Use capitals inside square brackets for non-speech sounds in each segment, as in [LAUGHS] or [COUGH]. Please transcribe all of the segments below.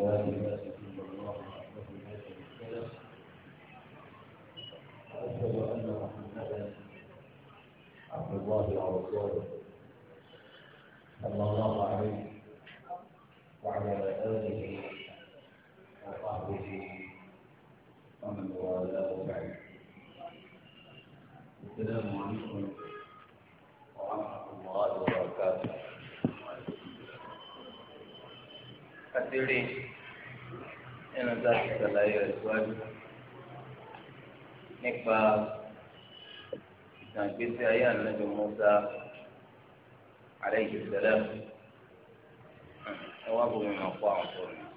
لا إله إلا الله وحده لا شريك له وأشهد أن محمدا عبد الله ورسوله صلى الله عليه وعلى آله وصحبه ومن والاه بعد السلام عليكم ورحمة الله وبركاته أسيرين nínú sáà ti sàlàyé rẹ̀ síwájú nípa ìtàn ìgbésí ayé ànábì Mùsá alayhi salam ẹ wá bọ̀ mí máa kó àwọn sọ̀rọ̀.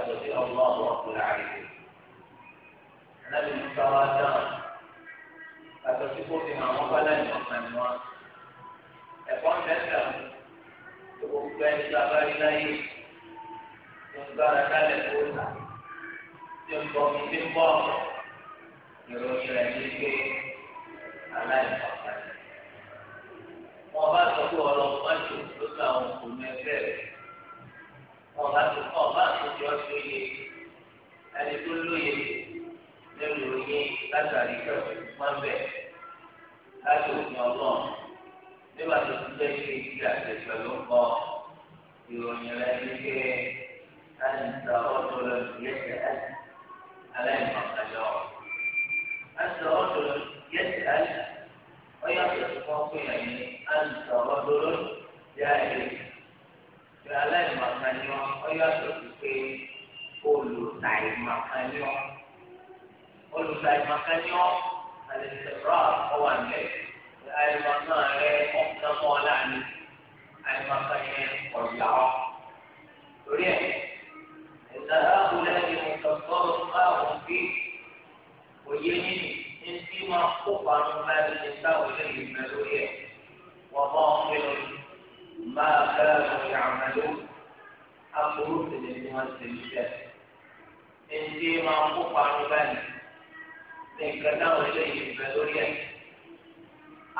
yàtọ̀ sí ọmọ ọmọ ọkùnrin àìsí anábì nípa wa dáhùn yàtọ̀ sí kó fi hàn wọ́n bá láì ọ̀kan ni wọ́n ẹ̀kọ́ mẹ́ta gbogbo ẹni tó abárí láyé tó ń gbára dálẹ̀ tó ń ta tó ń bọ̀ mí tó ń bọ̀ ìròyìn rẹ̀ ní pé aláìmọ̀kan ni wọ́n bá sọ pé ọlọ́pàá jù ló ta àwọn òkú mẹ́fẹ́ rẹ̀ ọba tó kọ ọba àtúntì ọtí lóye ẹni tó lóye lẹ́nu òye látàrí kẹfẹ wọn bẹ láti òfin Ọlọ́run nígbà tó ti jẹ ṣe ìdí àtẹsẹ ló ń bọ ìròyìn rẹ ní pé láti ta ọ̀dọ̀ rẹ yẹsẹ ẹsẹ aláìmọkànlọ láti ọ̀dọ̀ rẹ yẹsẹ ẹsẹ ọyọ àtẹsẹ kan pé ẹni láti ta ọ̀dọ̀ rẹ yẹsẹ ẹsẹ aláìmọ̀kànìọ́ ọyọ́ àtọ̀tù pé olùtàìmọ̀kànìọ́ olùtàìmọ̀kànìọ́ àlẹ́sẹ̀rọ̀ ọwà nílẹ̀ àìmọ̀kàn rẹ ọ̀pọ̀lọpọ̀ láàánú àìmọ̀kàn yẹn ọ̀yà ọ́ torí ẹ̀ ẹ̀dá àwòrán ni mo sọ sọ́rọ̀ fáwọn bí òye nínú ní tí wọ́n kópa ń bá ẹni táwọn eléyìí mẹ́ lórí ẹ̀ wọ́n bá wọn pé máa bá ọ̀rẹ́ àmàlẹ́ aburú tẹ̀lé tí wọ́n ti lù jẹ́. Ẹnjí máa kó parun báyìí ní nǹkan táwọn eléyìí ń bẹ lórí ẹ̀.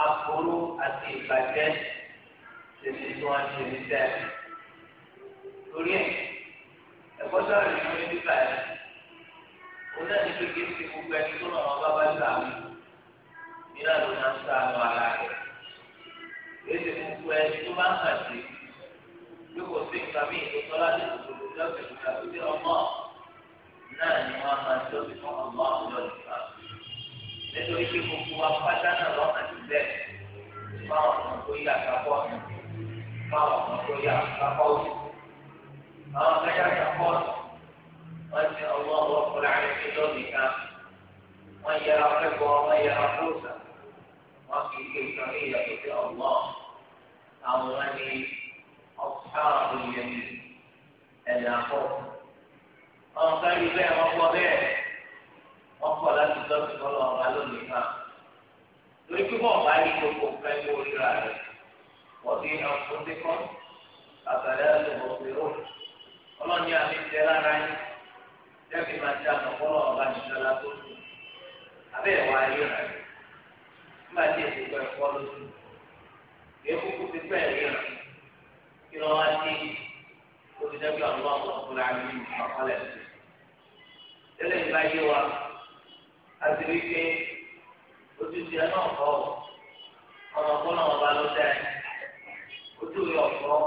Aburú àti ìbàjẹ́ tẹ̀lé tí wọ́n ti lù jẹ́. Lórí ẹ̀, ẹ̀kọ́ sọ̀rọ̀ ìlú ní bíbá ẹ̀. Òun náà ní kékeré ti gbogbo ẹni tó lọ́wọ́ bá bá sàmì. Ìlànà náà sàmì ara rẹ̀ èsì gbogbo ẹni tó bá ń hàn sí bí kò sí nǹkan mí ìlú tọ́lá lè gbogbo lọ́sẹ̀ nígbà tó dé ọmọ náà ni wọ́n máa ń lọ́sẹ̀ fún ọmọ ọ̀dọ́ nípa. nítorí pé gbogbo wa pátá náà lọ́ hàn sí bẹ́ẹ̀ báwọn ọmọ tó yà kápọ̀ báwọn ọmọ tó yà kápọ̀ òsì báwọn ọmọ yà wọ́n ti ọmọ ọmọ ọkùnrin àyẹ̀kẹ́ lọ́nìkan wọ́n yẹra fẹ́ bọ́ wọ́n yẹra fẹ́ وفي شريعة الله أولي أصحاب اليمين الأخوة ọ̀nkan ibẹ̀ ọkọ bẹ́ẹ̀ ọkọ láti dọ́sí kọ́lọ́ ọba lónìí náà lórí pípọ̀ ọba yìí gbogbo nǹkan ẹgbẹ́ oríra rẹ̀ wọ́n fi ọkùnrin ti kọ́ àtàlẹ́ ẹlòmọ̀ pèrò nígbà tí èsì pẹ́ fọ́ lójú èkúkú ti pẹ́ ríran kí lọ́ wá sí olùdókè ọ̀gbọ́n ọ̀gbọ́n àmì ọ̀kọ́lẹ̀ tẹ́lẹ̀ nígbà yé wa a ti rí pé ojúṣe náà kọ́ ọmọ kọ́nà ọba ló dá ojú rẹ̀ ọ̀fọ́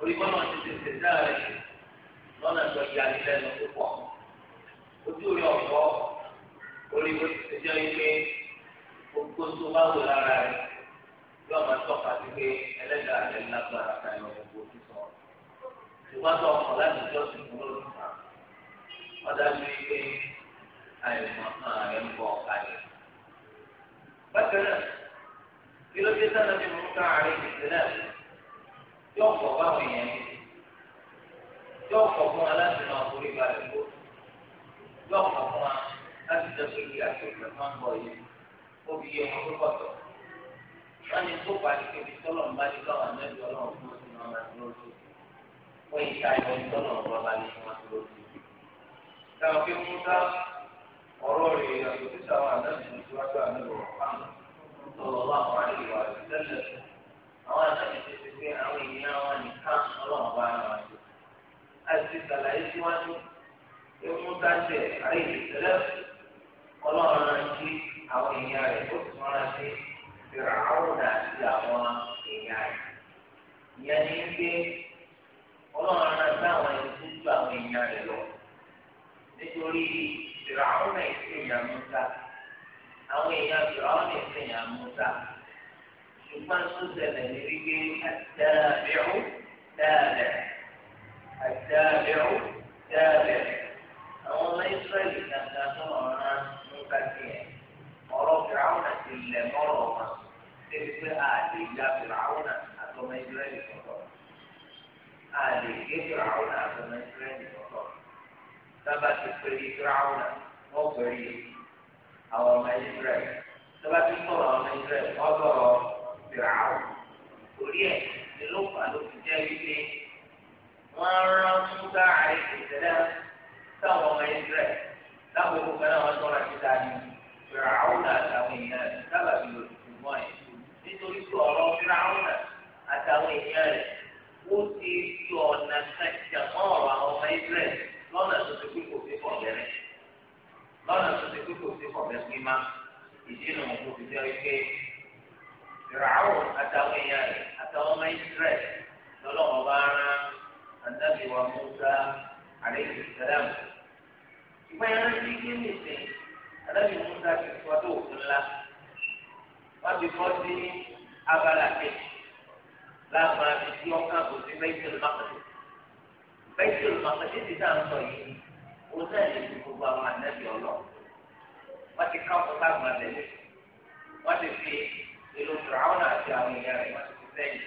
orí kọ́nà ti tètè dá rẹ̀ lọ́nà tó yà nílẹ̀ lọ́pọ̀ ojú rẹ̀ ọ̀fọ́ orí kọ́nà ti tètè dá gbogbo tó bá wù lára rẹ̀ yóò máa tọ́ka sí pé ẹlẹ́dà rẹ̀ lágbára tayọ gbogbo sísọ. ṣùgbọ́n tó ọkọ̀ láti jọ́sìn fún olùkọ́ wọ́n dájú pé àìmọ̀ kan rẹ̀ ń bọ̀ kalẹ̀. bákan náà kí ló dé sáà ní mọ́tà àárẹ̀ ìṣẹ̀lẹ̀ yóò kọ̀ báwọn èèyàn yóò kọ̀ fún wa láti máa forí balẹ̀ gbó yóò kọ̀ fún wa láti jẹ́ pé kí àtẹ̀kẹ́ máa ń bọ̀ yìí obì yẹ wọn tó kọtọ wọn ni tó bá dìgbò bí tọ́lọ̀ ń bá di lọ́wọ́ anábì ọlọ́run fún ọtí wọn máa dúró sí wọn yìí ká ẹni tọ́lọ̀ ń bá di wọn dúró sí. táwọn fi mú sá ọ̀rọ̀ rẹ̀ yàtọ̀ sí sáwọn anábì ní síwájú anábì wọn fáwọn lọ́wọ́ wọn àwọn àlejò àti tẹ́lẹ̀ àwọn anábì ti ti pé àwọn èèyàn wọn nìkan ọlọ́run bá wọn àti àti sàlàyé síwájú ewu tá àwọn èèyàn rẹ̀ tó tún ara sí ìrà àwọn àti àwọn èèyàn rẹ̀. ìyẹn ni pé ọlọ́run náà sáwọn ẹni tó ju àwọn èèyàn rẹ̀ lọ. nítorí ìrà àwọn náà ìsìn èèyàn mú ta àwọn èèyàn ìrà àwọn náà ìsìn èèyàn mú ta. ṣùgbọ́n tó ṣẹlẹ̀ ní wípé àtàbẹ̀rù dáadáa àtàbẹ̀rù dáadáa àwọn ọmọ ìsírẹ́lì kankan tó ọ̀ràn mú ká sí ọ̀rọ̀ fìràwọn àti ilẹ̀ mọ́rọ̀ wọn débi pé a lè ya fìràwọn àtọmọ ìsírẹ́lì sọ̀tọ̀ a lè gé fìràwọn àtọmọ ìsírẹ́lì sọ̀tọ̀ sábà ti pé fìràwọn wọ́n pèrè àwọn ọmọ ìsírẹ́lì sábà ti sọ̀rọ̀ ọmọ ìsírẹ́lì wọ́n sọ̀rọ̀ fìràwọn torí ẹ̀ ni ló fà ló fi jẹ́ wípé wọ́n rán múta àìsèṣẹ́lẹ̀ sáwọn ọmọ ìsírẹ́lì láwọn olùkọ́ náà wọ́n tọ́ra sí dáadé fìrà àwọn àtàwọn èèyàn rẹ̀ sábà bí olùkú mọ́ ẹ̀ nítorí pé ọ̀rọ̀ fìrà àwọn àtàwọn èèyàn rẹ̀ ó ti fi ọ̀nà kan jàmọ́ ọ̀rọ̀ àwọn ọmọ Israẹ̀l lọ́nà tó ti pé kò sí pọ̀ bẹ̀rẹ̀ lọ́nà tó ti pé kò sí pọ̀ bẹ̀rẹ̀ pé má ìdínà kò fi jẹ́ pé fìrà àtàwọn èèyàn rẹ̀ àtàwọn ọmọ Israẹ̀l lọ́lọ́wọ́ bá rán ànábì wa Mùsá àlẹ́ ìgbésẹ̀ dáàbò. ìgbà yẹn ń ànábì musa ti fọ́ tó òkú ńlá wọ́n ti fọ́ sí abala kejì láàmú àti tí wọ́n kàn kó sí bẹ́tẹ̀l maqdis bẹ́tẹ̀l maqdis ti dá ń sọ yìí ó náà lè fi gbogbo àwọn ànábì ọlọ́ wọ́n ti ká ọkọ̀ láàmú àtẹ̀lé wọ́n ti fi ìlú fìràwọ́n àti àwọn èèyàn rẹ̀ wọ́n ti fi sẹ́yìn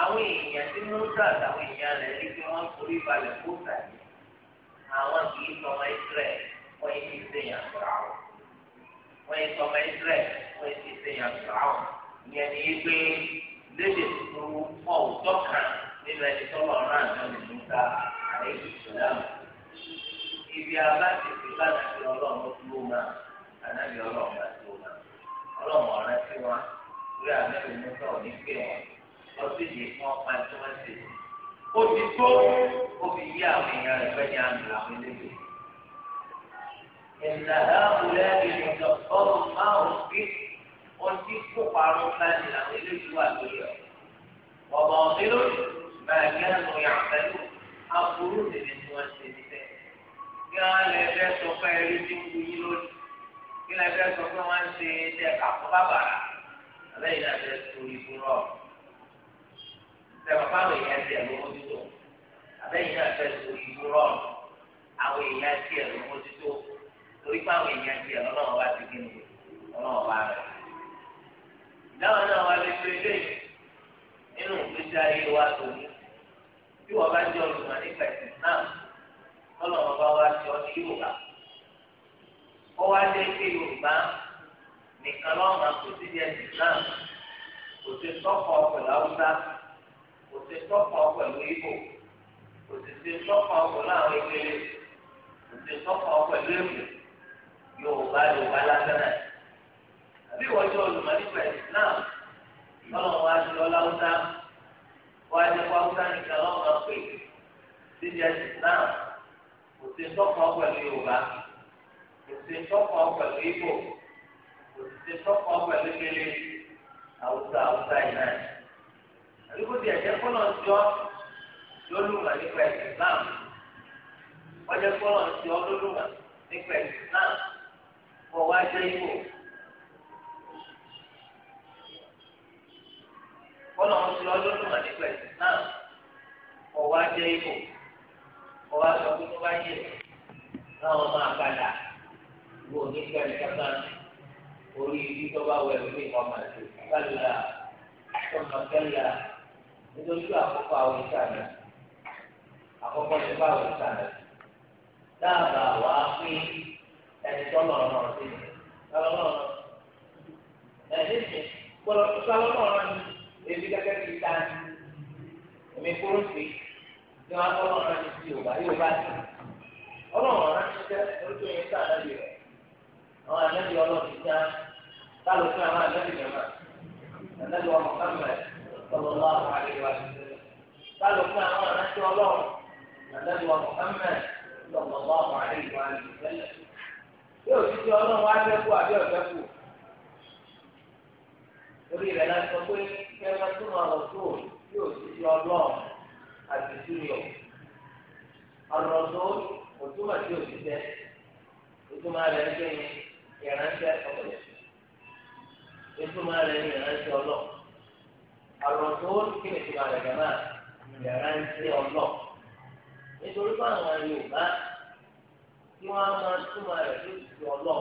àwọn èèyàn tí musa àtàwọn èèyàn rẹ̀ rí kí wọ́n forí balẹ̀ kó sàyè àwọn kì í sọ wọn Israẹli wọ́n yìí ti ṣe yàn fìràwọ̀ wọ́n yìí sọmọ israẹl wọ́n yìí ti ṣe yàn fìràwọ̀ ìyẹn ni yìí pé lédè tuntun ọ̀ọ́dọ́ kan nínú ẹni tó lọ rán àná ní musa àìsí ìsìlámù ibi abáṣepé bá nàbí ọlọ́run dúró máa ànábì ọlọ́run bá dúró máa ọlọ́run ọ̀rẹ́ sí wọn lórí ànábì musa ò ní pè wọn lọ sí ìdí fún ọpá tí wọ́n ṣe yí àwọn èèyàn rẹ̀ fẹ́ ní إن هؤلاء يكفر ما هم به قل تكفوا عرفا لغيرك وأبيه وباطل ما كانوا يعملون أقولون من وسيلتين قال يا سوف يريدون kí la fẹ́ sọ pé wọ́n ń ṣe tẹ kàfọ́ bàbàrà abẹ́yìn náà fẹ́ sori fúnrọ́ tẹ̀wọ́n fáwọn èèyàn tiẹ̀ ló mójútó abẹ́yìn náà fẹ́ sori fúnrọ́ àwọn èèyàn tiẹ̀ ló mójútó. torí pé àwọn èèyàn ti ẹ̀rọ náà wá sí kíni ọlọ́wọ́ bá rẹ̀. ìdáhùn náà wá lè ṣe eléyìí nínú ìgbésí ayé wa tòní bí wọ́n bá jẹ́ olùmọ̀ nípa ẹ̀sìn náà ọlọ́wọ́ bá wá sí ọ ní Yorùbá. ó wá dé sí Yorùbá nìkan kò sí ẹ̀sìn náà kò sí sọ́kọ̀ pẹ̀lú Haúsá kò sí sọ́kọ̀ pẹ̀lú kò sí sọ́kọ̀ pẹ̀lú àwọn kò yorùbá yorùbá lásán náà àbí wọ́n jọ olùmọ̀ nípa islam lọ́wọ́ wa ti lọ láwùsá wọ́n á jẹ́ wáwùsá nìkan lọ́wọ́ máa pè síbi ẹ̀sìn islam kò sí tọ́kàn pẹ̀lú yorùbá kò sí tọ́kàn pẹ̀lú ibo kò sí tọ́kàn pẹ̀lú kele àwùsá àwùsá yìí àbí kò tiẹ̀ jẹ́ kọ́nà jọ lólùmọ̀ nípa islam wọ́n jẹ́ kọ́nà jọ lólùmọ̀ nípa islam kọ wá jẹ ibò kọlọ ń sọ lọdún mà nípa islam kọ wá jẹ ibò kọ wá sọ pé tó bá yẹ láwọn máa padà wo nípa ìjọba orí ibi tó bá wẹ lórí ìmọ̀mọ̀ àti ìgbàlódà àtọ̀mọ̀kẹ́lá nítorí àkọ́kọ́ àwọn ìsàlẹ̀ àkọ́kọ́ tó bá àwọn ìsàlẹ̀ dáàbà wàá pín ẹni tó lọ ọ̀rọ̀ sí ni lọ́lọ́lọ́ ẹni tí gbọ́dọ̀ tó lọ́lọ́ ọ̀rọ̀ ni ebi gẹ́gẹ́ bí ta ni èmi kúrò sí ni wọ́n á lọ́lọ́ ọ̀rọ̀ ni ti yorùbá yorùbá ti ọlọ́run ọ̀rọ̀ ti jẹ́ orúkọ yẹn sí ànábì rẹ̀ àwọn ànábì ọlọ́run ti já táwọn fún àwọn ànábì rẹ̀ mà ànábì wa Muhammad sọlọ́lá àwọn àlejò àti táwọn fún àwọn ànábì ọlọ́run ànábì wa Muhammad sọlọ́lá àwọn àlejò àti yóò fi ọlọ́run wá sẹ́kù àbí ọ̀sẹ́kù torí rẹ̀ náà sọ pé kẹ́mẹ́ tó máa lọ tó yóò fi ọlọ́run àti túnìọ̀ ọ̀rọ̀ tó kò túmọ̀ sí òṣìṣẹ́ ìtumọ̀ rẹ̀ ń gbé ìránṣẹ́ ọ̀pọ̀lọpọ̀ ìtumọ̀ rẹ̀ ń ìránṣẹ́ ọlọ́run ọ̀rọ̀ tó kí ni ìtumọ̀ rẹ̀ gàmà ìránṣẹ́ ọlọ́run nítorí báwọn Yorùbá kí wọ́n á máa túmọ̀ rẹ̀ lóṣù ọlọ́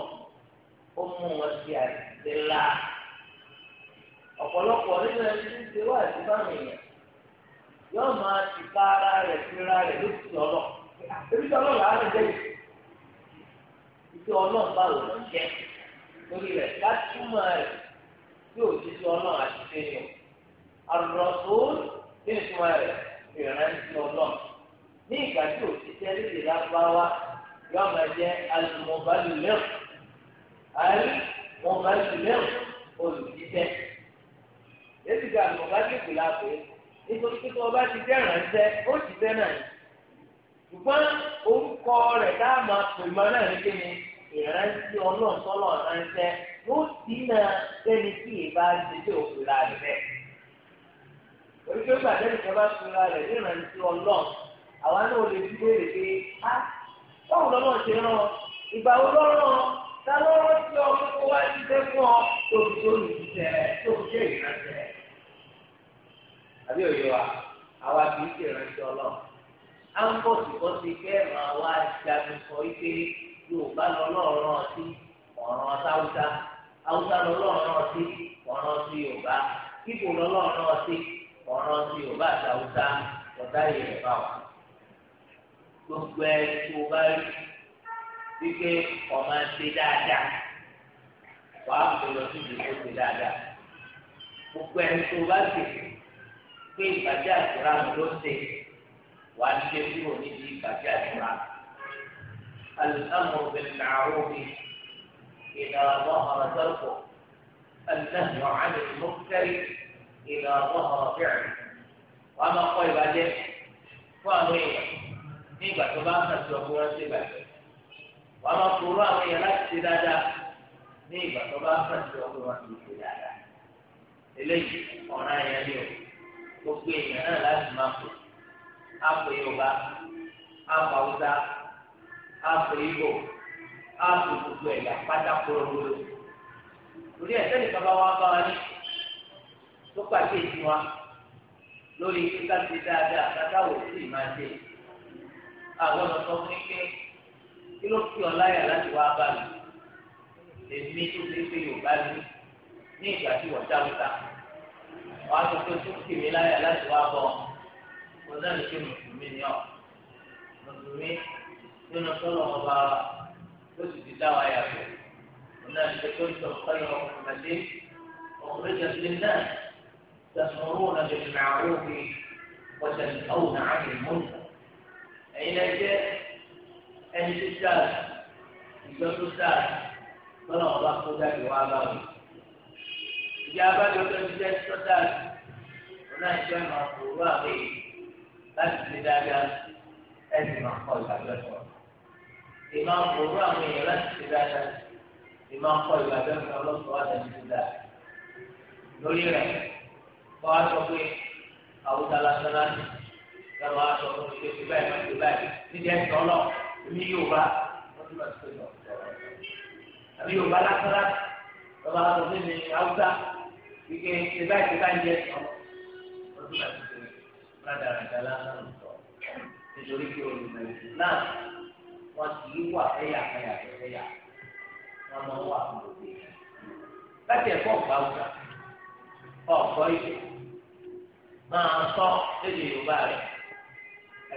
ó mú wọn ṣe àìsíṣe la ọ̀pọ̀lọpọ̀ nínú ẹni tí ń ṣe wá àti báwọn èèyàn yóò máa ti bá ara rẹ̀ síra rẹ̀ lóṣù ọlọ́ ebi tí ọlọ́run á lè dé ìṣe ọlọ́run báwo ló ń jẹ́ lórí rẹ̀ ká túmọ̀ rẹ̀ yóò ti ṣe ọlọ́run àṣìṣe ni o àrùrọ̀ tó ní ìtumọ̀ rẹ̀ ìrántí ọlọ́run ní ìgbà tí òṣìṣẹ́ lédè lágbáwá yóò máa jẹ́ alimọ̀bálẹ̀ alimọ̀bálẹ̀ olùdíjẹ́ èsì gba alimọ̀bálẹ̀ kù láàbò nítorí pé tí wọ́n bá ti jẹ́ ìrànṣẹ́ ó ti jẹ́ náà ṣùgbọ́n orúkọ rẹ̀ dáa máa pè mọ́ náà ní kíni ìrántí ọlọ́ọ̀tọ́lọ́ ránṣẹ́ ló sì náà sẹ́ni tí ìbá ṣe tí ò fura rẹ̀ bẹ́ẹ̀. oríṣiríṣi àtẹ́nìkan bá fura rẹ̀ ní ìrántí ọlọ́ọ̀ àwa náà lè dúró rè pé á báwo lọ́nà ṣe rán ọ ìgbà wo lọ́rọ̀ ta lọ́rọ̀ tí ọ kókó wá sí sẹ́kùn ọ tó fi tó lù tó fi àbí òye wa àwa kì í ṣe ìrántí ọlọ́run à ń bọ̀ ṣùgbọ́n kẹ́ sọ wípé yorùbá ọ̀ràn ọtí ọ̀ràn ọtí yorùbá ọtí ọ̀ràn gbogbo ẹni tó bá rí wípé ọmọ ṣe dáadáa wàá fi lọ sí ìdí tó ṣe dáadáa gbogbo ẹni tó bá ṣe pé ìbàjẹ́ àdúrà ló ṣe wàá ṣe kúrò níbi ìbàjẹ́ àdúrà alùpàmù obìnrin làárọ̀ mi ìdára náà ọ̀rọ̀ sọ́kọ̀ alùpàmù ọ̀hánì mọ́kẹ́rì ìdára náà ọ̀rọ̀ fẹ́rẹ̀ wàá máa kọ́ ìbàjẹ́ fún àwọn èèyàn. ní ìgbà tó bá ń kà sí ọkọ wọn ṣe bàjẹ́ wọn máa forú àwọn èèyàn láti ṣe dáadáa ní ìgbà tó bá ń sí ọkọ wọn ṣe ṣe dáadáa eléyìí ọ̀ràn yẹn ni o gbogbo èèyàn náà láti máa pè ápè yorùbá ápè haúsá ápè ibo ápè gbogbo ẹ̀yà bá wa ní tó pàṣẹ ìdí wa lórí kíkà dáadáa àwọn ọ̀sán fún ike kí ló fi ọláyà láti wá bá mi èmi tó fi ṣe yorùbá mi ní ìgbà tí wọ́n dá wọ́ta wọ́n á sọ pé tó fi mi láyà láti wá bọ̀ wọ́n náà lè ṣe mùsùlùmí ni ọ́ mùsùlùmí nínú sọ́lọ́ ọba ló sì ti dá wa yàtọ̀ wọ́n náà lè ṣe tó ń sọ kọ́lọ́ ọ̀kùnrin ọ̀kùnrin jẹ̀sìn náà تأمرون بالمعروف وتنهون عن المنكر ẹ̀yin náà jẹ́ ẹni tó dáa ìjọ tó dáa lọ́nà ọba kó jáde wá báwò ìjà abájọ tó ti jẹ́ tó dáa ló náà jẹ́ máa kó wá wẹ̀ láti lè dáadáa ẹ̀sìn máa kọ́ ìgbàgbọ́ sọ ìmọ̀ òru àwọn èèyàn láti lè dáadáa ìmọ̀ kọ́ ìgbàgbọ́ sọ lọ́sọ̀ọ́ àtẹ̀jú dáa lórí rẹ̀ kọ́ aṣọ pé àwùjọ lásán lásán lọ́wọ́ aṣọ fún mi ṣe báyìí má ṣe báyìí níbi ẹ̀sìn ọlọ́ èmi yóò bá wọ́n ti bá ti pè lọ. àbí yóò bá lásán lọ́wọ́ aṣọ fún mi haúsá ike ṣe báyìí ṣe báyìí yẹ ọ̀rọ̀ wọ́n ti bá ti pè lọ́dà rẹ̀ lásán lọ́tọ̀ nítorí pé olùmọ̀ náà wọ́n ti yí wà fẹ́yà fẹ́yà fẹ́yà wọ́n máa wà sọ lédè Yorùbá rẹ̀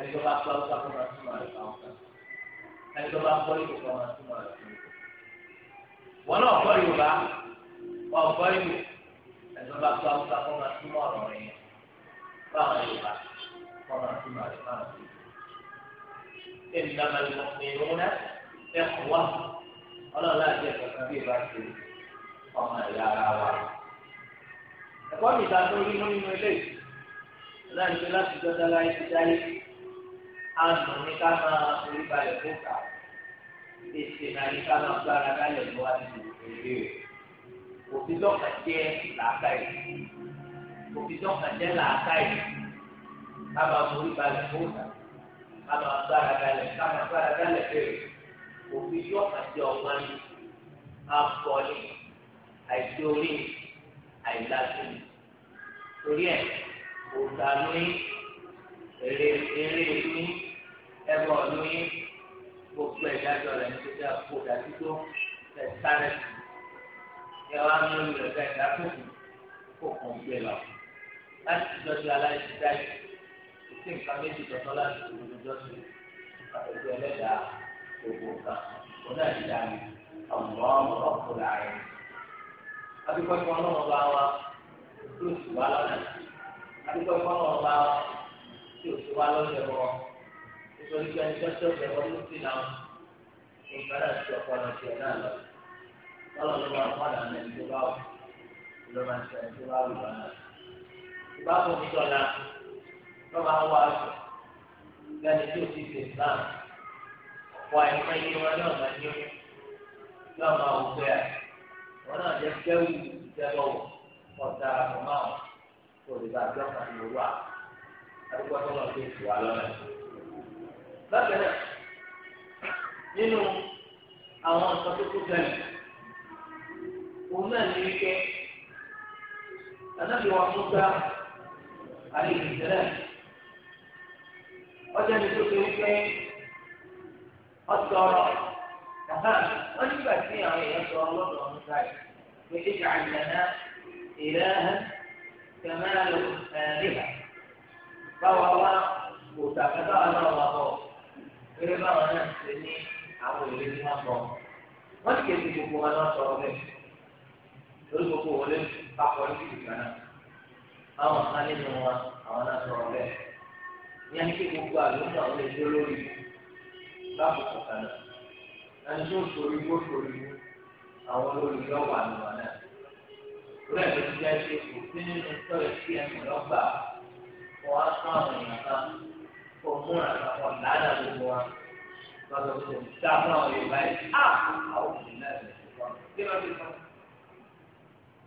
ẹni tó bá kọ́ ọ́ sáfún máa túmọ̀ rẹ̀ fáwọn kan ẹni tó bá kọ́ ìkókò máa túmọ̀ rẹ̀ fún ìkókò. wọn náà kọ́ yorùbá wọn kọ́ ìlú ẹni tó bá kọ́ ọ́ sáfún máa túmọ̀ ọ̀rọ̀ rẹ̀ yẹn fáwọn yorùbá wọn máa túmọ̀ rẹ̀ fáwọn kan. إنما المؤمنون إخوة ọlọ́ọ̀lá àti ẹ̀kọ́ kan bí ìbá ṣe ọmọ ẹ̀yà ara wa. ẹ̀kọ́ mi ta tó rí nínú ilé ìlànà láti dọ́dá láyé ti dáyé àánú ní ká máa orí balẹ̀ fókà èsì náà ní ká máa gbára lálẹ́ lọ́wọ́ àti ìrírí o òfin lọ́kàn jẹ́ làákà yìí òfin lọ́kàn jẹ́ làákà yìí ká máa orí balẹ̀ fókà ká máa gbára lálẹ́ ká máa gbára lálẹ́ bẹ̀rẹ̀ òfin lọ́kàn jẹ́ ọgbọ́n yìí afọ́lé àìsí orí àìlásìlì torí ẹ̀ kò dàlú ní èrè èrè ẹbọ lóyún gbogbo ìdájọ́ rẹ̀ ní títí àpò dàbí tó fẹ́ sáré yẹ wá ní olú rẹ̀ fẹ́ dákòkò kó kàn gbé lọ láti ìjọsìn aláìsí dáì ìsìn nǹkan méjì tọ́tọ́ láti ìjọsìn àtẹ̀tẹ̀ ẹlẹ́dàá gbogbo kan kó náà di dáni ọ̀gbọ́n ọ̀pọ̀ láàrin. adúgbò tí wọn náà bá wa tó sì wá lọ́nà adúgbò tí bá wa tó sì wá lọ́nà ẹ̀rọ nítorí pé ẹni tọ́jú ọ̀bẹ wọn ló ti làwọn olùkọ́dà ti ọ̀pọ̀lọ tiẹ̀ náà lọ. Bọ́lá ló máa pọ̀ lànà ẹni tó bá wù ló máa ṣe ẹni tó bá wù lọ́nà. Ìbámu mi dọ̀la ló máa wá àgbẹ̀ lẹ́ni tí ó ti fi Islam. Ọ̀pọ̀ àìmọ́ iye wọn náà máa ní oyún. Yóò máa wò pé à wọn náà jẹ́ kẹ́wù ìjẹ́bọ̀ ọ̀tá àkọ́mọ́ àwọn olùbàdàn àti òwú àdúgbò tó lọ sí ìfúwa lọ́nà. bákan náà nínú àwọn nǹkan tó kú gan òun náà ní wípé anábì wa Mùsá àlejò tẹ́lẹ̀ ọjà ní tó ṣe wípé ọ̀sọ̀rọ̀ wọ́n nígbà tí àwọn èèyàn sọ ọlọ́dọ̀ ọ̀hún sáyé pé ìjà àjàdá ìlẹ́hẹ́ kẹmẹ́rẹ́ lọ́wọ́ ẹ̀ẹ́dẹ́gbà báwa wá òòtà kẹta ọlọ́wọ́ bọ̀. eré báwọn náà ṣe ní àwọn òwe tí wọ́n sọ wọ́n ti kéde gbogbo wọn náà sọ̀rọ̀ bẹ́ẹ̀ lórí gbogbo òwe papọ̀ ní ìgbà náà àwọn kan nínú wọn àwọn náà sọ̀rọ̀ bẹ́ẹ̀ ní ẹni pé gbogbo àlùmọ́ àwọn èdè olórí lákòókò kan náà ẹni tó sori yóò sori àwọn olórí yóò wà lọ́wọ́ náà lórí ẹ̀rọ ti ṣe kò sí nínú sọ̀rọ̀ sí ẹ̀mí lọ́gbà wọn á tún àwọn èèyàn kan kò fún àwọn ọ̀làdà gbogbo wa lọ́dọ̀ tó dá fún àwọn yorùbá yìí á àwọn òbí náà lè fún kí wọ́n ti fún kí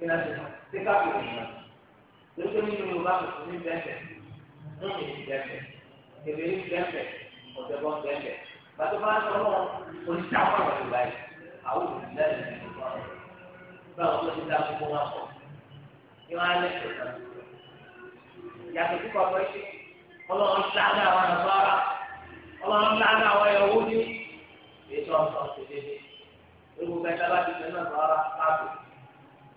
wọ́n ti fún kí ká fi fún wa lóṣù nínú yorùbá mùsùlùmí bẹ́ẹ̀ múmi bẹ́ẹ̀ kébèrè bẹ́ẹ̀ ọ̀dẹ́bọ̀n bẹ́ẹ̀ bàtú bá ń sọ̀rọ̀ oníṣà fún àwọn yorùbá yìí àwọn òbí náà lè fún wa báwo ló ti dá gbogbo wa pọ̀ kí á lẹ́sẹ̀ ọlọ́run ṣáájú àwọn àgbára ọlọ́run ṣáájú àwọn ẹ̀wọ́ ní ètò ọ̀sán ti dédé gbogbo ẹ̀ka láti fẹ́ náà rárá káàbù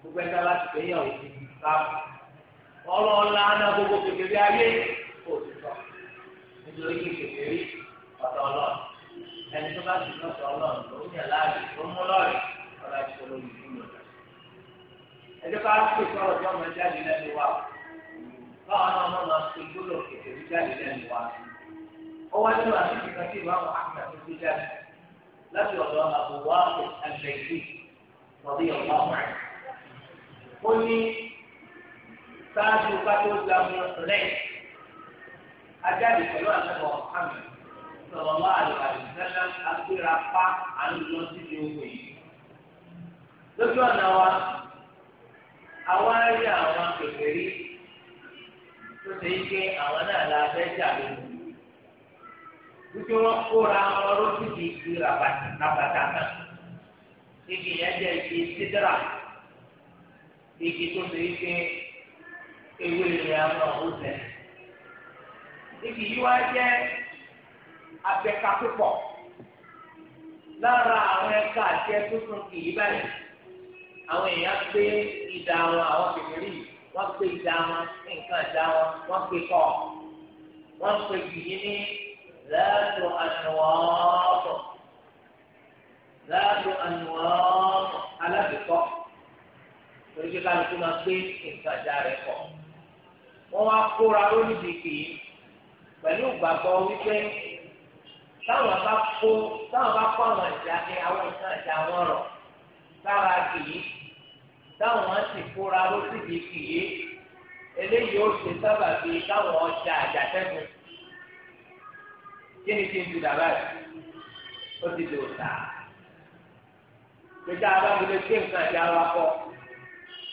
gbogbo ẹ̀ka láti fẹ́ yàn òbí káàbù ọlọ́run ṣáájú gbogbo kékeré ayé kò sí sọ nítorí kékeré ọ̀tọ̀ ọlọ́run ẹni tó bá sì lọ́sọ̀ ọlọ́run ló ń yàn láàyè ló mú lọ́rẹ̀ ọ̀rọ̀ tí báwọn náà wọ́n máa fi gbọ́dọ̀ kẹ̀kẹ́ bí jáde lẹ́nu wa. ó wá nínú àtúntì kan sí ìwà àwọn àmì àti gbé jáde láti ọ̀dọ̀ àbúwá àgbẹ̀yìí lọ́dí ọ̀gá wọn. ó ní sáájú kátó jagun rẹ̀ ajáde pẹ̀lú àtẹ̀wọ̀ àmì sọ̀rọ̀ máa lọ àdìsẹ́lẹ̀ agbéra pa àlùlọ síbi owó yìí. lójú ọ̀nà wa àwọn ayé àwọn kèfèrí tó ṣe ike àwọn náà la fẹ́ jà lónìí wípé wọ́n kóra wọn lójú di ìlú rabata náà igi yẹn jẹ́ igi sídra igi tó ṣe ike ewé rẹ̀ àwọn ọ̀húnṣẹ́ igi yìí wá jẹ́ abẹ́ka púpọ̀ lára àwọn ẹ̀ka àti ẹ̀kú tuntun kì í báyìí àwọn èèyàn gbé ìdá àwọn kékeré yìí wọ́n pe ìdá wọn nǹkan ìdá wọn wọ́n pe kọ́ wọ́n pe yìí ní láàtò ànúwọ́ọ̀tò láàtò ànúwọ́ọ̀tò alábìkọ́ torí pé kálukú máa gbé nǹkan ìdá rẹ̀ kọ́ wọ́n wá kóra lóríṣiríṣi pẹ̀lú ìgbàgbọ́ wípé táwọn bá kó táwọn bá kó àwọn ìjà ní àwọn ìjà wọn rọ̀ sára kìí táwọn sì kóra ló sì di kìí eléyìí ó ṣe sábà bíi káwọn ọjà àjàtẹ́kùn kí ni kí n ti dàbà yìí ó ti lò tà gbèsè abáwọlé gbé nǹkan àti awakọ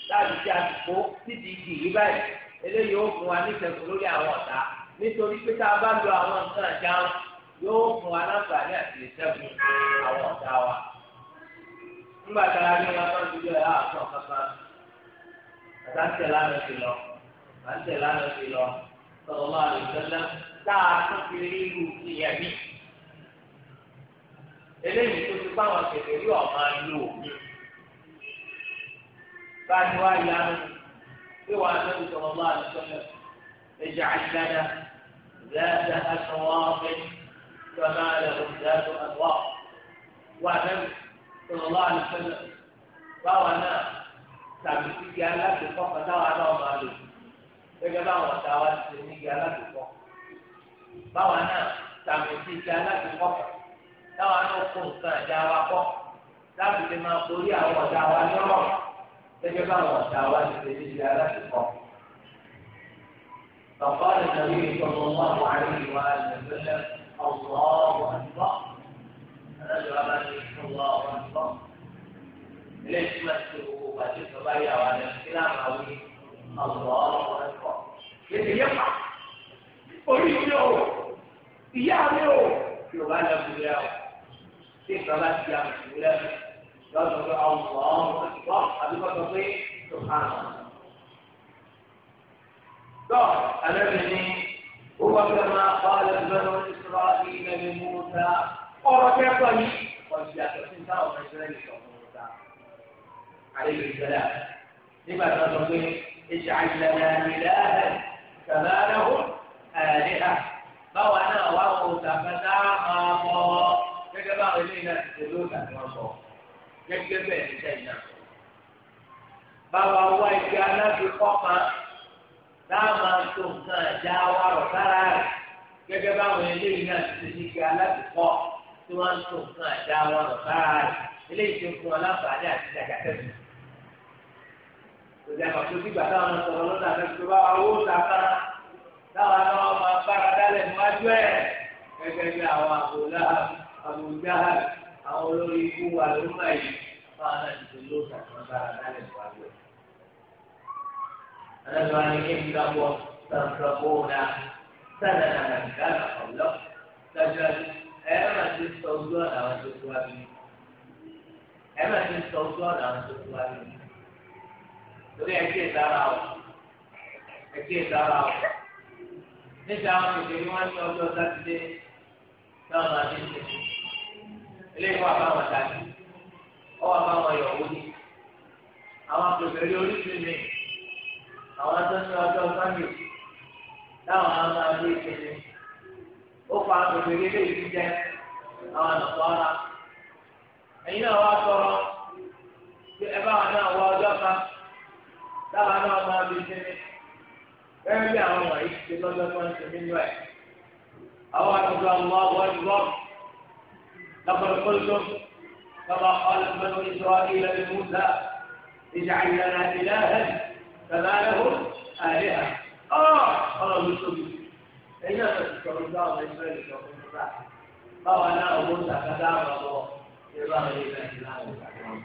láti ṣe àsìkò títí kìí báyìí eléyìí ó fún wa níṣẹ́kù lórí àwọn ọ̀tá nítorí pé tá a bá lo àwọn nǹkan àjà yóò fún wa láǹfààní àti ìṣẹ́gun àwọn ọ̀tá wa. nígbà tí a rí wọn tó ń dúró ẹ̀ àtọ̀ kankan àtà ń tẹ̀lé àná sí lọ à ń tẹ̀lé àná sí lọ sọ̀rọ̀ máa lè tẹ́lẹ̀ tá a tún fi rí irú ìyẹn mi. eléyìí tó ti báwọn tètè rí ọ̀ma lò mí. báyìí wá yá mi bí wàá tẹ́lẹ̀ sọ̀rọ̀ máa lè tẹ́lẹ̀ ẹ̀jẹ̀ àìsàdá zẹ́ẹ̀dá aṣọ wọn fẹ́ sọ̀rọ̀ máa lè tẹ́lẹ̀ sọ̀rọ̀ wá tẹ́lẹ̀. sọlọ́lá àlùfẹ́lẹ̀ báwa náà tàbí kíkẹ́ aláṣepọ̀ kọ́tàwá náà máa lò gẹ́gẹ́ báwọn ọ̀tá wa ti ṣe níbi aláṣepọ̀ báwa náà tàbí kíkẹ́ aláṣepọ̀ táwa náà kó nǹkan ẹ̀dá wa pọ̀ láti lè máa borí àwọn ọ̀tá wa lọ́rọ̀ gẹ́gẹ́ báwọn ọ̀tá wa ti ṣe níbi aláṣepọ̀. فقال النبي صلى الله عليه وآله وسلم الله أكبر أنا الله tọ́ ilé tí ma ti wò wò pàṣẹ tó bá yà wà lẹ́nu kí náà máa wí ọ̀gbọ́n ọ̀gbọ́n ẹ̀kọ́ lẹ́nu yẹn fà orí mi o ìyá mi o yorùbá lẹ́nu yẹn o tí ìjọba ti yà mí wú lẹ́nu lọ́dún pé ọ̀gbọ́n ọ̀gbọ́n àdúgbò tó pé tó kà á. Tọ́ alẹ́ mi ní owó akẹ́kọ̀ọ́ máa kọ́ alẹ́ mi lọ́dún Israẹ́lì lẹ́nu mú ta ọ̀rọ̀ kẹ́kọ̀ọ́ yìí. ọtí àtọ̀sí táwọn ọmọ ìṣẹ́lẹ̀ lè sọ̀rọ̀ níta. Àlejò ìṣẹ̀lẹ̀ nígbà tó sọ pé ìṣe àìlànà ìlà sàmánáwó àyàdéhà báwa náà wà wọ sàkátà máa mọ gẹ́gẹ́ báwọn ilé náà ti tẹ̀lé òkà tí wọ́n sọ gẹ́gẹ́ bẹ́ẹ̀ ní sẹ́yìn náà. Báwa wá ìgbé aláfikọ́ kan táwọn tó nǹkan àjà wa rọ̀ sára rẹ̀ gẹ́gẹ́ báwọn ilé náà ti tẹ̀lé òkà aláfikọ́ tí wọ́n ń tó nǹkan àdá wọn lọ báyìí eléyìí tó ń fún wọn láǹfààní àti jàgàtẹ́sì. Òjá pàtó dìgbà táwọn ọmọ sọ̀rọ̀ lọ́dà fẹ́ fi wá owó tàkà táwọn náà máa bára dálẹ̀ níwájú ẹ̀ gẹ́gẹ́ bí àwọn àbòlá àbòjá àwọn olórí ikú wa ló ń báyìí fáwọn náà ti tó lóòótọ́ àti dálẹ̀ níwájú ẹ̀. Àlejò àni kí n dábọ̀ sàǹtàbọ̀ náà sàǹtàbọ̀ náà kàlà ọ̀lọ́ ẹ má na sọ ojú ọ̀nà àwọn tó kú wájú ẹ má sọ ojú ọ̀nà àwọn tó kú wájú torí ẹ kí ìdára o ẹ kí ìdára àwọn kékeré wọn ní ọjọ́ sátidé náà máa ní ìsìn eléyìí wà báwọn dání ọ wà báwọn yọ̀wó ní àwọn kékeré oríṣi àwọn tó ní ọjọ́ sáyẹ̀sì táwọn á máa ní ìsìn ní. ó fa agbègbè lélẹ̀ yìí jẹ àwọn ànàkọ́ra ẹ̀yin náà wá sọ̀rọ̀ pé ẹ bá wọn náà wọ ọjọ́ kan táwọn náà máa fi sinmi bẹ́ẹ̀ bí àwọn wọ̀nyí ti lọ́jọ́ tó ń sinmi nù ẹ̀ àwọn àtúntò àwọn ọwọ́ ìlọ́ọ̀ لقد قلتم كما قال بنو إسرائيل لموسى اجعل لنا إلها فما لهم آلهة آه الله يسلم 那个是小红灶，那个是小红灶。那完了，我不想开灶了，我没办法，现在我也不想弄了。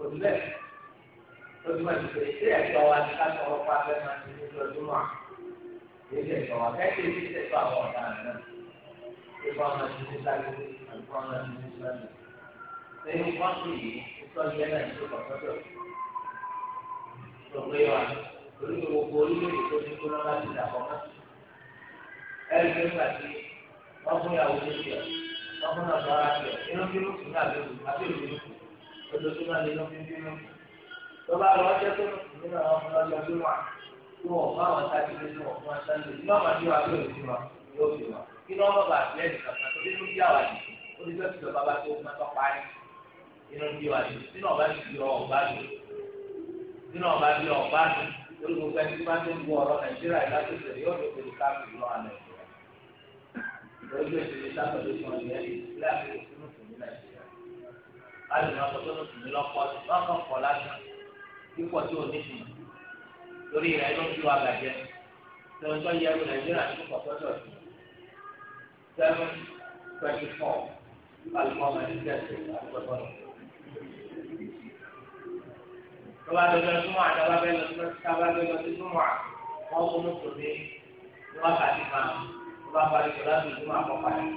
反正，反正现在早晚他做饭嘛，天天做嘛。一天早晚，他天天做饭，当然了。一放了，天天做，一放了，天天做。所以，光吃米，光腌菜，吃不饱肚子。有没有啊？所以我我呢，就天天让他吃两顿。ẹgbẹ́ nígbà tí wọ́n fún ìyàwó tó tiẹ̀ wọ́n fún àgbà ara tiẹ̀ inú bí mo sùn láti òkú òkú inú bí lójú ìdílé sábàdé kan ìyẹn ìdílé àti òfin òfin ní nàìjíríà láti máa sọ tó tún lọ́kọ́ wọn kàn pọ̀ lásán pípọ̀ tí ò ní sùn lórí rẹ̀ ló ń fi wá gàjẹ́ tí wọ́n tọ́ yẹrù nàìjíríà ní púpọ̀ tọ́jọ́ sí seven twenty four alùpùpù ọmọ tẹ̀sí àgbẹ̀bọ̀ lọ. tó bá dọ̀dọ̀ súnmọ́ àtàwọn abẹ́lẹ́ lọ sí súnmọ́ àwọn ọmọ mùsùlùmí ni wọ́n máa bá parí sọ láti ìdúmọ̀ àkọ́kọ́ yẹn.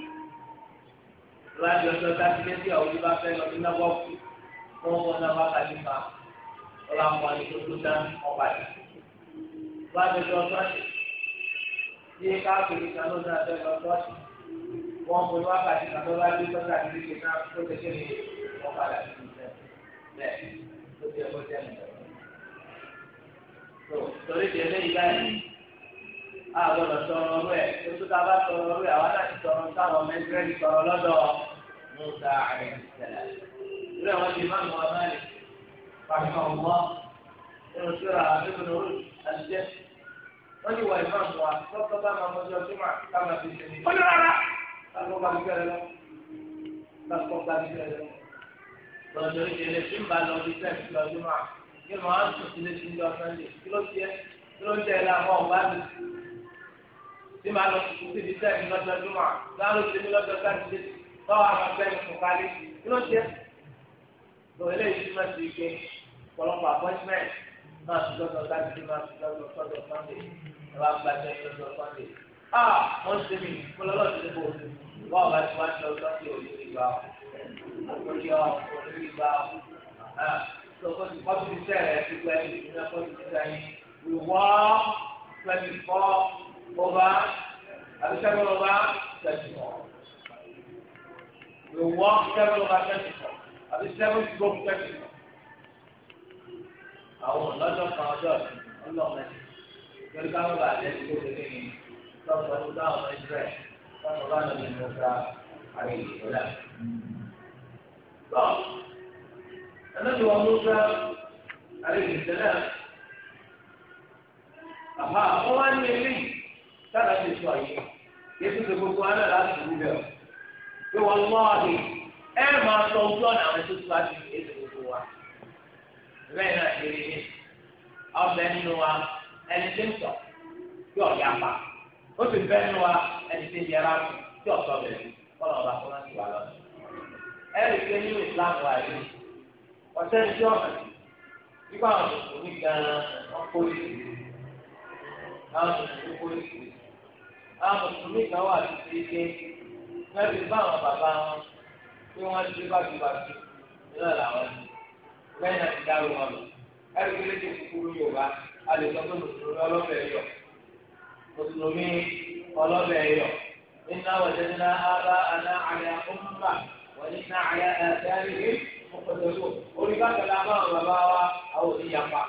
láti ọjọ́ sátidé tí àwọn olùbá fẹ́ lọ sí náwó kú wọ́n wọ́n náwó àkàlífà ọlá mọ́ ní tó tó dání ọba yẹn. láti ọjọ́ sọ́ọ̀tì tí káàkiri kan ló dáa fẹ́ lọ sọ́ọ̀tì wọ́n mú wákàtí kan lọ́wọ́ bí sọ́ọ̀tà ti di náà tó ti kéde ọ̀padà sí ìfẹ́ bẹ́ẹ̀ tó ti ẹ̀kọ́ jẹ́ nìkan. tó torí ti ẹlẹ́yìí àgbọ̀dọ̀ sọ̀rọ̀ rẹ̀ oṣù tá a bá sọ̀rọ̀ rẹ̀ àwọn náà ti sọ̀rọ̀ táwọn ọmọ ẹgbẹ́ ti sọ̀rọ̀ lọ́dọ̀ Musa àrẹ̀sẹ̀lẹ̀. ìlú àwọn ti máa ń mọ amáyé pàṣẹ ọ̀gbọ́ nínú síra nínú àṣẹ. wọ́n ti wọ ìmọ̀ àmọ́ àtọ́kọ́ bá máa mọ́jọ́ símà táwọn ti ṣe ní. ó ní rárá. lọ́kọ́ bá gbẹ̀rẹ̀ lọ. lọ́kọ́ bá gbẹ̀rẹ̀ lọ. lọ́jọ́ ìṣẹ̀lẹ̀ kí ló ń sùn sílé láwọn ọ̀gbá mi tí màá lọ sùkúù síbi sẹ́yìn lọ́jọ́ júmọ̀ màá lọ síbi lọ́jọ́ sátidé tọ́wọ́ àwọn abẹ́rẹ́ kọ̀ọ̀kálẹ̀ kí ló ṣe. lọ eléyìí tí wọ́n ti gbé ọ̀pọ̀lọpọ̀ appointment máa ti lọ́jọ́ sátidé máa ti lọ́jọ́ sọ́jọ́ sunday ẹ bá gba ẹgbẹ́ lọ́jọ́ sunday. a ah, wọ́n ṣe mí fọlọ́lọ́ ti bò wọ́n bá ti wá ṣe ọjọ́ sí òyìnbí gbà ọ́ òyìnbí gbà ọ́ ọba àbí sẹ́gun ọba tẹ̀sí kọ́ ìwọ sẹ́gun ọba tẹ̀sí kọ́ àbí sẹ́gun ìgbó tẹ̀sí kọ́ àwọn ọlọ́jọ́ kan ọjọ́ ọlọ́mọ ẹ̀ lórí káwọn bá àlẹ́ tó lé ní lọ́sọ̀ọ́ tó dáhùn ọmọ ìsirẹ̀ lọ́sọ̀ọ́ bá lọ́ọ́ ní mọ́ta àrẹ ìṣọ́lá. tọ́ ẹlẹ́ni wọn mọ́ta àrẹ ìṣọ́lá àbá wọ́n wá ní eléyìí sára ti sọ yìí yéṣu ti gbogbo aná láti dùn bẹ́ẹ̀ pé wọ́n lọ́ọ̀dì ẹ máa sọ ojú ọ̀nà àwọn ètò tó láti fi ètò gbogbo wa bẹ́ẹ̀ náà ṣe rí ní ọbẹ̀ nínú wa ẹni tí ń sọ tí ọ̀yà pa ó sì bẹ́ẹ̀ nínú wa ẹni tí ń yẹra tí ọ̀sọ̀ bẹ̀rẹ̀ kọ́nà ọba kọ́nà ti wà lọ́dọ̀ ẹ̀rì pé nínú ìsìlámù wa yìí ọ̀sẹ̀ ń jọ nípa àwọn àwọn mùsùlùmí kó ìsìn àwọn mùsùlùmí kan wà títí pé wọ́n ti bá àwọn bàbá wọn pé wọ́n ti bá ti bá ti nílẹ̀ làwọn ti bẹ́ẹ̀ náà ti dárò wọn lọ. ẹ̀rí kéré ti kúkúrú yorùbá a lè sọ pé mùsùlùmí ọlọ́bẹ̀ yọ mùsùlùmí ọlọ́bẹ̀ yọ iná wọ̀jẹ̀ ní ara àná àyà ọmọba wọ́n ní iná àyà àtẹ́rìí ọ̀pọ̀lọpọ̀ oníkàkẹ́lá bá àwọn bàbá wa àwọn òní yapa.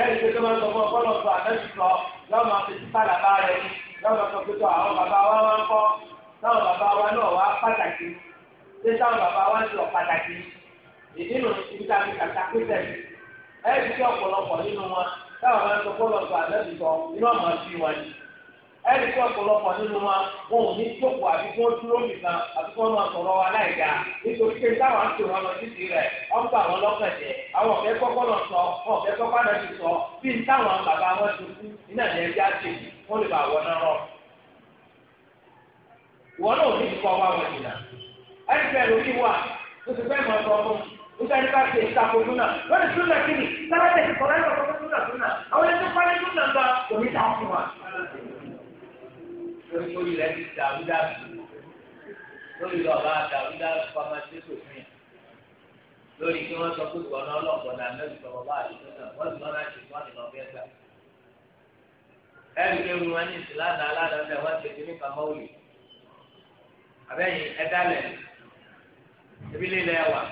ẹ̀rí kéré máa ń sọ fún ọ̀pọ̀lọpọ̀ àtẹ́sùtọ̀ lọ́mọ fetí pàdàbà rẹ̀ ni lọ́mọ sọ pé tó àwọn bàbá wa wá ń kọ́ táwọn bàbá wa náà wá pàtàkì ṣé táwọn bàbá wa lọ pàtàkì ìdí nù kàtà pété ẹ̀ ẹ́ ti ọ̀pọ̀lọpọ̀ nínú wọn táwọn bá ń sọ ẹni tí ọ̀pọ̀lọpọ̀ nínú wa wọn ò ní jókòó àbí kí wọ́n dúró nìkan àbí kí wọ́n máa sọ̀rọ̀ wa láì dáa nítorí pé táwọn ń tòun sọ wọn ọ̀fẹ́ kọ́kọ́ sọ bí táwọn bàbá wọn ti kú iná ní ẹja ṣe wọ́n lè bá wọn náà ìwọ náà ò ní wọn jìnnà ẹni fẹ́ ó ti fẹ́ lórí lórí rẹ ti dàrú dàrú lórí rẹ ọba dàrú dàrú pàmò ṣe kò fún yà lórí kí wọn sọ pé ìwọ náà lọgbọn náà lórí sọ̀rọ̀ bá àdúgbò náà wọn sì wọn náà ṣe wọn nìkan fẹẹ gbà ẹrù ewu wọn ní ìsìláàdà aládàá bẹ́ẹ̀ wọn ṣe kí ní kàmọwì àbẹyìn ẹdálẹ ebi lílẹ ẹwà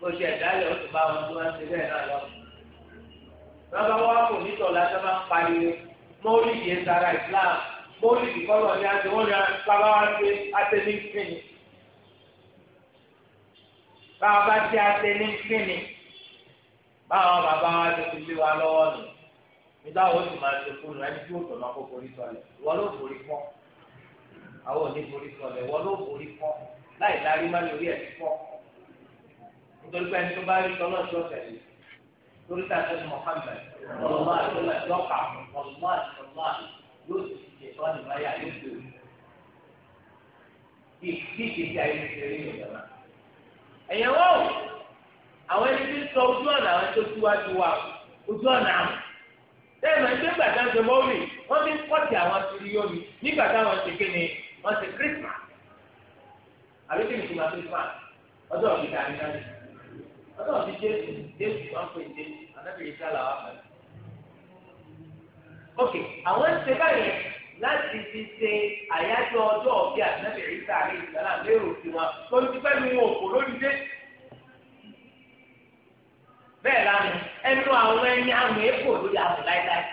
bó ṣe ẹdálẹ ó ti bá wọn tó wọn ṣe bẹ́ẹ̀ náà lọ lọ́wọ́ wọn kò ní sọ̀lá tó ń pariwo mọ́wúlì yẹn sara ìsìláàmù bóyì ìkọlọ ni àti wọn yà bàbá wa ṣe àtẹni fínni bàbá bá ṣe àtẹni fínni báwọn bàbá wa ṣe ti lé wa lọ́wọ́ nù nígbà wo sì máa ṣe fún un ẹni tí ó tọ̀ náà kó forí sọlẹ̀ wọ́n ló forí kọ́ àwọn ò ní forí sọlẹ̀ wọ́n ló forí kọ́ láì darí má lórí ẹ̀ kọ́ nítorí pé ẹni tó bá rí tọ́lọ́ sí ọ̀sẹ̀ yìí lórí tàbí Muhammad ọ̀lùmọ́ àti ọ̀lùmọ́ àti ọ̀lùmọ́ àti ọ̀lùmọ́ àti yóò ti ìtọ́ni máa yà yóò tó bí ìgbésí ayé ti rí ìyọ̀dọ̀ náà. ẹ̀yẹ̀ wọ́n o àwọn ẹni tí ń sọ ojú ọ̀nà àwọn tó síwájú wa ojú ọ̀nà àwọn tẹ́lẹ̀ ń gbé gbàgbá ń ṣe mọ́wùlì wọ́n fi ń kọ́tì àwọn tìrì yomi nígbà táwọn ṣe kéne wọ́n ṣe kírísìmà àbí kí ni kí máa kírísìmà ọjọ́ òbí ta ní náà ọjọ́ òbí jésù jésù wọn pè jésù anábìyí sálà wà pẹ̀lú. ok àwọn ń ṣe báyìí láti fi ṣe àyájọ́ ọjọ́ ọ̀bí àtúnábì ìrísà àrí ìsàlá lérò tiwọn tó ti fẹ́ nu òkò lóríṣẹ́. bẹ́ẹ̀ lánàá ẹnu àwọn ẹni àmì èkó lórí àmì láíláí.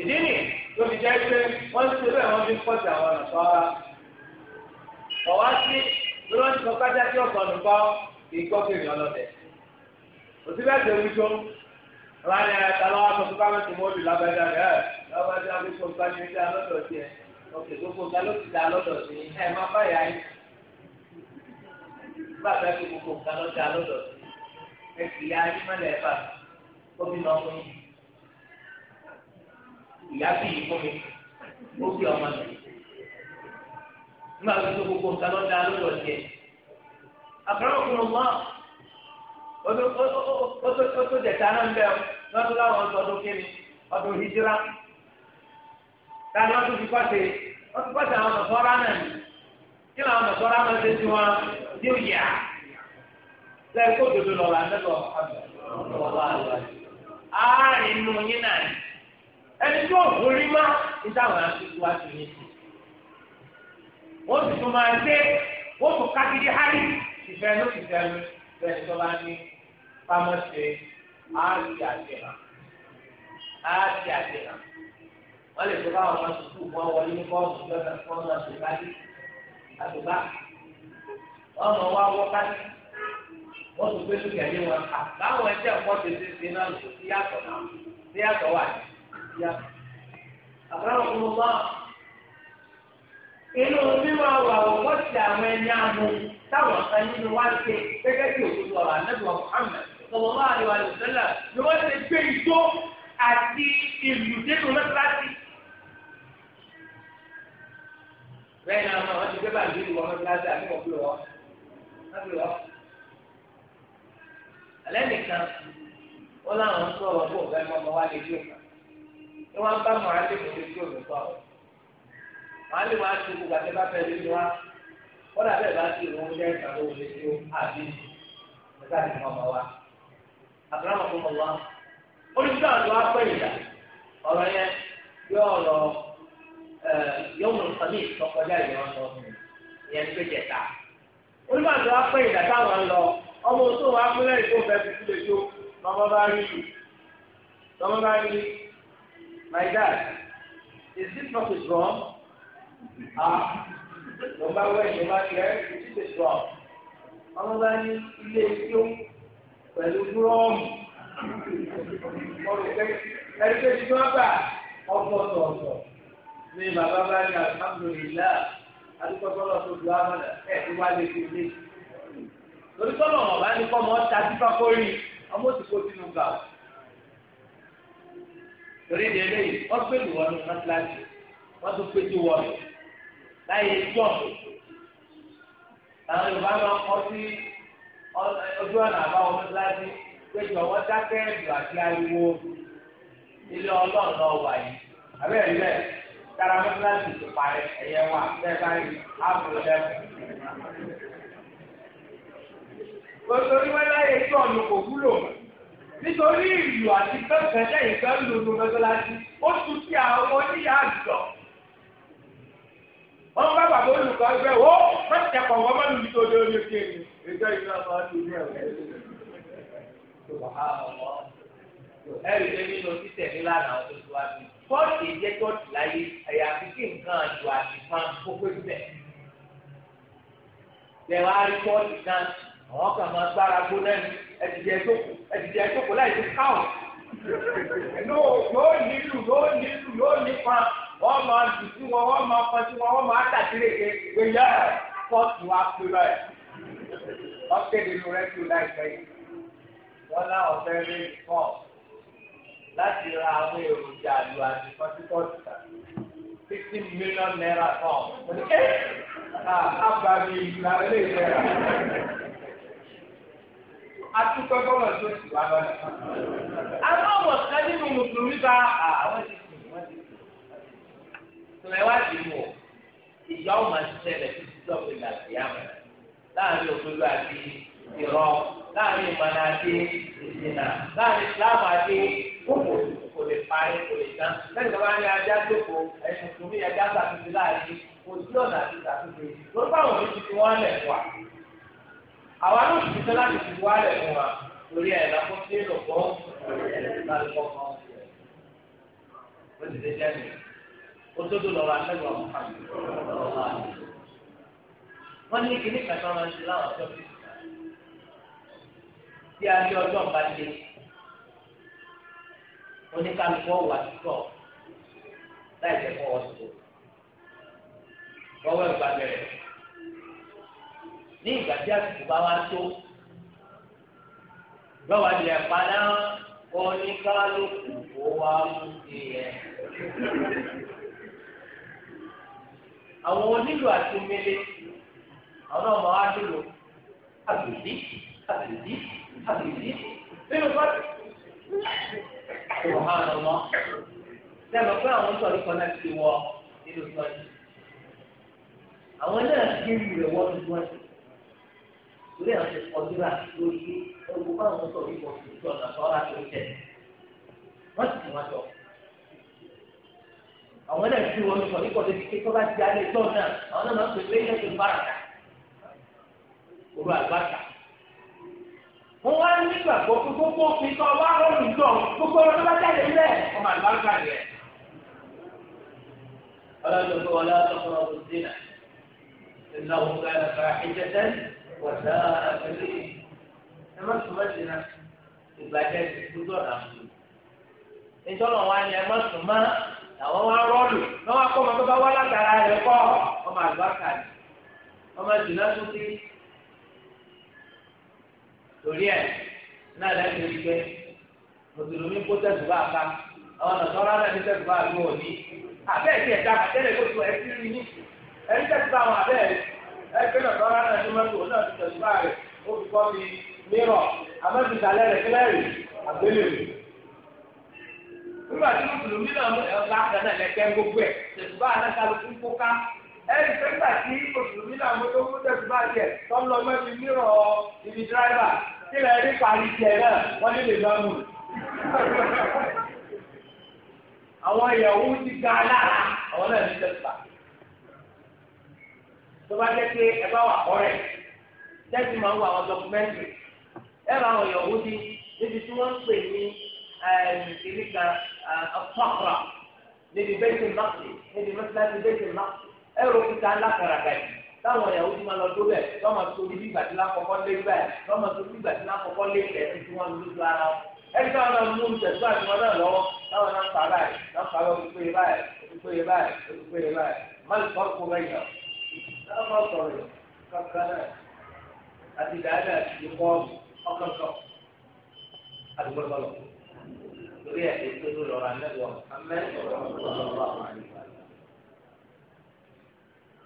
ìdí nì tó fi jẹ́ pé wọ́n ti bẹ́ẹ̀ wọ́n fi pọ̀jù àwọn ọ̀nà sọ́ra. ọ̀wá sí ọlọ́dẹ. wọ́n á yẹ tàbá wà sọ̀tún káwọn ti mọ́ọ̀lù lábẹ́dá rẹ̀ ẹ̀ lọ́wọ́dé agbésọ̀ nǹkan ní ẹja lọ́dọ̀ tiẹ̀ ọ̀kẹ́ gbogbo nǹkan ló ti dá lọ́dọ̀ sí ẹ̀ má báyà yín bàbá yẹn gbogbo nǹkan ló dá lọ́dọ̀ sí ẹ̀ kì í yá yín mọ́lẹ̀ ẹ̀fà kóbi náà fún yín ìyá bí yìí fún mi ó bí ọmọ mi nígbà tó tó gbogbo nǹkan ló dá lọ́dọ̀ tiẹ̀ àbúrò kùn ó ọ. lọ́dún láwọn ọdún kéde ọdún hijira tani wọ́n tún pàṣẹ wọ́n pàṣẹ àwọn nọ̀sọ́rọ́ náà ni kí làwọn nọ̀sọ́rọ́ náà ṣe ti wọn ní òyà lẹ́yìn kó dodo lọ́la nẹ́tọ̀ ọ̀bọ̀lá àlọ́ àárín inú yín náà ni ẹni tí yóò forí má ní táwọn aṣojú wa ti ní wọ́n tún á ṣe àṣehàn á ṣe àṣehàn wọ́n lè ṣe ọrụ ọmọ sùkúù wọn wọlé ní bọ́ọ̀sì lọ́dọ̀ ọrụ ọmọ ọrụ yìí àtùbá ọmọ wa wọ́ kájí wọ́n ọrụ gbé lókè ayé wọn kà báwọn ẹjẹ́ ọ̀pọ̀ náà lò sí yàtọ̀ náà sí yàtọ̀ wà ní yàtọ̀. àbúrò inú àwọn ẹni àmú táwọn wá sọ̀rọ̀ máa lè wà lè sẹ́lẹ̀ ni wọ́n ti gbé igbó àti ìlú dénú mẹ́tíláṣí. bẹ́ẹ̀ ni àwọn àwọn ti gbé bàbá ìlú wọn mẹ́tíláṣí àti wọ́n gbé wọn wọ́n gbé wọn. alẹ́ nìkan wọ́n láwọn sọ̀rọ̀ bó ọ̀gá ẹ̀mọ́ ọmọ wa lè dé òkà ni wọ́n bá mọ̀ alẹ́ kò lè òkè pa ọ́. màá lè wá sí àti bá fẹ́ lé ní wa àkàràmà fún mọ wá olùdíje àti wá pẹ́ ìyá ọ̀rọ̀ yẹn yóò lọ yóò mú sami tọkọjá ìyẹn wọn lọ ìyẹn ń péjẹ ta olùdíje àti wá pẹ́ ìyá táwọn lọ ọmọ tó wá pẹ́ lẹ́yìn tó fẹ́ fi sílẹ̀ tó lọ́mọ bá rí lọ́mọ bá rí my dad is this not his wrong ah lọ́mọ bá wẹ̀ lọ́mọ bá rí is this his wrong ọmọ bá ní ilé tí pẹ̀lú búrọ́ọ̀mù ọ̀rùkẹ́ ẹ̀ríkẹ́ ti tó bá ọ̀pọ̀tọ̀ọ̀tọ̀ ní bàbá bá ní alhamdulilá adúgbòtọ́lọ̀ tó du amọ̀nà ẹ̀ tó wá lé sílé lórí tọ́lọ̀ wọn bá ní kọ́ mọ́ ta sípà kórì ọmọ tí kò sínú gbà ó torí ní eléyìí wọ́n pè lù wọ́n ní mọ́tíláṣí wọ́n tún pè tó wọ́n láyé jọ̀ọ̀ àwọn Yorùbá máa kọ́ sí ojú ọ̀nà àbáwọ̀ mọ́sálásí péjọ wọ́n dákẹ́ ẹ̀dùn àti ariwo ilé ọlọ́run lọ wà yìí àbẹ́ ẹ̀ lẹ́ tara mọ́sálásí ti parẹ́ ẹ̀yẹ wà bẹ́ẹ̀ báyìí áàbò lẹ́kùn. Nítorí wọ́n láyé tí ọ̀nà kò wúlò nítorí ìlú àti pẹ́pẹ́ lẹ́yìn pẹ́ lòlù mọ́sálásí ó tún sí àwọn oníyà àjọ wọ́n bá bàbá olùkọ́ ẹgbẹ́ wo mọ́tẹ́kọ̀ọ́ wọ́n mọ́ lùdí tó lé orí ìjọ ìlú àbáwọlú ní ọ̀rẹ́ ẹ̀rí lé nínú títẹ̀ nílànà ọ̀tún tó wá bí tọ́ọ̀tì jẹ́ tọ́ọ̀tì láyé àyàfi kí nǹkan àjò àti fan kókó ibẹ̀. Lẹ́wọ̀n á rí tọ́ọ̀tì náà àwọn kan máa gbára gbóná ní ẹ̀dìjẹ́ ẹ̀dókò ẹ̀dìjẹ́ ẹ̀dókò láì fi káwọn. Yóò nílù yóò nílù yóò nípa wọ́n máa dùn sí wọn wọ́n máa pọn sí wọn wọ́n máa tàbí lè ṣe gbéyà tọ́ọ̀tì wa pé báyìí wọ́n kéde inú rẹ́díò láìpẹ́ yìí wọ́n láwọn fẹ́ rí nǹkan láti ra àwọn èròjà àlù àti kọ́sítọ́ọ̀tì fifteen million naira kan mo ní ẹ́ àbá mi ìgbà lè jẹrà atúkọ̀ bọ́lọ̀ tó ti wà lọ́nà. àwọn ọmọ kan nínú mùsùlùmí bá àwọn ti sùn wọ́n ti sùn. tòlẹ́wà ti wọ̀ ìyá ọmọ ti ṣẹlẹ̀ títí dọ́gbìn làbíyá mọ́ láàrin òdodo àti irọ́ láàrin ìmọ̀nà àti ìdènà láàrin islam àti kókò kò lè parí kò lè tán lẹ́yìn tó bá ní ajá tókò ẹ̀sùn tó ní ajá sàtúnṣe láàrin kò sí ọ̀nà àti sàtúnṣe lórí báwọn méjì tí wọ́n lẹ̀ wá àwa ló ti sọ láti fi wá lẹ̀ fún wa lórí ẹ̀ lọ́kọ́ sí lọ́kọ́ lálùkọ́ kan ó ti lè jẹ́ mi ó tó tó lọ́wọ́ àtẹ́gbọ̀n mọ́ wọ́n ní kíní kàtà máa ń ṣe láwọn ọjọ́ bí tí a rí ọjọ́ bá dé oníkálukú ọ̀wà títọ̀ láì jẹ́ fọwọ́ sí lọ́wọ́ ìgbà bẹ̀rẹ̀ ní ìgbà tí àsìkò bá wá tó lọ́wọ́ ilẹ̀ padà oníkálukú ọ̀wà mú ti yẹ àwọn onílù àti mélé àwọn náà mọ̀ á nílò àbìdí àbìdí àbìdí nínú pátì. Ìwọ̀n àná mọ́. Sẹ́mi pé àwọn sọ̀rọ̀ kan náà ti wọ nínú tọ́jú. Àwọn náà ti rí rẹ̀ wọ́n ní tọ́jú. Torí àwọn ti kọ́ síra lórí ẹgbẹ́ báwọn sọ̀rọ̀ ìbọn tó tọ̀ náà sọ́ra tó tẹ̀. Wọ́n sì ti wọ́n jọ àwọn náà fi wọn sọ nípa ọdún kíkẹ́ tó bá di alẹ́ tó náà àwọn náà máa ń pè pé yẹn ti bára olú àgbàkà. wọ́n wá nígbàgbọ́ pé gbogbo òfin wá rọrùn gbogbo ọ̀rọ̀ tó bá jáde rẹ̀. tó wọlé dínà ìlànà òun má sùn dínà ìgbàjẹ́ wa ni ẹ má sùn àwọn rọ́ọ̀lù lọ́wọ́ akọ́mọ tó bá torí ẹ̀ náà lẹ́yìn pé mùsùlùmí kó ká ní tẹ̀sùbá ló wọ̀ ní. àbẹ́ẹ̀ tí ẹ̀ka àtẹ́lẹ̀ kó tu ẹtí rí ní ẹni tẹ̀sùbá àwọn àbẹ́ẹ̀ ẹgbẹ́ ọ̀sán rárá ní náà ti rẹ̀ ó fi kọ́ mi mírọ̀ kílẹ̀rì àgbélẹ̀rì. nígbà tí mùsùlùmí náà ẹ̀rí pẹ́ńtà tí mùsùlùmí náà mo tó kó tẹ̀sí bá jẹ tọ́lọ́ mẹ́bi mírọ̀ ibi dírẹ́fà tí lè rí parí jẹ náà wọ́n ní lè lọ́mù. àwọn ìyàwó ti ga lára àwọn náà ní tẹ̀síta. tó bá jẹ́ pé ẹ bá wà kọ́rẹ́ jẹ́sí máa ń wo àwọn dọ́kúmẹ́ntì ẹ bá àwọn ìyàwó ti níbi tí wọ́n ń pè ní ìrìkà ọ̀pọ̀ọ̀pọ̀ níbi bẹ́ẹ̀sì máàkì níbi mẹ́tíláṣí bẹ́ẹ̀sì máàkì. ẹrù kíkà ńlákàrà kàdì táwọn ìyàwó ti máa lọ tó bẹ̀ lọ́mọ tó bí na gbàdúrà kọ́kọ́ lé bẹ̀ lọ́mọ tó bí gbàdúrà kọ́kọ́ lé bẹ̀ títí wọn ara ẹni náà mú àti wọn náà táwọn náà báyìí náà báyìí báyìí báyìí báyìí kó yàn. sọ̀rọ̀ yìí kankan náà àti dáadáa ti kọ́ ọkàn kan àdúgbò ẹ̀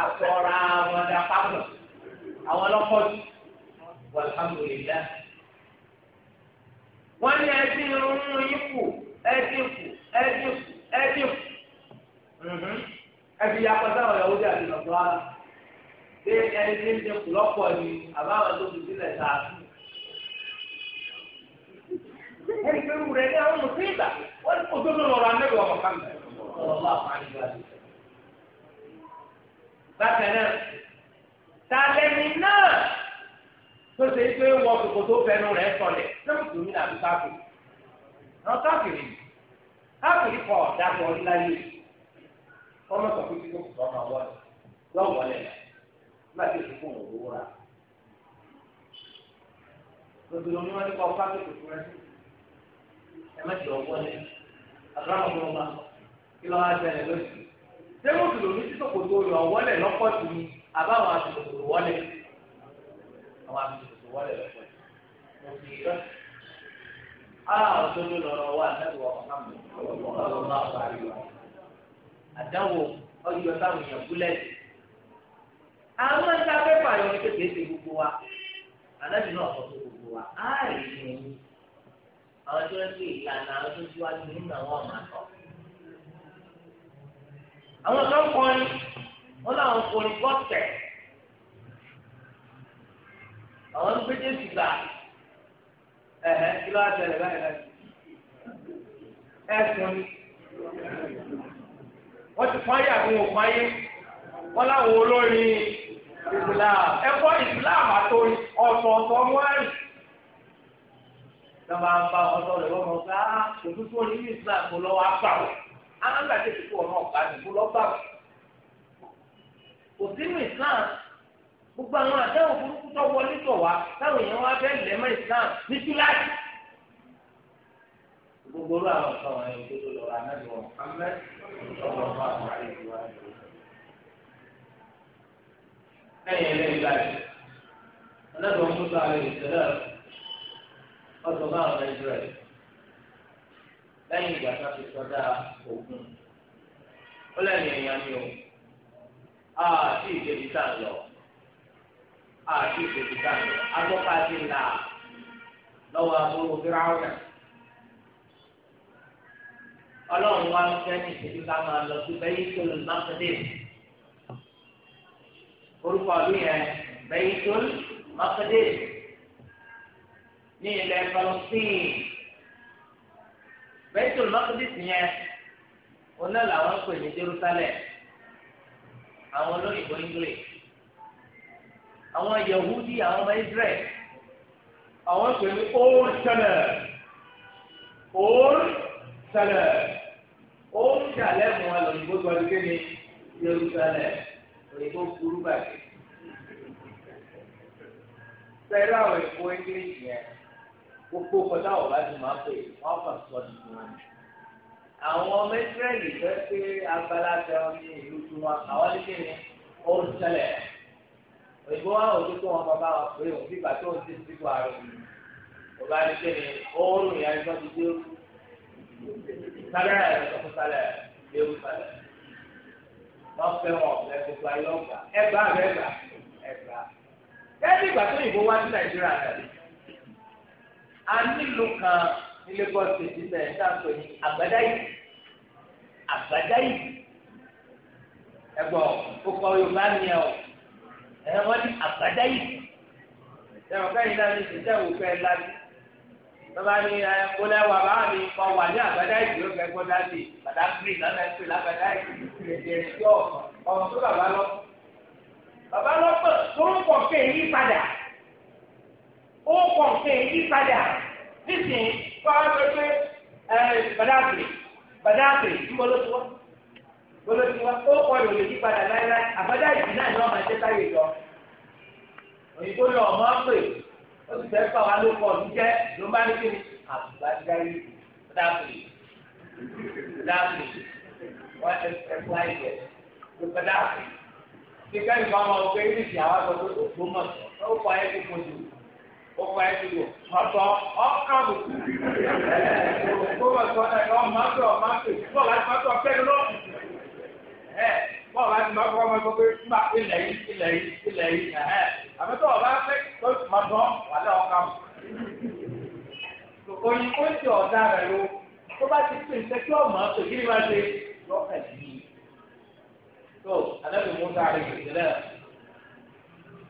àtọ́ra wọn dá pápọ̀ àwọn ọlọ́pọ̀ jù wàlhámdùlélá. wọ́n ní ẹtí irun yín kù ẹtí kù ẹtí kù ẹtí ẹbí yà pàtàkì àwọn ìyàwó dàbí lọ́dọ̀ àlà ṣé ẹni tí ń kù ni àbáwọn tó sáà ní àwọn mùsùlùmí ní bákan náà tàlẹ́mì náà tó ṣe pé wọ́n kòkò tó fẹnu rẹ̀ sọlẹ̀ lọ́wọ́ tó ní àbí káfíìn àwọn káfíìn káfíìn kọ̀ dàpọ̀ láyé ọmọ sọ pé kíkó kò sọ́mọ wọ́n lọ́wọ́ lẹ̀ nígbà tí òṣèlú kò wò wúra lọ́dún lómi wọn ní kọ́ káfíìn kò rẹ̀ ẹ má ti ọ̀wọ́ àbúrò àwọn ọmọ wa kí lọ́wọ́ á bẹ̀rẹ̀ lóṣù. ṣé mùsùlùmí tí sòkòtò rẹ̀ ọ̀wọ́lẹ̀ lọ́pọ̀ sí ni àbáwọn àtìkòtò wọlé àwọn àtìkòtò wọlé lọ́pọ̀ ni mo sì rẹ́ àwọn òṣèlú lọ́rọ̀ wà lẹ́wọ̀ ọ̀hánmi ọ̀rọ̀ máa parí wa àdáwò kékeré ṣe gbogbo wa náà àwọn kan kọrin wọn làwọn kọrin gọtẹ àwọn ń gbẹdẹ sìgbà ẹhẹ kí ló wá tẹ́lẹ̀ báyìí láti ẹsùn ni wọn ti fún ayé àbí wọn fún ayé wọn làwọn olórin ìsìláàmù ẹkọ ìsìláàmù àtòrí ọ̀tọ̀ọ̀tọ̀ mọ́ẹ́rì lọ́ba ń bá ọ̀tọ̀ rẹ̀ wọ́n mọ̀ òtútù onímọ̀ ìsìláàmù lọ́wọ́ apá wọn alága tẹ fi kú ọ̀nà ọ̀gá mi kú lọ́gbà mi. kò sínú islam gbogbo àwọn àdáhùn burúkú tó wọlé tọ̀ wá táwọn èèyàn wá fẹ́ lẹ́mọ̀ islam ní túláàsì. gbogbo olú àwọn ọ̀sán wọn yóò tó lọ́wọ́ anáàbí wọn amẹ́ ọ̀gbọ̀n fún àwọn àlejò wa. ẹ̀yìn ẹlẹ́yìn láti anáàbí wọn tó sọ àlejò tẹ́lẹ̀ ọ̀sán fún àwọn nàìjíríà lẹ́yìn ìgbà tó ti sọdá ògùn ó lẹ́yìn ẹ̀yà mi o àti ìdèbí tá a lọ àti ìdèbí tá a lọ agbọ́pá ti là lọ́wọ́ aburú fíráwùnà ọlọ́run wa ń fẹ́ ní ìdèbí ká máa lọ sí bẹ́yì tó lè má fẹ́ dé orúkọ ọdún yẹn bẹ́yì tó lè má fẹ́ dé ní ilẹ̀ Palestine. Baitul Maqdis yẹn oná làwọn ń pè ní Jerusalem àwọn olóyìnbó English àwọn Yahudi àwọn ọmọ Israel àwọn ń pè ní Old Salem Old Salem Old Salem mu wọn lòyìnbó tó ọdún kéde Jerusalem òyìnbó burú bàjẹ́ pẹ̀lú àwọn èkó English yẹn gbogbo kọjá ọba ti máa pè wọn kàn sọ ní wọn. àwọn ọmọ ìsírẹ́lì fẹ́ pé agbára tẹ wọn ní ìlú tí wọn àwọn lékè ní oòrùn tẹ́lẹ̀ òyìnbó wa ò ní kó wọn bàbá wọn pé òun bíbà tó ń ti ti bọ àrùn ọba lékè ní oòrùn yẹn ní wọn ti dé sálẹ̀ ẹ̀ lọ́kùn sálẹ̀ léwu sálẹ̀ wọn fẹ́ wọn ọ̀fẹ́ gbogbo ayé ọgbà ẹgbàá rẹ̀ gbà ẹgbàá a nílò kan ní Lagos state náà ẹ̀ sáà pé àgbàdá yìí àgbàdá yìí ẹ̀gbọ́n ó kọ Yorùbá ni ẹ̀ ọ́ ẹ̀ wọ́n ní àgbàdá yìí ẹ̀rọ kẹ́yìn náà ní ìṣẹ̀ṣẹ̀ wò fẹ́ láti bàbá ni ẹ kó lẹ́wọ̀ bá mi kọ wà ní àgbàdá yìí ó fẹ́ gbọ́ láti bàtà gírì lọ́nà ẹ̀sìn lágbàdá yìí lè ṣe ọ̀ọ̀ ọ̀ọ̀ tó bàbá lọ bàbá lọ pẹ̀ tó ń pọ̀ kéèyí padà ó kọ̀ ṣe ìyípadà nísìnyí kọ́ ọ́ pé pé bàdáàtì bàdáàtì ńbọ́lọ́tiwọ́ bọ́lọ́tiwọ́ ó kọ́ ìrò lè yípadà láéláé àbádá ìdí náà ni wọ́n máa ṣe táyé lọ. òyìnbó lọ ọmọ pè ó sì fẹ́ fà wá ló kọ̀ ọdún jẹ́ ló bá ní kíni àbúgbàdá yìí bàdáàtì bàdáàtì wọ́n ti fẹ́ fúláì jẹ bàdáàtì. ṣé kẹ́hìn kan máa wọ pé ibi ìṣàwá sọ pé òfó mọ̀ ó kọ ayé kó kojú ó pa ẹ́ dìbò ọ̀tọ̀ ọ̀kàbù kó bá sọ ẹ̀ ọ́ mọ́tò mọ́tò bọ́ọ̀ láti mọ́tò ọ̀kẹ́ni lọ. ẹ bọ́ọ̀ láti mọ́tò ọmọ ẹgbẹ́ pé nígbà ilẹ̀ yìí ilẹ̀ yìí ilẹ̀ yìí ẹ̀ àbẹ́tọ̀ ọ̀bá fẹ́ tó mọ́tò wàlẹ́ ọ̀kàbù. oyin ó ti ọ̀dà rẹ̀ ló tó bá ti pè ṣe kí ọ̀mọ́ tó kí ni máa ṣe lọ́kàn yìí. tó alẹ́ mi mú sáré gbèsè náà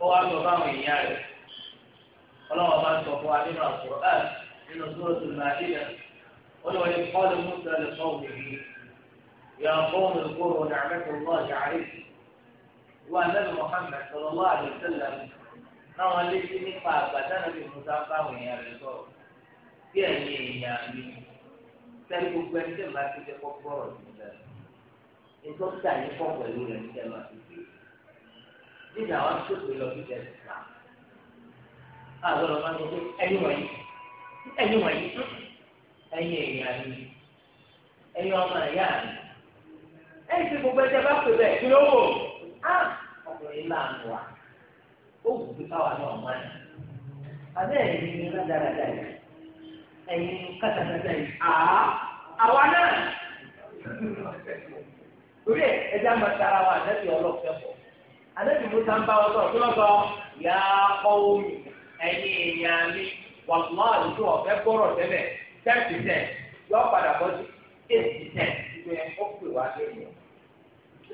ó wá lọ báwọn èèyàn rẹ̀ ọlọ́wọ́ bá ń sọ fún wa nínú àkùrán nínú sọ́ọ̀tù nàìjíríà olùwàlí kọ́lù musa lè sọ òwúrì yà fún olùkóró ní àmẹ́kọ̀ọ́ náà yàrá ìwà nẹ́bí muhammed sọlọ́lá àdìsẹ́lẹ̀ náwọn létí nípa àgbàdá nàbí musa báwọn èèyàn rẹ̀ sọ̀rọ̀ bí ẹ̀yin èèyàn mi sẹ́ni gbogbo ẹni tẹ̀ máa ti dẹ́kọ̀ gbọ́rọ̀ nígbà nítorí tà ní kọ́ pẹ̀lú rẹ̀ ní tẹ̀ máa ti dé nígbà wọn tó gbé lọ sí àgbọ̀dọ̀ máa ń gbé ẹyin wọ̀nyí ẹyin wọ̀nyí ẹyin èèyàn mi ẹyin ọmọ ìyá mi ẹyin tí gbogbo ẹjẹ bá pè bẹ́ẹ̀ kí ló wò á ọkùnrin láàánú wa ó wù kí káwa náà mọ ẹ abẹ́ ẹ̀yin ni rádaràdà yìí ẹ̀yin kátàkátà yìí àá àwa náà torí ẹ ẹja wa àdẹ́bí ọlọ́ọ̀fẹ́ pọ̀ àdẹ́bí mo ta ń bá ọ sọ̀rọ̀ kí wọ́n yà á kọ́ omi ẹ̀yin èèyàn mi wàhálà àdúgbò ọ̀fẹ́ gbọ́rọ̀ tẹ́lẹ̀ ten percent yọ padà bọ́ sí eight percent ìgbẹ́ ó pè wá lẹ́yìn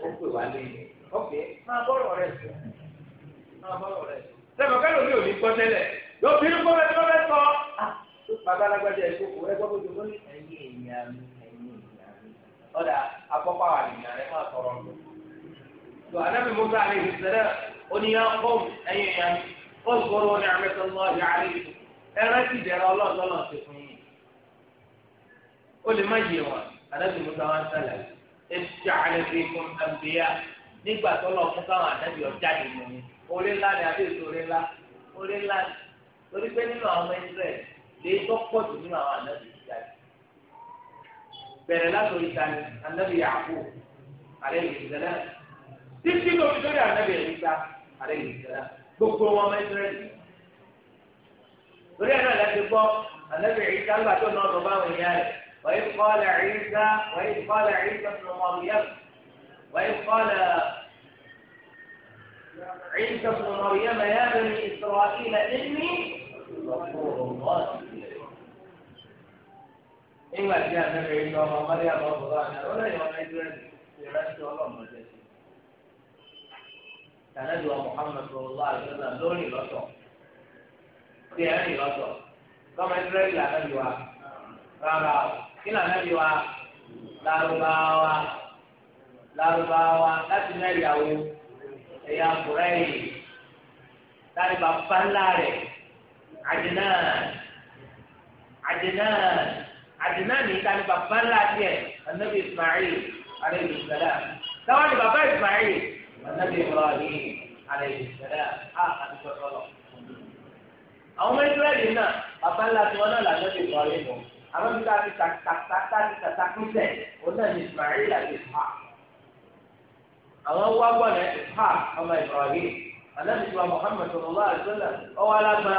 ó pè wá lẹ́yìn ok máa bọ́rọ̀ rẹ̀ sọ máa bọ́rọ̀ rẹ̀ sọ. sẹ́mi kẹ́lò mi ò ní gbọ́ tẹ́lẹ̀ yóò fi ní gbọ́dọ̀ tí wọ́n fẹ́ sọ. bàbá alágbájá ẹ̀ kókò ẹ gbọ́ bójú lónìí ẹ̀yin èèyàn mi ẹ̀yin èèyàn mi ọ̀dà akọ́pá wà nìyàn rẹ̀ máa sọ̀rọ̀ lọ. tó anábì musa àlè ìṣẹ̀lẹ̀ oníyàn fọ́ọ̀mù ẹ̀yin èèyàn mi. واذكروا نعمة الله عليكم ẹrántí ìdẹ̀rẹ̀ ọlọ́ọ̀lọ́lọ́ ti fún yín ó lè má yé wọn anábì musa wa ń sálẹ̀ ẹ̀ṣẹ̀ àlẹ́fẹ́ fún àbíyá nígbà tó lọ fún káwọn anábì ọjà lè mú mi orí ńlá ni àbí èso orí ńlá orí ńlá ni torí pé nínú àwọn ẹ̀ṣẹ̀ lè tó pọ̀ jù nínú àwọn anábì ìjà bẹ̀rẹ̀ látòrí sani anábì yàgò àlẹ́ ìgbésẹ̀ náà títí lórí lórí anábì gbogbo wọn máa ń tẹ̀lé lórí ẹ̀ náà láti gbọ́ ànábì ìṣá ńgbà tó náà lọ báwọn ìyá rẹ̀ wàyí kọ́lá ìṣá wàyí kọ́lá ìṣá tó mọ̀ mọ̀ríyá wàyí kọ́lá ìṣá tó mọ̀ mọ̀ríyá mẹ́yà bẹ̀rẹ̀ ìṣòro àkìlẹ̀ ẹ̀mí ìgbà tí ànábì ìṣá ọmọ mọ́ríyá mọ̀ bọ̀rọ̀ àná ọlọ́yìn ọmọ ìṣúrẹ́lì ìrẹsì ọlọ́mọdé. tànàbí wa Muhammad sallallahu alaihi wasallam lórí ìlọ́sọ̀ tí ẹ̀ ń ìlọ́sọ̀ lọ́mọ ìdúrẹ́lì lànàbí wa rárá o kí lànàbí wa lárúbáwá lárúbáwá láti mẹ́rin àwo ẹ̀yà kùrẹ́yì láti bàbá ńlá rẹ̀ àdínáà àdínáà àdínáà ní ìta ní bàbá ńlá tiẹ̀ ànábì Ismail alayhi salam táwọn ní bàbá Ismail. والنبي إبراهيم عليه السلام آخر شرطه àwọn ọmọ israẹli náà bàbá ńlá tí wọn náà là lọ́dọ̀ ìbọ̀rẹ́ mọ́ àwọn bí káàkiri tàkàtàkàtàkì tàkàkùsẹ̀ òun náà ní ismail àti isha àwọn wá gbọ́dọ̀ isha ọmọ ìbọ̀rẹ́ anábìsíwa muhammed sọlọ́lá àdúrà ọwọ́ alágbá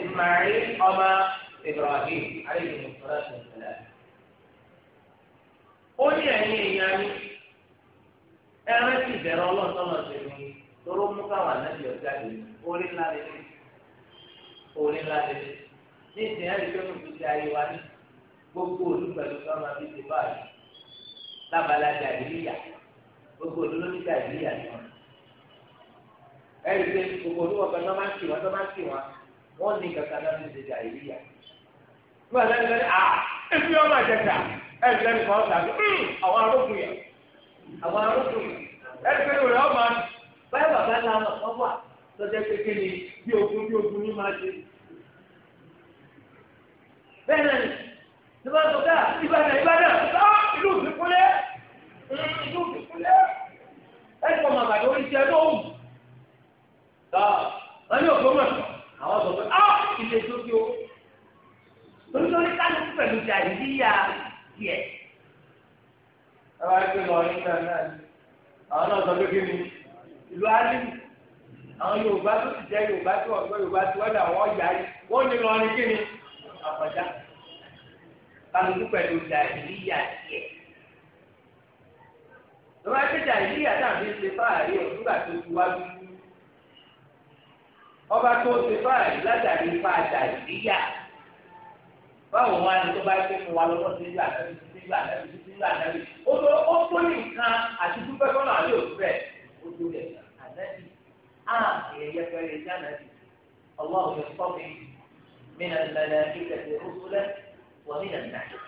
ismail ọmọ ìbọ̀rẹ́ àyè ìmọ̀sọ̀rọ̀ sọ̀tẹ̀lẹ̀. ó ní ẹ̀yìn ìyá mi ẹran ti ìbẹ̀rẹ̀ ọlọ́ọ̀tọ́lọ́ ṣe ni tóró mú káwọn ànábì ọ̀gá lè orí ńlá lè lè orí ńlá lè lè ní ìsìn ẹ̀rí pé kòtò ti ayé wa ní gbogbo òdu pẹ̀lú kí wọ́n máa fi ti báyìí lábala jàdìlíyà gbogbo òdu ló ní jàdìlíyà ni wọn. ẹ̀rí pé gbogbo òdu wọn pẹ̀lú ọmọ àti wọn tó máa wọn wọn ní kankan náà ní ti jàdìlíyà. nígbà tó ń bẹ ah, ní à ẹ̀fí ọmọ àjẹsà ẹ̀rí lẹ́nu kan ọ̀sà hmm, àwọn arókùnrin àwọn arúgbó ẹgbẹ́ rẹ̀ ọmọ báyọ̀ bàbá làwọn kan wà lọ́jọ́ kékeré ni bí ogun bí ogun ní máa ṣe. bẹ́ẹ̀ náà ni tí wọ́n sọ káà ah, ìbàdàn ìbàdàn ọ́ ìlú ìfipúlẹ̀ hmm, ìlú ìfipúlẹ̀ ẹ̀kọ́ màmá tó ń ṣe ẹ̀dọ́ òun. wọ́n ní ògbómọ̀ àwọn sọ pé ọ́ ah, ìṣèjọ́ kí o. torí lórí kálukú pẹ̀lú ìjà ìdíyà tiẹ̀. àwọn ẹgbẹ́ lọ yín náà náà àwọn náà sọ pé kí ni ìlú alẹ́ àwọn Yorùbá tó ti Yorùbá tó Yorùbá tó yìí ní lọ ní kí ni àpàjá tàbí ṣe fáàrí tó ti wá bí ọba tó ṣe fáàrí látàrí báwo wọn á ní tó bá nígbà ànábì ó tó ó tó ní nǹkan àti dúpẹ́ fọ́nà àlẹ́ òfúrẹ́ ó tó lẹ̀ ànábì á ẹ̀yẹ pẹ̀lẹ́ sí ànábì ọlọ́run yóò sọ mi mìíràn ìlànà ìkẹsẹ̀ òfúrẹ́ wọ́n mìíràn ìlànà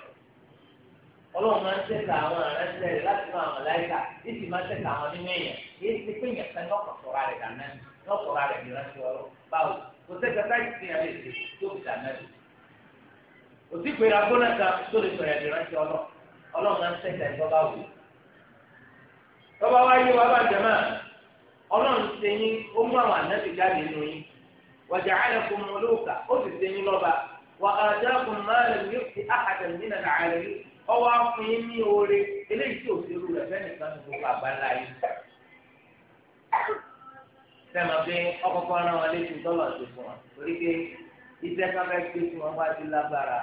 ọlọ́run máa ń tẹ̀sà àwọn aránṣẹ́ rẹ̀ láti máa wọn láyíká títí máa ń tẹ̀sà àwọn nínú èèyàn yéé ti pé èèyàn kan rẹ̀ dáná lọ́kọ̀ọ́ra rẹ̀ ní ránṣẹ́ ọlọ́ báwo kò sẹ́kẹ̀ táyì sí ẹ̀rẹ́ ìṣe tó fi dáná rẹ̀ òsì pé ra gbóná kan tó lè sọ̀rọ̀ rẹ̀ ní ránṣẹ́ ọlọ́ ọlọ́run náà ṣẹ̀ṣẹ̀ ìjọba wò tọ́ba wá yé wa bá jẹ́mọ́ ọlọ́run ṣe yín ó mú àwọn ànábì jáde nù yín wàjà àyẹ̀kùn mọ̀lúùkà ó sì ṣe yín lọ́ba wà á jákùn máàlù yìí ọwọ́ yín ní oore eléyìí tí òṣèlú rẹ̀ fẹ́ẹ́ nìkan ní gbogbo àgbáńlá yìí. sẹ́mi pé ọkọ̀ọ̀kan tọ́lọ̀ ṣe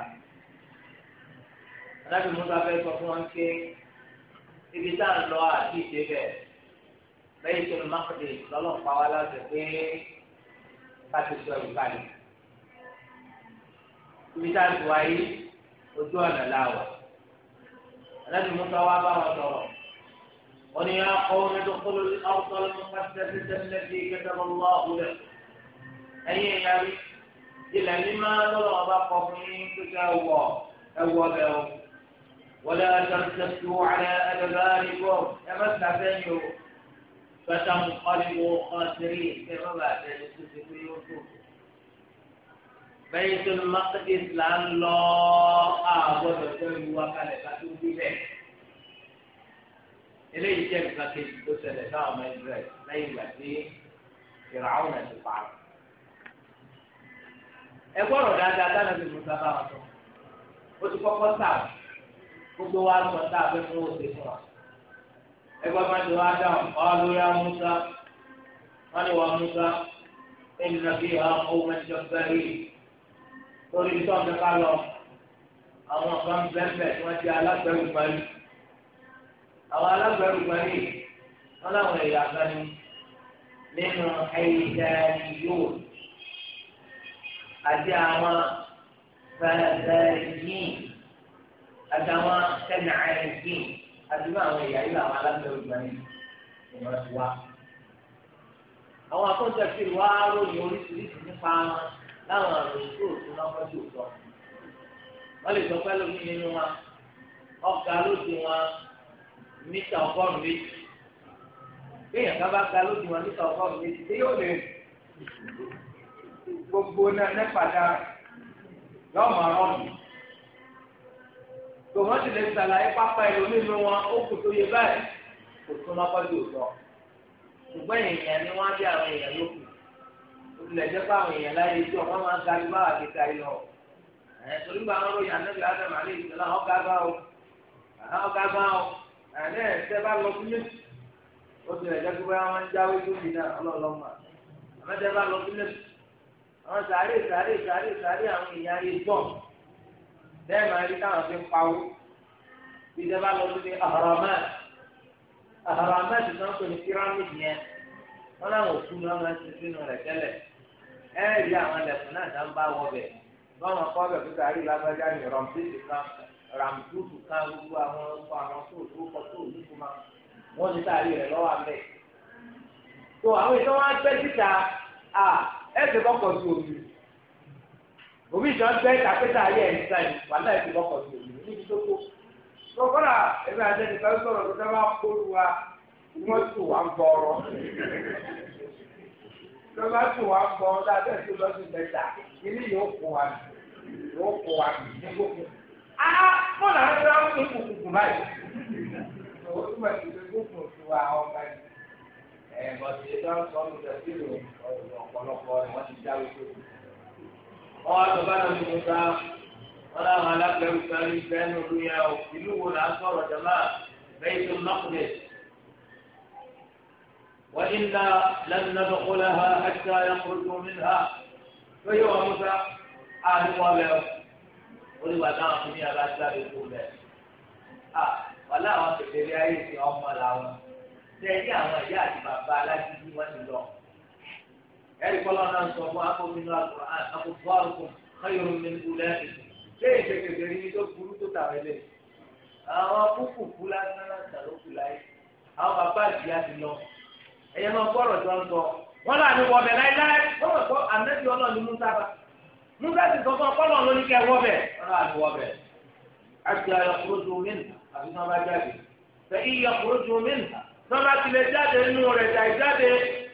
alábì musa fẹ́ sọ fún wọn pé ibi tá à ń lọ àti ìdébẹ̀ lẹ́yìn tó ní mákàdé lọ́lọ́pàá wa láti pé ká ti sọ ìbàdàn ibi tá a ti wáyé ojú ọ̀nà láwà alábì musa wa bá wọn sọ̀rọ̀ wọn yà kọ́ wọn tó kọ́ lórí ọ̀tọ́ lọ́mọ́ pàṣẹ tẹ́lẹ̀ tí kẹta bọ́ wá wúlẹ̀ ẹ̀yìn ẹ̀yà rí ilẹ̀ mímọ́ lọ́wọ́ bá kọ́ fún yín pé ká wọ̀ ẹ̀ wọ́ bẹ́ẹ̀ o. ولا ترتدوا على أدباركم كما تعتدوا فتنقلبوا خاسرين كما بعد يسوس في يوسف بيت المقدس لأن الله أعبد الدنيا وكان قد إليه كيف لكن تسأل دائما إدريس ليلة في فرعون البعض ẹgbọràn dáadáa dáná ti mú sábà wọn tó o ti kọkọ sáà gbogbo wa sọ tá a fẹ́ fún òsè fún wa ẹgbẹ́ máa ti wá dáhùn ọ́ lórí amúsá wọ́n ní wọ́n amúsá ẹni náà fi hàn ọ́ mẹ́tọ́ bẹ́ẹ̀rì lórí ibi tó ń bẹ́ẹ̀ bá lọ àwọn kan bẹ́ẹ̀ tí wọ́n ti alágbẹ̀rù parí àwọn alágbẹ̀rù parí wọ́n láwọn èèyàn àgbáni nínú ẹ̀yìnkà yóò àti àwọn fẹ́ẹ́ fẹ́ẹ́ yìí àtàwọn tẹnà àìsìn àdúgbò àwọn ẹ̀yà ìlú àwọn aláṣẹ olùgbà ni ìwọ́n ti wá. àwọn akọ́jọ́ sí wa ròyìn oríṣiríṣi nípa wọn láwọn àròyìn tó òtún lọ́kọ́jú òtọ́. wọ́n lè sọ pé lómi nínú wa ọ̀gá lóde wọn mítà ọgọ́rùn-ún méjì. béèyàn ká bá ga lóde wọn mítà ọgọ́rùn-ún méjì tí yóò lè gbogbo náà nípa ọ̀rọ̀ mi tó wọ́n sì lè ṣàlàyé pápá ẹlòmíì nínú wọn ó kù tó yẹ báyìí kò tún lọ́kọ́jú òtọ́ ṣùgbọ́n èèyàn ni wọ́n á bí àwọn èèyàn lókù olùlẹ̀ jẹ́ fáwọn èèyàn láyé tí wọ́n máa ń ga ju báwa ti ga yìí lọ. torí gba àwọn olóyè anábì adam alẹ́ ìṣẹ̀lá ọ̀gá gbá o ọ̀gá gbá o àná ẹ̀ṣẹ́ bá lọ sílé olùlẹ̀ jẹ́ fún wọn ń jáwé lórí náà ọlọ́ọ̀lọ́mà àmọ́tẹ́ bá lọ sílé àwọn sàárè sàárè sàárè sàárè àwọn èèyàn ayé gbọ́n bẹ́ẹ̀ máa rí táwọn fi ń pawó ìjọba lọ sí ahọ́rọ́mẹ́ ahọ́rọ́mẹ́ ti sàn pé ní pírámìdì yẹn wọn làwọn òkú ni wọn máa ń ti sínú rẹ̀ tẹ́lẹ̀ ẹ rí àwọn ẹlẹ́kùn náà dá ń bá wọ bẹ̀ báwọn kọ́ bẹ̀ fúta rí lágbájá ní rọ̀mpéjì kan ràmdúdù kan gbogbo àwọn ọkọ̀ àwọn tó tó kọ tó nígbà wọn ní sáà rí rẹ̀ lọ́wọ́ àmẹ́ tó àwọn ìtọ́wọ́n á gbẹ́ síta à ẹ̀ ti kọ́kọ́ sí omi omi ìjọ ń bẹ́ ayé ẹ̀ níta yìí wà láì fi lọ́kọ̀ sí òní níbi tó kó. lọ́kọ́lá ẹ̀mí àtẹnì kan sọ̀rọ̀ tó dábàá kóru wa wọ́n tù wá ń bọ̀ ọ̀rọ̀. lọ́ba tù wá ń bọ̀ ọ̀rọ̀ dáadé tó lọ sí mẹ́ta ilé yóò kó wa yóò kó wa ní gbogbo. a mọ̀ náà ń rán ní kùkùkù báyìí. o tún bá ti fi gbogbo tu wa ọba yìí. ẹ̀ bọ̀dé dáhùn sọ́nù wọn wá lọ́ba náà nínú ta wọn láwọn alágbẹ̀rù sáré bẹ́ẹ̀nu ìlú yẹn o ìlú wo là ń sọ̀rọ̀ jama bẹ́ẹ̀ tó nọ́kùnrin. وإنا لن ندخلها حتى يخرجوا منها فيوم موسى أهل وابعوا ولو أدعوا في مئة بعد ذلك wàhálà àwọn kékeré ayé ti ọmọ làwọn tẹ̀lé àwọn ìyá àti bàbá alágídí wọn ti lọ ẹ̀rí kọ́lá náà sọ fún akọ́mínú àkùrán àkùkù àrùkùn káyọ̀rọ̀ mi wúlẹ̀ ẹ̀sìn léyìn kékeré ní tó burú tó tàwé lé àwọn akókòkú lásán lásán ló kù láyé àwọn bàbá àti àti lọ ẹ̀yẹ máa gbọ́rọ̀ tó ń sọ wọn là ní wọbẹ láéláé wọn mọ̀ pé àmẹ́sì ọlọ́ọ̀ni musa bá musa ti sọ fún ọpọlọ ló ní kẹ́ wọbẹ wọn là ní wọbẹ àti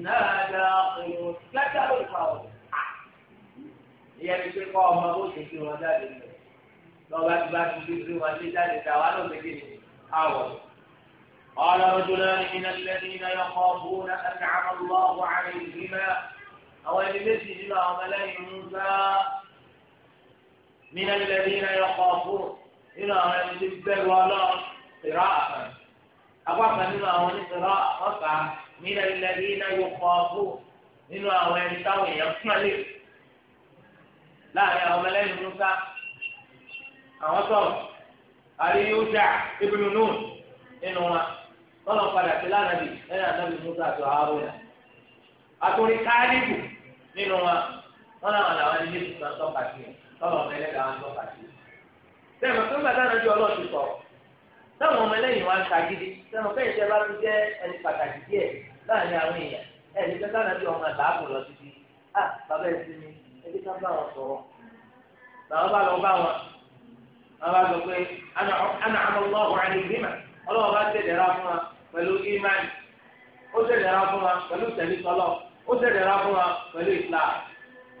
إنا داخلون كتب القول ìyẹn ní pé kọ́ في bó ṣe fi wọn jáde lọ lọ́ba tí bá ti fi قال رجلان من الذين يخافون أنعم الله عليهما أو المسجد إلى ملأ موسى من الذين يخافون إلى أن تبدل ولا قراءة أبقى من أهل قراءة nílẹ̀ ilẹ̀ yìí náà yóò kọ́ ọ́kú nínú àwọn ẹni táwọn èèyàn fún alẹ́ láàrin àwọn ọmọlẹ́yìn musa àwọn sọ̀rọ̀ àrí yóòjà ibùdó nùn nínú wa tọ́lọ̀ padà sí lánàbì lẹ́yìn ànábì musa àti haruna àtòrí káàdìbù nínú wa wọn làwọn làwọn ẹni méjì kan tọ́ka sí tọ́lọ̀ ọmọ ẹlẹ́dàá wọn tọ́ka sí. sẹ́yìn tó ń bàtà náà ju ọlọ́ọ̀tì sọ̀rọ̀ táwọn ọmọ wa ń ta gidi sẹ́yìn tó láàrin àwọn èèyàn ya, ní pẹ́ká náà bí ọmọ àtàkùn lọ títí à bàbá ẹ̀ sí mi ẹbí ká bá wọn sọ̀rọ̀ làwọn bá lọ ana àmọ́ wọn wà ní ìgbìmọ̀ ọlọ́wọ́ bá tẹ̀lẹ́ra fún wa pẹ̀lú ìmáì ó tẹ̀lẹ́ra fún wa pẹ̀lú tẹ̀lé sọlọ ó tẹ̀lẹ́ra fún wa pẹ̀lú ìfla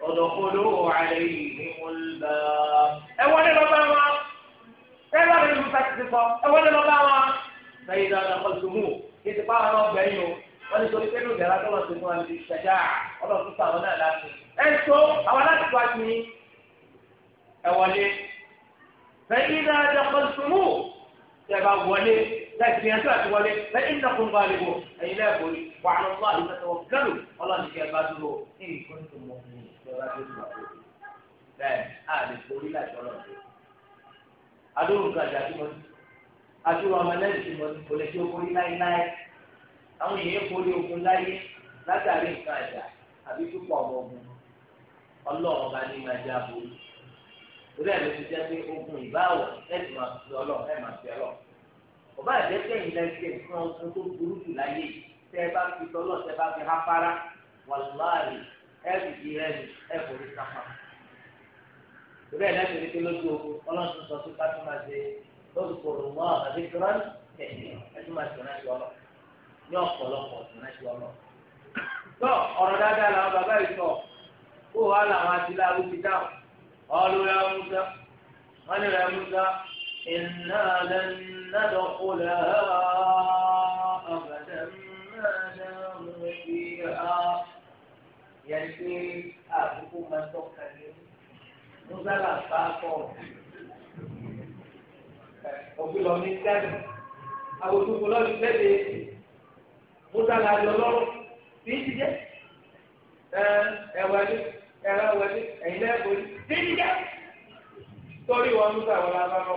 ọ̀dọ̀kọ̀dọ̀ àlẹ́ yìí mo lọ. ẹ lọ bá wọn ẹ wọ́n ní torí pé ní ìdára tọ́lọ̀ tó fún wa ní ìṣẹ̀dá ọlọ́run tó fún àwọn náà láti. ẹ ń tó àwọn aláàtì wa ti ní ẹ wọlé. fẹ́yìn náà dẹ́kun sùnmù tẹ́ bá wọlé láti yẹn tó àti wọlé fẹ́yìn náà kún bá lébo ẹ̀yin náà kò ní wà á lọ́wọ́ àti mẹ́tọ́ gẹ́lù ọlọ́run ti kẹ́ bá dúró ní ìkọ́ni tó àwọn èèyàn borí ogun láyé látàrí nǹkan àjà àbí púpọ̀ ọmọ ogun ọlọ́run ọba ní máa já borí torí ẹ̀ ló ti jẹ́ pé ogun ìbáwọ̀ ẹ̀sìn máa fi ọlọ́run ẹ̀ máa fi ọlọ́run ọba ìjẹ́ sẹ́yìn lẹ́sẹ̀ fún ọdún tó burú jù láyé tẹ́ ẹ bá fi tọ́lọ́ tẹ́ ẹ bá fi hápára wàlúwàlì ẹ̀ fi di ẹ̀mí ẹ̀ forí sápá torí ẹ̀ lẹ́sẹ̀ wípé lójú ogun ọlọ́run tó sọ sí pátó máa ṣe lóṣù ní ọ̀pọ̀lọpọ̀ ìrántí ọlọ. tó ọ̀rọ̀ dáadáa làwọn bàbá yìí sọ kó wàá làwọn adìlẹ̀ àwọn ti dáhùn ọlọ́run ẹ̀ musa wọ́n ní ẹ̀ musa iná lẹ́nàdọ̀ kó lẹ́ ọ̀gẹ̀dẹ̀ mẹ́rin mú fi hà. àbúkú máa tọ́ka ní musa là bá kọ́ òbí lọ ní sẹ́nu àwòtúkú lọ́dún lẹ́dẹ̀ẹ́. musa la yọ lọ́rùn tí ń jẹ ẹwẹlí ẹrẹ wẹlí ẹyin náà bọ tí ń jẹ torí wọn musa wọn la bá lọ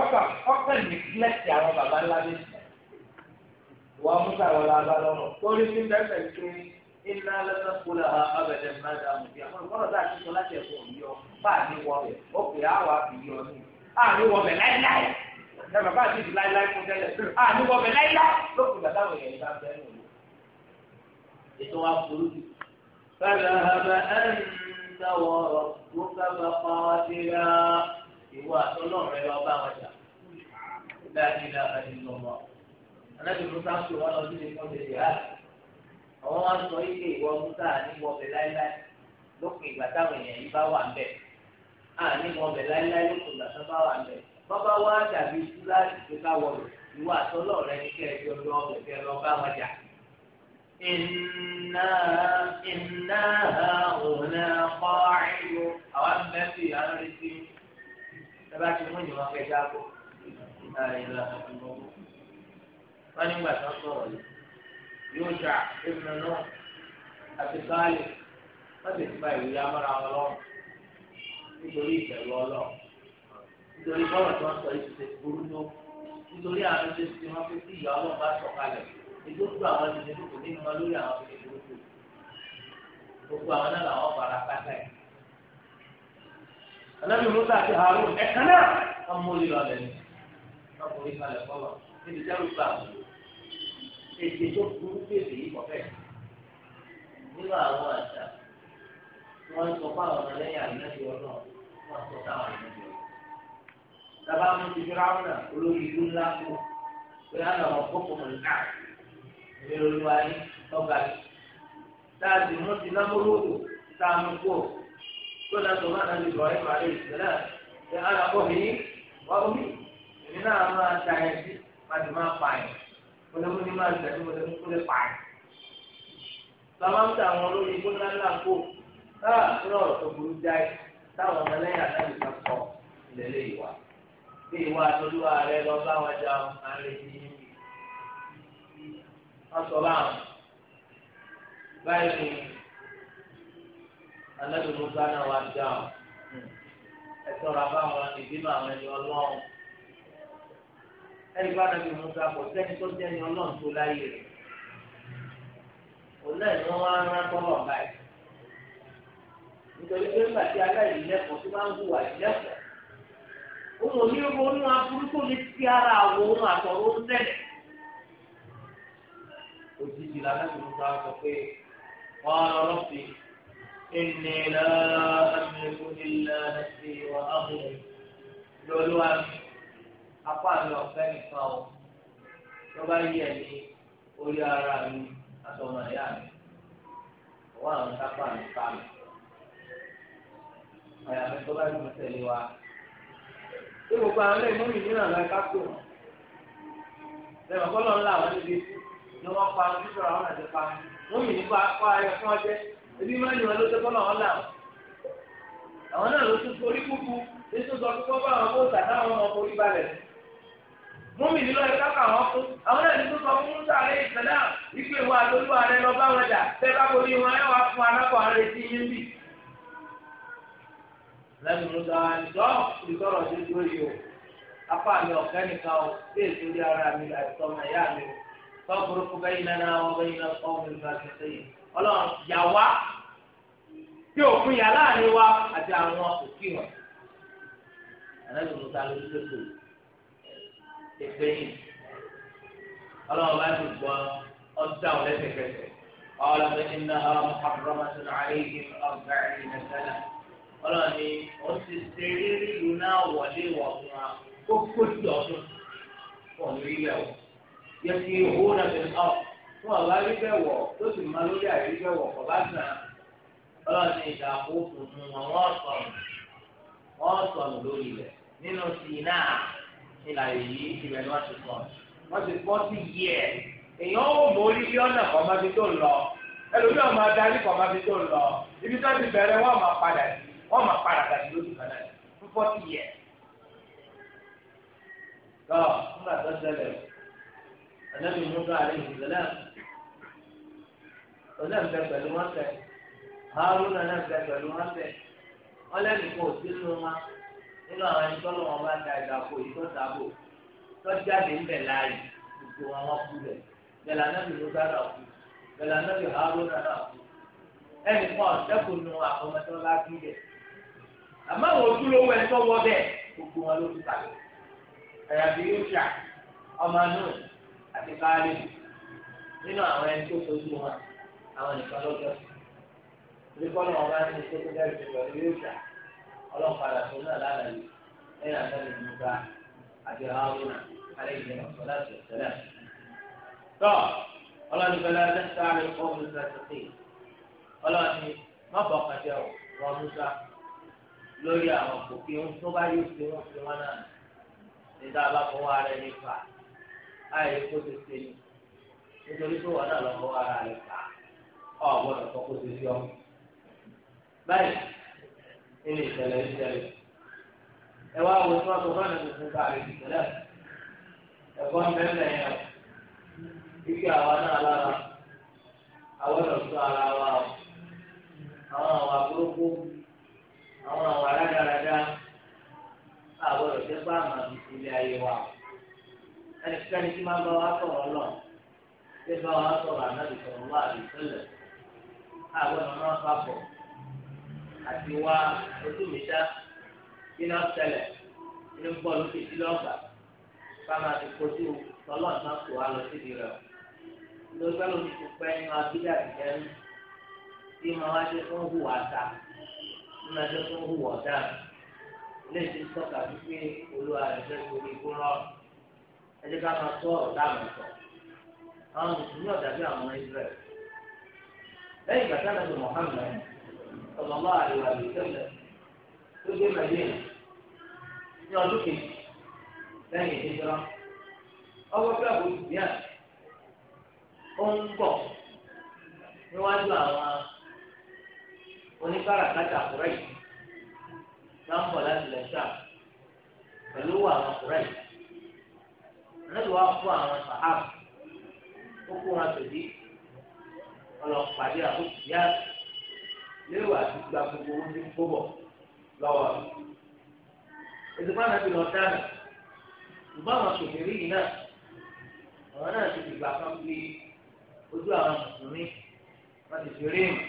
ọkà ọkà ndị àwọn baba ńlá bí wọn musa wọn la bá lọ tí ń iná ha àwọn a ti sọ láti yọ a yọ ẹ bàbá àti ìdí láíláí fún tẹ́lẹ̀ à ní wọ́n bẹ láíláí lókùn bàtà wọ̀ yẹn bá bẹ́ẹ̀ nù. ètò wa burú jù. fẹ́lẹ̀ ẹ̀rẹ́ ẹ̀ńdà wọ̀rọ̀ tó kábà pa wá sí ra ìwọ àtọ́lọ́run rẹ lọ́ọ́ bá wọn jà. dáadéa àti lọ́mọ. anábì musa ń pè wọn lọ sí ilé fún tètè rà. àwọn wa ń sọ ilé ìwọ musa ní wọ́n bẹ láíláí lókùn ìgbà táwọn èèyàn bá wà ń bẹ̀. à ní wọ́n bẹ láíláí lókùn ìgbà táwọn bá wà ń bẹ̀ bọ́bá wá dàbí túláàsì tó ká wọlé ìwọ àtọ́lọ́ rẹ ní kẹ́ ẹ jọ lọ ọbẹ̀ kẹ́ ẹ lọ bá wọn jà. iná iná òun kọ́ àìlú àwa ń bẹ́ sí à ń retí ẹ bá ti mú ìyìnbọn kẹ́ jágbó wọ́n ní gbà tó sọ̀rọ̀ yìí yóò jà ìmùnà náà àti báyìí wọ́n ti bá ìwé yá wọn lọ́wọ́ nítorí ìbẹ̀rù ọlọ́run nítorí bọ́ọ̀lù tí wọ́n sọ yìí ti burú tó nítorí àwọn ṣe ti wọ́n fi sí ìyá ọlọ́run bá sọ̀kalẹ̀ ètò gbogbo àwọn ti ṣètò kò ní mọ lórí àwọn fi ṣètò burú tó gbogbo àwọn náà làwọn fara pátá yìí. ọlọ́run musa àti harun ẹ̀ka náà wọ́n mú lílọ lẹ̀ ní wọ́n forí kalẹ̀ fọlọ́ níbi tẹ́rù gbà wọ́n ètò tó burú bèbè yìí kọ̀ fẹ́ nínú àwọn àṣà wọ́n sọ sábà mú ti fi ráwọn náà olórí ìlú ńlá kú pé á lọ́wọ́ kókò mọ̀ níkà ìlú olúwa yín ọgbà yìí tá a sì mú ti lámúrúdù tá a mú kú tó náà tó máa náà ti bọ̀ ẹ́ pàdé ìṣẹ̀lẹ̀ pé á lọ́wọ́ mi wọ́n mi èmi náà máa ta ẹ̀ sí máa máa pa ẹ̀ mọ̀lẹ́mú ni máa tẹ̀lé mọ̀lẹ́mú kó lè pa ẹ̀. bàbá ń ta àwọn olórí ìlú ńlá ńlá kú káà tó burú jáì táwọn ọmọ lẹ́yìn àtàlù bí ìwà àtolúwa rẹ lọ bá wọn jà ọ máa lè ní ìlú wọn sọ báwọn báyìí ni alábìnrin musa náà wá jà ọ ẹ sọ̀rọ̀ abáwọn ìbímọ àwọn ẹni Ọlọ́run ẹni bá nàbí musa kò sẹ́ni tó jẹ ẹni Ọlọ́run tó láyé rẹ òun náà ni wọn wá rán tọlọ báyìí nítorí pé nígbà tí aláìlẹ́kọ̀ọ́ tó máa ń hùwà ìlẹ́kọ̀ọ́ òun ò ní ronú aburú tó lè fi ara àwọn ohun àtọ̀rọ̀ ń tẹ̀lẹ̀. òjijì làwọn ẹ̀sìn tó sọ pé wọ́n á lọ sí ẹni láàmì ìlà ẹ̀sìn ìwà áhùn lọ́lọ́ àmì apá mi ọ̀fẹ́ nìkan o tó bá yẹ ní orí ara mi àtọ̀nà ìyá mi wọ́n àwọn sápá mi ká mi àyàfi tó bá yẹ kó tẹ̀lé wa ṣé gbogbo àwọn ilé ìmúmi nínú àlọ́ ẹ̀ká kò wọ́n lẹ́yìn ọ̀gọ́lọ́ ńlá àwọn níbi ni wọ́n pa àwọn títọ̀rọ̀ àwọn àti pa múmi nípa pa ayọ̀ fún ọjẹ́ ebi máa ń yọ ló tẹ́ kọ́lọ́ wọn àwọn náà ló tún forí kúkú ètò sọ pé bá àwọn kó sàdá ọmọ forí balẹ̀ múmi nílò ẹ̀ká kà wọ́n fún àwọn náà ní tó sọ fún múta àlẹ́ ìsẹ̀dá ìpè wọn àtolúwa lẹ́nu musa wa ni tọ́ ìtọ́rọ̀ tó dúró yìí o apá mi ọ̀kẹ́ nìkan o bí èso rí ara mi àtọ́ ọmọ ìyá mi o tọ́ burúkú bẹ́yìn náà náà wọ́n bẹ́yìn náà kọ́ mi nípa ti sẹ́yìn ọlọ́run yà wá tí òfin yà láàrin wa àti àwọn òkè wọn lẹ́nu musa ló dúró tó ìgbẹ́yìn ọlọ́run bá ti gbọ́ ọjà ọ̀lẹ́sẹ̀kẹsẹ̀ ọlọ́run bẹ́yìn ọlọ́run ni ó ti ṣe rírí ìlú náà wọlé wọ̀ fún wa kó kó jù ọdún pọ̀ lórí ilẹ̀ wọ̀ yẹ kí owó náà ti ọ̀ fún ọ̀bá rí bẹ́ẹ̀ tó sì máa lórí àìrí bẹ́ẹ̀ wọ̀ ọ̀bá sàn ọlọ́run ni ìdààmú òkùnkùn wọn wọ́n sọ̀rọ̀ wọ́n sọ̀rọ̀ lórí ilẹ̀ nínú sínà ìlà èyí ìbẹ̀ ni wọ́n ti sọ̀ wọ́n ti pọ́ sí yẹ èèyàn ó borí bí ọ̀nà kọ̀ọ̀mọ́bí tó ń lọ ẹlòmíràn máa darí kọ̀ọ̀mọ́bí tó lọ ibi tó ti bẹ̀rẹ̀ wọ́n máa padà sí wọ́n máa para gàdí lójú kan náà fún fọ́tí yẹ. Tọ́ nígbà tó ṣẹlẹ̀ ànábì Musa àlẹ́ ìṣẹ̀lẹ̀ ọ̀nà bẹ pẹ̀lú wọn fẹ̀ Haruna náà bẹ pẹ̀lú wọn fẹ̀ wọ́n lẹ́nu kò sí nínú wọn nínú àwọn ẹni tọ́lọ́ wọn bá da ìdàpọ̀ ìtọ́sàbò tọ́jáde ń bẹ̀ láàyè gbogbo wọn wọn kú bẹ̀ bẹ̀lẹ̀ ànábì Musa náà kú bẹ̀lẹ̀ ànábì Haruna náà kú ẹnì kan ọ̀sẹ́kùnú àkọ́mọtọ́ lágbí bẹ̀ àmọ́ àwọn ojúlówó ẹ̀ tọ́wọ́ bẹ́ẹ̀ gbogbo wọn ló ti ta àyàfi yóòṣà ọmọ náà àti káálí nínú àwọn ẹni tó fojú wọn àwọn nìkan lọ́jọ́ oníkọ́nà wọn bá ní tó kọjá ìṣòro pẹ̀lú yóòṣà ọlọ́pàá tó náà lálàyé lẹ́yìn àtàlẹ́ ìmúgbà àti haúnà alẹ́ ìjẹun ọ̀sán láti ọ̀sẹ̀ náà. tọ́ ọlọ́ni bẹ́lá lẹ́sàárẹ̀ fọ́ọ̀mù sàtìkì ọlọ́ni lórí àwọn kòkè tó bá yóò fi wọn fi wọn náà níta bá fọwọ́ ara ẹni fà láì kó ti ṣe ni nítorí tó náà ara fà ọ gbọ́dọ̀ fọ kó ti ọ. báyìí nínú ìṣẹ̀lẹ̀ ìṣẹ̀lẹ̀ ẹ wá wo tí wọn fún tuntun ìṣẹ̀lẹ̀ ẹ̀kọ́ yẹn àwa náà lára àwọn ọ̀dọ́ ara wa àwọn àwọn àbúrò àwọn àwọn aládàáradá àgbọ̀dọ̀ tẹ́ bá àmà tuntun ilé ayé wa o ẹnikẹ́ni tí máa bá wa sọ̀rọ̀ lọ tí bá wa sọ̀rọ̀ ànábì sọ̀rọ̀ wá àbísẹ́lẹ̀ àgbọ̀dọ̀ máa papọ̀ àti wá ojú mi dá iná ṣẹlẹ̀ inú bọ́ọ̀lù fìdí lọ́gbà bá máa ti kojú tọ́lọ́ náà tó wá lọ síbi rẹ̀ lórí bá ti pẹ́ inú abídà ìjẹun tí máa wá dé fún hùwà ta. nínú na tó ń hùwà dáa ilé ti wípé olúwa ká máa sọ àwọn mùsùlùmí àwọn israẹl a lọ́dọ̀ Muhammad àríwá rẹ̀ tẹ́lẹ̀ tó gbé mẹ́lẹ́yìn ní ọdún kejì lẹ́yìn ìdíjọ́ ọwọ́ bí àbójú bíà ó oníkàràkátà kúrẹ́yì máa ń bọ̀ láti lẹ̀ sáà pẹ̀lú owó àwọn kúrẹ́yì lẹ́yìn wá fún àwọn sàhábà ó kó wọn tòdí ọlọ́pàdé àkókòyá lérò àti gba gbogbo owó tí ń kó bọ̀ lọ́wọ́ rẹ̀ ìdìbò àná ti lọ dáná ìbá àwọn sòmìrì yìí náà àwọn náà ti dìgbà kan fi ojú àwọn mùsùlùmí wọn ti fi rí ìmọ̀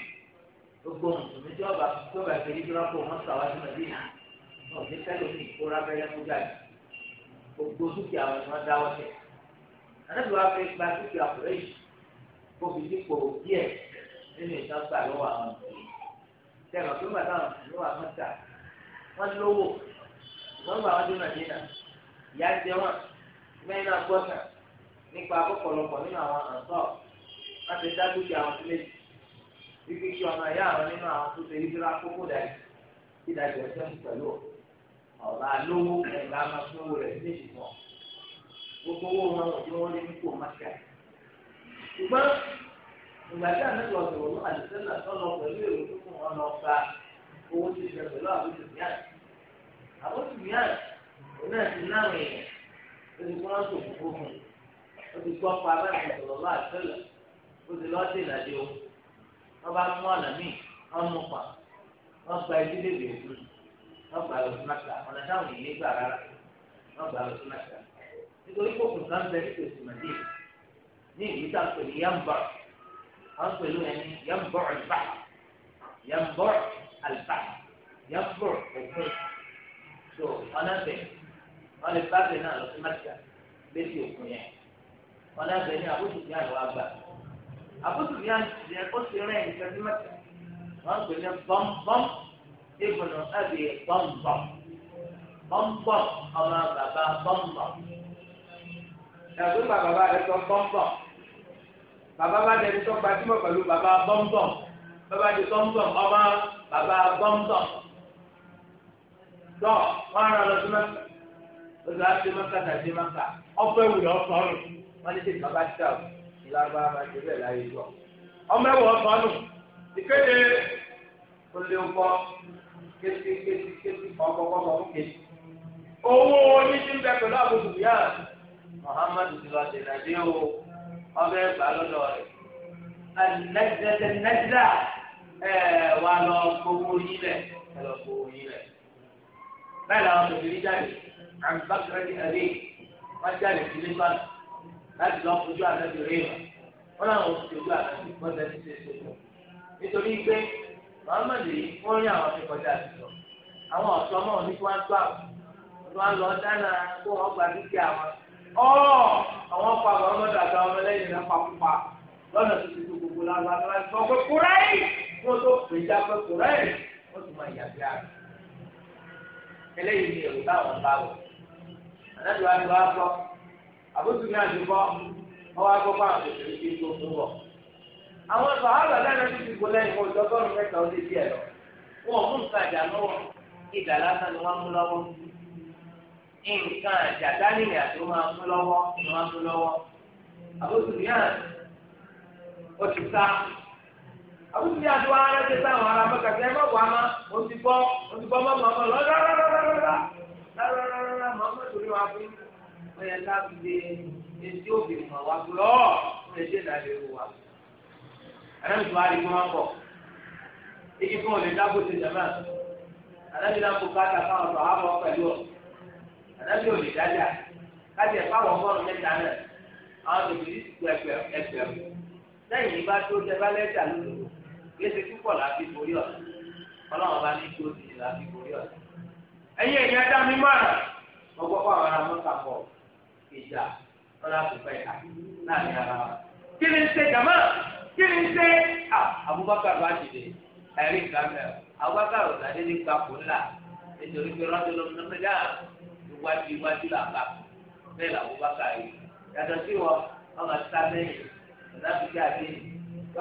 gbogbo mùsùlùmí tí ọba tí ọba ìpèrí tí wọn kó wọn sọ àwọn ẹgbẹ́ náà wọn ò ní fẹ́ lómi ìkóra abẹ́rẹ́ fún jáde gbogbo dúkìá wọn ni wọn dáwọ́ tẹ̀ àdébò wa fẹ́ gba dúkìá kùrẹ́yì kó fi dípò díẹ̀ nínú ìtọ́gbà lọ́wọ́ àwọn mùsùlùmí tẹ̀lọ̀ tó bàtà mùsùlùmí wà mọ́ta wọn lówó wọn gba wọn dé màdínà ìyá jẹ wọn mẹ́rin náà gbọ́ nípa akọ́kọ̀lọ́kọ̀ nínú àwọn àǹtọ́ ibi iṣu ọmọ ìyá àwọn nínú àwọn tó ṣe ìdíra kókó dàrí ìdájọ́ ẹsẹ̀ ń pẹ̀lú ọ̀la lówó ẹ̀ka máa fún owó rẹ̀ ní ìdìbò gbogbo owó wọn wọn tí wọ́n lé ní kó máa ṣe àyè. ṣùgbọ́n ìgbà tí àná lọ sọ̀rọ̀ lọ́wọ́ àdìsẹ́là tọ́lọ pẹ̀lú èrò tó fún wọn lọ gba owó tó ṣe pẹ̀lú àbójú mìíràn àbójú mìíràn òun náà ti náà rìn ó ti kọ́ sòkòkò fún un ó ti gbọ́ pa abẹ́rẹ́ sọ̀rọ̀ lọ́wọ́ àdìsẹ́là ó ti lọ́ọ́ dènà dé ohun wọ́n bá mú ọ̀nà míì wọ́n mú pa wọ́n gba ẹbí lèbi òkú wọ́n gba lọ sí mẹ́ta ọ̀nà táwọn èèyàn gbà rárá wọ́n gba lọ sí mẹ́ta nítorí kókùn kan bẹ ní tòsí màdé ní ìlú tá a pè ní yambọ̀ wọ́n pè ló ẹni yambọ̀ àlùbá yambọ̀ àlùbá yambọ̀ òkú tó ọ̀nà bẹ̀ wọ́n lè bá bẹ̀ náà lọ sí mẹ́ta lẹ́sí òkú yẹn ọ̀nà bẹ̀ ní àbójútó yàrá wa àbúrò ní àjùjì ẹ̀ ó ti rẹ̀ nǹkan tí mẹ́ta wọ́n pè ní bọ́m̀bọ́m ìbùnú ẹ̀bì bọ́m̀bọ́m bọ́m̀bọ́m ọmọ bàbá bọ́m̀bọ́m ẹ̀gbọ́n bá bàbá rẹ̀ sọ bọ́m̀bọ́m bàbá bá dẹni tó gbajúmọ̀ pẹ̀lú bàbá bọ́m̀bọ́m bàbá di bọ́m̀bọ́m ọmọ bàbá bọ́m̀bọ́m tọ́ wọ́n rán lọ sí mẹ́ta ó sì láti mẹ́ta tàbí mẹ́ta ọ lábá máa ṣe bẹ́ẹ̀ láyé jọ. ọmọ ẹ̀wọ̀n kan nù ìkéde olùkọ́ kékeré ọkọ̀ọ̀kọ̀ òkè. owó oníṣẹ́ ń bẹ pẹ̀lú àbùkù yá Muhammadu ti lọ sí nàìjíríà o ọbẹ̀ gbà lọ́dọ̀ rẹ̀. ànẹ́sẹ̀ nẹ́sà ẹ̀ wà lọ gbogbo yín lẹ̀ ẹ̀ lọ gbogbo yín lẹ̀. báyìí làwọn tòbí jáde àgbàkúrẹ́ láti lọ fojú àtẹ́bí rí rẹ̀ wọ́n làwọn oṣù tó àtẹ́bí kọjá ti ṣe ṣe fún nítorí pé Muhammad yìí wọ́n rí àwọn ti kọjá ti sọ àwọn ọ̀ṣọ́ mọ́ òní tí wọ́n tó àwọn tí wọ́n lọ dáná kó wọ́n gba dúkìá wọn ọ́ àwọn pa àwọn ọmọdé àti àwọn ọmọlẹ́yìn náà papòpa lọ́nà tó ti tó gbogbo lára lára sọ pé kúrẹ́ì wọ́n tó àbúrò ní àdìgbò ọwọ́ agbọ́pọ̀ àbùsùn ní kí n tó fún bọ̀. àwọn sàhábà lẹ́nu ti dìbò lẹ́yìn wọn ìjọgọ́rùn mẹ́ta ó lé díẹ̀ lọ. wọn mú nǹkan àjà lọ́wọ́ ìdá lásán ni wọ́n mú lọ́wọ́. nǹkan àjà àti wọn mú lọ́wọ́ ni wọ́n mú lọ́wọ́. ó ti sá. ti bọ́ ó yẹ ká fi lè etí òbí mọ̀ wá pé ọ́ ó lè dé ìdàlẹ́ ìwò wa. Àdájọ́ wa rí kí wọ́n bọ̀. Èyí fún òde dábò ti jàmá. Àdájọ́ náà kó káta fáwọn ọ̀tọ̀ àbọ̀ pẹ̀lú ọ̀. Àdájọ́ òde dájà. Kájẹ̀ fáwọn ọgọ́rùn-ún mẹ́ta náà. Àwọn tòbí ti tu ẹgbẹ̀rún. Lẹ́yìn ìbá tó tẹ ìjà lọ́la tó fẹ́ ká láàrin ara wa. kí ni ṣe jàmá kí ni ṣe Abubakar wa dìde ẹ̀rí kàmẹ́ Abubakar ò dáadé ní gbàpò ńlá nítorí pé rọ́jò ló ń mẹ́lá iwájú iwájú làbá bẹ́ẹ̀ làbúbakar yìí yàtọ̀ sí wọ ọmọ sá lẹ́yìn ọ̀dàbí kí adé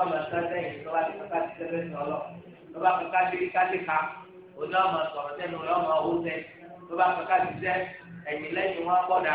ọmọ sá lẹ́yìn tọ́ba ti kọ́ka ti tẹ́lẹ̀ ní ọlọ́ tọ́ba kọ́ka ti rí kálí ka oní ọmọ sọ̀rọ̀ sẹ́nu ọmọ ọ̀hún sẹ́ tọ́ba kọ́ka ti sẹ́ ẹ̀yìn lẹ́yìn wọn kọ́ dà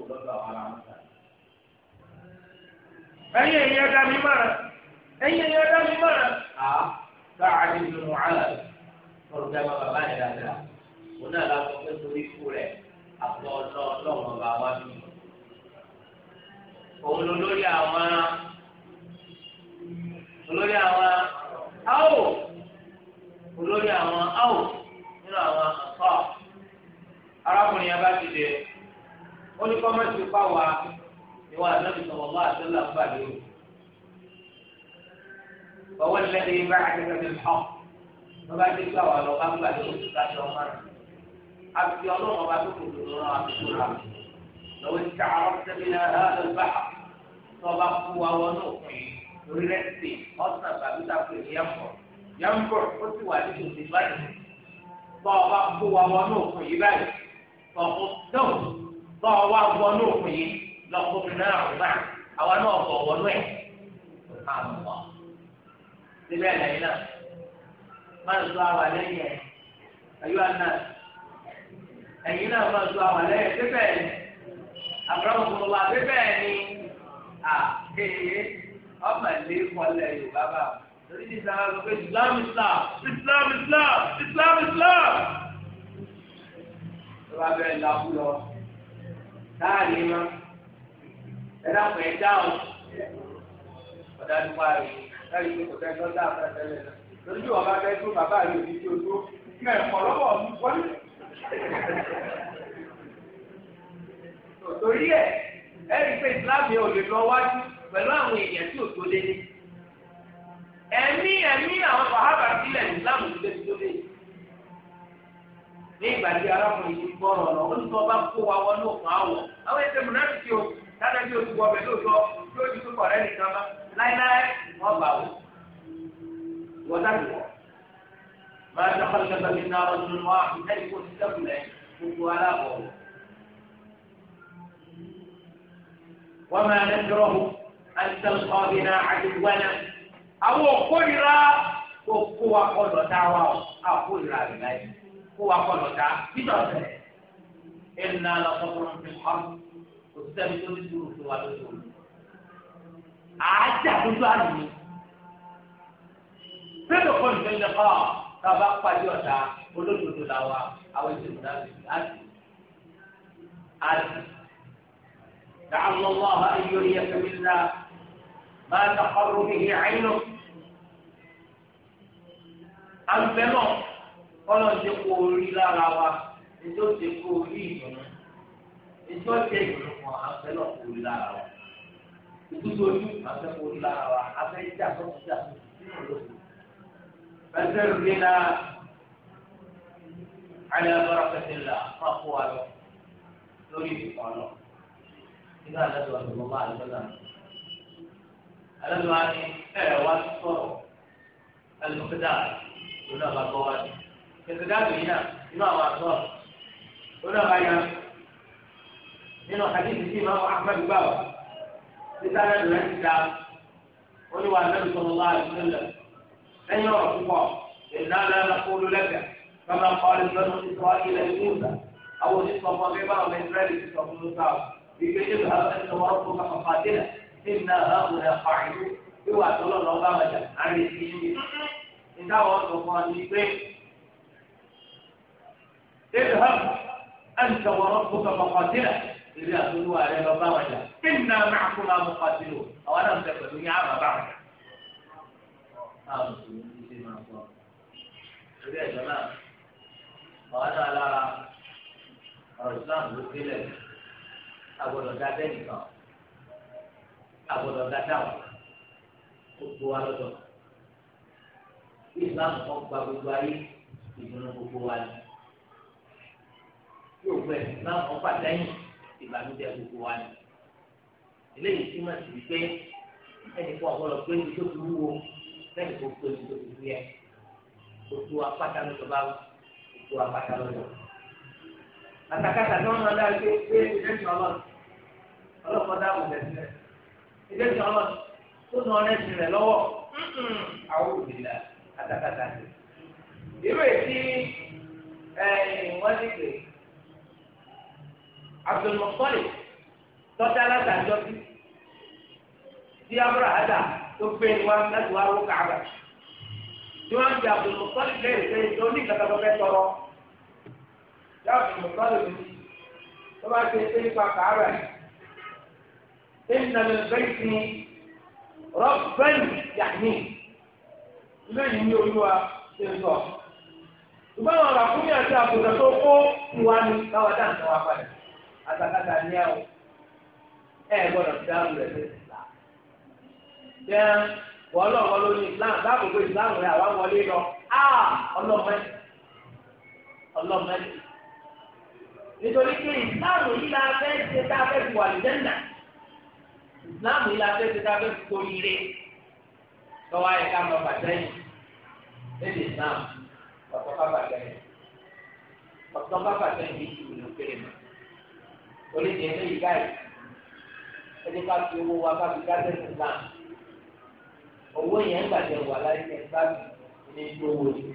lọ́dọ̀ àwọn aláǹtà. ẹ̀yin ẹ̀yin ẹ̀dá mi mọ̀ra ẹ̀yin ẹ̀yin ẹ̀dá mi mọ̀ra. a bá a ní ìlú mọ̀hálà lọ́dọ̀ bí a máa bàbá yẹn dáadáa òun náà lásán pé torí ikú rẹ̀ àtọ̀ ọlọ́ọ̀lọ́ọ̀ bá wá mi. òun ló lórí àwọn olórí àwọn áwò olórí àwọn áwò nínú àwọn àtọ̀ arákùnrin yẹn bá ti dé ó ní kọ́mẹ́sì pa wá ìwà ànábì sọ̀rọ̀ lọ́wọ́ àtẹ́lá ń bà lérò. ọwọ́ lẹ́yìn bá àgbẹ̀kẹ́ mi hàn wọ́n bá dé gbà wá lọ bá gbà lérò láti ọmọ rẹ̀. àti ọlọ́run ọba tó kò tó lọ́wọ́ àtúntò rà lọ́wọ́ ti ká àwọn sẹ́mínà àlùbá náà kùn yìí lórí rẹ́sì ọba fún wa wọn náà kùn yìí báyìí tó ọkùn náà lọ́wọ́ wá wọnú òpin yìí lọ́kùnrin náà rúbà àwa náà bọ̀ wọnú ẹ̀ àmọ́ síbẹ̀ lẹ́yìn náà máa ń sọ àwà lẹ́yìn ẹ̀ ayọ́ àná ẹ̀yìn náà máa ń sọ àwà lẹ́yìn ẹ̀ síbẹ̀ ni àbúrò kò wá síbẹ̀ ni à kéye ọmọ ilé kọlẹ̀ yorùbá bá lórí ti sàrà lọ pé islam islam islam islam islam islam. Ìwà bẹ́ẹ̀ ni a kú lọ táàrí ma ẹ̀dá pẹ̀ ẹ̀ dáhùn ọ̀dà nípa rẹ̀ láyé pé kò fẹ́ lọ́dà àtàtẹ́lẹ̀ náà lórí ìwà bá fẹ́ tó bàbá rẹ̀ òbí tó tó mẹ́rin kọ̀ lọ́wọ́ ọ̀hún wọlé. torí ẹ̀ ẹ̀ rí pé ìsìláàmù yẹn ò lè lọ wájú pẹ̀lú àwọn èèyàn tí ò tó lé ní. ẹ̀mí ẹ̀mí àwọn sàhábà sílẹ̀ ìsìláàmù ti lé ti tó lé yìí. ní ìgbà tí arákùnrin yìí gbọ́ ọ̀rọ̀ ó ní kí bá kó wa wọ́n lóòfù àwọ̀ àwọn ẹsẹ̀ mùnàfíkì o dáadáa bí oṣù tí ti tún nìkan bá wọ́n wò wọ́n dàbí máa ń ẹni ti lẹ́ gbogbo aláàbọ̀ wọ́n máa ń dọ́rọ̀ àdìgbọ́nà àwọn kó wa kọ́ kó wa kọ lọ́dà títọ̀ sẹ̀ ẹ̀ ń na lọ sọ́kùnrin fi kọ́ kò sí sẹ́ni tó ní dúró tó wà lóṣù àájà lójú àlùmí sẹ́dọ̀ kọ́ ìfẹ́ ilẹ̀ kọ́ tàbá pàdé ọ̀dà olódodo la wa àwọn ìṣèlú náà ti àti àti làwọn ọmọ ọ̀hán yóò yẹ kẹ́mi ńlá máa tàkọ́rù mi yẹ àyínú àgbẹ̀ náà. kọ́lọ̀ ṣe kó orí lára wa ètò ṣe kó orí ìdùnnú ètò ṣe ìdùnnú kan afẹ́ lọ kó orí lára wa ìdúró ojú afẹ́ kó orí lára wa afẹ́ jà tó ti jà tó ti nù lóko. fẹsẹ̀ rèé la alẹ́ abọ́ra fẹsẹ̀ la máa kó wa lọ lórí ìfọ̀ lọ nígbà alẹ́ wa ló bá alẹ́ náà alẹ́ wa ni ẹ̀ wá sọ̀rọ̀ alẹ́ wa kẹta lọ́nà bá bọ́ wa ni. ìtẹ̀sídáàbò yìí náà inú àwọn àtọ́ lórí àbáyọ nínú hadithi tí ìmáàmù ahmed gbà wá títà náà lórí ti dá oníwà náà sọ̀rọ̀ wá àdúgbò lẹ́yìn ọ̀rọ̀ púpọ̀ ìná lẹ́nu kúlú lẹ́kẹ̀ bàbá kọ́lé lọ́nu ìsọ ilẹ̀ ìmúta àwọn onísọ̀mọ́ bí bá ọmọ ìsirẹ́lì ti sọ̀rọ̀ mọ́ta ìgbé yóò bá ẹni wọ́n kó kàkọ́ fàdílà ní ìná àwọn ẹ̀kọ́ ìlú bí wà tó lọ́nà ọba àmàjà àrètí yìí اذهب أنت وربك فقاتلا إذا أتوا على بابا إنا معكما مقاتلون أو أنا مسافر يا عم بعد يا جماعة وأنا على الإسلام بالكلام أقول لك ذلك أقول لك ذلك gbogbo wa lọ́dọ̀ islam kan gba gbogbo ayé ìdùnnú gbogbo wa ni yóò gbẹ náà wọn fà lẹ́yìn ìbànújẹ́ gbogbo wa ni eléyìí tí wọn ti gbé ẹnì kan ọpọlọ pé ibi tó fi wúwo lẹ́yìn tó gbé ibi tó fi wúyẹ gbogbo apáta lọ́dọ̀ bá gbogbo apáta lọ́dọ̀ àtàkàtà tí wọn máa dá ẹgbẹ́ pé ẹgbẹ́ tí ọlọ́run ọlọ́pàá dáàbò bẹ sílẹ̀ ẹgbẹ́ tí ọlọ́run tó nà ọ̀rẹ́ sílẹ̀ lọ́wọ́ àwọn òbílà àtàkàtà ti ìrètí ẹ ìwọ́n ti pè abdulmọ̀tọ́lì tọ́jà látàjọ́ sí tí abúlàhádà tó gbé ní wa láti wá wó kàába tí wọ́n fi abdulmọ̀tọ́lì léèrè pé ìjọ ní ìkàtà tó fẹ́ tọrọ tí abdulmọ̀tọ́lì mi tó bá ṣe pé nípa kàába yìí ń nàmì bẹ́ẹ̀ sí rọ́bẹ́nì yàní ilé ní olúwa ṣe ń lọ. ṣùgbọ́n àwọn àkúnyà àti àbùdá tó kó tiwa ni káwa dáǹtà wa padà àtàkàtà ní ẹ o ẹ gbọ́dọ̀ ti dáhùn rẹ sí islam jẹ wọlọ wọlọ ní islam dáàbò pé islam rẹ àwa wọlé lọ á ọlọmọ ọlọmọ nítorí pé islam yìí la fẹ́ ṣe tá a fẹ́ fi wà lùdẹ́nà islam yìí la fẹ́ ṣe tá a fẹ́ fi torí rẹ lọ́wọ́ ayé ká lọ bàtẹ́ yìí lédè islam ọ̀tọ́ ká bàtẹ́ yìí ọ̀tọ́ ká bàtẹ́ yìí ìlú kéré náà. onídìí ẹgbẹ́ yìí káyì ẹni ká fi owó wa ká fi gáàsì ẹ̀sìn náà owó yẹn ń gbàdé wà láyé ẹ̀ bá ní owó yìí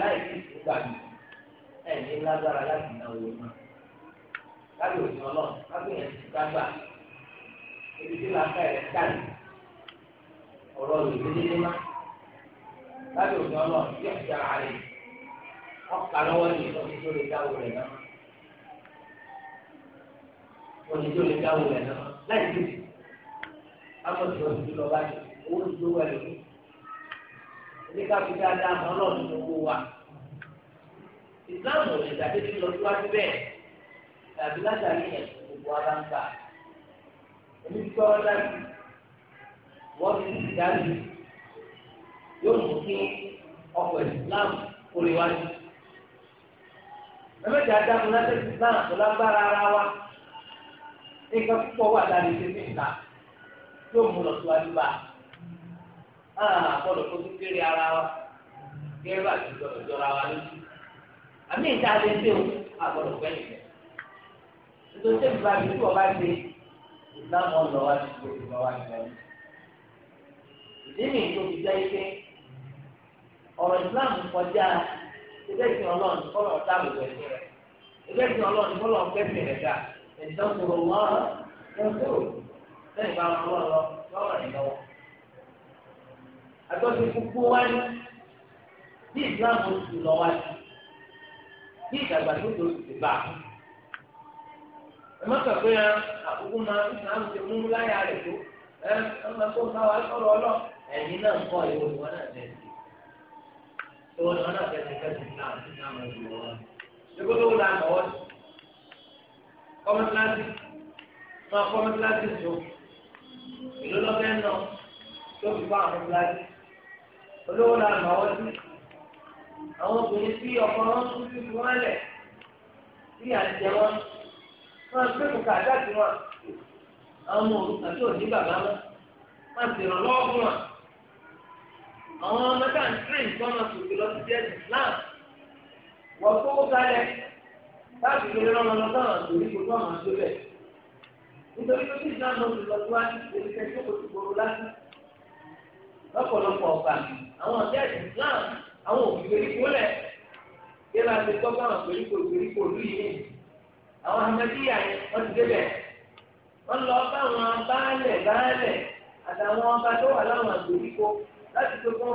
láì sí ẹ̀ ní lágbára láti ná owó náà láti láti yẹn ti gbàgbà ebi tí ọ̀rọ̀ má láti yóò lọ́wọ́ ní ìtọ́jú tó lè dáwọ́ rẹ̀ náà. òní tó lè dáwọ́ rẹ̀ náà láì tó ti amọ̀tí òní tó lọ bá ti owó ti tó wẹ̀ lónìí oníkàfi dáadáa mọ́ náà nínú owó wa ìsìláàmù òní ìdàgbé ti lọ síwájú bẹ́ẹ̀ tàbí látàrí yẹn gbogbo ara ń gbà èmi ti tọ́ láti wọ́n ti ti dájú yóò mú kí ọkọ̀ ìsìláàmù kó lè wájú ẹgbẹ́ta dáhùn láti ìsìláàmù tó lágbára ara wa nǹkan púpọ̀ wà lára ìṣe ní ìta yóò mú lọ síwájú bá a gbọ́dọ̀ tó tún kéré ara wa kéré bá ti gbọ́dọ̀ jọra wa lójú àmì ìta lè dé o àgbọ́dọ̀ pẹ́ nìkan nítorí tẹ́lifí bá mi tí ọba ṣe ìsìlámù ọ̀dọ̀ wa ti gbé ìgbà wa ti lọ. ìdí mi tó fi jẹ́ ike ọ̀rọ̀ ìsìlámù kọjá ẹgbẹ́ ìsìn ọlọ́run kọ́lọ̀ ọ̀tá àbùkù ẹ̀sìn rẹ̀ ẹgbẹ́ ìsìn ọlọ́run kọ́lọ̀ ọ̀gbẹ́sìn rẹ̀ dáa. ẹni tó ń sọ̀rọ̀ wọ́n kúrò lẹ́yìn bá wọn lọ́wọ́ lọ́wọ́ rẹ̀ lọ́wọ́. àgbọ̀dọ̀ gbogbo wa bí ìsìláàmù lọ bí ìdàgbàsókè ti bá a. ẹ má àkókò máa ń sàmù ti mú láyà rẹ̀ tó ẹ sọ̀rọ̀ ọlọ́ náà ń kọ́ ìwọ náà bẹ̀rẹ̀ sí. ìwọ náà bẹ̀rẹ̀ sí kẹ́sì náà sí náà mọ̀ ìwọ wọn. kọ́mọ́tíláṣí máa kọ́mọ́tíláṣí tó ìlú lọ́fẹ́ náà tó fi fún àwọn kíláṣí olówó la nà ọ́ sí àwọn obìnrin tí ọkọ wọn tún fi fún wọn lẹ̀ sí àjẹ wọn máa gbé kùkà àdáàtì wọn àwọn ọmọ òrùka tí ò ní bàbá wọn máa tẹ̀rọ lọ́wọ́ wọn àwọn ọmọ táà tí wọn máa tòkè lọ sí jẹ́ ìsìláàmù wọ́n tó kó láti fi rán ọmọ lọ́dọ̀ àtòrí gbogbo àwọn àtòlẹ̀. nítorí pé kí ìdáná ti lọ síwájú èyíkẹ́ tó kò ti gbòòrò láti. lọ́pọ̀lọpọ̀ ọ̀gbà àwọn ọ̀jẹ́ Islam àwọn òkèríkò lẹ̀ kí ẹ ti fún àwọn lù yìí. àwọn amẹ́díyà yẹn wọ́n ti débẹ̀. wọ́n lọ bá àtàwọn ọba tó wà láwọn láti tó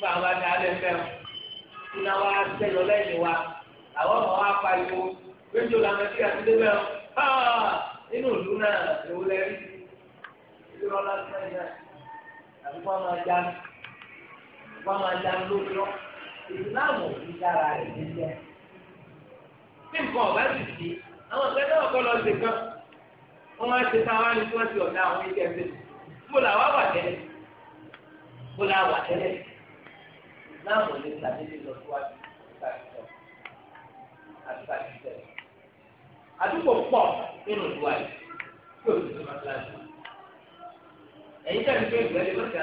fún àwọn àti alẹ́ fẹ́ o kí náà wá sẹ́yọ lẹ́yìn wa àwọn ọmọ wa pariwo rédíò làwọn ẹbí àti débẹ̀ o nínú ìlú náà ìlú ọlá àti fún àwọn ajá fún àwọn ajá nǹkan ọ̀gá sì sí àwọn ọ̀gá náà kọ́ lọ sí kan wọ́n máa ṣe ní tí wọ́n ti ọ̀dà àwọn ilé ẹgbẹ́ ìsìláàmù ní sàdédé síwájú kàtìtọ̀ àti àdúgbò pọ̀ nínú ìwà yìí tí òṣèlú ti máa láti. ẹ̀yin anyị. pé ìgbẹ́ lè mọ̀jà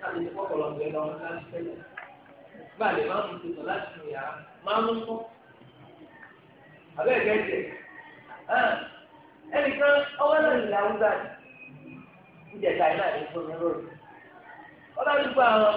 láti ní kọ́kọ́rọ́ ìgbẹ́ lọ láti tẹ̀lé. gbà lè máa mú tuntun láti nù yàrá máa mú fún. ẹnìkan ọwọ́ náà ìjẹta ìlànà gbọ́ àwọn.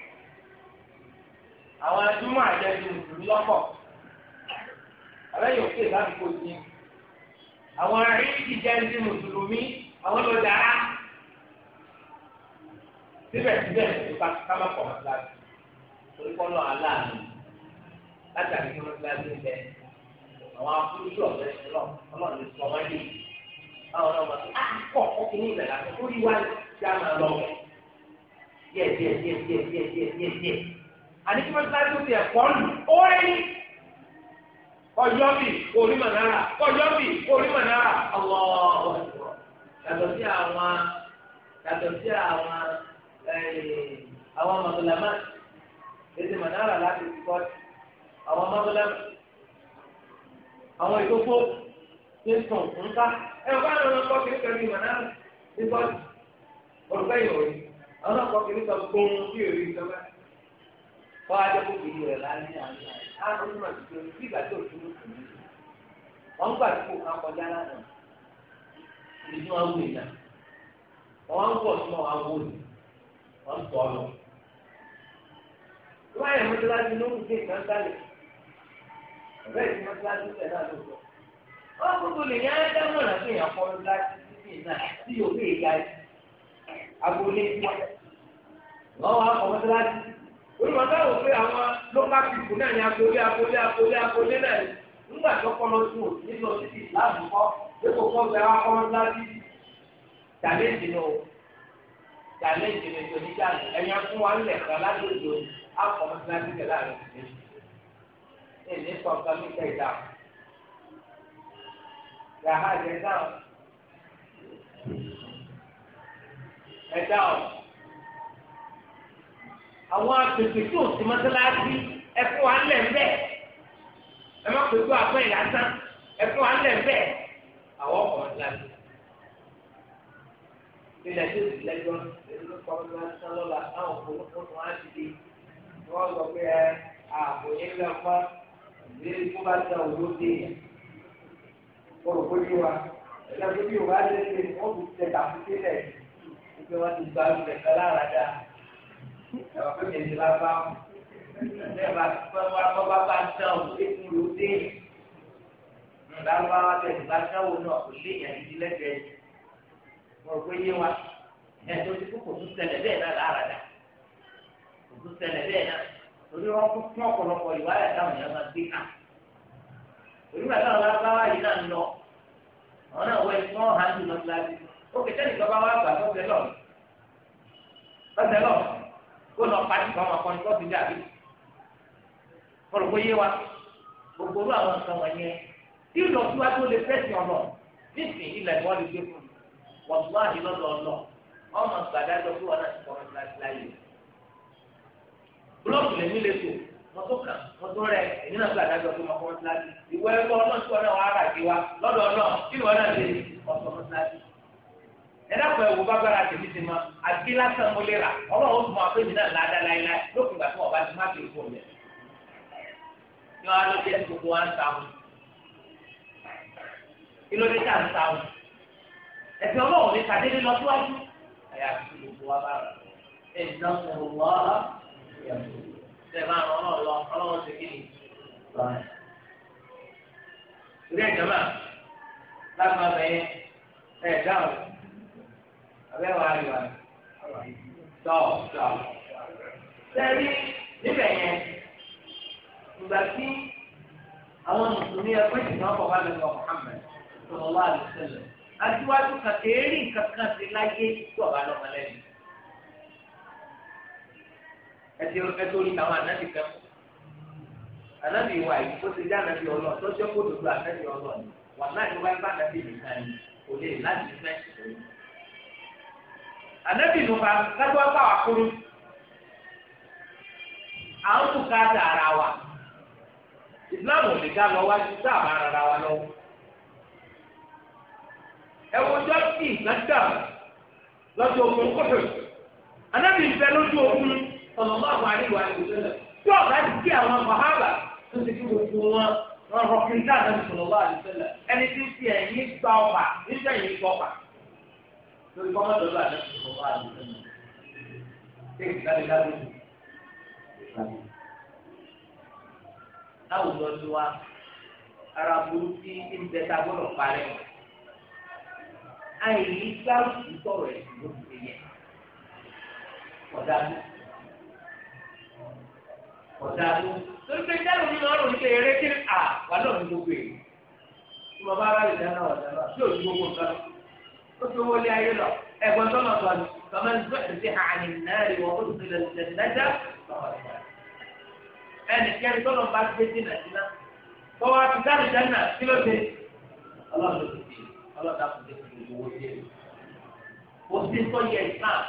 àwọn ẹdúmọ̀ àjẹjù mùsùlùmí lọ́pọ̀ àbẹ́yẹ̀ òkè láti kó sí àwọn ẹ̀ríkì jẹ́ndí mùsùlùmí àwọn ló dára síbẹ̀síbẹ̀ nípa kámá pọ̀ mọ́tíláṣí torí kọ́ náà aláàánú láti àti kí mọ́tíláṣí ń bẹ àwọn afúrúṣù ọ̀bẹ ọlọ́run lè sọ wọ́n dé àwọn ọmọ tó á kọ̀ ọkùnrin ìlẹ̀ láti kórìíwá ti á máa lọ wẹ̀ díẹ̀ díẹ̀ díẹ̀ díẹ̀ díẹ̀ díẹ̀ díẹ̀ àti kí mọ́tíláṣí ti ẹ̀kọ́ nù óyé ní kọjọ́ bì orí mọ̀nára kọjọ́ bì orí mọ̀nára ọ̀wọ́ yàtọ̀ sí àwọn yàtọ̀ sí àwọn eh, àwọn mọ̀tòlámà ètò mọ̀nára láti kọ́ àwọn mọ̀tòlámà àwọn ìkókó ti sùn nǹka ẹ̀ wọ́n àwọn ọkọ̀ kìnnìkan ní mọ̀nára ní bọ́ọ̀lù olùkọ́ ìròyìn àwọn ọkọ̀ kìnnìkan gbóhùn sí èrè ìjọba. kọ́ adé kó kìí rẹ̀ láyé àná àwọn onímọ̀ tuntun ní bí tó dúró kù ní. wọ́n gbà tó kàn kọjá lánàá ìdí wọn wù ìyá lọ. yẹ ń ló sọ. gbogbo lè yá olùwọ́n táwọn pé àwọn lọ́ba kìkù náà ní agolé agolé agolé agolé náà nígbà tó kọ́ lọ sùn nínú títí láàbù kọ́ dípò kọ́ bẹ wá kọ́ láti tàlẹ́ǹtì nù tàlẹ́ǹtì nù ètò níjà ẹ̀yà fún wa ńlẹ̀ kan ládòjò akọ̀ láti tẹ̀ láàrin ìdílé èmi sọ nǹkan mi tẹ̀ dà yàrá ìdẹ̀ dáhùn ẹ̀ àwọn agbègbè tí ò sí mọ́sálásí ẹ fún wa lẹ̀ ńbẹ́ ẹ má pè tó àpẹ́ ìlàsán ẹ fún wa lẹ̀ ńbẹ́ àwọn ọkọ̀ mọ́sálásí. nílẹ̀ tí òsì lẹ́jọ́ ló kọ́ mọ́sálásí lọ́la táwọn òpólópó tó wá ti di wọ́n sọ pé ẹ ààbò yẹn lọ pa ìdílé tó bá dá òwò dé yẹn. mo rò pé kí wa ẹ̀dá tó bí òwò á lé lé wọ́n fi tẹ̀ tàbí sílẹ̀ ìgbé wọn ti gba ẹ̀rọ pé kèsì lábá ẹ̀rọ bá bá bá dá o lé fún ló dé lábá tẹ̀sí bá dáwọ́ náà kò lé yẹn ní lẹ́gbẹ̀ẹ́ mo rò pé yé wa ẹ̀dọ́ ti kú kò tún ṣẹlẹ̀ bẹ́ẹ̀ náà lára dà kò tún ṣẹlẹ̀ bẹ́ẹ̀ náà torí wọn kú fún ọ̀pọ̀lọpọ̀ ìwáyà táwọn yẹn máa gbé kàn onígbà kó lọ pàtì kan wọn kọ ní kọ́ọ̀tù dàbí kọlọ̀kọ́ yé wa gbogbo olú àwọn nǹkan wọ̀nyẹn tí ìlọ tí wá tó lè fẹ́sìn ọ̀nà nísìnyí ilẹ̀ ìwọ́n lè gbé fún wọ́n tún wá ní lọ́dọ̀ ọ̀nà ọmọ gbàdájọ fún wọn láti kọ́ ọmọ láti láyè búlọ́ọ̀kì lèmi lè tò mọ́tò kan mọ́tò rẹ̀ èmi náà gbàdájọ fún ọmọ kọ́mọ́tì láti ìwọ ẹgbẹ́ ọlọ́ọ̀tì ẹ̀dàpọ̀ ẹ̀wò bábára tèmi ti ma àti lásán mo lè rà ọlọ́run ó tún máa fẹ́ mi náà láda láéláé lókun ìgbà tí wọ́n bá ti má kiri fún mi. ní wàá ló jẹ́ gbogbo wa ń ta wọn kí ló dé tá à ń ta wọn ẹ̀sìn ọlọ́run ní kàdé lọ síwájú ẹ̀yà àti gbogbo wa bá rà ẹ̀ ń dán fún un wá ṣe máa ràn ọlọ́run lọ ọlọ́run ṣe kí ni. ìrẹ́ ìjọba lágbàá bẹ́ẹ̀ ẹ̀ dáhùn abẹ́ wà á rí wa tọ́ tọ́ sẹ́rí níbẹ̀ yẹn ìgbà tí àwọn mùsùlùmí ẹgbẹ́ ìsìn ọkọ̀ wà lọ́wọ́ Muhammad sallallahu alaihi wasallam aṣíwájú kàkéèrè kankan sí láyé tó ọba lọ́mọ lẹ́yìn ẹtì ẹtòrí táwọn anabi kan anabi wa yìí ó ti dé anabi ọlọ tọjọ kó dodo anabi ọlọ wà láti wáyé bá anabi nìkan yìí kò lè láti fẹ ìṣòro. ànábì nù fa lágbá bá wà kúrú à ara wa islam ò lè dá lọ wá sí sáà bá ara wa lọ. ẹ wo jọ́sìn ìgbàgbà lọ́jọ́ ogun kọ́fẹ̀ ànábì ń lójú ogun ọ̀nàmọ́ àwọn àríwá ìgbésẹ̀ tí ti kí àwọn mahaba tó ti kí gbogbo wọn wọn rọ kí n dá wá ẹni tí lórí kọ́mọ́ tó lọ́wọ́ àdéhùn tó bá àdéhùn tó lọ́wọ́ kéèkì dáadé dáadé láwùjọ ti wá ara burú ń bẹ ta gbọ́dọ̀ parẹ́ àìní gbárùkù sọ̀rọ̀ ẹ̀ ló ti fi yẹ ọ̀dájú ọ̀dájú lórí pé dáhùn nínú ọ̀rọ̀ ní pé eré kí à wà lọ́ọ̀ ní gbogbo èyí tí bá rà lè dáná ọ̀dà náà tí ò gbogbo nǹkan ó fi owó lé ayé lọ ẹ̀gbọ́n tó lọ sọ̀rọ̀ tọ́mọ̀ ní sọ̀rọ̀ sí àní náà rí wọn ó sì lè ṣe lẹ́jà ẹnì kẹ́ni tó lọ bá gbé dínà dínà tó wá fi dáàbò dáná kí ló dé ọlọ́run ti di ọlọ́dà kò dé owó dé o ti sọ yẹ ìsàn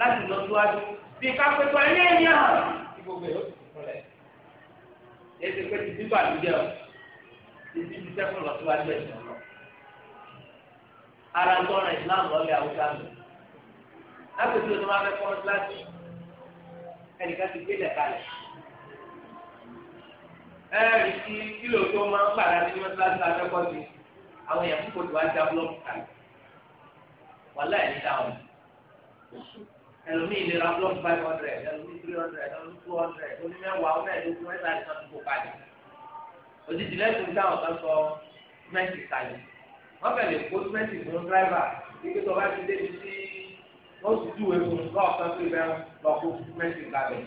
láti lọ síwájú bí kápẹ́tọ̀ ilé ẹ̀yìn hàn kí gbogbo ó ti kúnlẹ̀ ètò ìpè ti bíbà lóde ọ̀ ti ti ti sẹ́kùn lọ síwájú ẹ̀sìn ọlọ́run ara ń tọ́ra islam lọ́lẹ̀ haúsá mi lápẹ̀sí ló ti máa fẹ́ fọ́n síláàsì ẹnìkan ti gbé lẹ́kalẹ̀ ẹ̀rì tí kílò tó máa ń gbàdá sí mọ́sálásí afẹ́kọ́ sí àwọn èèyàn púpọ̀ tó wá já búlọ́ọ̀kù kalẹ̀ wàhálà ẹ̀ ní dáhùn ẹlòmíì lera búlọ́ọ̀kù five hundred ẹlòmíì three hundred ẹlòmíì two hundred onímẹ̀wàá ọ̀nẹ́ẹ̀dógún mẹ́ta ní sọ́dún kó kalẹ̀ òjijì lẹ́sùn táwọn kan sọ mẹ́sì kalẹ̀ wọ́n bẹ̀rẹ̀ kó sẹ́ẹ̀tì fún dráìvà kíkẹ́ tó bá ti débi sí wọ́n ti dùwẹ̀ fún lọ́ọ̀kan tó ibẹ̀ lọ kó sẹ́ẹ̀tì kalẹ̀.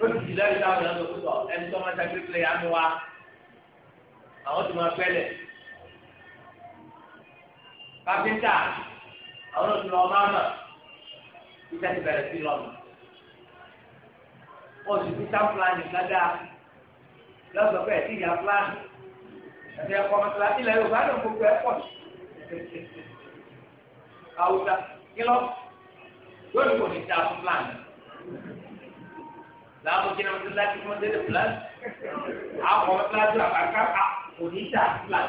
ó ti dìlẹ́ ìta ọ̀nà lọ́kùtọ̀ ẹni tó máa ṣàgbé pilẹ̀ yánu wa àwọn tó máa pẹ́lẹ̀. kápẹ́ńtà àwọn tó lọ máa mọ̀ iṣẹ́ ti bẹ̀rẹ̀ sí lọ́mọ. wọ́n ti sáfúlà nìkan dáa lọ́sọ̀ọ́ ẹ̀sìn ẹ̀kọ́ mọ̀tòlá ilẹ̀ yorùbá náà gbogbo ẹ̀ pọ̀ àwùjá kílọ̀ yóò ní kò ní ta fún plan làwọn jẹ́ mọ̀tòlá tí wọ́n délé plan àwọn mọ̀tòlá tí wọ́n àbáká kò ní ta plan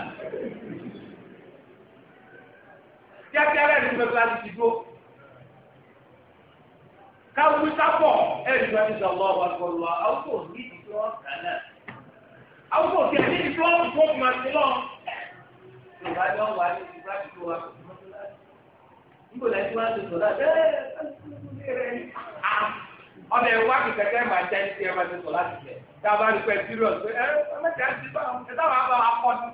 kíákíá rẹ̀ ní mọ̀tòlá ti ti dúró káwùú sápọ̀ ẹ̀rí wọn ti sọ lọ́wọ́ ọ̀gbọ̀n lọ àwọn kò ní ìdíwọ́ kan náà àwọn kò tẹ̀ ní ìfúlọ́ọ̀mù tó fi máa ti lọ. ìwádìí ọ̀wọ́ àti ìfúlọ́ọ̀mù tó wà níbo la ti wá ti sọ̀rọ̀ ẹ ọbẹ̀ wá kí kẹ̀kẹ́ máa jẹ́ ní ti ẹ máa ti sọ̀rọ̀ láti jẹ tá a bá rí pẹ́ serious pé ẹ ọlọ́jà ti bá ẹ táwọn àbá wa kọ́ ni.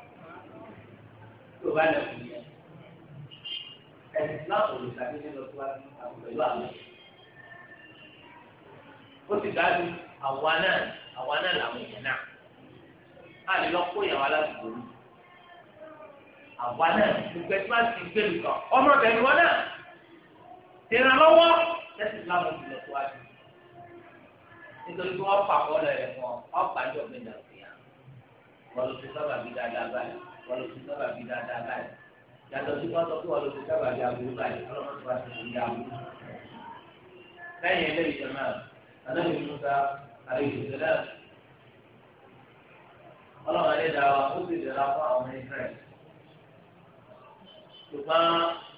tó o bá lè fún yẹn ẹ̀sìn náà kò lè sáré ní lọ síwájú àwọn pẹ̀lú àwọn ó sì dájú àwa náà àwa náà làwọn èèyàn náà àlè lọ kó ìyàwó aládùúgbò mi àwa náà gbogbo ẹtí máa ti gbé mi kàn ọmọ ọbẹ ni wọn náà tẹ̀ràn lọ́wọ́ tẹ̀sí láwọn ìlọ tó wájú nítorí pé wọ́n fà kọ́ lọ ẹ̀fọ́ ọ̀pá ìjọ mi nà òkè yàn wọ́n lọ sí sábà bí dáadáa báyìí wọ́n lọ sábà bí dáadáa báyìí yàtọ̀ sí wọ́n sọ pé wọ́n lọ sábà bí aburú báyìí ọlọ́run ti wá ọlọ́run ẹni dá wa ó sì dẹ̀ra fún àwọn israẹli ṣùgbọ́n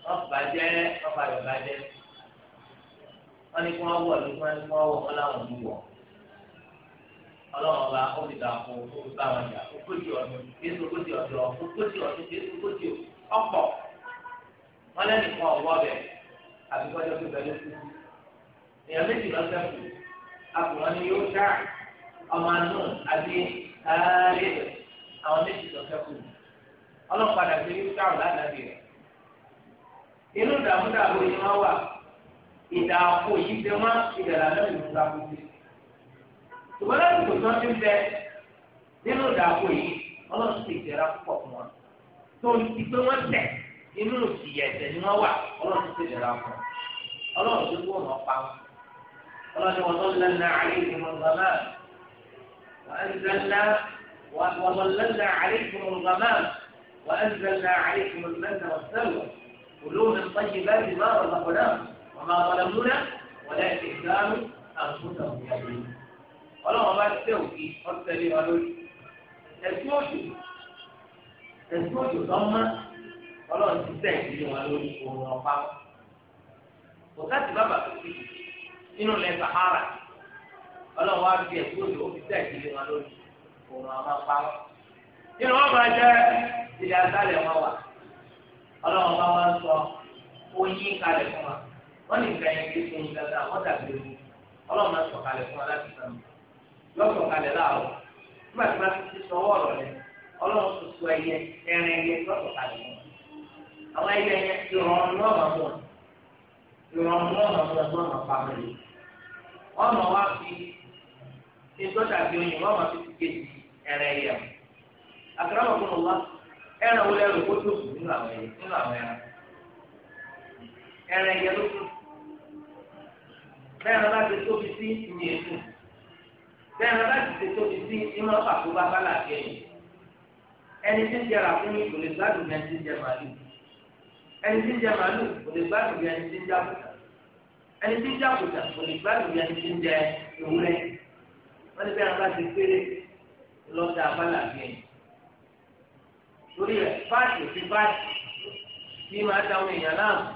wọ́n bàjẹ́ wọ́n padà bàjẹ́ wọ́n ní kí wọ́n wọ̀ ní kí wọ́n wọ̀ wọ́n láwọn ò ní wọ̀ ọlọ́run ọba ó ti dà fún ó bá wọn jà ogójì ọdún kéésì ogójì ọdún ogójì ọdún kéésì ogójì ọ̀pọ̀ wọn lẹ́nu kan ọ̀wọ́ bẹ̀ àbíkọ́jọ́ pípẹ́ ló kú ọmọ anú àti sáré àwọn méjì tó ọlọpàá kù ọlọ́padà fi yíká ọ̀la inú dàmúdàbò yìí wọ́n wà ìdá yìí fẹ́ wọ́n ìdàlà náà yìí kú sí láti kò tán ti nínú yìí ti fún wọn tó ń ti pé inú ni وأنزلنا وظللنا عليكم الغمام وأنزلنا عليكم المن والسلوى كلوا من طيبات ما رزقناهم وما ظلمونا ولكن كانوا أنفسهم يظلمون ولو ما التوكي قلت لي قالوا لي تسوكي تسوكي ضمة ولو أنت تسوكي قالوا لي وقالوا وكاتب بابا إنه اللي يتحرك ọlọ́run wá fi ẹ̀kú òjò ó fi tẹ̀ ìdílé wọn lórí òun àwọn máa nínú ọgbà máa jẹ asálẹ̀ wọn wà ọlọ́run bá wọn sọ oyin kalẹ̀ fún wa wọ́n fún un wọ́n dàbí ewu máa sọ kalẹ̀ fún wa láti sàn yọ sọ kalẹ̀ láàrọ̀ nígbà tí wọ́n ti sọ tuntun ẹyẹ ẹrin ẹyẹ yọ sọ kalẹ̀ fún wa àwọn ẹyẹ ìrọ̀rùn náà máa mú ìtọ́jà àti oyin wọ́n máa fi ti kejì ẹ̀rẹ̀ yẹ̀ wọ́n. àkàrà wá ẹran wọlé ẹrù kó tó sùn nínú àwọn nínú àwọn ẹran. ẹran ẹ̀yẹ ló sùn. bẹ́ẹ̀ni bá tóbi sí ìyẹn ètò. bẹ́ẹ̀ni bá ti tóbi sí ìmọ̀ pàtó bá bá ẹni tí ń jẹrà kò lè gbádùn ẹni tí ń jẹ màálù. ẹni tí ń wọ́n ti bẹ́ẹ̀ bá ti péré lọ́dà abala bíi torí rẹ̀ fáàtì ti fáàtì bí máa dáwọn èèyàn láàmú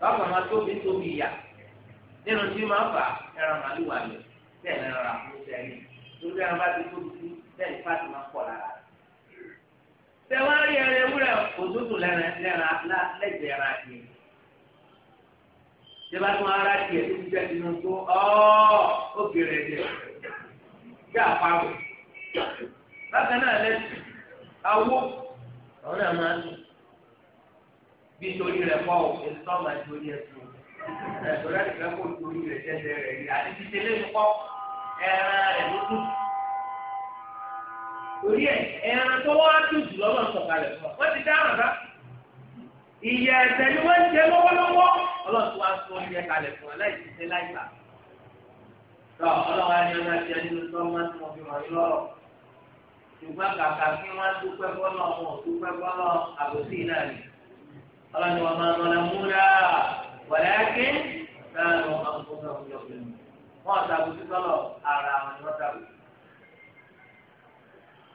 bákan máa tóbi tóbi ìyà nínú tí máa fà ẹran màlúù wà lọ bẹ́ẹ̀ ní ara fún sẹ́yìn torí ẹran bá ti tóbi sí bẹ́ẹ̀ ní fáàtì máa pọ̀ lára tẹ̀wọ́n á rí ẹran ewúrẹ́ òtútù lẹ́ran lẹ́gbẹ̀ẹ́ ẹran àti tẹ́lá tún ara tiẹ̀ tó ti jáde nù tó ọ́ ó bèrè jẹ kí àpawọ̀ bákan náà lẹ́sìn awó àwọn náà máa ń lò bí torí rẹ̀ pọ̀ èso náà máa torí ẹ̀ tó ẹ̀sọ́ láti fẹ́ kó torí rẹ̀ jẹ́jẹ́ rẹ̀ rí àti ti tẹ́lẹ̀ ń kọ́ ẹran rẹ̀ ló dùn torí ẹ̀ ẹran tó wá dùn jù lọ́wọ́ sọ̀kalẹ̀ fún ọ wọ́n ti dáhùn bá ìyẹ ẹsẹ̀ ni wọ́n ń jẹ lọ́wọ́lọ́wọ́ ọlọ́run wá sọ ìyẹ kalẹ̀ fún wa láì ṣiṣẹ́ láì gbà. tọ́ ọlọ́run á ní ọlá ti ẹni tó máa ń tún ọbẹ̀ wọ̀nyí lọ́rọ̀ ṣùgbọ́n kàkà kí wọ́n dúpẹ́ bọ́lọ̀ wọn dúpẹ́ bọ́lọ̀ àbòsí náà ni ọlọ́run wọn máa lọ́la múra wọ̀lẹ́kí sáànù àǹkóńgá òyìnbó wọn ṣàbòsí bọ́lọ̀ ara wọn ni wọ́n ṣàbòsí.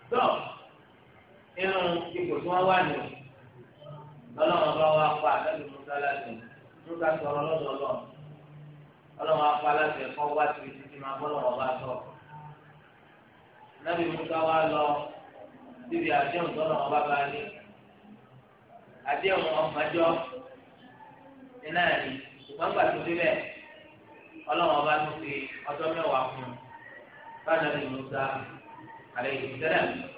tọ́ inú ipò tí wọ́n wà nìyẹn ọlọ́run bá wá pa àtẹ́lù musa láti musa sọ̀rọ̀ lọ́dọ̀ ọlọ́run ọlọ́run á pa láti ẹ̀kọ́ wá síbi títí máa bọ́ lọ́wọ́ bá sọ. nábì musa wá lọ síbi àdéhùn tó lọ́wọ́ bá bá ní àdéhùn ọ̀gbájọ́ iná ẹ̀rí ṣùgbọ́n gbà tó débẹ̀ bá tún fi ọjọ́ mẹ́wàá fún un bá nàbì musa àlẹ́ ìgbésẹ̀ náà.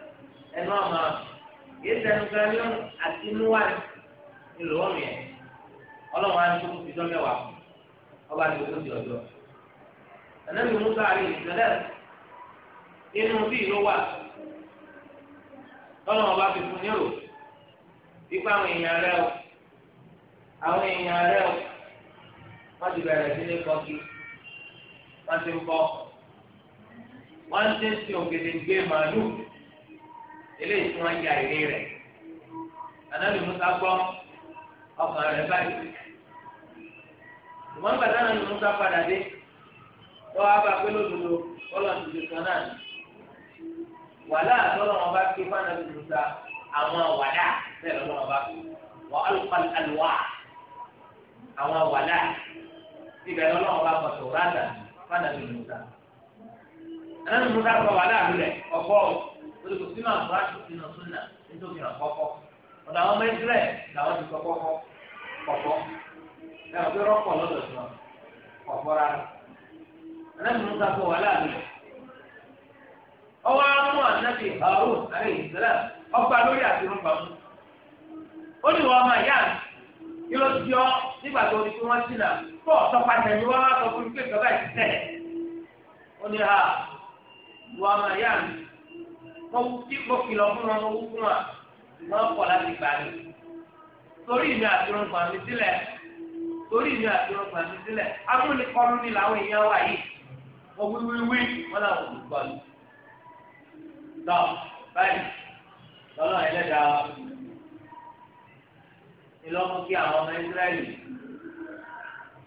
ẹnu ọmọ yìí sẹnu kan yọ àti inú wa nílò wọn yẹn ọlọ́run á tó fi dán ọba tó tó di ọjọ́ ẹnẹbi musa àrí ìṣẹ̀lẹ̀ inú bí ìlú ọba fi fún nírò ipa àwọn èèyàn rẹ o àwọn èèyàn rẹ o wọn ti bẹ̀rẹ̀ sí ní kọkí wọn ti ń wọn ti ń sin òkèdè gbé eléyìí tí wọ́n ya ìrè rẹ̀ anábì musa gbọ́ ọkàn rẹ̀ báyìí ìwọ́n gbàdá náà ni musa padà dé lọ́wọ́ abá pé lódodo ọlọ́run ti di kan náà ni wàhálà àtọ́lọ́wọ́n bá ké fánábì musa àwọn wàdà bẹ́ẹ̀ lọ́wọ́n bá wà alùpàlù àlùwà àwọn wàdà ibẹ̀ lọ́wọ́n bá kọ̀tò rádà fánábì musa anábì musa kọ wàdà rẹ̀ ọgbọ́n lórí kò sínú àgbà sínú súnà nítorí hàn kọ́kọ́ ọ̀dọ̀ àwọn ọmọ ìsirẹ̀ làwọn ti kọ́kọ́ kọ́ kọ́kọ́ ẹ̀rọ pé rọ́pọ̀ lọ́dọ̀ sí wọn kọ́kọ́ rárá anábì musa kọ́ wà láàbì ọwọ́ amú anábì harun alayhi salam ọgbà lórí àti rúbà mú ó ní wọn máa yá yóò di ọ nígbà tó ní kí wọ́n ti nà fọ́ ọ̀tọ́ pàtàkì wọn wá sọ fún mi pé bàbá ó ní ha wọn máa yá mi wọn tí mo kìlọ̀ fún wọn wọn fún wa wọn kọ̀ láti gbà mí torí mi àtúrò gbà mí sílẹ̀ torí mi àtúrò gbà mí sílẹ̀ amúnikọ́lù ni làwọn èèyàn wà yìí wọn wíwíwí wọn làwọn olùkọ́lù lọ báyìí lọ́nà ẹlẹ́dàá ìlọ́mú kí àwọn ọmọ ìsírẹ́lì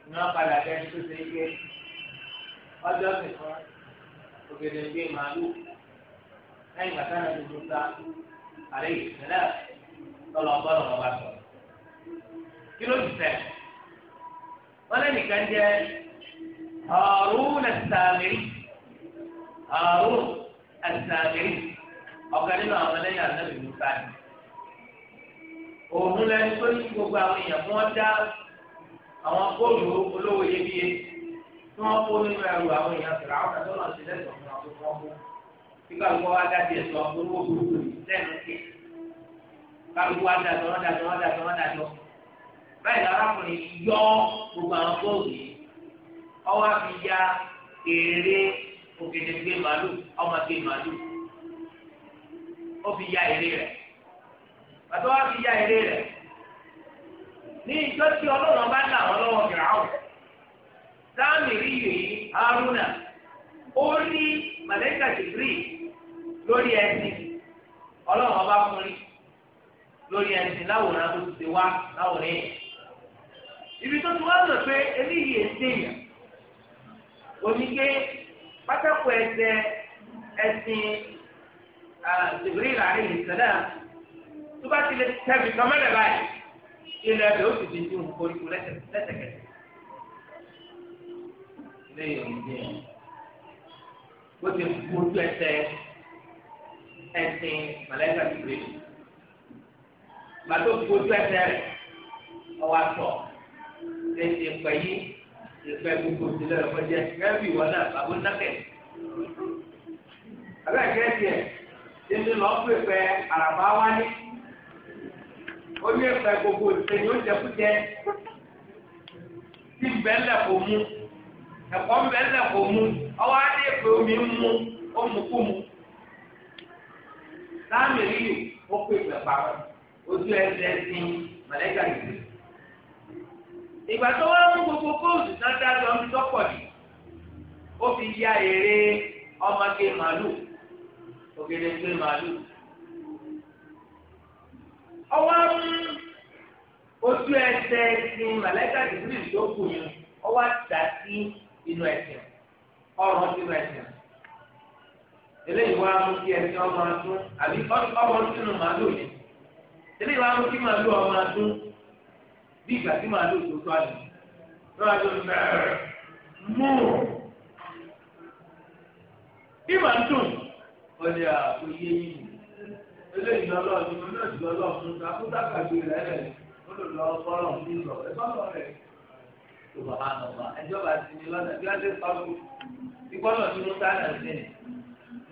ní wọ́n padà bẹ́ẹ̀ tó ṣe é gbé ọjọ́ nìkan ògèdè gbé màálù lẹ́yìn bàtà náà tuntun ta àlẹ́ ìṣẹ̀lẹ̀ lọ́lọ́ ọgbọ́n ọ̀rọ̀ wa sọ. kí ló ti sẹ́ wọ́n lé nìkan jẹ́ ọ̀rùn ẹ̀sàmìrì ọ̀rùn ẹ̀sàmìrì ọ̀gá nínú àwọn ẹlẹ́yìn àtẹ́bí musa ni. òun lẹni tó ní gbogbo àwọn èèyàn fún wọn dá àwọn góòlù olówó iyebíye tí wọ́n kó nínú ẹrù àwọn èèyàn sọ̀rọ̀ àwọn àtẹ́tọ́ náà ti lẹ́sọ̀ọ́ fún wọn fún wọn nígbà tó wá dájú ẹ̀sọ́ olówó burúkú lẹ́nu kí kálukú wá dájọ́ wọ́n dájọ́ wọ́n dájọ́ wọ́n dájọ́ báyìí arákùnrin yọ gbogbo àwọn góòlù yìí ọwọ́ àfi ya èrè ògèdègbè màálù ọmọdé màálù ó fi ya èrè rẹ̀ pàtó wá fi ya èrè rẹ̀ ní ìjọ tí ọlọ́run bá dà wọ́n lọ́wọ́ fìràwọ̀ sáàmì rí yìí haruna ó ní màlẹ́kà jìbìrì lórí ẹsìn ọlọ́run ọba fún rí lórí ẹsìn láwòrán tó ti ṣe wá láwòrán yẹn ibi tó ti wá lọ pé eléyìí èsì èèyàn oníke pátákó ẹsẹ ẹsìn ṣèbírí ìlànà ìṣẹ̀lẹ̀ tó bá ti lè tẹbi kọmọlẹ báyìí ilẹ̀ ẹ̀dọ̀ ó sì ti dùn koríko lẹ́sẹ̀kẹsẹ̀ lẹ́yìn òun dé bó ti kú ojú ẹsẹ̀ ẹ̀sìn mọ̀lẹ́kà tìbìrì gbàtó gbójú ẹsẹ̀ rẹ̀ ọwọ́ àtọ̀ ṣe ìpẹ́ yìí ìpẹ́ gbogbo ìdílé rẹ̀ kọjá kẹ́bí ìwọ náà bàbá nàkẹ́ abẹ́ kẹ́sì ẹ̀ ṣẹ́ni lọ́ọ́ pè pẹ́ àràbá wáyé ó ní ẹ̀pẹ́ gbogbo ìdílé ni ó jẹ kú jẹ tí bẹ́ẹ̀lẹ̀ kò mú ẹ̀kọ́ bẹ́ẹ̀lẹ̀ kò mú ọwọ́ adé pé omi ń mú ó mú kú mu. sáàmì ríyù ó pè pè pàmò ojú ẹsẹ̀ sí mọ̀lẹ́kà nìyí. ìgbà tó wá mú gbogbo góòlù náà yìí ó fi ya èrè ọmọge màálù ògèdè gbé màálù. ọwọ́ ojú ẹsẹ̀ sí mọ̀lẹ́kà nìyí tó kù yẹn ọwọ́ àti dàtí inú eléyìí wá mú kí ẹsẹ̀ ọmọ atún àbí ọmọ sínú màálù yẹn eléyìí wá mú kí màálù ọmọ atún bí ìgbà tí màálù tó tó àlè tó àlè mẹ́rẹ̀ mú bí màá dùn ọ̀lẹ́ àpò iye yìí eléyìí lọ lọ́ọ̀ ní ọdún ọdún lọ́ọ̀ fún ta kó dàgbàgbé rẹ̀ rẹ̀ lọ́dọ̀ lọ́ọ́ bọ́lọ̀ ń bí lọ ẹ̀ bọ́lọ̀ rẹ̀ tó bàbá àná wa ẹjọ́ bá ti ní lọ́dọ̀ bí wọ́n ti sọ́ọ́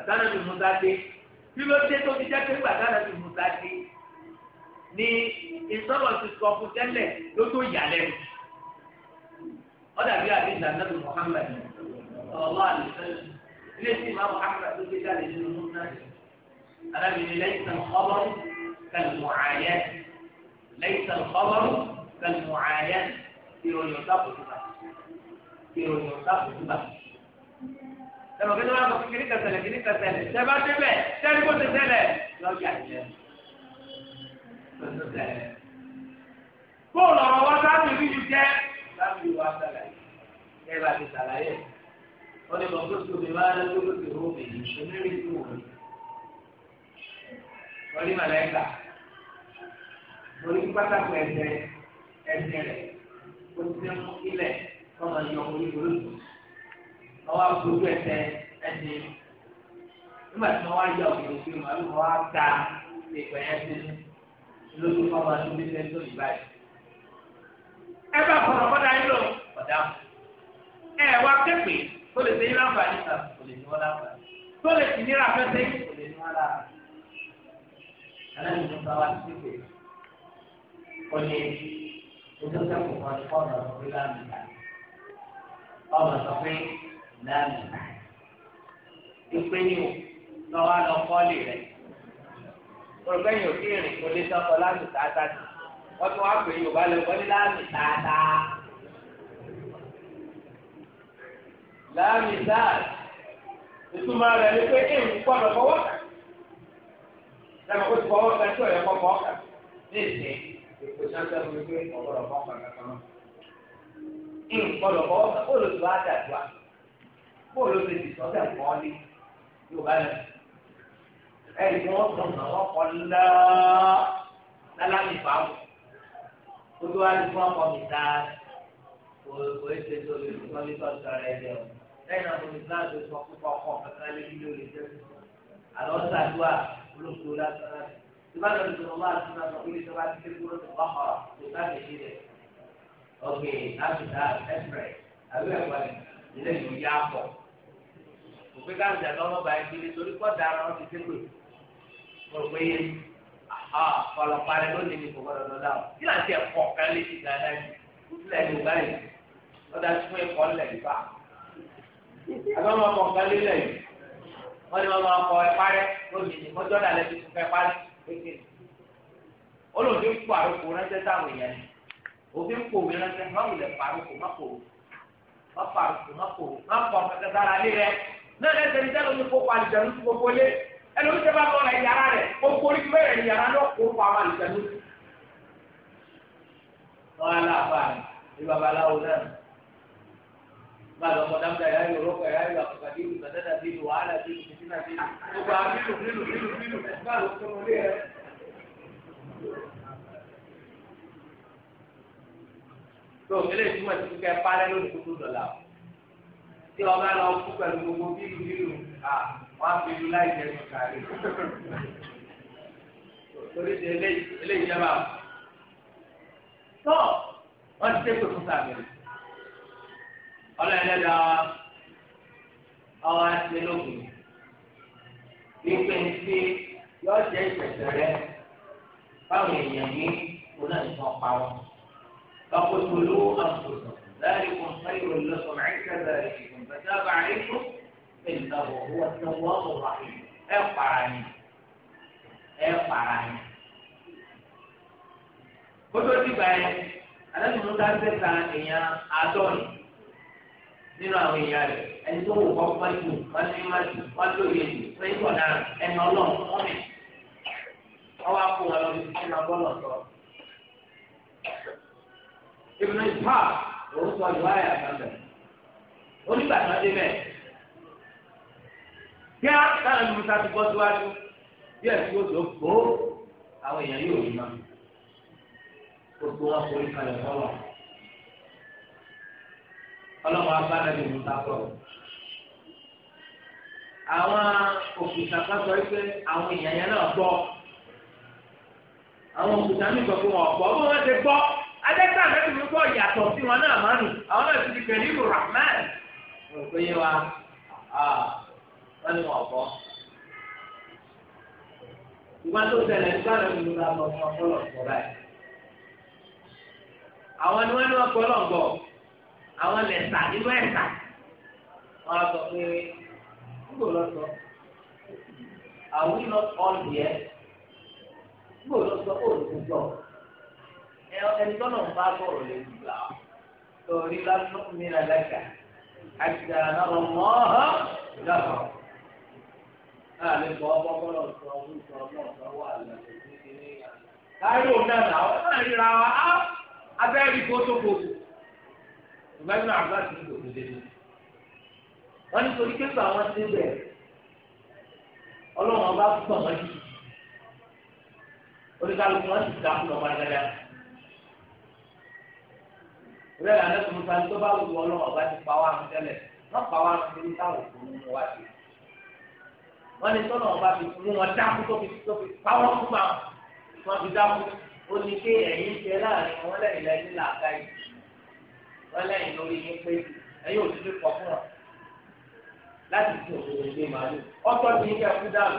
àtànà bí musa dé kí ló dé tó fi jẹ́ pé gbàtànà bí musa dé ní ìsọ̀rọ̀ ti sọ fún tẹ́lẹ̀ ló tó yà lẹ́nu ọ̀dàbí àdéhùn ànábì Muhammad ọ̀lọ́ àdéhùn ilé tí ìmọ̀ Muhammad ló gbé jáde nínú múná alábìnrin lẹ́yìn tán ọ̀bọ̀ kẹlùmọ̀ ààyè lẹ́yìn tán ọ̀bọ̀ kẹlùmọ̀ ààyè ìròyìn ọ̀tá bòtúbà ìròyìn ọ̀tá bòtúbà lọ́mọ kí ló máa bọ̀ kíkiri kẹsẹ̀lẹ̀ kíkiri kẹsẹ̀lẹ̀ sẹ́bà débẹ̀ sẹ́ni kò ti ṣẹlẹ̀ lọ́jà jẹ́ bóòlù ọ̀rọ̀ wá sáàbì yìí jẹ́ sáàbì wá sàlàyé ẹ bá ti sàlàyé wọ́n ní bọ̀ǹkó tó mi máa lọ́wọ́ tó ti rú mi onírì tó wù mí wọ́n ní màlẹ́kà wọ́n ní pátákó ẹsẹ̀ ẹsẹ̀ rẹ̀ ó ti mú ilẹ̀ kọ́mọ ní ọkùnrin olóòtú ọwọ́ agbójú ẹsẹ̀ ẹsẹ̀ nígbà tí wọ́n wá yọ òkèlè pé màálù wọn á ta ìpè yẹn sínú lójú fọmọ tó ní fẹ́ tó yìí báyìí. ẹ bá kọ̀ọ̀rọ̀ kọ́dà yín lò ọ̀dà ẹ wá képe tó lè ṣe yín láǹfààní kan kò lè ní wọn láǹfààní tó lè sì níra fẹ́sẹ̀ kò lè ní wọn lára. aláìsàn bá wá sí pé ó ní ojú sẹ́kùn kan ní kọ́ọ̀rọ̀ ọ̀rọ̀ orílẹ̀ àmì láàmì ìpè ní o lọ́wọ́ lọ kọ́lé rẹ̀ olùkọ́ yìí ò kò lè sọ́kọ láti tààtà wọ́n tún wá pè é yorùbá lọ tààtà láàmì ìtumọ̀ rẹ̀ ni pé kí n fọwọ́ lẹ́nu kó ti fọwọ́ ní ìsìn ìpò sáńtà bóò ló lè dìtọ́jà kọ́ọ́lì yóò bá lẹ̀. ẹ̀yìn tí wọ́n sọ̀rọ̀ náà wọ́n kọ́ lọ́ lálámì fáwọn kótó wá ní fún ọkọ mi ta kò é ṣe tó lè fún ọlẹ́ tó sọ rẹ̀ jẹ́ o. lẹ́yìn náà omi náà tó sọ púpọ̀ ọkọ̀ kankan lé nílé olè jẹ́ fún un. àlọ́ sàdúà olóògbé lásán náà. ìbára mi sọ̀rọ̀ wá àti náà sọ pé ìṣẹ́ bá ti ké kúrò ní ọkọ̀ tó bá lè ṣe rẹ̀. ọ̀gẹ̀ láti dá ẹ̀fẹ̀ àbí ẹ̀fọ́ ilé ìlú yá pọ̀ kò pé káwọn ìjà lọ́mọ bá yẹn gbélé torí kọ́ da ọ̀rọ̀ ti dépè mo rò pé yé kọlọ parí lónìí ni kò gbọdọ̀ lọ dà o kí láti ẹ̀kọ́ kan lè ti dáadáa yìí kúlẹ̀ ní báyìí wọ́n dá sí fún ẹ̀kọ́ ńlẹ̀ nípa àbẹ́ wọn kọ̀ kan lélẹ̀ yìí wọ́n ní wọn máa kọ ẹ parẹ́ lónìí ni mọ́tò ọ̀dà lẹ́bi tó fẹ́ parí pété olùdí ń kó àròkò ránṣẹ́ sáwọn èèyàn ni òfin kò wí ránṣẹ́ máwùlẹ̀ pàròkò má kò má pàròkò má kò má kọ̀ kẹ́kẹ́ sára lé rẹ̀ náà lẹ́sẹ̀ ní sẹ́lẹ̀ omi kópa àlùjẹ̀nu sí gbogbo lé ẹlòmí tẹ́ bá lọ rẹ̀ yàrá rẹ̀ gbogbo orí mẹ́rẹ̀ ní yàrá náà kópa àwọn àlùjẹ̀nu. wọn á láàbà ní babaláwo náà má lọ mọ dáńgá yá yòrò kọ yá yòrò àkọkà bí ìlú sàdádà bí ìlú wàhálà bí ìlú fìtínà bí ìlú gbogbo àwọn bílù bílù bílù bílù má lọ sọmọ lé ẹ. tó eléyìí túmọ̀ sí kíkẹ́ parẹ́ lónìí kúkú dọ̀là o tí ọba lọ kú pẹ̀lú gbogbo bílù bílù à wọ́n á fi lu láì jẹ́ ní kàrí. torí ti eléyìí jẹ́ báwo. tó wọ́n ti tẹ́kọ̀ọ́ fún sàmìlì. ọlọ́ọ̀lẹ́dà ọwọ́ àti lóògùn. wípé ń fi yọ jẹ́ ìpẹ̀sẹ̀ rẹ báwọn èèyàn ní òun náà nìkan pa wọn. lọ́kùnrin olówó àpòtò láàrin kan sáyẹ̀wò lọ́sọ̀rọ̀ àìsàn láàrin taba àyíkú ìnáwó owó ìnáwó ọ̀rọ̀ ẹ̀ para yín ẹ̀ para yín. kótó dìgbà yẹn alẹ́nu ló dá sẹ́ta èèyàn àádọ́rin nínú àwọn èèyàn rẹ̀ ẹni tó wò kọ́ pẹ́ jù wọ́n ní má jù wọ́n lóye jù pé ìkọ̀ náà ẹni ọlọ́run wọ́n ní. ọwọ́ akó wọn lọ sí ẹni ọgọ́rùn-ún sọ. ìbùnú ìpá òun sọ ìwáyà kan onígbà tí wọ́n dé bẹ́ẹ̀. bí a sára ní musa ti bọ́ síwájú bí ẹ̀sìn yóò tó gbó àwọn èèyàn yóò rí ma gbogbo wọn forí fọlọ́ musa àwọn òkúta sọ pé àwọn èèyàn yẹn náà gbọ́ àwọn òkúta mi sọ pé wọn gbọ́ bí wọ́n ti gbọ́ gbọ́ òkú yé wa wọ́n ní wọ́n bọ́. ìgbọ́n tó tẹ̀lé sáré mi ló lọ fún ọpọlọpọ báyìí. àwọn ni wọ́n ní ọpọlọpọ àwọn lè sà nínú ẹ̀sà wọ́n á sọ pé kúrò lọ́sọ̀ are we not all here kúrò lọ́sọ̀ kó o lè sọ ẹni tọ́nà ń bá bọ̀rọ̀ lè gbà torí lásán mi nà lẹ́kàá. àtìgbà náà mọ́ ọ́ lọ́kọ̀. náà lè sọ ọgbọ́n bọ́lọ̀ sọ ọdún sọ ọgbọ́n sọ wà wa á abẹ́rẹ́ ìfọ́ tó àgbà ti ń gbòdò dédé. wọ́n ní torí kéka àwọn ti bẹ̀rẹ̀ ọlọ́run ọba gbọ̀n wọn jù. oníkàlùkù wọn ti dàkú lọ́ba dáadáa. rẹ̀ lànà tó ń ta tó bá wù ọ́ bá ti pa wá àrùn tẹ́lẹ̀ pa ọba fi mú wọn wa wọ́n fi ó ní pé láàrin wọn lẹ́yìn lẹ́yìn làákà yìí wọ́n lẹ́yìn lórí yín pé ò tún fún wọn láti fi ọ̀tọ̀ ti ń kẹ́ fún dáàbò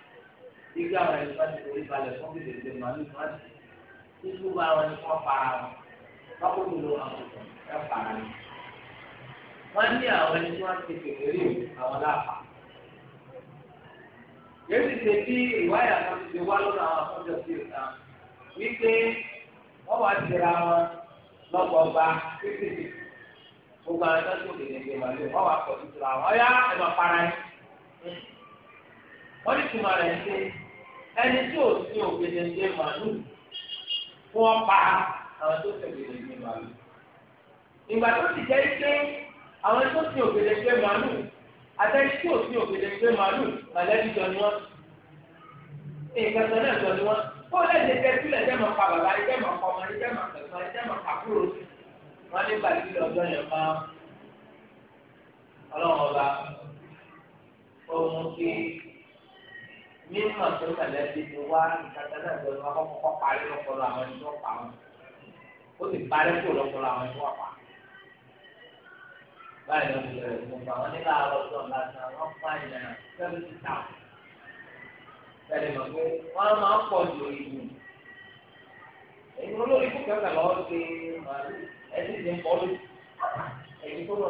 Igi àwọn ẹni bá ti forí balẹ̀ fún bíbélì lè màálù títú bá àwọn ẹni kọ́ para wọn lọ́kọ́ lo àwọn ẹ̀ para wọn. wọ́n ní àwọn ẹni tí wọ́n ti kékeré rí àwọn láàpá. yóò ṣe bí ìwáyà kan ti ṣe wá lọ́nà àwọn àkọ́jọ sí ìta wípé wọ́n wá jẹra wọn lọ́gbọ̀gba títí gbogbo àwọn ẹni tó wọ́n wá pọ̀ ẹ̀ para wọ́n ní tùmọ̀ rẹ̀ ṣe. ẹni tí ò sí ògbédèdè màálù fún ọ̀pá àwọn tó sì ògbédèdè màálù. ìgbà tó sì jẹ́ ike àwọn tó sì ògbédèdè màálù àtẹ́ni tí ò sí ògbédèdè màálù màlẹ́bí jọ ni wọ́n. nǹkan tó náà jọ ni wọ́n. kó o lẹ́sẹ̀ tẹ́ sílẹ̀ jẹ́ mọ̀ pa bàbá jẹ́ mọ̀ pa ọmọ jẹ́ mọ̀ pẹ̀sán jẹ́ mọ̀ pa kúrò. wọ́n nígbà tí lọ́jọ́ yẹn máa ọlọ́run ọba ó kí mímọ̀ tó mọ̀lẹ́bí ti wá ìkàtà náà lọ ní ọkọ̀ kọ́kọ́ parí lọ́pọ̀lọ́ àwọn ẹni tó pa wọn ó sì parí kó lọ́pọ̀lọ́ àwọn ẹni tó pa báyìí ló ti bẹ̀rẹ̀ fún wa wọn ní láàárọ̀ tó ń lásán wọn pààyàn náà seventy thousand bẹ́ẹ̀ mọ̀ pé wọ́n máa ń pọ̀ ju ìlú èyí olórí fún kẹ́kẹ́ lọ́wọ́ ṣe màálù ẹni tí ń pọ̀ lù ẹni tó lọ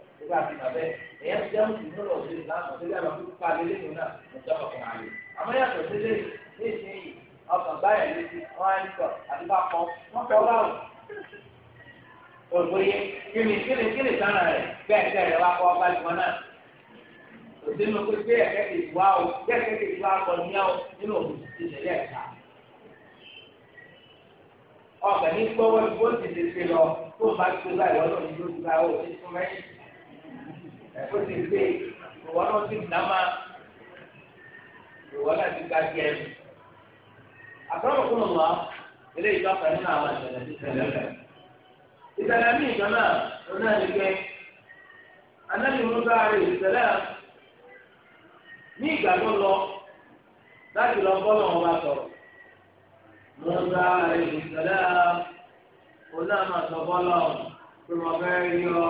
nígbà tí bàbẹ́ ẹ̀yà ti dẹ́mu sí nínú ọ̀sẹ̀ ìlànà tó yàrá fún pa lé lẹ́yìn náà mo sọ́kọ̀ fún àmọ́ yàtọ̀ sí lé ní ìsinyìí ọkàn báyà létí wọn á nìkọ àti bá wọn báwò. rẹ bẹ́ẹ̀ bẹ́ẹ̀ rẹ wá kọ́ náà. pé bí ẹ̀kẹ́ wá o bí ẹ̀kẹ́ wá ní nínú ti tẹ̀lé ó ti gbé ìwọ náà ti nà má ìwọ náà ti gba díẹ̀ mi. àbúrò kúrò wá ilé ìtọ́ka nínú àwọn ìṣẹ̀lẹ̀ ti ṣẹlẹ̀ rẹ̀. ìṣẹ̀lẹ̀ mi ìjọ náà ló náà ní pé anábì musa rẹ̀ ìṣẹ̀lẹ̀ ní ìgbà tó lọ láti lọ bọ́lọ̀ wọn bá sọ̀rọ̀. musa rẹ̀ ìṣẹ̀lẹ̀ ó náà máa sọ bọ́lọ̀ pé mo fẹ́ rí ọ.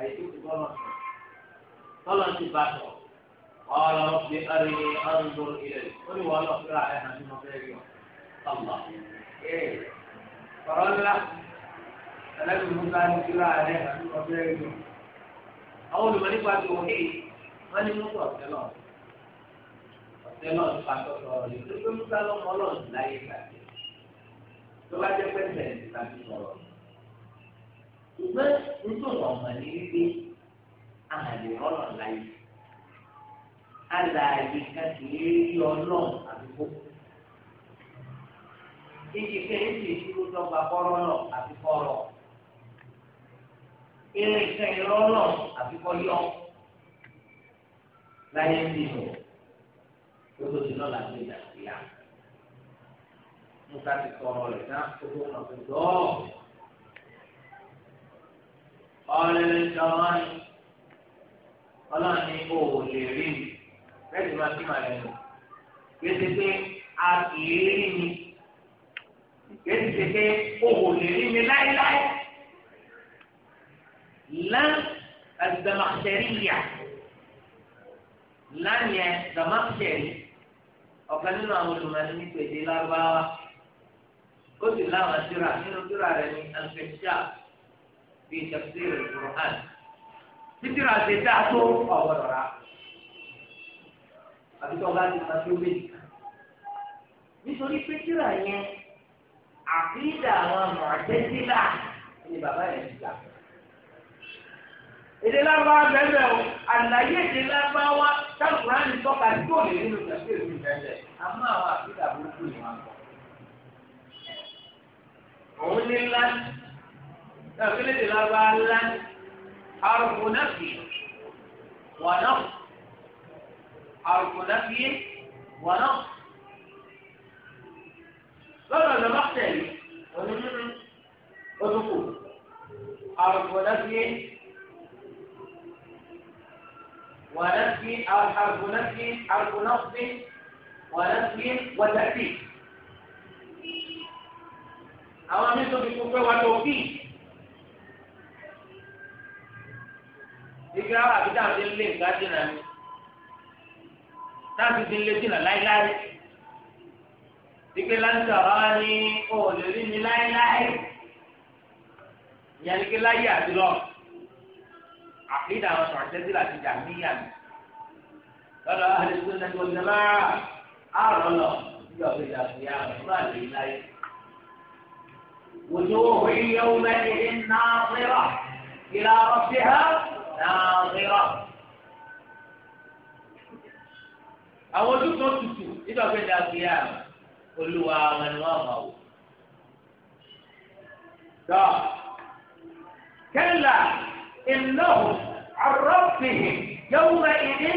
àyíkú ti bọ́ lọ́sọ̀ tọ́lọ̀ ti bá sọ ọ̀rọ̀ fi ẹ̀rí ọ̀rọ̀ ilẹ̀ ó ní wọ́n lọ fúra ẹ̀ hàn nínú fẹ́ẹ́ yọ ọ̀gbà ee kọ̀rọ̀ ńlá ẹlẹ́bi musa ní fúra ẹ̀ hàn nínú fẹ́ẹ́ yọ àwọn olùmọ̀ nípa tó wọ́n ní musa ọ̀tẹ́ lọ ọ̀tẹ́ lọ nípa tó sọ̀rọ̀ yìí tó gbé musa lọ́mọ́ ṣùgbọ́n nítorí ọ̀mà ní wípé àlè ọ̀nà láyé alààyè kan kì í rí ọ̀nà àdúgbò igi kẹ́hìntì dúró dọ́gba kọ́rọ́ náà àti kọ́rọ́ irinṣẹ́ irọ́ náà àti kọ́yọ́ láyé ń bì mọ́ gbogbo ti náà làgbé ìdàgbéyà nípa ti kọ́rọ́ rẹ̀ náà gbogbo náà fi dọ́ọ̀ ọ̀rẹ́ lè sọ wọ́n ní ọlọ́run ní o ò lè rí mi bẹ́ẹ̀ ni máa fi màá lẹ́nu gbèsè pé a kì í rí mi gbèsè pé o ò lè rí mi láéláé lẹ́n ẹ̀dẹ̀mọ̀sẹ̀rì yà lánìẹ dàmásẹ̀rì ọ̀kan nínú àwọn olùmọ̀ọ́ni ní pèsè lárúbáwá ó sì láwọn síra nínú síra rẹ̀ ní àfẹ́ṣáà fi tafsir al-Qur'an títí ra ṣe dáa tó ọ̀gbọ̀dọ̀ rà àbí tó ọba ti ma tó méjì kan nítorí pé tíra yẹn àkídà àwọn mọ̀ọ́dẹ́sílà ni bàbá yẹn ti gbà. èdè lábá bẹ́ẹ̀ o àlàyé èdè lábá wa sàkúrà ní tọ́ka tí kò lè nínú ìgbàgbé ìlú ìbẹ̀rẹ̀ àmọ́ àwọn àkídà burúkú ni wọ́n kọ́. òun ní تقليد لبالا حرف نفي ونص حرف نفي ونص صار لبق تالي ودخول حرف نفي ونفي أو حرف نفي حرف نصب ونفي وتأتيك أو أمسوا بكفر وتوفيق igi rárá àbí táwọn ti ń lé nǹkan dínà ni táwọn ti ń lé dínà láíláí igi láńtà rárá ni ó lè rí mi láíláí ìyẹn ni igi láyé àti lọ àfihàn àwọn sọ̀rọ̀tẹ́sílà ti dà níyà mi lọ́dọ̀ àdìsí nàìjíríà ọ̀gbìn náà àrọ̀ lọ ìjọba ìjà fìyà ọ̀gbìn àti ìláyé. وجوه يومئذ ناظرة إلى ربها ناظرة àwọn ojú kan tutù nígbà pé ní agbèyà olúwa wọn ni wọn máa wò. tọ́ kẹ́là ìnáwó arọ́bìnrin yẹ́wò máa ìdí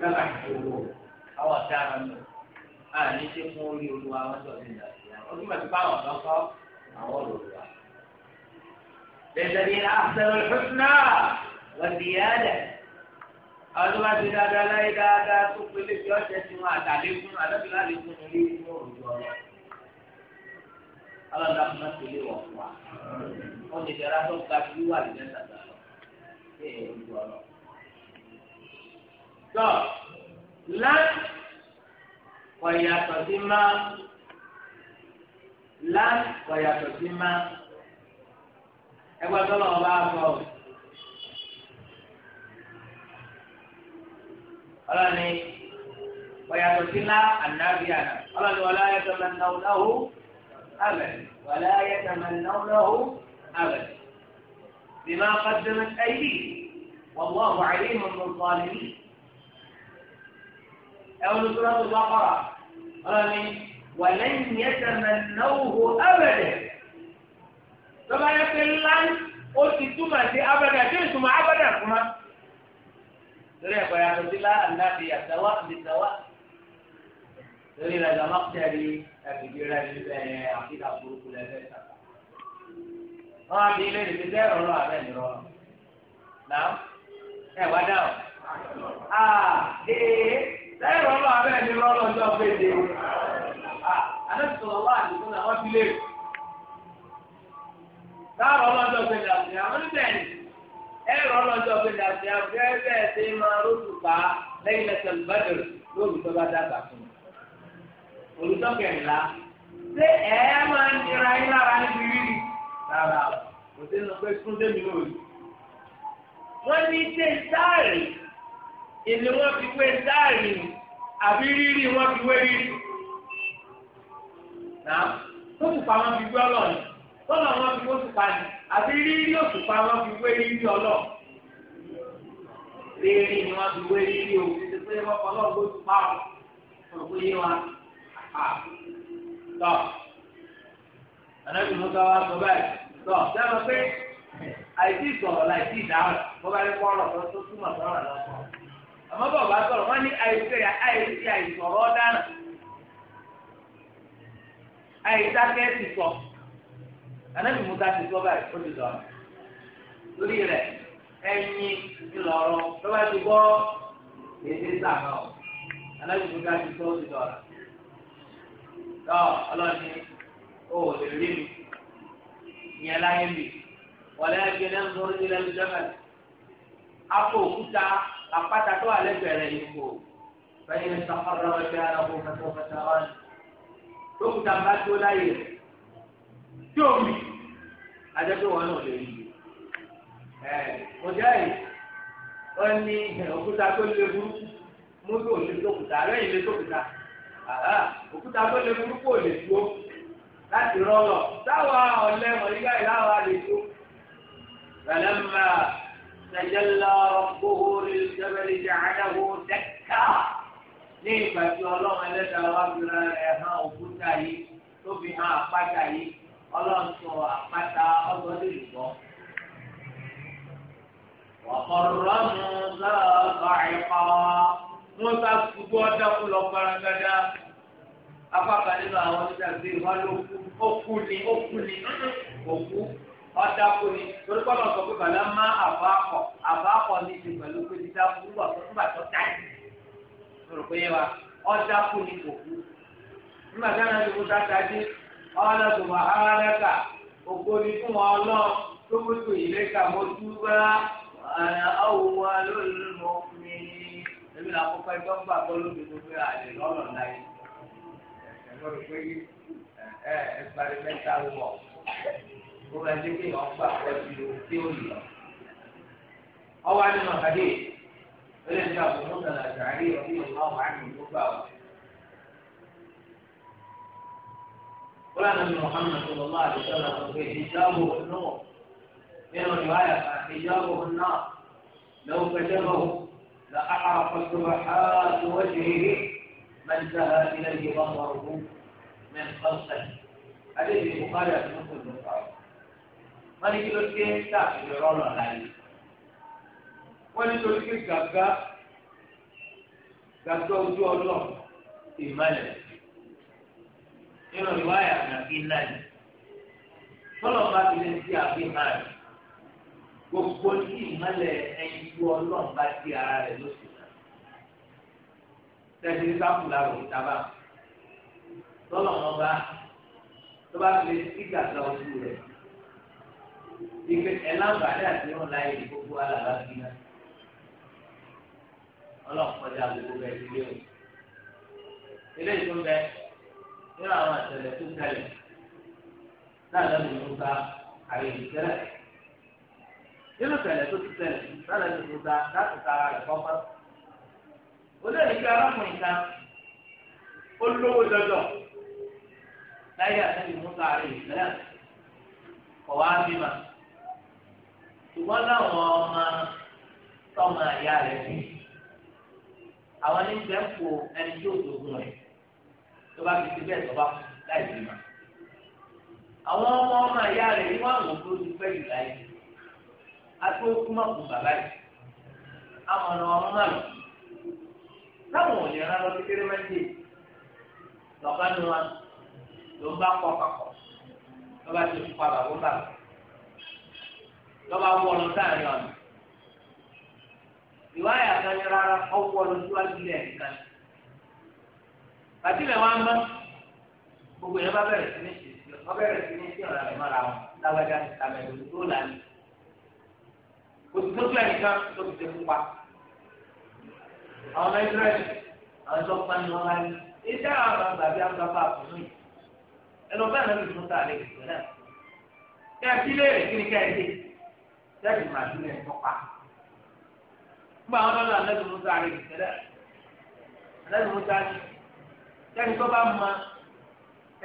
lọ́la ìṣòro àwọn ọ̀daràn nù. a ní ṣe fún orí olúwa wọn tó ní ìdàgbé àwọn ojú màtí bá wọn lọ́kọ́ àwọn olùwà. lẹ́sẹ̀ ní àṣẹ òṣùnà. wàdìyàdà àwọn tó bá ti dáadáa láyé dáadáa tó pélé bí ọ̀sẹ̀ tí wọn àtàlékún àdókè lálékún nílé inú òòjọ́ lọ. alọ́dà fún náà pélé wọ̀ fún wa wọ́n ti dára tó ga bí wà lẹ́yìn àgbà lọ ní èrò òòjọ́ lọ. tọ́ lá ọlọ́ni ọ̀yàtọ̀ sí ńlá ànábìà náà ọlọ́ni wọlé ayẹtọ̀ mẹ́nàwó abẹ wọlé ayẹtọ̀ mẹ́nàwó abẹ bímá kọ́sẹ́mẹ́ ayé wọ́n wọ́n wọ́n ayé mọ̀mọ́ ẹwọn ló sọlá tó bá kọra ọlọni wàlẹ ìyẹtẹ mẹnáwó abẹdẹ lọba yẹ pé ńlá ó ti túmọ̀ sí abẹdẹ tí ìtumọ̀ abẹdẹ kuma torí ẹ̀kọ́ ya ló ti lá ànábì àtàwà àbìtàwà torí rẹ̀ lọ máa tẹ̀lé àbìbí rẹ̀ níbẹ̀ àbíkà burúkú lẹ́fẹ̀ sàkà. wọ́n á bí ilé ìdílé tẹ́ ọ̀rọ̀ àbẹ́ nìrọ̀ náà ẹ̀ wá dáhùn. à ee tẹ́ ọ̀rọ̀ àbẹ́ nìrọ̀ lọ́jọ́ péde. àdéhùn sọ̀rọ̀ wá àdìgún náà wọ́n ti lé. táwọn ọlọ́jọ́ péde àti àwọn oníbẹ̀rẹ̀ ẹ̀rọ ọlọ́jọ́ pé dàbí abẹ́rẹ́ ṣe máa rúdù pa lẹ́yìn ẹsẹ̀ lùbẹ́dẹ̀rù lórí tó bá dàgbà fún un. olùtọ́ kẹrìnlá ṣé ẹ máa ń nira yín lára níbi rírì rárá kò sí nínú pé tún débi lórí. wọ́n ní ṣe sáàrì ìní wọ́n fi wé sáàrì àbí rírì wọ́n fi wé rírì. náà tó kù pa wọn fi gbọ́ lọ́nà tọ́lọ̀ wọn fi wọ́n tùpá ni àbí rírí òtùpá wọn fi wé rírí ọlọ́ rírí ni wọn fi wé rírí o títí pé wọn kọ́ lọ́ọ̀ lóṣù pa ọ́ wọn kò yé wa tọ́ ànábì mọ́tò wa sọ báyìí tọ́ sẹ́wọ́n pé àìsí ìsọ̀rọ̀ láìsí ìdáhùn bọ́ bá rí kọ́ ọ̀rọ̀ tó tó túmọ̀ sọ̀rọ̀ lọ́sọ̀rọ̀ àmọ́ bọ̀ bá sọ̀rọ̀ wọ́n ní àìsí àìsọ̀rọ̀ dáná àìsí akẹ́sì sọ̀rọ̀ anábì musa ti sọ báyìí ó ti dọ̀ọ́ lórí rẹ̀ ẹ̀yìn ńlọrọ lọ́ba ti gbọ́ èdè sàmà ọ̀ anábì musa ti sọ ó ti dọ̀ọ́ tọ́ ọlọ́ni ó lè rí mi ìyẹn láyé mi wọlé ẹgbẹ́ náà ń lọ sí lẹ́nu jẹ́fẹ̀lì afọ òkúta apáta tó wà lẹ́gbẹ̀ẹ́ rẹ̀ yìí kò fẹ́yìn sọ́kọ́rọ́ ẹgbẹ́ ara kò fẹ́tọ́ fẹ́tọ́ wọn lókùtà bá tó láyé rẹ̀ tí omi ajẹ́pẹ́ wọn náà lè rí i. mọ̀jáì ó ní òkúta tó lé burúkú mú bí òlé tókùtà lẹ́yìn lé tókùtà òkúta tó lé burúkú òlè tó láti rọlọ̀ táwa ọ̀lẹ́ mọ̀lẹ́gà ìláwa lè tó. فلما تجلى ربه للجبل جعله دكا ní ìgbà tí ọlọ́run ẹlẹ́dàá wá fi ẹ̀ hàn òkúta yìí tó fi hàn àpáta yìí ọlọ́sọ àpáta ọgbọ́dọ̀ ìlúbọ̀. Ọ̀pọ̀rọ̀ mu lọ́ọ̀lọ́ àyíká wa. Wọ́n bá gbogbo ọjà kú lọ gbaragada. Apákan nínú àwọn onídàgbé wọn ló kú. Ó kú ni, ni, ó ni. Torí pé má ti pẹ̀lú pé tó ni kò kú. Nígbà kú dáadáa dé. ọ na ògo ni fún ọlọ́run tó kótó ìlẹ́ka mo túbá ọ̀nà ọ̀wọ́ lónìí mo mi èmi là kọ́kọ́ ẹjọ́ gbà bọ́ lóbi tó fẹ́ àlè lọ́lọ́ láyé ẹ̀rọ pé ẹ̀ experimental work ó bá dé pé tí ó lọ. ó lè ní àbùkù قرآن محمد صلى الله عليه وسلم في حجابه النور من رواية حجابه النار لو كتبه لأحرق سبحات وجهه ما انتهى إليه بصره من خلقه هذه البخاري في مسلم البخاري wọ́n ní kí ló dé káàkiri rọ́lọ̀ láyé wọ́n ní torí pé gàgá gàgá ojú ìmọ̀lẹ̀ nínú ìwà àyàfi náà ni tọ́lọ̀ bá ti lè ti àfihàn rẹ̀ gbogbo tí ìmọ̀lẹ̀ ẹyin tó ọlọ́run bá ti ara rẹ̀ lóṣù náà tẹ̀sí sáfùlà rò tábà tọ́lọ̀ wọn bá tó bá fi lè ti gàgà ojú rẹ̀ ìgbẹ́ ẹ̀láǹbàdé àti ìrún láyé gbogbo alàbá fi ọlọ́run kọjá gbogbo bẹ́ẹ̀ sílé o ilé ìtúndẹ́ nínú àwọn àtẹlẹ tó tẹlẹ láàrin ní musa àyè ìtẹlẹ nínú tẹlẹ tó ti tẹlẹ láàrin ní musa láti tara rẹ kọ́kọ́ olóyè ìgbà arákùnrin kan ó lówó dọdọ láyé àtẹlẹ musa àyè ìtẹlẹ ọwọ́ abima ṣùgbọ́n láwọn ọmọ tọmọ àyà rẹ bí àwọn ní bẹ́ẹ̀ kó ẹni tó dogun rẹ. tó bá fi ti bẹ́ẹ̀ tó bá láì sí ma. àwọn ọmọ ọmọ ìyá rẹ̀ ní wọ́n àwọn òkúrò ti pẹ́ jù láyé àti okú má kú bàbá yìí àwọn ọ̀nà ọmọ má lọ. táwọn òní ara lọ kékeré ló ń bá pa bàbá bàbá ìwáyà kan rárá ọwọ́ lọ síwájú bàtílẹ̀ wa ń bá gbogbo yẹn bá bẹ̀rẹ̀ sí ní ṣe wọ́n bẹ̀rẹ̀ sí ní ṣe ọ̀rọ̀ àmì mọ́ra wọn lágbájá àmẹ̀dùn tó là ní. òtítọ́ tó tó ti ṣe pupa. àwọn ọmọ ìsírẹ́lì àwọn tó pa ní wọn wá ní. iṣẹ́ àwọn àgbàgbà bíi yìí ẹnu tà lè gbèsè náà. kí a ti léèrè kí ni ká ẹ ẹ̀ sẹ́ni tó bá mọ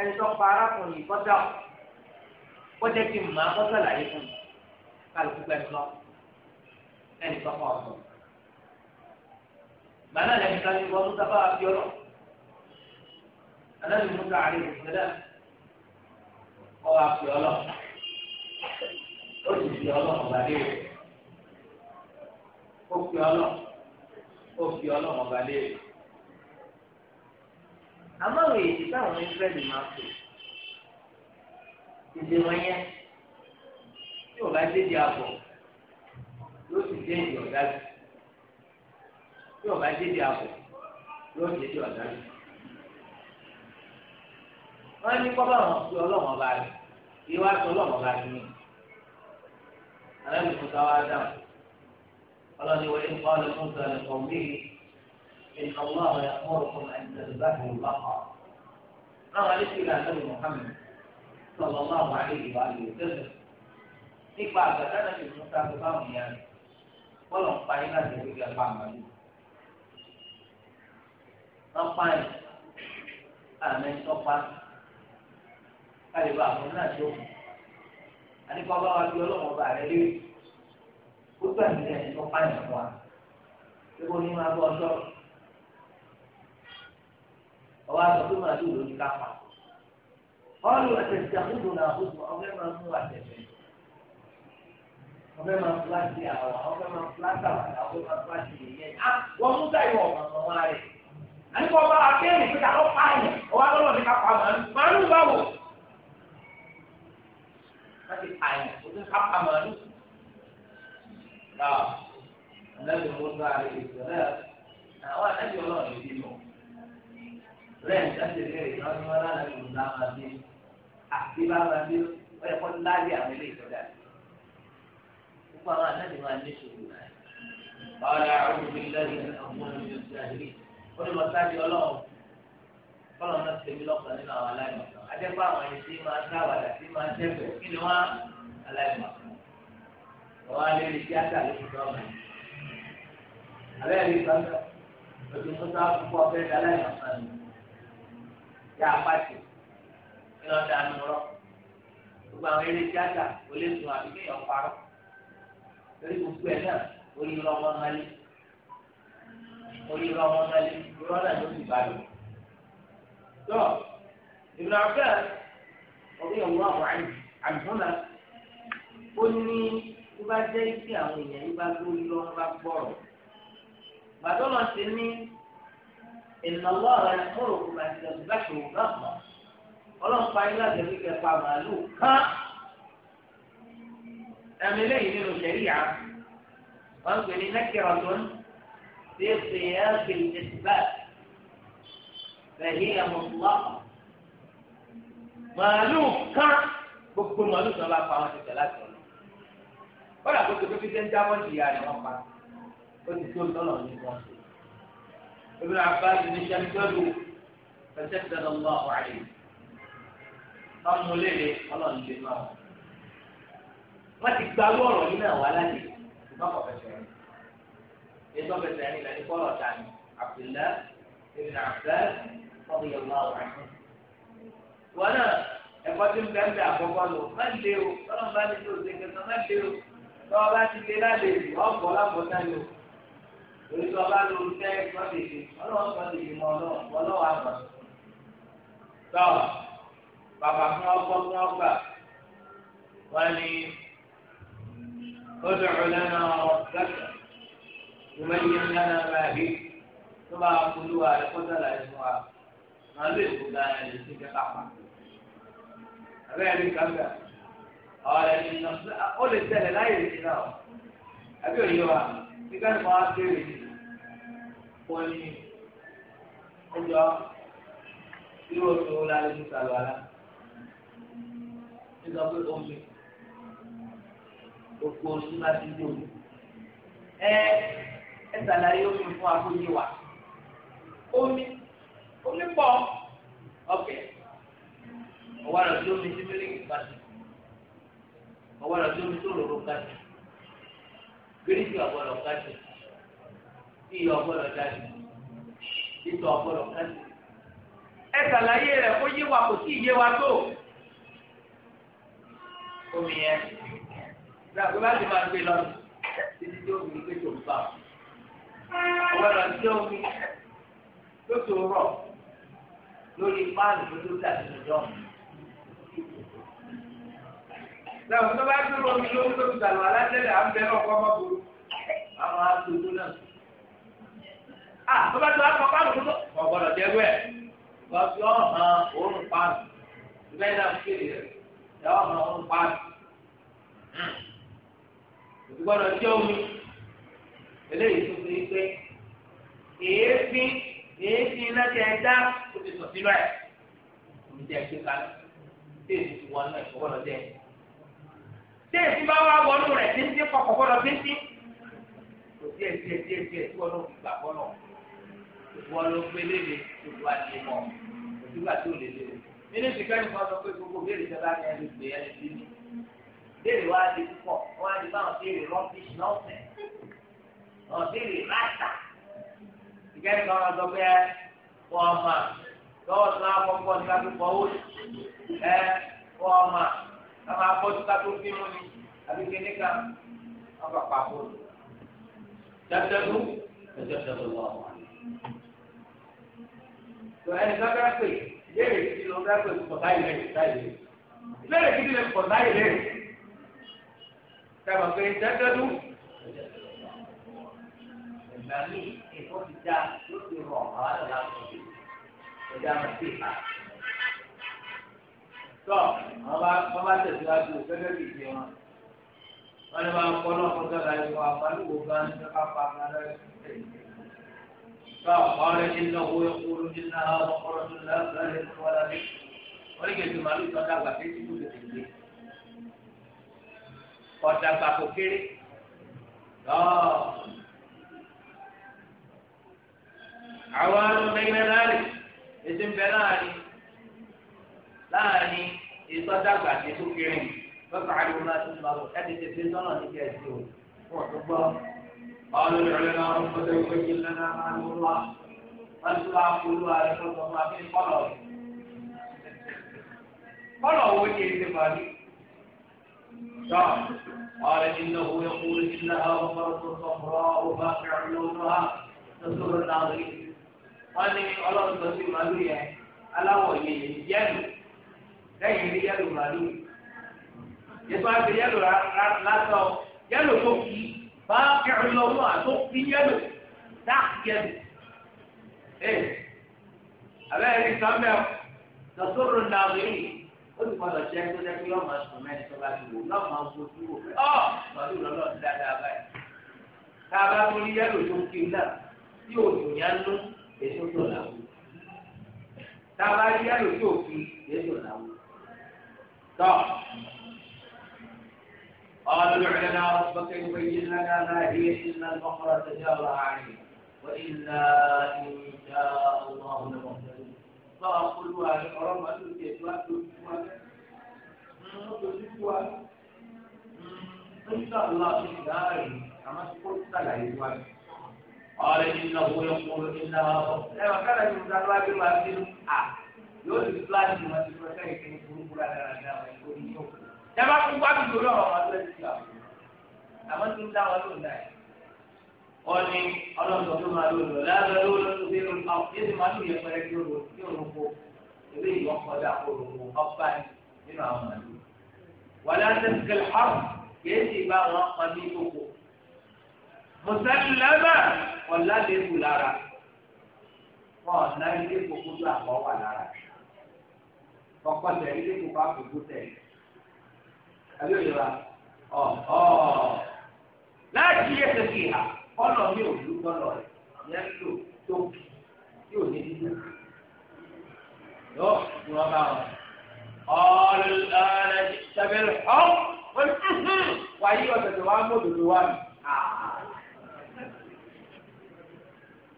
ẹni tó pa arákùnrin kọ́dà kọ́jà ti mọ kọ́dà láyé fún mi kálukú gbẹ̀mí lọ ẹni tó kọ́ ọ̀tọ̀ gbàdá lẹ́nu ká ní wọ́n mú bá fi ọ̀rọ̀ anáàlú mú sàárè ìṣẹ̀lẹ̀ ọ̀ wá fi ọ̀rọ̀ ó sì fi ọ̀rọ̀ ọ̀gbà dé rẹ̀ ó fi ọ̀rọ̀ ó fi ọ̀rọ̀ ọ̀gbà dé rẹ̀ àmọ́ àwọn èyí táwọn israẹli máa tò ìdè wọn yẹn tí ò bá dé di àbọ̀ yóò ti dé di ọ̀dà jù tí ò bá dé di àbọ̀ yóò ti dé di ọ̀dà jù wọn ní kọ́ bá wọn fi ọlọ́wọ́n bá rẹ̀ ìwà sọ ọlọ́wọ́n bá rẹ̀ ní alẹ́ nìkan ká wá dáhùn ọlọ́ni wọlé ń kọ́ ọ́ lọ́kùnrin ọ̀gbìn yìí. إن الله يأمركم أن تذبحوا البقرة أنا ليس إلى النبي محمد صلى الله عليه وآله وسلم nípa àgbàdá náà ti fún sáfù báwọn ìyá rẹ̀ bọ́lọ̀ ń pa iná ti wíwí apá màlú. wọ́n pa ẹ̀ àmì tọ́pa kálíbà àwọn náà tó kù. àníkọ́ bá wa bí ọlọ́wọ́ bá rẹ̀ lé gbogbo àti ẹ̀ tọ́pa ẹ̀ fún wa. gbogbo ní wọn abọ́ ọjọ́ rẹ̀ ọwọ́ àgbà tó máa lò lórí kápá ọlù àtẹ̀tẹ̀ àkókò náà àkókò ọfẹ́ máa mú àtẹ̀tẹ̀ ọfẹ́ máa fúláṣí àwọn ọfẹ́ máa fúláṣí àwọn ọfẹ́ máa fúláṣí yẹn á wọ́n mú táyọ̀ ọ̀gbọ̀n wọn rẹ̀ àníkọ́ ọba akéèrè pé káwọ́ pààyàn ọwọ́ àlọ́lọ́ ní kápá màálù báwò láti pààyàn ó ti kápá màálù. Náà, ànábì Mùsá àrè ìṣẹ̀lẹ̀ àwọn ànábì ọlọ́run ìbí mọ̀ bẹ́ẹ̀ ṣáṣẹ̀ lè rìn lọ́dún wọn lánàá lòun láwọn bí àti báwọn bí ó yẹ kó láyé àwọn ilé ìtọ́jà gbogbo àwọn àtàlẹ́ máa ní sùúrù ọ̀rẹ́ àwọn olùdílẹ́rìn àwọn olùdílẹ́rìn ó ní mọ̀ sáájú ọlọ́run kọ́lọ̀ náà ti tẹ̀mí lọ́kàn nínú àwọn aláìmọ̀tọ́ adẹ́pọ̀ àwọn ẹni tí máa sáwàdà tí máa tẹ̀fẹ̀ kí ni wọ́n aláìmọ̀tọ́ wọ́n á lé ní tíátà lóṣù tó ọ̀gbìn abẹ́rẹ́ ìgbàgbọ́ òtún mọ́tò àkókò ọ̀fẹ́ aláìmọ̀tọ́ ni tá a pàṣẹ kí lọ́ọ́ da nù rọ gbogbo àwọn eré tíátà kò lè sùn àbí kéèyàn parọ́ torí gbogbo ẹ̀ náà orí lọ́wọ́ náà lé orí lọ́wọ́ náà lé irọ́ náà ló sì bá lò. tó ìbùdó àfẹ́ ọ̀gbìn ọ̀wọ́ àwọn àdúrà ó ní tó bá jẹ́ kí àwọn èèyàn yìí bá lórí lọ́wọ́ bá gbọ́rọ̀ gbàdúrà ti ní ìnáwó ọ̀rẹ́ múrò pàṣẹ ìbáṣọ náà mọ̀ ọlọ́pàá ayé láti ẹ̀rí kẹfà màálù kán ẹ̀mí lẹ́yìn nínú sẹ̀ríyà wọ́n pè ní nẹ́kẹ̀rọ̀ tó ń bí èsì ẹ̀ẹ́fì ìdìbà ẹ̀yìn ẹ̀mọ̀tòwá màálù kán gbogbo màálù tó ń bá pa wọn ti tẹ̀ láti ọ̀nà kọ́dà tó ti pépé tẹ́ ń jábọ́ ìyá rẹ̀ wọ́n pa ó ti tó tọ́lọ̀ ابن عباس نشدده فشدد الله عليه ọmọ lele Ọlọ́run ti máa wọn ti gba owó ọ̀rọ̀ yìí náà wá láti ìgbà kọfẹsẹ rẹ ìgbà kọfẹsẹ rẹ lẹni kọlọ tani Abdullahi ibn Abbas ọmọ yẹn wá wá ní. wọn náà ẹ̀kọ́ tí ń bẹ ń bẹ àkọ́kọ́ lò má lè o Ọlọ́run bá ní tó ṣe kẹsàn má lè o lọ́wọ́ bá ti lé láti ọgbọ lágbọtá yìí o torí tí wọn bá lo iṣẹ́ ìgbọ́dẹ̀dẹ̀ ọlọ́wọ́ gbọ́dẹ̀dẹ̀ mọ ọlọ́wọ́ ọlọ́wọ́ àmọ́. tọ́ bàbá fún ọgbọ́n fún ọgbà wọn ni ó dọ̀rọ̀ lẹ́nu ọ̀rọ̀ lẹ́sẹ̀ ìwé yẹn lẹ́nu ọ̀rọ̀ àbí tó bá kúlú wa rẹ̀ kọ́tà láì fún wa wọn lè kó dáná lè ti kẹta pa. abẹ́rẹ́ kàgbà ọ̀rẹ́ ni ó lè tẹ̀lé láyé ìdí náà àbí òye wa nígbà tí wọ́n á kéré yìí wọ́n ní ọjọ́ irú oṣù wo la lè fi sàlọ̀ àlá nígbà pé omi gbogbo oṣù máa ti dùn ẹ ẹ sàlàyé omi fún akóyè wa omi omi pọ̀ ọ̀kẹ́ ọwọ́ àrùn tí omi ti mílíkì pàṣẹ ọwọ́ àrùn tí omi tó rọrùn kàṣẹ gírísì ọ̀gbọ́dọ̀ kàṣẹ tí ìyá ọgbọ́dọ̀ jáde títọ́ ọgbọ́dọ̀ kẹ́sì. ẹ sàlàyé rẹ̀ kó yé wa kò sí ìyé wa tó. omi yẹn gbàgbé bá ti máa gbé lọ títí tí omi gbé tó fà ó. ọgbọ́dọ̀ tí omi tó tó rọ̀ lórí páàlù tó tó dàbí lọ́jọ́ lẹ́yìn tó bá dúró omi lórí tó tó dàlú alásẹ̀lẹ̀ à ń bẹ̀rẹ̀ ọkọ̀ ọmọ burú àwọn aṣojú náà. A ah, tó bá kọ páànù tó tó wọ́n gbọ́dọ̀ jẹ́ wẹ̀ fi ọ̀hán òórùn páànù ìbẹ́ náà ń kéde rẹ̀ yà ọ̀hán òórùn páànù hmm. òtù gbọ́dọ̀ jẹ́ omi eléyìí tó fi pé èéfín èéfín náà ti ẹja ó ti sọ sílẹ̀ omi jẹ́ ẹgbẹ́ kalẹ̀ tí èsì ti wọ́n náà ìfọwọ́dọ̀ jẹ́ tí èsì bá wà wọnú rẹ̀ tí ń dín kọ̀kọ̀ kò tí náà fi gbà náà. wọ́n ló pélé lè gbogbo àti mọ̀ òtúgbà tó lè lè nínú ìfikẹ́ni kan sọ pé gbogbo béèrè ìjọba ni ẹni pè ẹni béèrè wa di púpọ̀ wọ́n á di báwọn béèrè rọ́bìṣ nọ́ọ̀sẹ̀ wọ́n béèrè ráta. kan sọ pé wọ́n mà lọ́wọ́ tó náà kọ́kọ́ ní ká tó kọ́ ó ẹ wọ́n mà ká máa kọ́ tó tó fi mú ni àbí kíní kan wọ́n kà pàbó. jẹ́jẹ́ ló jẹ́jẹ́ ló wà tò ẹni tó bá pè ìbéèrè gidi ló ń bá pè kò sáyé lẹ́yìn sáyé lẹ́yìn ìbéèrè gidi lè kò sáyé lẹ́yìn sábà pé dẹ́gbẹ́dú ìgbà míì èkó ti dá ló ti rọ̀ àwọn àlọ́ àkọ́bí ẹ̀dá máa ti hà tọ́ wọ́n bá tẹ̀síwájú gẹ́gẹ́ bí ìdí wọn wọ́n ní wọn kọ́ náà fún gàdá yìí wọ́n àpá níwò gan ní ká pa ká lọ́wọ́ فقال إنه يقول إنها بقرة لا فارغ ولا بكر oríkèéjì màálù tó dàgbà kéjì kó tètè gbé ọ̀dàgbà kò kéré lọ́ọ̀ àwọn arúgbẹ́gbẹ́ láàrin ètò ìbẹ́ láàrin láàrin ètò dàgbà kéjì kó kéré lọ́kàn àdúgbò náà tó ń bá wọ ẹni tètè sọ́nà níbi ẹ̀sìn o fún ọ̀dọ́gbọ́n. قال العلماء ربنا يبين لنا ما هو الله فاطلع قلوبها الى الله في قرار قرار هو الاتفاقي قال انه يقول انها بقره صفراء فاقع لونها تسر الناظرين قال لي الله تسير مالوية الا هو يلو لكن يلو مالوية يسوع يلو لا لا يلو فوقي باقي باقع اللوم تقيم إيه ايه أبقى يسمى تسر الناظرين قلت مرة شاهد لك يوم أشمعني طبعا تقول لما أصبحوا آه قالوا له لا لا أبقى تابعوا لي يلو يمكن لا يوم ينو يشوفوا له تابعوا لي يلو يمكن يشوفوا له قالوا لعلنا ربك يبين لنا ما هي إن البقرة تجارى عليه وإلا إن شاء الله لمهتدون فأقولها لحرم أتوكيت وأتوكيت فإذا الله في داري كما قلت له قال إنه يقول إنها بقرة أيوة، كان من ذلك ما في الأرض آه، يقول الإسلام ما في الأرض يقول الإسلام dábàá fún wá bí lórí ọ̀rọ̀ ọmọdé lẹ́sìn ìgbà àmọ́ tó ń dá wọn lóun náà wọ́n ní ọlọ́sọ̀ tó máa lóun lọ lábẹ́ lóun lọ́sọ̀ bí irun pa yé ti máa lóun yẹ pẹ́rẹ́ kí orun kí orun kó ewé ìwọ́n kọjá orun kó ọba nínú àwọn màlúù. wọ́n lọ sí sikẹ́lì hàn yé ti bá wọn kan ní ìkókò. mùsàlùmá ọ̀la lára wọn ọ̀nà ilé kókó àbí òye wa ọ̀ ọ̀ láti yẹ kẹ̀kẹ́ ìhà kọ́nà mi ò lù kọ́nà rẹ̀ yẹn lò tó kì tí ò ní nínú. yóò ní wọn bá wọn. ọ̀ọ́lẹ̀ ṣẹ̀bẹ̀rẹ̀ ọ́ wọ́n wáyé ọ̀tẹ̀tẹ̀ wa mú òdòdó wa mi.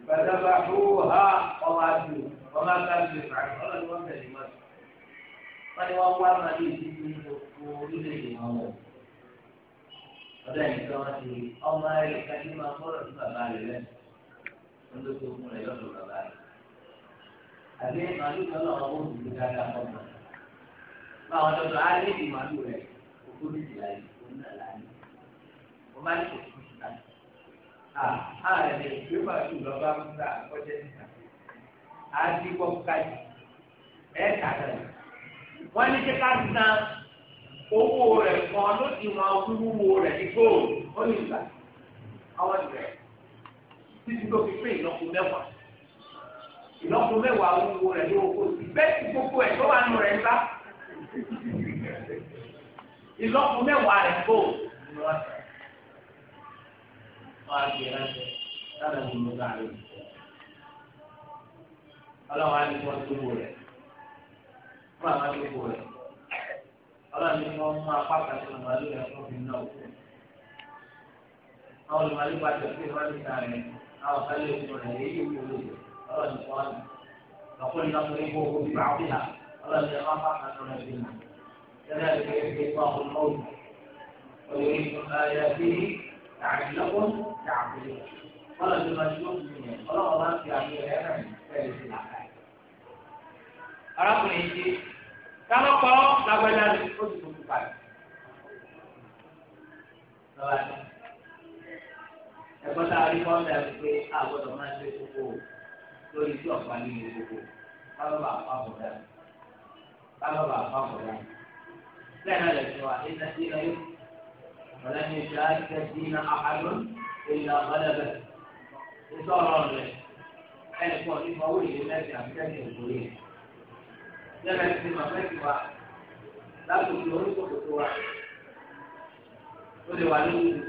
bàtà bàtà ó ha ọmọ àti ọmọ àti àti wọ́n ní wọ́n wá màálù yìí ní gbogbo orílẹ̀-èdè wọn wọ̀. ọ̀dọ́ ẹ̀nìkan wọn ti ọmọ rẹ̀ kájú máa gbọ́dọ̀ sí bàbá rẹ̀ lẹ́nu wọ́n ló tó fún rẹ̀ lọ́dọ̀ bàbá rẹ̀. àbí màálù kan náà wọ́n wọ́n ti dáadáa fún wọn. bá àwọn dọ́dọ̀ á lé màálù rẹ̀ òkú ní ìlà yìí òun náà láàyè. wọ́n máa ní kò sí ìta. à á rẹ̀ gbé màálù lọ bá fún wọ́n ní kíkà san owó rẹ̀ kan lódiwọ̀n wúwo rẹ̀ ní góòlù ó ní ìgbà àwọn ìbẹ̀rẹ̀ títí tó fi pé ìlọ́po mẹ́wàá ìlọ́po mẹ́wàá wúwo rẹ̀ ló kó sí bẹ́ẹ̀ tí gbogbo ẹ̀ fún àwọn akẹ́kọ̀ọ́ rẹ̀ ọlọ́run ní wọ́n mú apá kan nínú màálù rẹ̀ fún mi náà wò. àwọn olùmọ̀lẹ́ bá jọ pé wọ́n ní sáré àwọn kálí òkun rẹ̀ èyí òkú olóògbé ọlọ́run ní wọ́n ní. lọ́kùnrin náà fún ikú owó bíbá ọ̀hún là ọlọ́run ní wọ́n apá kan nínú rẹ̀ bímọ. sẹ́dá lè fẹ́ fi fún àwọn ọmọ òkú. òyìnbí ayé fi tààdínlọ́gbọ̀n tààdínlọ́ ọlọ́run ní wọ́n ti lókun yẹn ọlọ́run bá ń fi àmì rẹ̀ rẹ̀ fẹ́ẹ́ kálọ́pọ̀ làgbẹ̀dá ni ó ti tuntun pa ẹ̀gbọ́n tá a rí kọ́ ọ́nà pé a gbọ́dọ̀ máa ṣe kókó lórí tí ọ̀pá nínú kókó kálọ́bà àpapọ̀dá kálọ́bà àpapọ̀dá bẹ́ẹ̀ náà lè sọ àdínà dínà yìí ọ̀lẹ́ ní ìṣe àdínà dínà àhàdùn èyí àgbàdàbẹ̀ nítorí ọ̀rọ̀ rẹ̀ ẹnì kan nípa owó ìlú mẹ́sì àti kẹ́kẹ́ ìgbòrí rẹ̀. lẹ́nu ẹ̀sìn mọ̀fẹ́tì wa látòkè oníkòkòtò wa ó lè wà lóṣù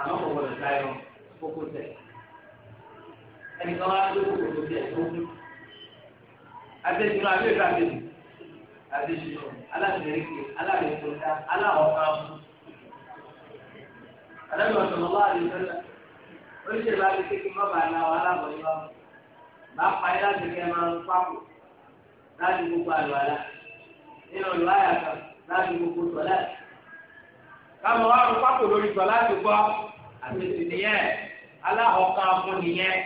àmọ́ kò gbọdọ̀ tayọ kókó tẹ̀. ẹnì kan wá ló kòkòtò bí ẹ̀kọ́ kú. adéjúná abéèkó abéèkó adéjúná alábẹ̀rẹ̀kẹ̀ alábẹ̀rẹ̀kẹ̀ aláwọ̀ká fún. àdàbí ọ̀sán ọlọ́ àdìsẹ́lẹ̀ pa láti máa ń láti gbogbo àlùwàlá nínú ìlú àyàkà láti gbogbo sọlá káwọn wá rún pákó lórí sọlá ti gbọ́ àtẹ̀sí nìyẹn aláhọ̀ọ́ká fún nìyẹn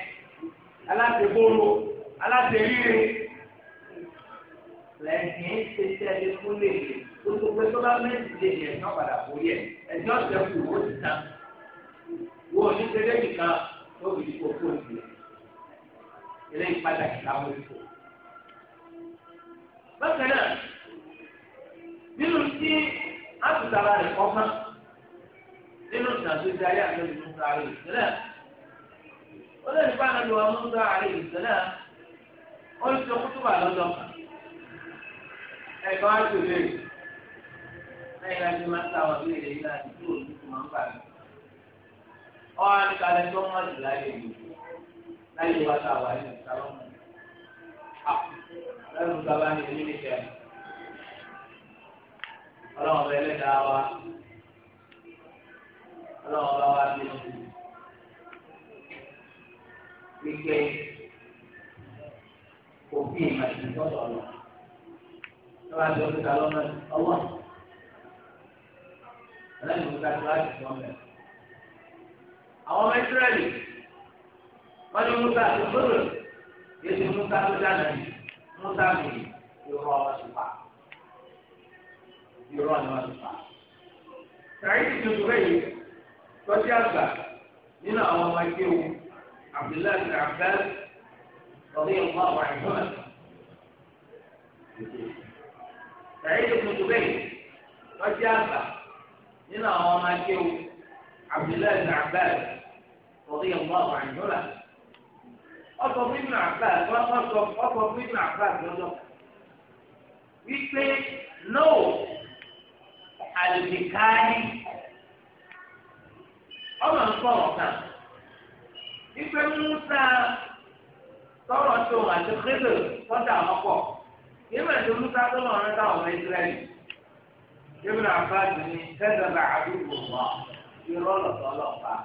alátẹ̀bóró alátẹ̀ríire lẹ́yìn ṣẹṣẹ́ ẹni fún lèlè gbogbo pé tó bá mẹ́tì lè yẹ ẹ̀sán padà kó yẹ ẹ̀sán ọ̀sẹ̀ kù ó ti tán wọ́n ní sẹ́dẹ̀ẹ́dì kan tó fi kó kó ìgbé eléyìí pàtàkì láwọn ìfọ̀. bákan ndị nínú tí àtúntàlá rẹ̀ kọ́ fún nínú ìtàkùnjẹ ayé àtẹ̀lẹ́ Musa àrẹ ìṣẹ̀lẹ̀ ó lè ní báyìí lọ́wọ́ Musa àrẹ ìṣẹ̀lẹ̀ ó ń sọ láti máa ta yìí láti tó máa ń bà mí àti tó jù láyé láyé a wà ní lẹ́nu sábà ní ìlú nìkẹ́ ọlọ́run ọba ẹlẹ́dàá wa ọlọ́run ọba wa bí oṣù wípé kò fi ìmọ̀ ìdíjọ́ sọ̀rọ̀ lọ́wọ́ àti ọ̀sẹ̀ kalọ́ náà ọwọ́ ọlọ́run ọba tó láti sọ mẹ́. àwọn ọmọ ìsírẹ́lì wọ́n ní musa àti gbọ́dọ̀. yéésù musa ló dá nàbí musa mi irọ́ wọn ti pa irọ́ ni wọn ti pa. sàyíǹsì tuntun rẹ̀ yìí tọ́jú àgbà nínú àwọn ọmọ ẹgbẹ́ wo abdullahi bin abdul ọdún yẹn wọn wà ẹ̀fọ́ ẹ̀. sàyíǹsì tuntun rẹ̀ yìí tọ́jú àgbà nínú àwọn ọmọ ẹgbẹ́ wo abdullahi bin abdul ọdún yẹn wọn wà ẹ̀fọ́ ẹ̀. ọkọ fíìmù àgbà ọkọ ọkọ fíìmù àgbà lọ́dọ̀ wípé no àlùkìkárí ọmọ nǹkan ọ̀kan wípé musa tọrọ tó àti kéde kọjá ọkọ yíyá tó musa tó lọ rẹ táwọn ọmọ israẹli yíyá àgbà tó ní kẹsàn-án àdúgbò wọn irọ́ lọ́tọ́ lọ́pàá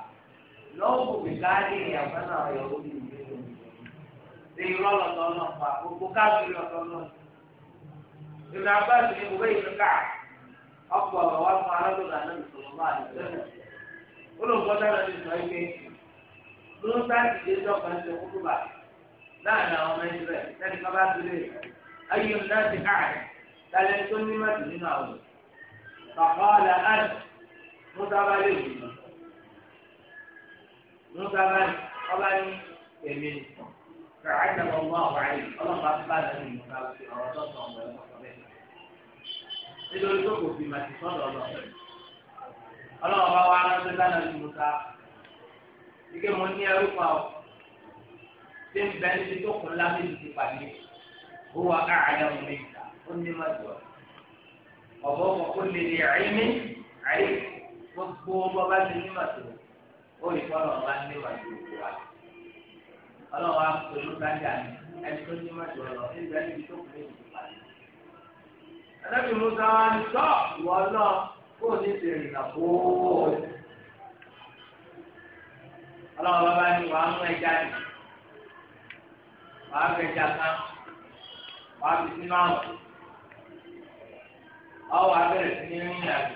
lọ́wọ́ bùkárì àgbà náà yọ̀ wọ́n nìyí. ṣe irọ́ lọ́tọ́ náà pa gbogbo káàkiri lọ́tọ́ náà. ìrìn abáàlì ni òwe ìfẹ́ká ọ̀pọ̀ ọ̀rọ̀ wá fún arábìnrin na ìṣòwò àdìsẹ́nà. ó ló ń dára ní ìsọ̀ ike ló ń sáà dé sọ́kàn ṣe bá láàrin àwọn ọmọ ti ayé tó ní nínú àwọn. bàbá bá lè wù bá ọba ní فعتب الله عليه الله قد بعد من مكافئ ورزقهم ويرزقهم nínú ìjókòó fi màtí sọ́dọ̀ lọ. ọlọ́wọ́ bá wá ránṣẹ́ lánàá ní musa ike mo ní ẹrú ọlọ́wọ́ pẹ̀lú kájà ẹni tó ní májọ lọ nígbà níbi tó kù níbi ìpàdé. ẹlẹ́bi musa wa ni tọ́ ìwọ náà kó o ní ṣe ìrìnà kóó. ọlọ́wọ́ bàbá ni wàá mú ẹja ni wàá fẹja kan wàá fi sínú àwọn ọwọ́ abẹ́rẹ́ sí ní rìn àjò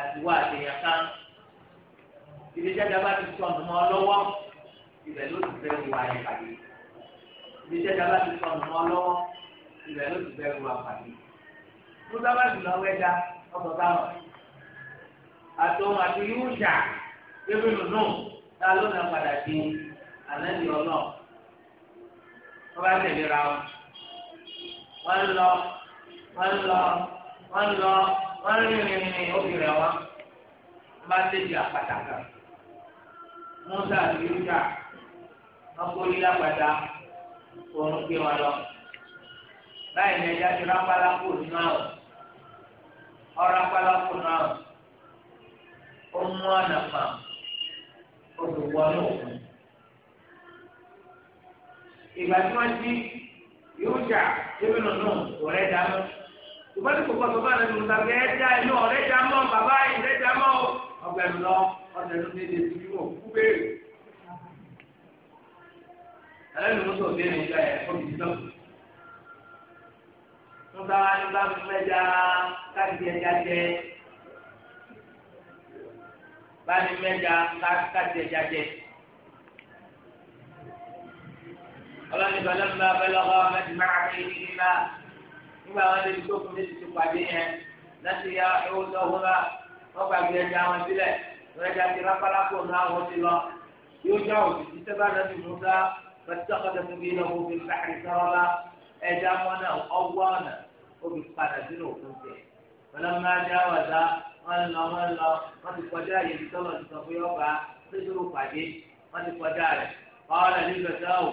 àti wá àtẹ̀yàn kan ìdíjáde abá ti sọ̀nù mọ́ ọ lọ́wọ́ ibẹ̀ ló ti bẹ̀rù wa yẹn pàdé ibi tẹ́ ta bá ti sọ ọ̀nà wọn lọ́wọ́ ibẹ̀ ló ti bẹ̀rù wa pàdé musa bá dùn lọ́wọ́ ẹja ọ̀sọ̀ táwọn àtọ̀hún àti yóò ṣà ebi nùnú ta ló nà padà sí ànáni ọlọ́ wọ́n bá tẹ̀lé ra wọn wọ́n lọ wọ́n lọ wọ́n lọ wọ́n rìnrìn obìnrin wọn bá tẹ̀lé àpàtàkà musa àti yóò ṣà wọn kó lílá gbàdá oorun gbé wọn lọ láì ní ẹja ti rápálá kó nínú àwọn ọ̀rọ̀ rápálá kó nínú àwọn ó mú ọ̀nà kan ó sì wọnú òkun ìgbà tí wọ́n ti yóò jà débi nínú ọ̀rẹ́ dáná ìgbà tí kòkòrò bá rẹ̀ lùtà bí ẹ já inú ọ̀rẹ́ bàbá ìrẹ́ dáná ọgbẹ̀rún lọ ọ̀sẹ̀ ló ní èdè alẹ́nu mọ́tò ọ̀dẹ́ mi gba ẹ̀ fún mi náà. wọ́n bá wá ní bá mi fẹ́ já káàdì ẹja jẹ. bá mi mẹ́ja ẹja jẹ. ọlọ́ni bàlẹ́ mi máa fẹ́ lọ́kọ́ mẹ́tì máa fi ní bá. nígbà wọn lè tó fún mi ti pàdé yẹn láti ya ewu tó wọ́n bá wọ́n gbàgbé ẹja wọn sílẹ̀ wọ́n ẹja ti rápálákò náà wọ́n ti lọ. yóò já òtítí sẹ́bà náà ti mú sáà. فاتخذ سبيله في البحر سربا أجامنا أوانا وبقنا سنو كنتين فلما جاوز قال لا قال قد قدار يتولى الصفيوبا تجروا قدي قد قدار قال لفتاه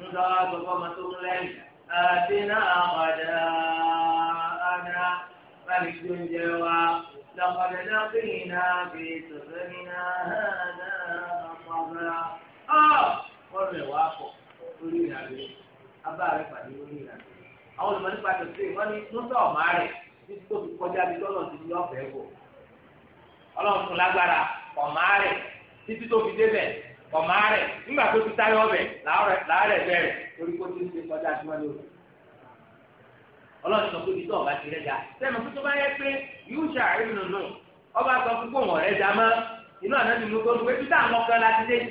نزار فقمة لن آتنا غداءنا فلك جوا لقد لقينا في سفرنا هذا قبلا آه قل واقف lórí ìrìnàjò abá pàdé lórí ìrìnàjò àwọn olùmọ̀ nípa tó ṣe wọ́n ní ló sọ ọ̀mà rẹ̀ títí tó fi kọjá bí lọ́nà ti ní ọ̀fẹ́ wò ọlọ́run fún lágbára rẹ̀ títí tó fi débẹ̀ ọ̀mà nígbà tó ti táyọ̀ ọbẹ̀ bẹ̀rẹ̀ torí kó ń ṣe kọjá ní òkè ọlọ́run sọ pé ibi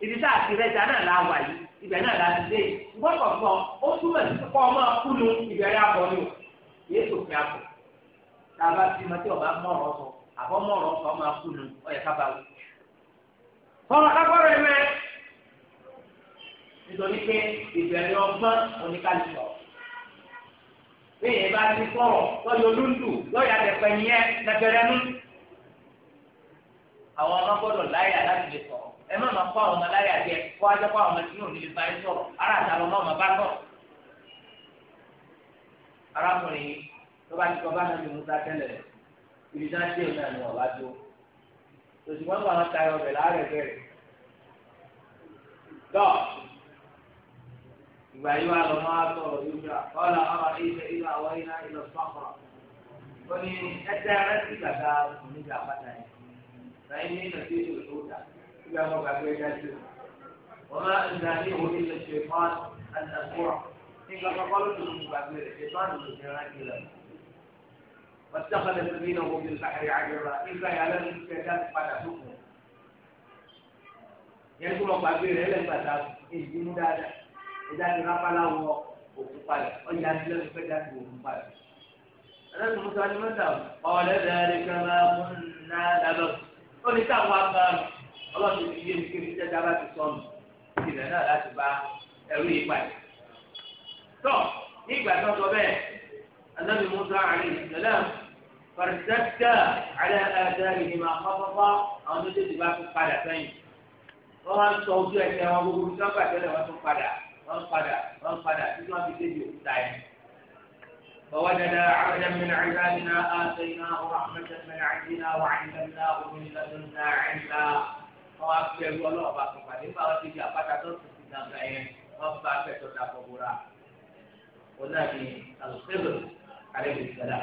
ibi tá a ti rẹjà náà la wà yìí ibẹ̀ náà la ti dé gbọ́dọ̀ fọ ó túmọ̀ sí kọ́ ọmọ kúnu ìbẹ̀rẹ̀ abọ́ ni o yéé sòfin abọ́ tá a bá fi ma tí ọba mọ̀rọ̀ sọ àbọ̀ mọ̀rọ̀ sọ ọmọ kúnu ọyẹ ká bá wù. kọ́mọ kákọ́rọ̀ ẹ̀ mẹ́ nítorí pé ìbẹ̀rẹ̀ ọgbọ́n oníkàlùsọ̀ bẹ́ẹ̀ yẹn bá ti sọ̀rọ̀ lọ́yọ̀ lúndù lọ́yà tẹ̀pẹ̀ yẹn lẹ́fẹ̀rẹ̀ mú àwọn ọmọ gbọ́dọ̀ láyà láti lè sọ̀rọ̀ ẹ má ma kó àwọn ọmọ láyà díẹ̀ ajọ kó àwọn ọmọ níbi báyìí sọrọ ara àtàlọ náà máa bá sọ̀rọ̀. arákùnrin tó bá ti kọ bá musa ibi náà ni ọba tó òṣùwọ̀n bá wọn tayọ ọbẹ̀ láàrẹ̀ bẹ̀rẹ̀ tọ́ ìgbà yìí wà lọ́mọ́ àtọ̀rọ̀ yóò gbà ọ̀là àwọn iná sọ́kọ̀rọ̀ ní rẹ̀ gbàgbà إلا مبعد ويجازل وما أنزانيه إلا الشيطان الأسبوع إن فقالوا لهم مبعد الشيطان بالجنان إلى واتخذ سبيله في البحر عجبا إلا يعلم الشيطان قد حكمه yẹn tó lọ gbàgbé rẹ lẹgbàdà èyí mú dáadáa ìdájọ rábàlà wọ òkú padà ọjà nílẹ̀ ló fẹ́ dájú òkú padà. ẹlẹ́sìn musa ni mẹ́ta ọ̀rẹ́ bẹ̀rẹ̀ kẹ́mẹ́ ọ̀hún náà dábẹ́ ó ní táwọn agbára ọlọ́run ti yé mi kí mi tẹ́tà bá ti sọnù ìbẹ̀ náà láti bá ẹrú yìí pàdé. tọ́ nígbà tó sọ bẹ́ẹ̀ anábì musa àlè ìsìlẹ̀m fàrìsẹ́tà àlẹ́ àdáyé ni màá fọ́fọ́fọ́ àwọn méjèèjì bá tún padà sẹ́yìn. wọ́n wá ń sọ ojú ẹ̀sẹ̀ wọn gbogbo sábà tẹ́lẹ̀ wọ́n tún padà wọ́n padà wọ́n padà títí wọ́n fi débi òkúta yẹn. فوجد عبدا من عبادنا آتيناه رحمة من عندنا وعلمناه من لدنا علما wọn wá fi ẹrú ọlọ́run bá tó pàdé nígbà wọn ti di àpáta tó ti ti dàgbà yẹn wọn bá fẹ́ tó da kọ̀bùrà wọn náà ní alùpùpù kárẹ́ lè gbẹ́dà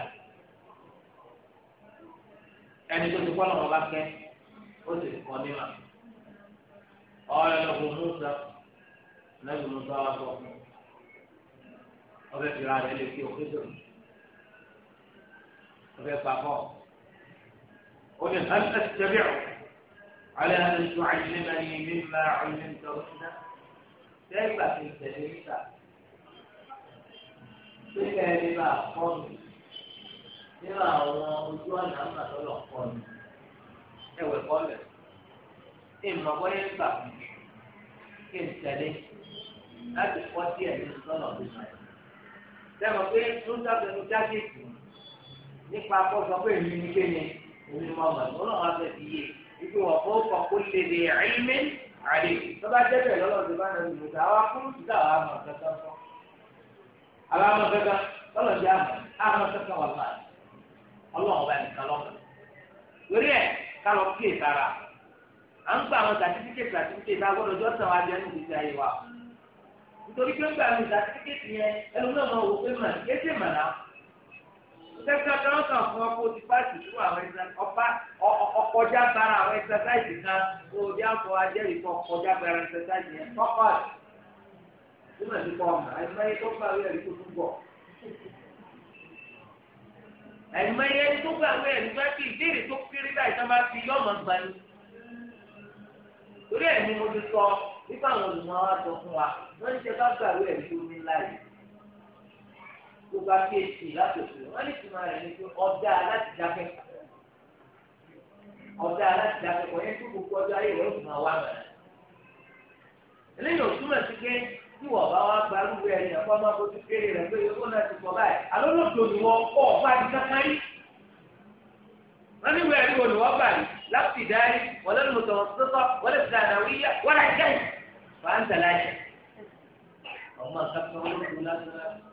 ẹni tó ti kọ́ lọ́wọ́ bá fẹ́ ó sì kọ́ níwà ọ̀rẹ́ lọ́gbọ̀n mùsà lẹ́gbọ̀n mùsà wà sọ fún ọbẹ̀ fìlà rẹ̀ lè fi òkè tó ọbẹ̀ pàpọ̀ ó ní hàn ẹ̀sì ọ̀. على أن تعلمني مما علمت رشدا تابع في التدريس تلك ربا قومي ربا وجوانا أما تلو قومي ẹwẹ kọlẹ ìmọ̀ bọ́yá ń bà kí n tẹ̀lé láti kọ́ díẹ̀ ní sọ́nà ọ̀dùnmá yẹn. sẹ́wọ̀n pé ló ń dábẹ́nu jákèjì nípa kó sọ pé èmi ní kéde èmi ni mo mọ̀ ní ọlọ́run á fẹ́ fi yé e. ibi wọ̀ fún kọ̀kú lè lè ẹ̀mí àlè tọ́ba jẹ́ bẹ̀rẹ̀ lọ́lọ́ bá nàá lùdà wá fún ìdá àwọn àmọ̀ kankan fún. àwọn àmọ̀ kankan lọ́lọ́ ti àmọ̀ kankan wà láàyè ọlọ́run bá nìkan kálọ̀ kí à ń sàn ìgbésí ayé wa. nítorí pé ń yẹn ẹlòmíràn máa wò pé màá sẹ́kítà tó ń kàn fún ọkọ̀ ti pàṣẹ tó àwọn ọba ọkọjá bara àwọn ẹ̀sẹ̀sáìsì kan òdi àpò ajẹ́rìí kan ọkọjá bara ẹ̀sẹ̀sáìsì yẹn tọ́pọ̀ tó mọ̀ nípa ọmọ àìmọye tó gbà wíyà nípa tó gbọ̀. àìmọye tó gbà wíyà nípa kí ìbéèrè tó kéré báyìí tó máa fi yọ̀mọ̀ gbani. torí ẹ̀ ni mo ti sọ nípa àwọn olùmọ̀ wa sọ fún wa wọ́n tó bá ké sí láti òkèèrè wọn lè túmọ̀ rẹ̀ ní pé ọjà láti dákẹ́ ọjà láti dákẹ́ kọ̀ yẹn tó gbogbo ọjọ́ ayé rẹ̀ ó tún máa wá mẹ́rẹ̀. eléyìí ò túmọ̀ sí pé tí wọ́n bá wá gba lúwẹ̀ ẹ̀yìn ẹ̀kọ́ máa fojú kéré rẹ̀ pé ó náà ti pọ̀ báyìí alólòdò ni wọ́n kọ́ ọ̀gbá di kankan yìí. wọ́n ní wẹ́ẹ̀ ní olùwọ́ gbà yìí láti dárí wọ́n lẹ́nu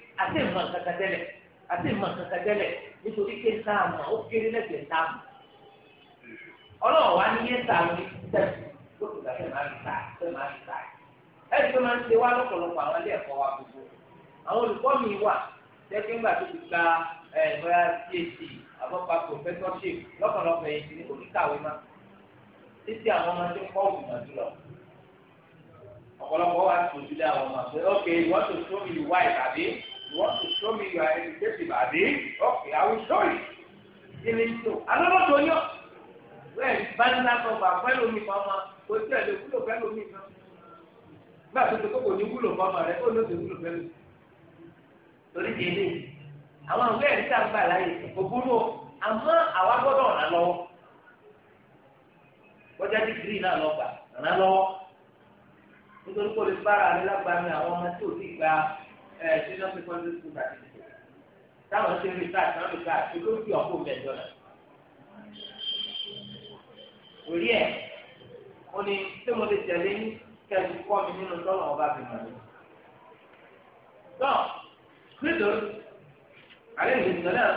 àti ìmọ̀ kankan tẹ́lẹ̀ àti ìmọ̀ kankan tẹ́lẹ̀ nítorí pé sáàmù ó kéré lẹ́sẹ̀ sáàmù ọlọ́run wa ní yé sáàmù ní sẹ́ẹ̀sì tó kù máa fi máa fi máa ń ṣe wá lọ́pọ̀lọpọ̀ àwọn ilé ẹ̀kọ́ wa gbogbo àwọn olùkọ́ mi wà ńgbà tó ti gba phd àbọ̀pá professorship lọ́pọ̀lọpọ̀ ti ní má títí àwọn ọmọ tó kọ́ àti wa You want to show me your are educated, Okay, I will show you. Give it to. I don't know to you. Well, Banza sọ fà pẹ́lú mi fọ́mà, kò sí ẹ̀dẹ̀ wúlò pẹ́lú mi fọ́mà. Bá a tó ti kó kò ní wúlò fọ́mà rẹ̀, ó ló ti wúlò pẹ́lú. Torí ti ilé, àwọn àwọn ẹ̀rí tá a gbà láyè kò búrò, àmọ́ àwa gbọ́dọ̀ ràn lọ́wọ́. Bọ́jà dígírì náà lọ gbà, ràn lọ́wọ́. Nítorí kò lè bára rẹ̀ lágbàá mi àwọn ọmọ tí ò ẹ senior secondary school certificate táwọn ṣe ń rí káàkiri wọn rí káàkiri olóògbé ọkọ mẹ́jọ náà orí ẹ mo ní tí mo lè tẹ̀lé ní kẹ́ẹ̀sì kọ́ mi nínú tọ́lọ̀ ọba bìnnà mi. náà nítorí àlẹ́ ìgbésí náà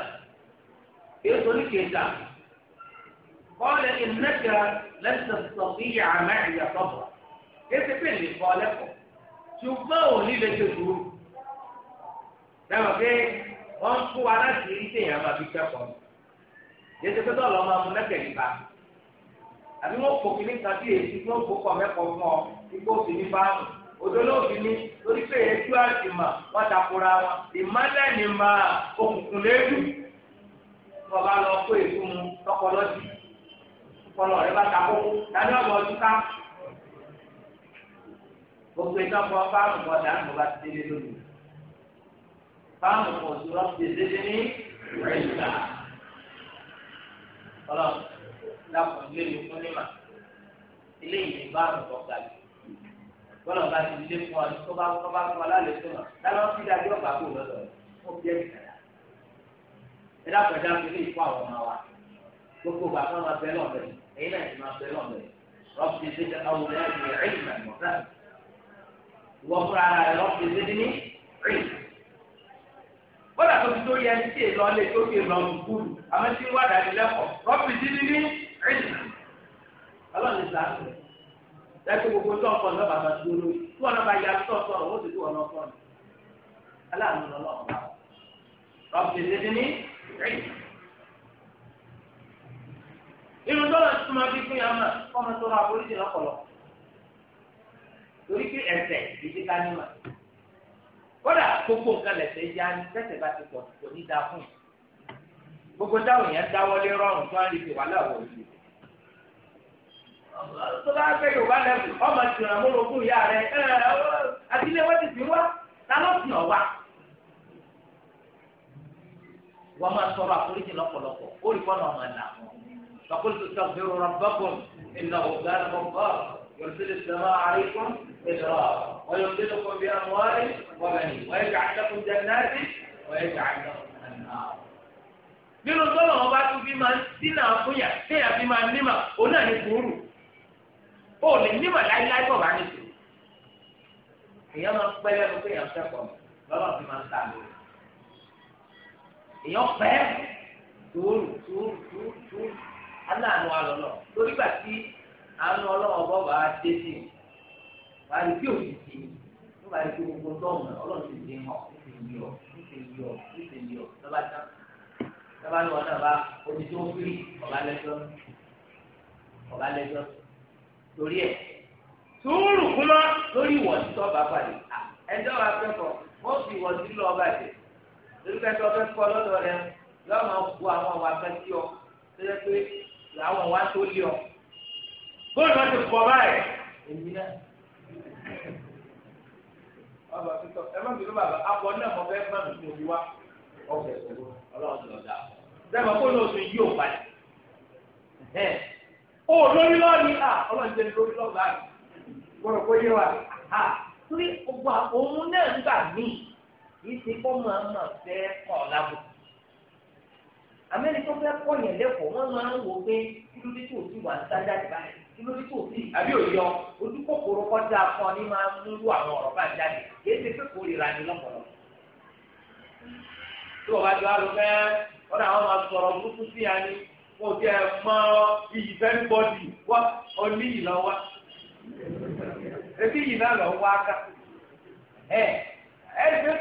kìí sọ ní kìíta kọ́lẹ̀ ìnẹ́kẹ̀rẹ́ lẹ́sẹ̀ sọ̀bíyà àmẹ́rìyà sọ̀bọ̀ kìí ṣe pé lè kọ́ lẹ́kọ̀ọ́ ṣùgbọ́n òní lè ṣe dúró sẹ́wọ̀n pé wọ́n kó wa láti rí téèyàn máa fi kẹ́kọ̀ọ́ yẹtí pé tọ́lọ̀ máa mú mẹ́tẹ̀lì bá àbí wọ́n kò kíní kan sí èyí tí wọ́n kó kọ̀ mẹ́kọ̀ọ́ fún ọ ikú òsì ní báàmù odolóògì ni lórí pé ètú àti mà wọ́n takora wọn ìmọ̀lẹ́ ni mà òkùnkùn léèdù tó bá lọ kó èkú mu tọkọ lọ́sì kọlọ̀ rẹ bá takó dání ọ̀gbọ̀n ọdún ká gbogbo ìtọ́kọ̀ fáàmù ọ̀dà àti bàbá ti délé lónìí fáwọn ọmọ tí wọn ti dédé ní rẹ̀dà ọlọ dàpọ̀ ilé mi fún nímà ilé yìí bá àrùn kọ gàlù bọ́lá bá ti dé fún wa tó bá tó bá fún wa lálẹ́ tó nà dáná fi dájú ọgbà kó lọ́dọ̀ ó bí ẹ̀sìn kàdá ẹ dàpọ̀ ẹ̀dá fi lè àwọn ọmọ wa gbogbo bàbá wọn máa bẹ lọ́bẹ̀ ẹ̀yin náà ti máa bẹ lọ́bẹ̀ rọ́bì ti dé àwọn ọmọ ẹ̀ ẹ̀yìn mọ̀ náà ìwọ fúnra rẹ̀ rọ́bì ti dé ní rìn bọ́dà tó fi tó yẹ ẹni tí è lọ lé tó fi lọ nùkúlù àmọ́ tí wọ́n dàbí lẹ́kọ̀ọ́ rọ́bì dídí ní ẹ̀yìn ọlọ́run ní sàánù rẹ̀ dájú gbogbo tó ń kọ́ ní ọba àti olórí tí wọn bá ya tó sọ owó tó tó wọn lọ́kọ́ ni aláàánú lọ́lọ́run bá rọ́bì dídí ní ẹ̀yìn. inú dọ́là tó máa fi fún yàrá kọ́ máa tó ra àforíjì lọ́pọ̀lọpọ̀ torí pé ẹ̀sẹ̀ ìdíkanímọ̀ kódà gbogbo nǹkan lẹ̀sẹ̀ yá ni tẹ̀sẹ̀ bá ti pọ̀ kò ní da fún yìí gbogbo táwọn èèyàn dáwọ́lé rọrùn tó ń rí ti wà láwọ̀ òsì tó bá fẹ́ yorùbá lẹ́kùn ọmọ ìtura mọ́ ogún ìyá rẹ àti ilé wọ́n ti fi wá ta ló fi hàn wá. wọ́n máa sọ̀rọ̀ àforíjì lọ́pọ̀lọpọ̀ ó rí kọ́nà ọmọ ẹ̀dá wọn. sọ́kúlù tó sọ̀rọ̀ bí rọrọ̀ bọ́kùn ìnáwó gbàgbọ́ bọ́ọ̀lù. يرسل السماء عليكم مدرارا ويمددكم بأموال وبنين ويجعل لكم جنات ويجعل لكم أنهارا nínú tọ́lọ̀ wọn bá tún fi máa ń sínà fúnyà téèyàn fi máa nímà òun náà ní sùúrù ó lè nímà láíláí bọ̀ bá ní sùúrù. èèyàn máa ń pẹ́ lẹ́nu pé èèyàn fẹ́ pọ̀ lọ́wọ́ fi máa ń ta lórí. èèyàn pẹ́ sùúrù sùúrù sùúrù sùúrù aláàánú alọ́lọ́ lórí gbà tí àánú ọlọ́wọ́ bọ́ bá a dé sí i rí bí òsì sí i ló rí bí gbogbo dọ́ọ̀mù ọlọ́run ti dín ọ ní ti yí ní ti yí ní ti yí lọ́ba tán lọ́ba ní wọn náà bá omi tó ń fi ọ̀bá lẹ́jọ́ ọ̀bá lẹ́jọ́ torí ẹ̀ sùúrù kúmọ́ lórí ìwọ̀sí tó bá pàdé ẹjọ́ wa kẹ́kọ̀ọ́ wọ́n fi ìwọ̀sí lọ bàjẹ́ torí kẹ́kọ̀ọ́ kẹ́kọ̀ọ́ lọ́dọ̀ rẹ yọ bóyá wọn ti pọ̀ báyìí. ọba pípọ̀ ẹ má bínú bàbá akọ náà mo fẹ́ bá mi wá ọbẹ̀ ìṣòro ọlọ́run ti lọ dà á. sẹ́mi kó ní oṣù ò o lórí à ọlọ́run lórí gbọ́dọ̀ kó yé wa ah, torí òun náà ń gbà mí àmẹ́ni tó fẹ́ yẹn lẹ́kọ̀ọ́ wọ́n máa ń wò kí ló ní kò sí àbí òyọ ojú kòkòrò kọjá ní máa ń àwọn ọ̀rọ̀ bá jáde kìí ṣe pé kò lè ra ní lọ́pọ̀lọpọ̀. tí wọ́n bá àwọn máa sọ̀rọ̀ burúkú sí ya ni ti ẹ̀ mọ iyì fẹ́ẹ́ wá lọ wá náà lọ wá ká ẹ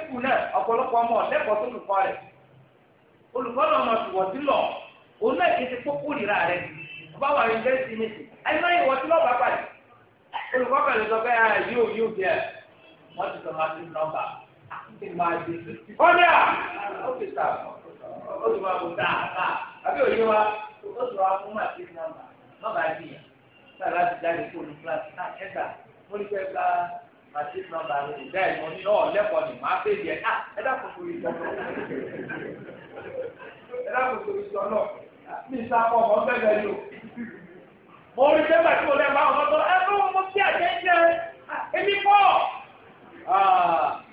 kù náà ọ̀pọ̀lọpọ̀ ọmọ lẹ́kọ̀ọ́ tó lùkọ́ rẹ̀ olùkọ́ náà bá wà ní jẹ́sí mi ẹni máa yẹ wọ́n tí lọ́ọ̀bà pàdé olùkọ́ pẹ̀lú sọ pé ẹ yóò yóò jẹ wọ́n ti sọ máa ti nọ́mbà ah, ó ní à ó sà ó ti máa àbí òye wa ó ti wá fún máa ti nọ́mbà nọ́mbà ti yàn sáà láti jáde kó olú kíláàsì náà ah, ẹ̀dá mo ní fẹ́ ah, máa ti nọ́mbà rẹ̀ bẹ́ẹ̀ mo ní ọ̀ oh, lẹ́kọ̀ọ́ ni máa fẹ́ yẹ ẹ̀dá kòkòrò ìjọ náà [LAUGHS] ẹ̀dá náà. mi sábọ̀ ọmọ bẹ̀rẹ̀ yìí o. mo rí dẹ́gbà tí mo lẹ́gbàá ọmọ tó ẹ fún mo sí àjẹ́ jẹ́ èmi pọ̀.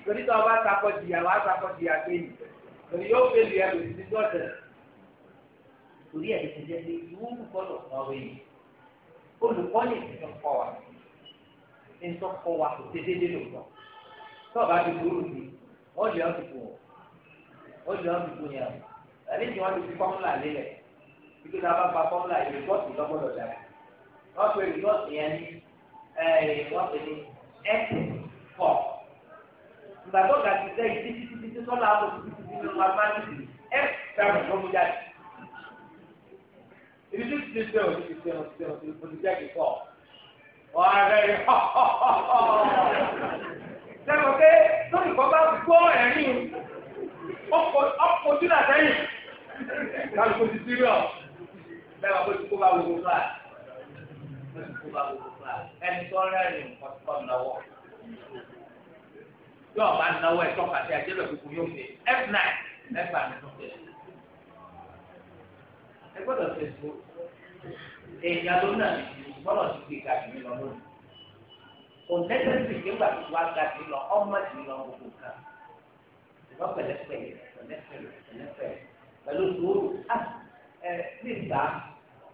torí tí wọn bá sakọ jìyà wọn á sakọ jìyà kéyìn torí yóò fẹ́ lu ẹrù títí tó ọ̀tẹ̀. torí ẹ̀ ti jẹ́ pé ìwúrú gbọ́dọ̀ kọ̀wé yìí olùkọ́ ní ìtọ́ kọ́ wa ìtọ́ kọ́ wa kò tẹ́tẹ́ dé lòtọ́ tọ́ọ̀bù àti burú bi wọ́n lè ọ́ ti kù wọ́n lè ọ́ ti kù yẹn àlejò wọn ti fi fọ́nmúlà lélẹ̀ ibi tá a bá gba fọ́nlá yìí rìpọ́ọ̀tì lọ́gbọ́dọ̀ dà wọ́n pe rìpọ́ọ̀tì yẹn ní wọ́n pe ní x four ìgbà tó ti sẹ́ yìí títí títí sọ́nà àbò títí títí ní mathematics x seven ló mú jáde ibi tí ti sẹ́ òní ti sẹ́ òní ti sẹ́ òní ti sẹ́ kì fọ́ wọ́n á rẹ̀ rí sẹ́wọ̀n bẹ́ẹ̀ wá pé kó bá gbogbo kíláàsì kó bá gbogbo kíláàsì ẹni tó rẹ́rìn kọ́tọ́ náwó yóò bá náwó ẹ̀ tọ́ka sí àjẹbẹ̀ gbogbo yóò fi f9 mẹ́fà ní tó tẹ̀. ẹ gbọ́dọ̀ ṣe so èèyàn ló náà lè fi gbọ́dọ̀ ti gbé ga jùlọ lónìí. òǹtẹ́tẹ́sì nígbà tó wá ga jùlọ ọmọ jùlọ gbogbo kan ìwọ pẹ̀lẹ́pẹ̀lẹ́ pẹ̀lẹ́pẹ̀lẹ́ pẹ̀lẹ́pẹ̀lẹ́ pẹ̀lú ah, ẹ ní ìta.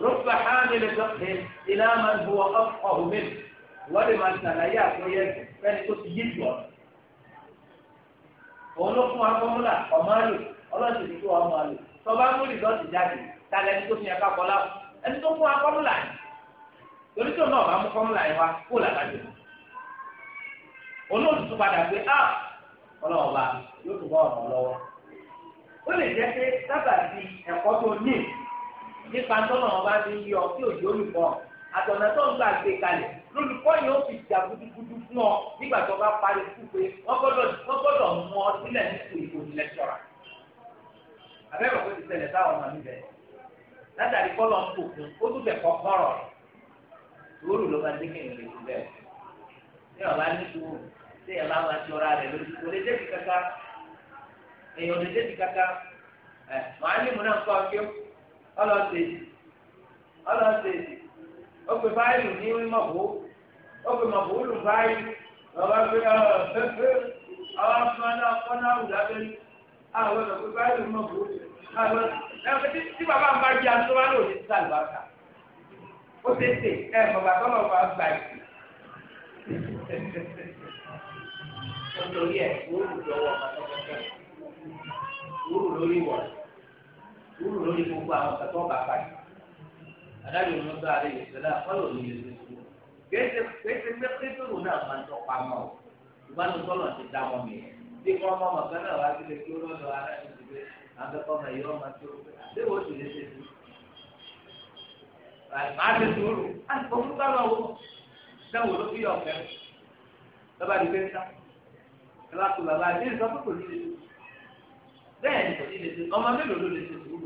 رب حامل فقه إلى من هو أفقه منه ولمن سلايا فيك فإن كنت يجوى òun ló fún wa fọmúlà ọmọlù ọlọ́sìn ní kí wọ́n mọ̀ lò tọ́ba ń múlì lọ́sì jáde tàlẹ́ ní tó fi ẹ̀ka kọ́lá ẹni tó fún wa fọmúlà yìí torí tó náà bá mú fọmúlà yìí wá kó làbájọ olóòtú tó padà pé á ọlọ́ọ̀ba yóò tún bá ọ̀nà lọ́wọ́ ó lè jẹ́ pé sábà di ẹ̀kọ́ tó ní nípa tọ́nà ọba ti yí ọ tí òjò olùkọ́ àtọ̀nà tó ń gbà gbé kalẹ̀ lólùkọ́ yẹn ó fi jà gudugudu fún ọ nígbà tó bá parí kúpe wọ́n gbọ́dọ̀ mú ọ sílẹ̀ nípò ìbò nílẹ̀ sọ̀ra. abẹ́rẹ́ kò ti ṣẹlẹ̀ táwọn ọmọ mi bẹ̀rẹ̀ látàrí kọ́lọ̀ ń kòkun ó tún bẹ̀ kọ́ kọ́rọ̀ rẹ̀ lórí ló bá dékè ní ìlú bẹ́ẹ̀ ní ọ̀la ní sùúrù tí ẹ̀ máa máa ti ọ̀ra rẹ̀ lójú kò lè débi kaka èèyàn lè débi kaka ẹ̀ màá ní mú náà kọ́ ọlọ́sẹ̀dì ọlọ́sẹ̀dì ó pe fáìlì ní mọ̀bù ó mọ̀bù lù fáìlì ọ̀rọ̀ pé ọ̀rọ̀ pépé ọ̀rọ̀ fúnadà fúnadà àwọn ọ̀rọ̀ fáìlì mọ̀bù tí bàbá ó ẹ̀ bàbá tó lọ́ bá gbà ẹ̀ lọ́wọ́ lórí sùúrù lórí gbogbo àwọn kẹtọ́ bá pàdé adájọ́ ìlú ọgbà rẹ̀ yìí sẹ́lá fọlọ́ ní ilé sùúrù kéésì kéésì pé kéésìrù náà máa ń tọ́ pamọ́ ìbánu tọ́lọ̀ ti dá wọn mi bí wọ́n mọ ọmọ kan náà wá sílé kí ó lọ́dọ̀ ara ẹ̀ ti gbé abẹ́kọ́ ọmọ yìí ọmọ tó ṣé wọ́n sì lè ṣe sí màá ti sùúrù àtìkò fún bàbá wo ló fi ọ̀fẹ́ lọ́ba ti gbé sá kí lákùlọ̀ bá a sọ pé kò ní lè ṣe bẹ́ẹ̀ ni kò ní lè ṣe ọmọ mélòó ló lè ṣe sùúrù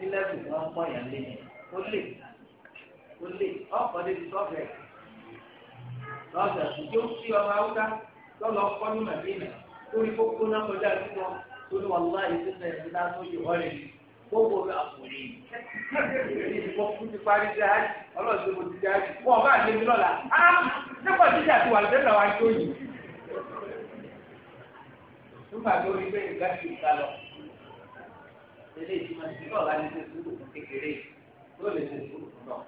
nílẹ̀ tó máa ń mọ̀yàn lẹ́yìn ó lè ó lè ọkọ̀ débi sọ́fẹ̀ lọ́sẹ̀ tó sí ọmọ haúsá lọ́lọ́ kọ́ ní màdínà lórí kókó náà kọjá sí wọn tó ní wàlúwà yìí tó náà ti náà tó yọ ọ́rẹ́ yìí gbogbo rẹ̀ àkùnrin yìí ní kókó ti parí sí àjì ọlọ́sẹ̀ mo ti di àjì wọn ọba àlejò lọ́la á nípa títí àti wàlúwà náà wá jó yìí nígbà tó rí bẹ́ẹ̀ gá ilé ìtumọ̀ sí náà láti ṣe sùúrù fún kékeré yóò lè ṣe sùúrù fún náà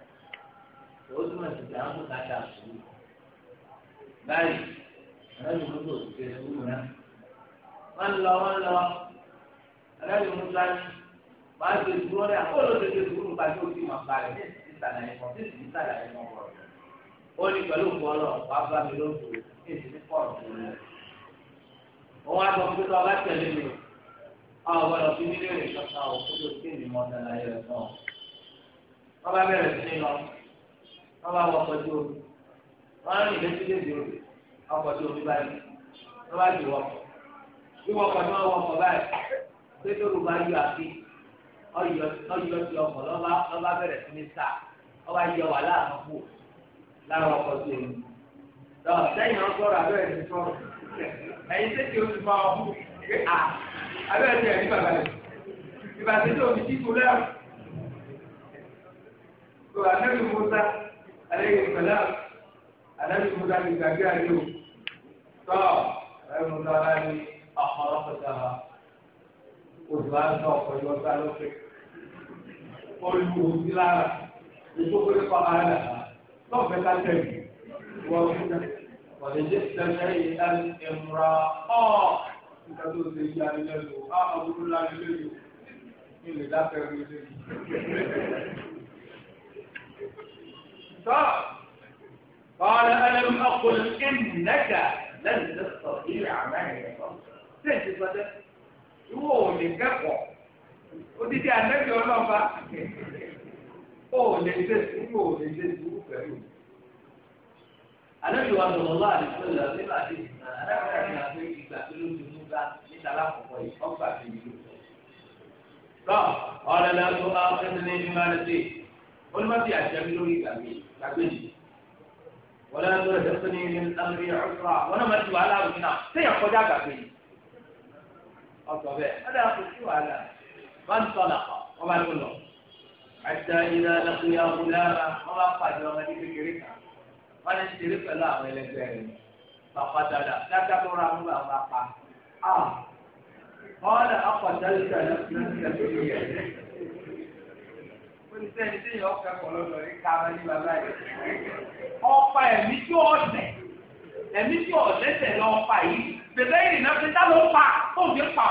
ó túmọ̀ sí pé àwọn kò ká sùúrù báyìí aláàbò mọ́tò ti ṣe sùúrù náà wọ́n lọ wọ́n lọ aláàbò mọ́tò ní wọ́n á ṣe sùúrù rẹ̀ àkọ́ ló ṣe ṣe sùúrù pàṣẹ òbí mọ̀ bá rẹ̀ ní ìsàlẹ̀ ẹ̀kọ́ ìsàlẹ̀ ẹ̀kọ́ rọ̀ ó ní pẹ̀lú bọ́ọ̀lọ̀ wà bá mi lóṣù ní ìsìnkú àwọn ọ̀gbọ́dọ̀ fi mílíọ̀nù kankan òkú tó ti ní mọ́tà láyé rẹ̀ náà. wọ́n bá bẹ̀rẹ̀ sí lọ wọ́n bá wọkọ̀ tó omi wọ́n á rìn létí léde omi ọkọ̀ tó omi báyìí wọ́n bá ti wọkọ̀ bí wọkọ̀ tó wọkọ̀ báyìí pé tó lù bá yọ àfi ọyọ ti ọkọ̀ lọ́ba bẹ̀rẹ̀ sí ní sáà ọba yọ wà láàánú kù lára ọkọ̀ tó omi. lọ sẹ́yìn ọgbọ́rọ̀ abẹ́rẹ́ ti sọ̀rọ̀ ẹ̀yin tètè ó ti fa ọ abẹ́rẹ́ tẹ̀ ní bàbá rẹ̀ ìbàdí tó fi títú lẹ́rù tó anábì musa aleyhi sọlá anábì musa ní gbàgbé àjò tó anábì musa wà ní ọ̀pọ̀lọ́ pẹ̀tà oṣù àti ọ̀pọ̀lọ́ sá lókè olùwòsí lára ìgbókòlè kọ́ ara rẹ̀ lọ́ọ̀fẹ́ ká tẹ̀lé wọ́n fún un wọ́n lè jẹ́ sẹ́yìn ẹ̀ ń ra ọ́ọ̀. قال ألم اقل انك لن تستطيع معي سيدي فتاة يوه من كفو ودي تي عن نبي ولا مبا يوه من كفو يوه من كفو يوه من كفو يوه من كفو يوه من كفو يوه من كفو níta lákòókò yìí ọgbà fi yìí lò. lọ ọ̀rẹ́ náà tó bá ọ̀rẹ́ ní ìlú máa ń ṣe olùmọ̀tì àjẹmí lórí ìgbàgbé ìgbàgbé yìí. wọ́n náà tó rẹ̀ sẹ́ni ní àmì ọ̀ṣọ́ra wọ́n náà máa ti wàhálà rù náà séèyàn kọjá gbàgbé yìí. ọ̀sọ̀ bẹ́ẹ̀ ọ̀dà kò sí wàhálà máa ń sọ nàkọ̀ wọ́n bá lọ lọ. àti ìlà lọ́kùnrin àwọn wọn bá pàdé ọmọdé kékeré kan wọ́n ní ọ̀là àpàdánù nàìjíríà tó yẹ. Oníṣẹ́ni tí yẹn ọ̀kẹ́ kọ̀ lọ́dọ̀ rí kára ní bàbá yìí. Ọ̀pá ẹ̀mí tí ọ̀dẹ̀ ẹ̀mí tí ọ̀dẹ̀ tẹ̀ lọ ọ̀pá yìí. Bèbè ìrìn náà fi dá ló pa tó fi pa.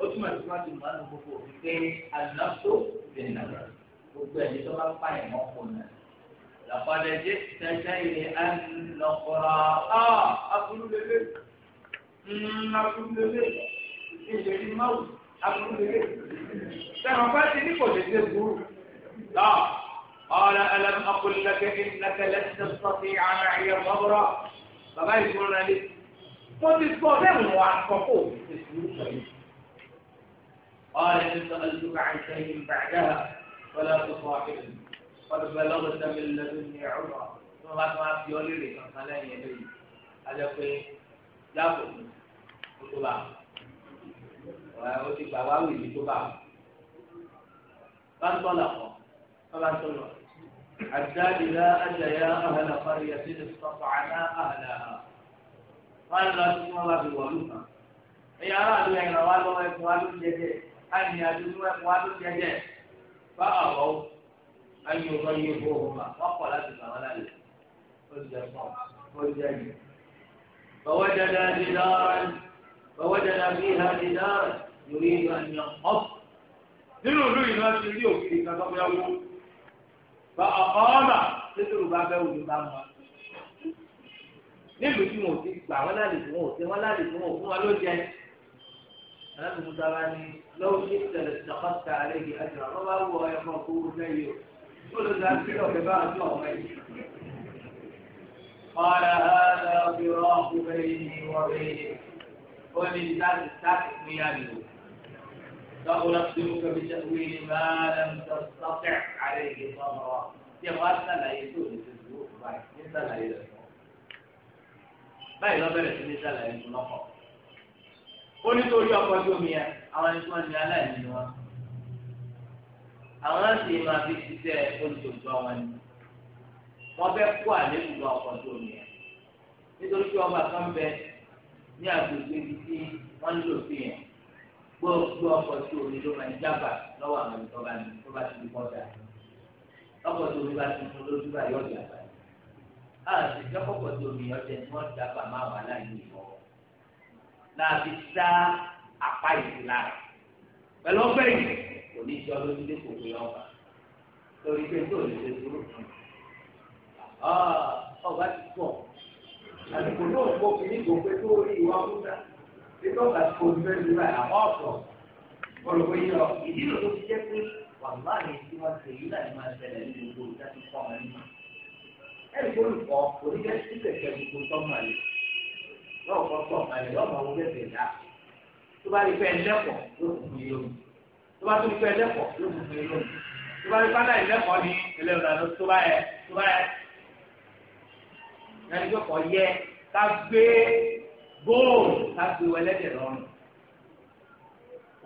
Ó túmọ̀ sí wá ti mọ̀ ánú gbogbo òfin pé àná tó lè nà. Gbogbo ẹ̀mí tó bá pa ẹ̀ mọ́ kò nà. Làpàdé jẹ́ tẹ́tẹ́ ilé ẹ̀ ń lọ kọ́ra. Á akúndélé ìṣèlú mọ́wù akúndélé sẹ́wọ̀n bá ti ní kò lè dé burú náà ọ̀rọ̀ ẹlẹ́mú akúndélé ìnàkẹ́lẹ́ ti sọ́ọ̀tì àmì àyẹ̀ mọ́bọ́rọ́ bàbá ìfúnra lé mo ti sọ bẹ́ẹ̀ mọ́ àkọ́kọ́ ìṣèlú sọ̀rọ̀ قال إن سألتك عن شيء بعدها فلا تصاحبني قد بلغت من لدني عذرا ثم ما تقول لي فقال يا بني هذا يقول لا بد ó tó bá ó ti gbà wá wìlì tó bá bá ń tọ́ làkọ́ bá bá ń tọ́ lọ. حتى إذا أتى يا أهل قرية استطعنا أهلها قال لا تسمى الله بولوها ẹ̀yà aráàlú ẹ̀ ràn wá lọ́wọ́ ẹ̀kọ́ wa ló ń jẹ jẹ́ àmì ẹ̀kọ́ wa ló ń bá àwọ̀ ayé ọ̀rọ̀ yé bó o ma wọ́n kọ̀ láti gbà wọ́n lálẹ́ ó jẹ pọ̀ ó jẹ yìí. bọ̀wọ́ dandan di lọ́rọ́ فوجد فيها جدارا يريد أن ينقض nínú ìlú yìí náà ti rí òkìrì kan tó fẹ́ wó bá ọkọ ọmọ títúrú bá bẹ́ òjò bá mọ́ nílùú tí wọn ò ti gbà wọn láàyè tí wọn ò tẹ wọn láàyè tí wọn ò fún wọn ló jẹ aláàbò mú dára ni lọ́wọ́ tí tẹ̀lé ṣàkóso ààrẹ yìí àjọ àwọn bá wọ ẹ̀fọn kó wọ́n fẹ́ yìí o ó lọ sí àbílẹ̀ ọ̀fẹ́ bá àjọ ọ̀fẹ́ yìí. قال هذا فراق بيني وبينك ó ní láti láti pín yàrá o. Sọ́kùn náà ti mú kẹ́mi ṣe wí ní máa lẹ́nu sọ́kẹ̀ àárẹ̀ ìgbé sọ́mọ wa. Bí ẹ wá sàlàyé tó lè ṣe dúró báyìí ní sàlàyé rẹ̀ fún. Báyìí lọ́ọ́ bẹ̀rẹ̀ sí ní sàlàyé fún lọ́kọ̀. Ó nítorí ọkọ̀ tó mi yẹn, àwọn ẹni tó ń ní aláìní ni wọn. Àwọn àti ìmọ̀ àfi ṣiṣẹ́ olùdókòwò wọn ni. Wọ́n fẹ́ kó àlékún ọkọ̀ tó mi yẹn. Nítorí pé ọba kan bẹ́ẹ̀ ní àgbègbè ibi tí wọ́n lò sí yẹn gbogbo ọkọ̀ tí omi ló máa ń jábà lọ́wọ́ àwọn ìjọba ní tó bá ti di bọ́dà ọkọ̀ tí omi bá ti fún lójú bá yọ̀ jàgbá àti ìjọkọ̀kọ̀ tí omi ọ̀jẹ̀ ni wọ́n jábà máa wà láàyè ìwọ̀ láti dá apá ìlú lára pẹ̀lú ọgbẹ́ yìí kò ní jọ lójú dé kò pé ọba torí pé tó lè ṣe dúró fún un ọba ti pọ̀ àsìkò náà mo fi ní gbogbo tó rí ìwà múta nígbà wà sí olùfẹ́ mi báyìí àwọn ọ̀sọ̀ olùkọ́ yìí lọ ìdí lòdó ti jẹ́ pé wàhálà ní tí wọ́n ṣe yìí láti máa ṣẹlẹ̀ ní gbogbo ìjà tó kọ́ wọn nígbà. ẹnì kó lùkọ́ oníjẹ́ sílẹ̀ kẹ́ gbogbo tọ́mọ rẹ̀ lọ́wọ́ kọ́ tọ́mọ rẹ̀ lọ́mọ owó bẹ̀rẹ̀ dá tó bá rí fẹ́ lẹ́kọ̀ọ́ ló kù mí lómi tó bá tún rí fẹ́ lẹ́kọ̀ọ́ ló kù mí lómi tó bá rí yẹn ní kò yẹ ká gbé góòlù ká gbé wẹlẹ́dẹ̀ lọ́rùn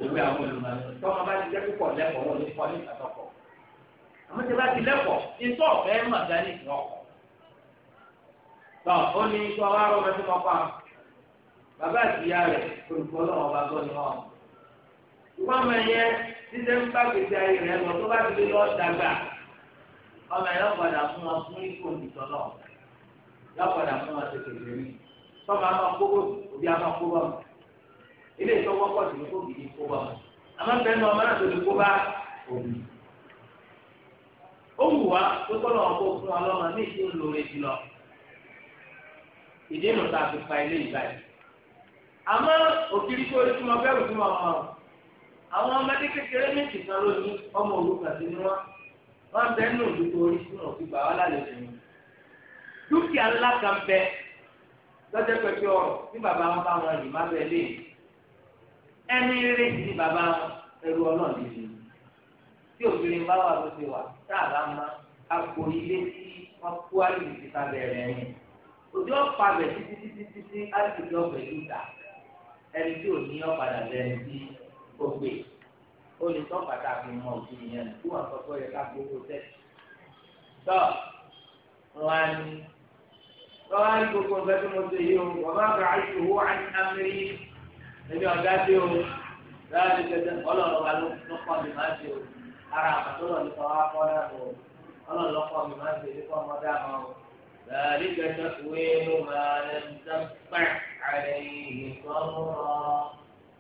òwe àwọn olùmọ̀lẹ́ tọ́mọ bá ti jẹ́ púpọ̀ lẹ́kọ̀ọ́ wọn ní kọ́ ní ìtàkọ́kọ́ àmọ́ tí bá ti lẹ́kọ̀ọ́ ìtọ́ ọ̀fẹ́ mà dání ìfún ọkọ̀ tọ́ ó ní sọ wá rọ́ọ̀mọ́ tí mo pa bàbá àtìyá rẹ̀ olùkọ́ lọ́wọ́ bá gbọ́ ni wọ́n. ìwọ́n ọmọ ẹ̀yẹ títí ń bá gbèsè ayé rẹ̀ lọ tó bá ti lé lọ́ọ́ dàgbà ọmọ ẹ̀yẹ ọ̀gbọ̀dà fún wọn fún ikú òǹdìtọ́ náà lọ́kọ̀dà fún wọn tètè lórí sọ́ba máa kó bọ̀ òbí a máa kó bọ̀ ilé ìtọ́wọ́ pọ̀ sí kó bìí kó bọ̀ àmọ́ bẹ́ẹ̀ ni ọmọ náà tó lè kó bá òbí. ó wù wá tó kọ́ lọ́wọ́ kó fún wa lọ́mọ ní ìdí olóore jù lọ ìdí nù tá a fi fa ilé ìgbà yìí. àmọ́ òkìrí tó tí mo bẹ̀rù fún ọmọ àwọn ọmọdé kékeré méjì kan lónìí ọmọ òrukàn sí ni wọn wọn bẹ́ẹ̀ nù dúkìá ńlá kan bẹ lọ́jọ́ pẹ̀pẹ́ ọ̀rọ̀ tí bàbá wọn bá wọn yìí má bẹ̀ lé ẹni rí ni bàbá wọn ẹrú ọlọ́ọ̀ni ni tí obìnrin bá wà ló ti wà tá a bá má àpò ilé tí wọ́n kú àyè ti ta bẹ̀rẹ̀ yẹn òjò ọ̀pá bẹ̀ títí títí títí á sì jọ pẹ̀lú ìta ẹni tí ò ní ọ̀padà bẹ̀rẹ̀ sí ògbè ó lè tọ́ pàtàkì mọ òfin yẹn kí wọ́n sọ ká gbogbo tẹ̀. tọ́ wọn á ní lọ́wọ́ ní gbogbo nǹkan tí mo ṣe yìí o bàbá àgbà àìsí owó àmì ẹbí ọ̀gá dé o láti tẹ̀tẹ̀ ọlọ́run wa ló kọ́ mi máa ṣe o ara àmàtọ́lọ̀ nípa wa kọ́ náà o ọlọ́run kọ́ mi máa ṣe nípa ọmọdé àmọ́ o láti tẹ̀tẹ̀ ìwé ló máa ń dáńpẹ́ àrẹ ìgbọ́nrọ́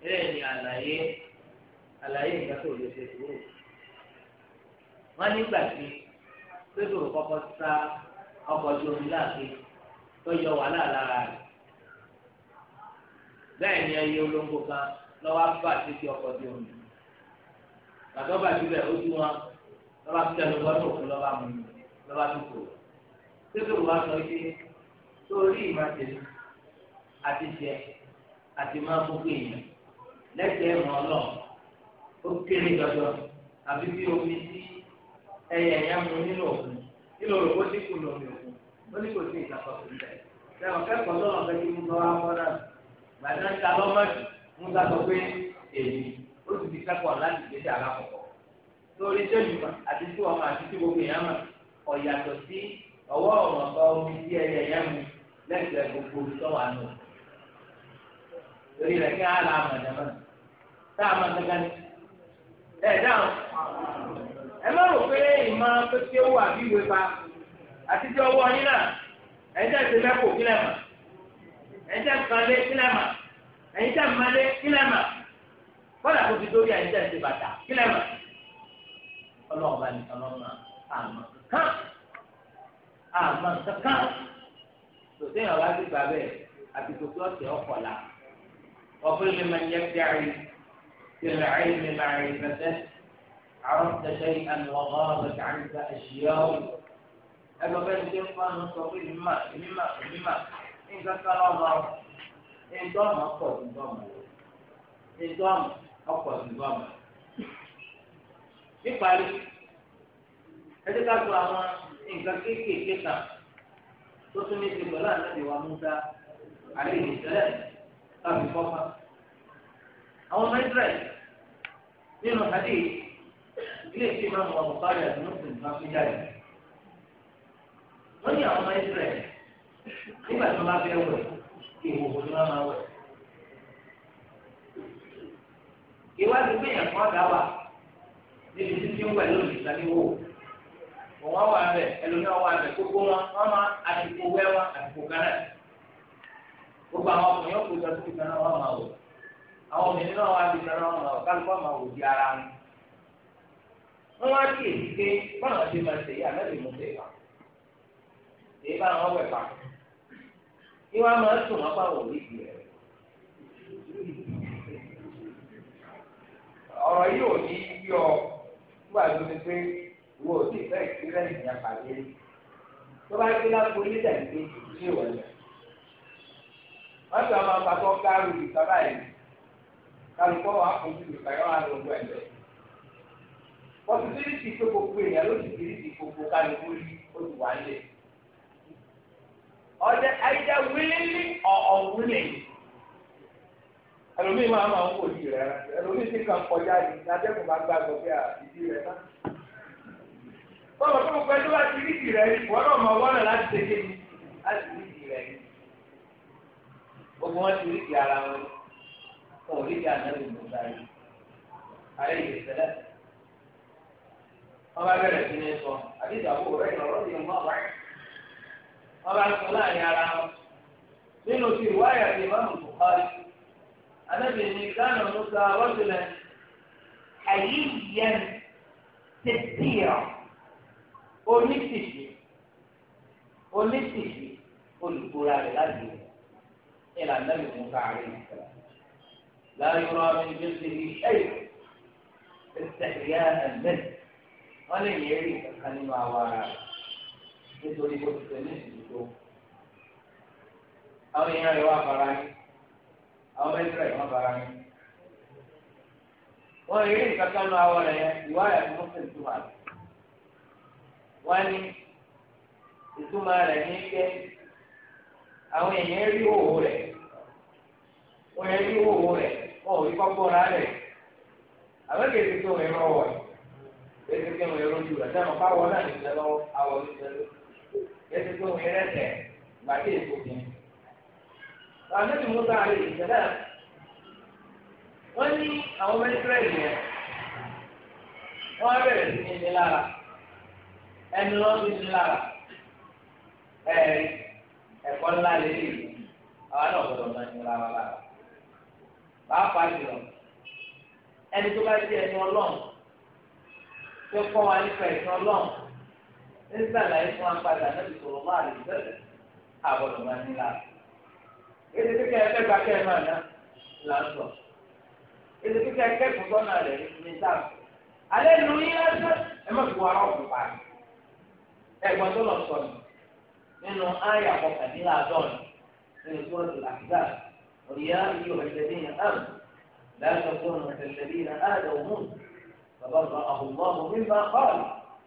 bẹ́ẹ̀ ni àlàyé àlàyé ìgbà tó lè ṣe kúrò wọ́n nígbà tí pé tó yọ wàhálà lára rẹ̀ bẹ́ẹ̀ ni ẹyẹ olóńgbò kan lọ́wọ́ bá títí ọkọ̀ di omi gbàtọ́ bá ti bẹ̀ ojú wọn lọ́wọ́ ti tẹnu bọ́ ní òkun lọ́wọ́ mú lọ́wọ́ tó kù títí wọ́n sọ pé sórí ìmọ̀tẹ́lẹ̀ àti tiẹ̀ àti máa gbogbo èèyàn lẹ́sẹ̀ mọ́ lọ ó kéré dọ́dọ́ àbí bí omi tí ẹyẹ ẹ̀yà mú nínú òkun nínú òròkó tí kù lómi òkun ó ní kò sí ìtàkọ̀tò níbẹ̀. ṣé àwọn akẹ́kọ̀ọ́ tó wọn fẹ́ kí musa wá kọ́ náà gbàdá ń ta lọ́mọdì musa sọ pé èmi ó sì ti kẹ́kọ̀ọ́ láti gbèsè alákọ̀ọ́kọ́. torí sẹ́yìnmà àti tí wọn àti tí gbogbo èèyàn mà ọ̀yàtọ̀ sí ọwọ́ ọ̀nàkọ́ omi tí ẹyẹ yẹn mu lẹ́sẹ̀ gbogbo sọ́wọ́ àná. torí rẹ̀ kí á la àmàdàmà tá a máa gángan ní. ẹ̀ dáhùn ẹ má rò pé ìmọ̀ pé kí àti tí ọwọ́ yín náà ẹ̀jẹ̀ ti mẹ́kò kílẹ̀ mà ẹ̀jẹ̀ mmalé kílẹ̀ mà ẹ̀jẹ̀ mmalé kílẹ̀ mà kọ́lá kò ti dórí ẹ̀jẹ̀ ti bàtà kílẹ̀ mà ọlọ́ọ̀bá ni ọlọ́mà àmọ́ kán àmọ́ kankan tòtẹ́ yàn wá sí bàbẹ́ àtìkò ọ̀sẹ̀ ọ̀kọ̀lá ọ̀fẹ́ lè máa yẹ kí àrí tẹ̀lé àrí mi máa rí bẹ́tẹ́ àrùn tẹ̀lé àná ọ̀gá ọ̀gá ẹlọ́bẹ̀ ní ṣe ń fọ́nù sọ pé mímà mímà mímà nǹkan kan lọ́mọ ẹ̀ńdọ́mù ọkọ̀ ìdọ́mù ẹ̀ńdọ́mù ọkọ̀ ìdọ́mù. níparí ẹjẹ́ ká tó àwọn nǹkan kéékèèké kan tó tún ní ti pẹ̀lú àná ìwà múta àlẹ́ ìṣẹ̀lẹ̀ tàbí kọ́fà. àwọn ọmọ israẹli nínú hadith ilé ìṣẹ́ máa ń wọ ọ̀pá rẹ̀ lọ́sùn ìfàfíjáde. wọ́n ní àwọn ọmọ Israẹli nígbà tí wọ́n bá fẹ́ wẹ̀ ìwòwò ni wọ́n máa wẹ̀. ìwádìí dá níbi títí ń wẹ̀ lónìí sani wò wọ́n wà bẹ̀ wà bẹ̀ gbogbo wọn wọ́n máa wẹ́ wọn gánà gbogbo àwọn ọkùnrin yóò kó síbi náà wọ́n máa àwọn obìnrin náà wà náà wọ́n máa èyí bá wọn wẹ̀ pa kí wọn máa sùn wọn bá yìí ò ní ọ nígbà tó pé wo ò sì fẹ́ ìpínlẹ̀ ìyá pàdé tó bá gbé lápò nígbà tí ní ìwọ̀lẹ̀ wọ́n ti àwọn àpapọ̀ kárù ìtọ́lá yìí kálukọ́ wa fojú ìfàyọ́ wa lọ́gbọ́ ẹ̀jẹ̀ pọtùtù ti gbogbo or they either willingly or unwilling? ẹlòmíì máa máa ń kó ìdí rẹ ẹlòmíì sì kàn kọjá yìí látẹkùn bá gbà pé ìdí rẹ náà. bọ́lá tó ń pẹ́ tó rí ìdí rẹ wọ́n náà máa wọ́n láti ṣe kéde láti rí ìdí rẹ yìí. gbogbo wọn ti rí ìdí ara wọn rí ìdí àná lè mú wọn bá sọ láàrin ara wọn nínú ti ìwáyà ti ìmáàmù Bukhari anábìyẹn ní gánà musa rọ́jùlẹ̀ àyíyẹn tẹ̀síọ̀ onítìsí onítìsí olùkóra rẹ̀ láti ìlànà ìmúta àárín ìsẹ̀lẹ̀. لا يرى من جلده شيء استحياء منه ولن يريد أن يعوى يدرك السنين tó àwọn èèyàn rẹ̀ wà fara ní àwọn mẹ́tìrẹ̀ wọ́n fara ní. wọ́n rí nǹkan kan lọ àwọn iwa ìwádìí àti mọ́sẹ̀lì tó wà. wọ́n ní ìtumọ̀ rẹ̀ ní pé àwọn èèyàn rí òwò rẹ̀ wọ́n rí òwò rẹ̀ wọ́n rí kọ́kọ́ ra rẹ̀ àwọn kèsì tó ń rọ̀ wọ̀ kèsì tó na rọ̀ ẹsẹ tó ń yẹrẹ tẹ gbàdé èso jẹ àmì musa àlè ìṣẹ̀lẹ̀ wọn ní àwọn ọmọ ìsírẹ́lì yẹn wọn bẹ̀rẹ̀ sí ní ní lára ẹnu lọ sí ní lára ẹ ẹ̀kọ́ ńlá lè lè àwọn náà gbọ́dọ̀ máa ní lára lára pàápàá jùlọ ẹni tó bá jẹ ẹni Ọlọ́run tó kọ́ wa nípa ẹ̀sìn Ọlọ́run. nígbà láyé fún apáda níbi sọ̀rọ̀ wá àlè sẹ́lẹ̀ àbọ̀dọ̀ máa ní lára. Èdè kíkẹ́ ẹgbẹ́ gba kẹ́ ẹ máa ná là ń sọ. Èdè kíkẹ́ ẹkẹ́kọ̀ọ́ sọ́nà rẹ̀ ní sáà. Alẹ́ nu yín lásán ẹ má fi wàrà ọ̀pọ̀ pa. Ẹ̀gbọ́n tó lọ sọ̀rọ̀ nínú ayé àkọkàndínláàdọ́rin nínú sọ́ọ̀tù àgbà òyà yóò ẹ̀jẹ̀ ní àmì láti ọ̀gbọ́n ọ̀sẹ̀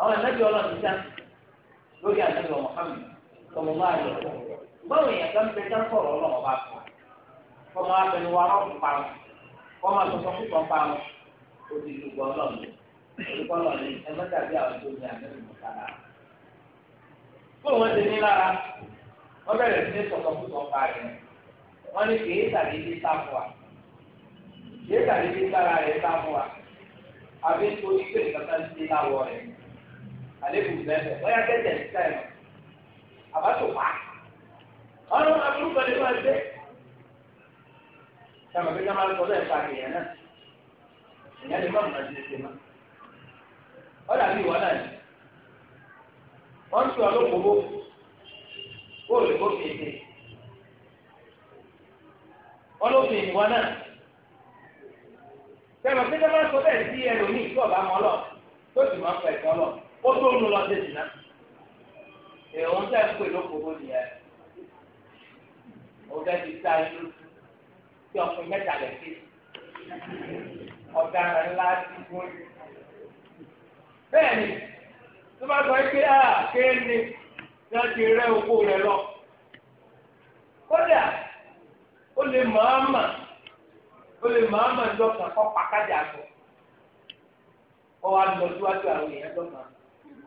àwọn ànábì ọlọ́run sá lórí ànábì Muhammad tọmọ bá yọ báwo èèyàn kan bẹ tán sọ̀rọ̀ ọlọ́run bá fún kọ́mọ abẹnú wa rọ́ọ̀kù pa wọn kọ́mọ àtọ́sọ púpọ̀ pa wọn ó ti dùgbọ́ ọlọ́run olùkọ́ ọlọ́run ẹ má dàbí àwọn tó ní ànábì mọ̀tàlá. fún wọn ti ní lára wọn bẹ̀rẹ̀ sí ní sọ̀tọ̀ púpọ̀ pa rẹ̀ wọn ní kì í tàbí ní sáfù wa kì í tàbí ní sára rẹ̀ sáfù àbí nítorí pé nǹkan kan ti láwọ rẹ̀ àlébù bẹ́ẹ̀ bọ́yá kẹ́tẹ̀ níta ẹ̀ àbátòpá ọ̀run aburú kan nínú ẹgbẹ́ sábà pé sábà lọ́dọ̀ ẹ̀ pàdé yẹn náà ìyẹn lè má mú àti ṣe má ọ̀dà na náà ni wọ́n ń sọ kó fi ṣe ọlọ́kùnrin ìwọ náà sábà pé sábà sọ bẹ́ẹ̀ sí ẹlòmíì tó ọ̀bá mọ́ lọ tó sì máa ń pẹ̀ ó tó ń lọ sí ìdìnnà èèwọ̀n tẹ̀ ń pè lókòwò nìyẹn ọ̀gá ti ta inú tí ọkùnrin mẹ́ta lẹ̀ sí ọ̀daràn ńlá ti fún yìí. bẹ́ẹ̀ ni tó bá sọ pé a kéènì náà ti rẹ́ oko rẹ̀ lọ kódà ó lè màámà ó lè màámà lọ́sàn-án kọ́ pàkàdé àgbọ̀ ọ wa lọ síwájú àwọn èèyàn lọ́sàn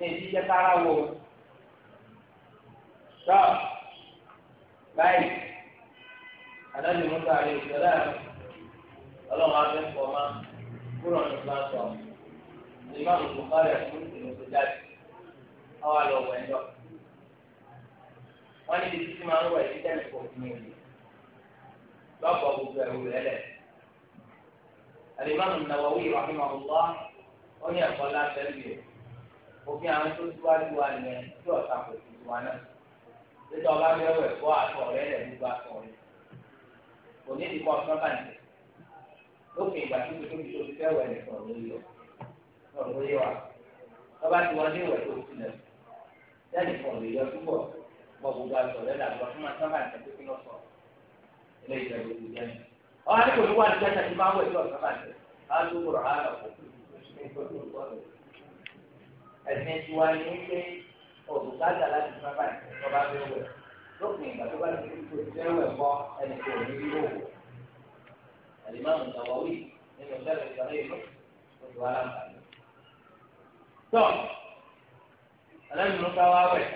ní ìdí jẹ́ kára wo tọ́ báyìí adájọ́ mọ́tò àrẹ ìṣẹ̀lẹ̀ ọlọ́run afẹ́ pọ̀ máa kúrò ní ìgbàsọ̀ ìmáàmù bùkárẹ̀ fún ìmùsùn jáde ọwọ́ àlọ́ wẹ̀ ńlọ. wọ́n ní ibi títí máa ń wẹ̀ ní tẹ́lẹ̀ kò fún mi lọ́pọ̀ gbogbo ẹ̀rù rẹ̀ lẹ̀. alimami Nawawi rahimahullah ó ní ẹ̀kọ́ láti ẹ̀ òfin àwọn tó síwájú wa ni tí ọ̀sà kò sí wa náà títọ́ ọba bẹ́ẹ̀ wẹ̀ fọ́ àtọ̀ rẹ̀ lẹ̀ gbogbo àtọ̀ rẹ̀ kò ní ìdíkọ̀ sọ́kàǹtì lókè ìgbà tó tó tó ti fẹ́ wẹ̀ nìkan lórí ọ̀ ọ̀rọ̀ lórí wa ọba tí wọ́n ní ìwẹ̀ tó ti lẹ̀ lẹ́nu kan lè yọ túbọ̀ bọ́ gbogbo àtọ̀ rẹ̀ làgbà fún ma sọ́kàǹtì tó kí lọ́sọ̀ ẹ̀sìn tiwa ni wípé òbúkátà láti fún abáyé lọ́ba fẹ́ wẹ̀ lópin ìgbà tó bá ti fi kò fẹ́ wẹ̀ kọ́ ẹnì kò ní rí wò wò. àlìmáàmù Nawawi nínú sẹ́lẹ̀ ìsọ̀rọ̀ ìlú oṣù aláǹfààní. tó alẹ́nulú ká wá wẹ̀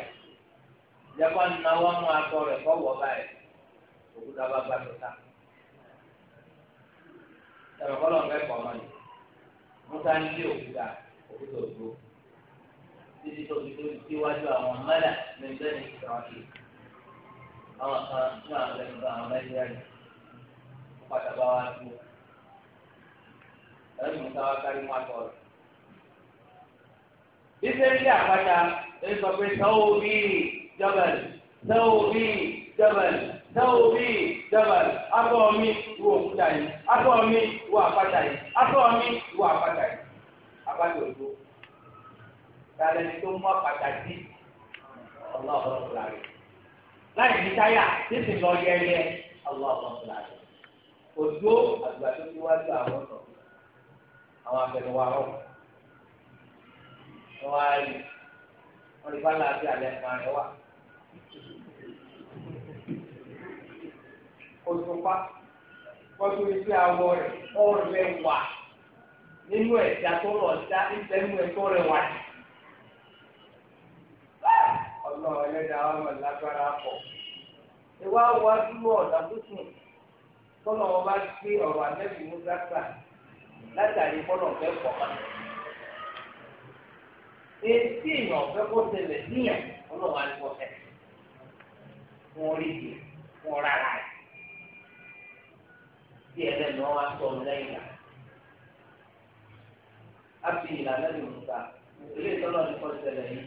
ìjọba náwó mú atọ rẹ̀ kọ́ báyìí òkúta bá tó ta. ẹ̀rọ kọ́lọ̀ ń fẹ́ òkúta títí tó fi tó síwájú àwọn mẹ́là lẹ́gbẹ́ ní ìsọ̀rọ̀lì àwọn kan ní àwọn lẹ́nu bá àwọn mẹ́lẹ́yà rẹ̀ ó padà bá wá sí wọn. ẹ̀rọ ìmúta wá kárí mọ́ àtọ̀ rẹ̀. bísẹ́ńdì àpáta ń sọ pé sọ́wọ́ bí jọ́bẹ̀lì sọ́wọ́ bí jọ́bẹ̀lì sọ́wọ́ bí jọ́bẹ̀lì abọ́ mi wo òkúta yìí abọ́ mi wo àpáta yìí abọ́ mi wo àpáta yìí àpáta òdúró tààrẹ tó mọ pàtàkì ọlọ́ọ̀bọ̀ fúlàrí láì ní táyà títí lọ yẹyẹ ọlọ́ọ̀bọ̀ fúlàrí òjò àgbà tó ti wájú àwọn ọ̀nà àwọn afẹnuwa rọ wọn á rí wọn rí bá láti alẹ́ kan rẹ wá òṣùpá kọjú iṣẹ́ awọ rẹ ọrẹ wà nínú ẹja tó lọ dá ìfẹnú ẹ̀tọ́ rẹ wà ní ọlọ́run ẹlẹ́dàá wa mọ̀ lágbára pọ̀ ìwà wa dúró ọ̀dà tó sùn tọ́lọ̀ wọn bá gbé ọ̀rọ̀ àtẹ́sí musa sà látàrí bọ́lọ̀ fẹ́ pọ̀ mọ́ etí èèyàn fẹ́ kó tẹlẹ̀ níyà ọlọ́run àlùkò tẹ̀ wọ́n rí i wọ́n rárá rẹ̀ tí ẹlẹ́nu wa sọ lẹ́yìn náà á fi ìlànà ìmùta ilé ìtọ́lọ́ ní kọ́ tẹlẹ̀ yìí.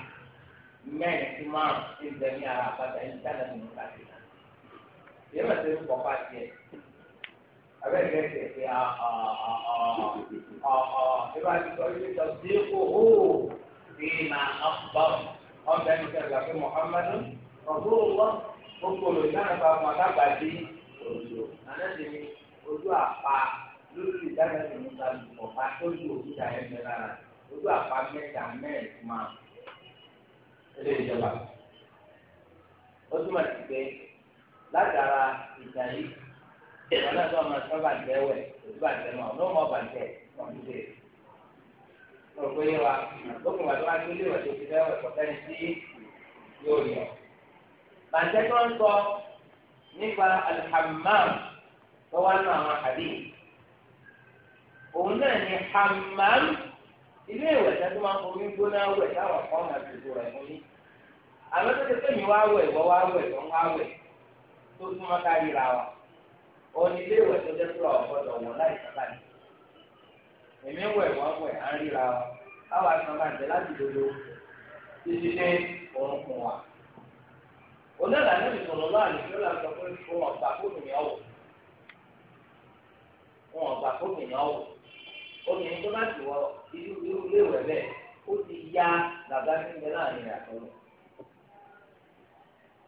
mẹ́rin sí márùn tí ń bẹ̀rẹ̀ ara àpáta yìí dáná ní ìgbà tí náà. Ìyẹn bá ti ń pọ̀ pa tiẹ̀. Abẹ́rẹ́ rẹ̀ tẹ̀ pé ìbá ti sọ ilé sọ sí owó sí máa ń bọ̀. Wọ́n bẹ̀rẹ̀ ní sẹ́gbà pé Mùhàmmadu ọ̀gbọ́n wọn gbogbo olùdáná bá wọn alágbàdé òjò. Ànájẹ ni ojú àpá lórí ìdáná ní ìgbà tí pọ̀ pa tó ju òkúta ẹgbẹ́ lára. Ojú àpá mẹ́ta mẹ́rin ilé ìjọba ó túmọ̀ sí pé látara ìjà yìí wọn náà tó ọmọ ẹ̀ka bàjẹ́ wẹ̀ òtún bàjẹ́ mọ́ ọ̀nà ọmọ bàjẹ́ kọ̀m̀pútà mo rò pé yé wa lókun wà tó wá gbé léwà tó fi fẹ́ wẹ̀ kọ́tẹ́ni sí yóò yọ. bàjẹ́ tó ń sọ nípa alhamam tó wá nù àwọn àdéhùn òun náà ni hamam ilé ìwẹ̀ tẹ́tí máa ń fomi gbóná wẹ̀ táwọn kan máa ti gbòòrò ẹ̀fọn yìí àmọ́ tó ti sẹ́yìn wá wẹ̀ wọ́n wá wẹ̀ tó wá wẹ̀ tó súnmọ́ ká yíra wa òun ilé ìwẹ̀ tó jẹ́ pé ọ̀gbọ́dọ̀ wọ̀ láì sábà ní èmi wẹ̀ wọ́n wẹ̀ à ń ríra wa káwa san bá ń láti dodo títí dé orúnkún wa onílà náà ìsọ̀rọ̀ náà nìkan là sọ pé wọn ọ̀gbà fóònù yẹn wò obìnrin tó bá ti wọ irú irú léwẹ̀ bẹ́ẹ̀ ó ti ya bàbá mi láàrin àtọ́ lọ.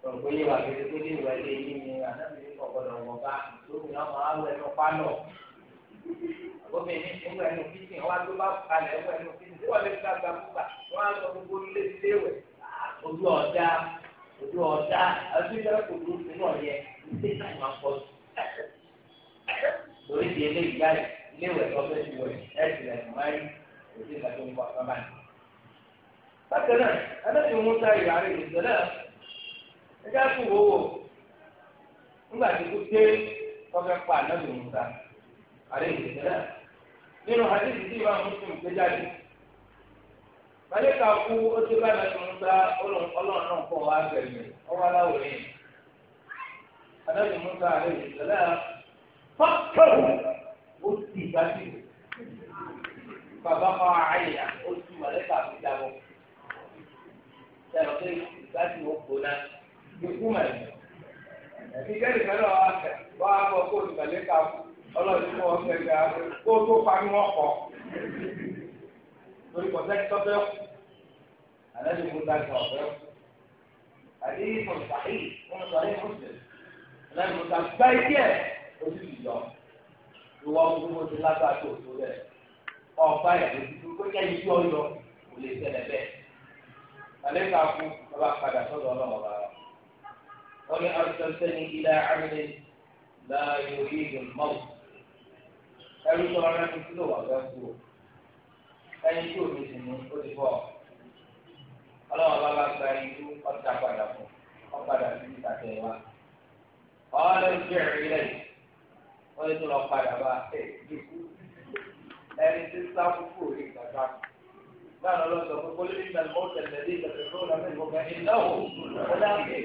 Òǹkó yé wà pé kó léwẹ̀ lé yín ni ànábìrin kọ̀ wọ̀ bá lóbìnrin ọmọ awọ ẹnu pálọ̀. Obìnrin ń wẹ̀ ẹnu kíkìn wá tó bá kalẹ̀ wẹ̀ ẹnu kíkìn tí wọ́n lè gba gba fúgbà wọ́n á lọ gbogbo ilé léwẹ̀. Ojú ọ̀dà ojú ọ̀dà ọdún yẹn kò dúró sínú ọ̀yẹ́ ní ilé ìwẹ̀ lọ́sẹ̀ ti wẹ̀ ẹ̀sìn ẹ̀sìn máa òsì ìgbà tó ń kọ́ àkàbà ní. bákan náà anábì musa ìyàrá ìgbésẹ̀ náà ẹjẹ́ kú wòwò nígbà tí kú dé kọ́fẹ́ pa náà nínú ìwà gbé ku ó ti bá ọlọ́run náà kọ́ bẹ̀rẹ̀ ó sì gbájú bàbá kọ́ àyà ó sì mọ̀lẹ́kà fi jábọ̀ sẹ́wọ̀n pé ìgbájú ó gbóná ikú mọ̀lẹ́ ẹ̀mí kẹ́lì fẹ́lẹ́ wà fẹ́ wà á bọ̀ kó mọ̀lẹ́kà ọlọ́ọ̀dún mọ̀ ọ́fẹ́ gbà kó tó pa ní wọ́n kọ́ lórí pọ̀tẹ́kì tọ́fẹ́ àlẹ́ ní mo dájú ọ̀fẹ́ àdéhìí mọ̀ sàhíì wọ́n sọ ní mùsùlùmí àlẹ́ ní mo dájú báyìí díẹ̀ ojú ìjọ ìwọ ọdún mo ti lágbàá tó tó rẹ ọba ẹ̀rọ tuntun pé kẹ́yìn tí ọyọ kò lè ṣẹlẹ̀ bẹ́ẹ̀. Àlẹ́kà fún ọba padà sọ́dọ̀ ọlọ́wọ́ bá wa. Wọ́n ní arúgbó sẹ́ni ilẹ̀ àmìlẹ̀ láàyò yìí mọ́wù. Ẹrú tó rárá ní kílò wà fẹ́ kú o. Ẹni tí òbí sì mú ó ti bọ̀. Ọlọ́wọ́ bá gba ìlú ọ̀tá padà fún ọ̀padà sí ìtàkẹ́ wa. Ọ̀ọ́dọ̀ jẹ́ ìrẹ́lẹ̀ yìí wọ́n lè tún lọ padà bá ẹni tí sáfùfù rí kàkà. Báwo lọ sọ pé kó lè ní ìgbàlè mọ́tẹ̀ lẹ́dí ìgbàlè tó lọ sí ìgbàlè ìnáwó ọ̀dà àgbè.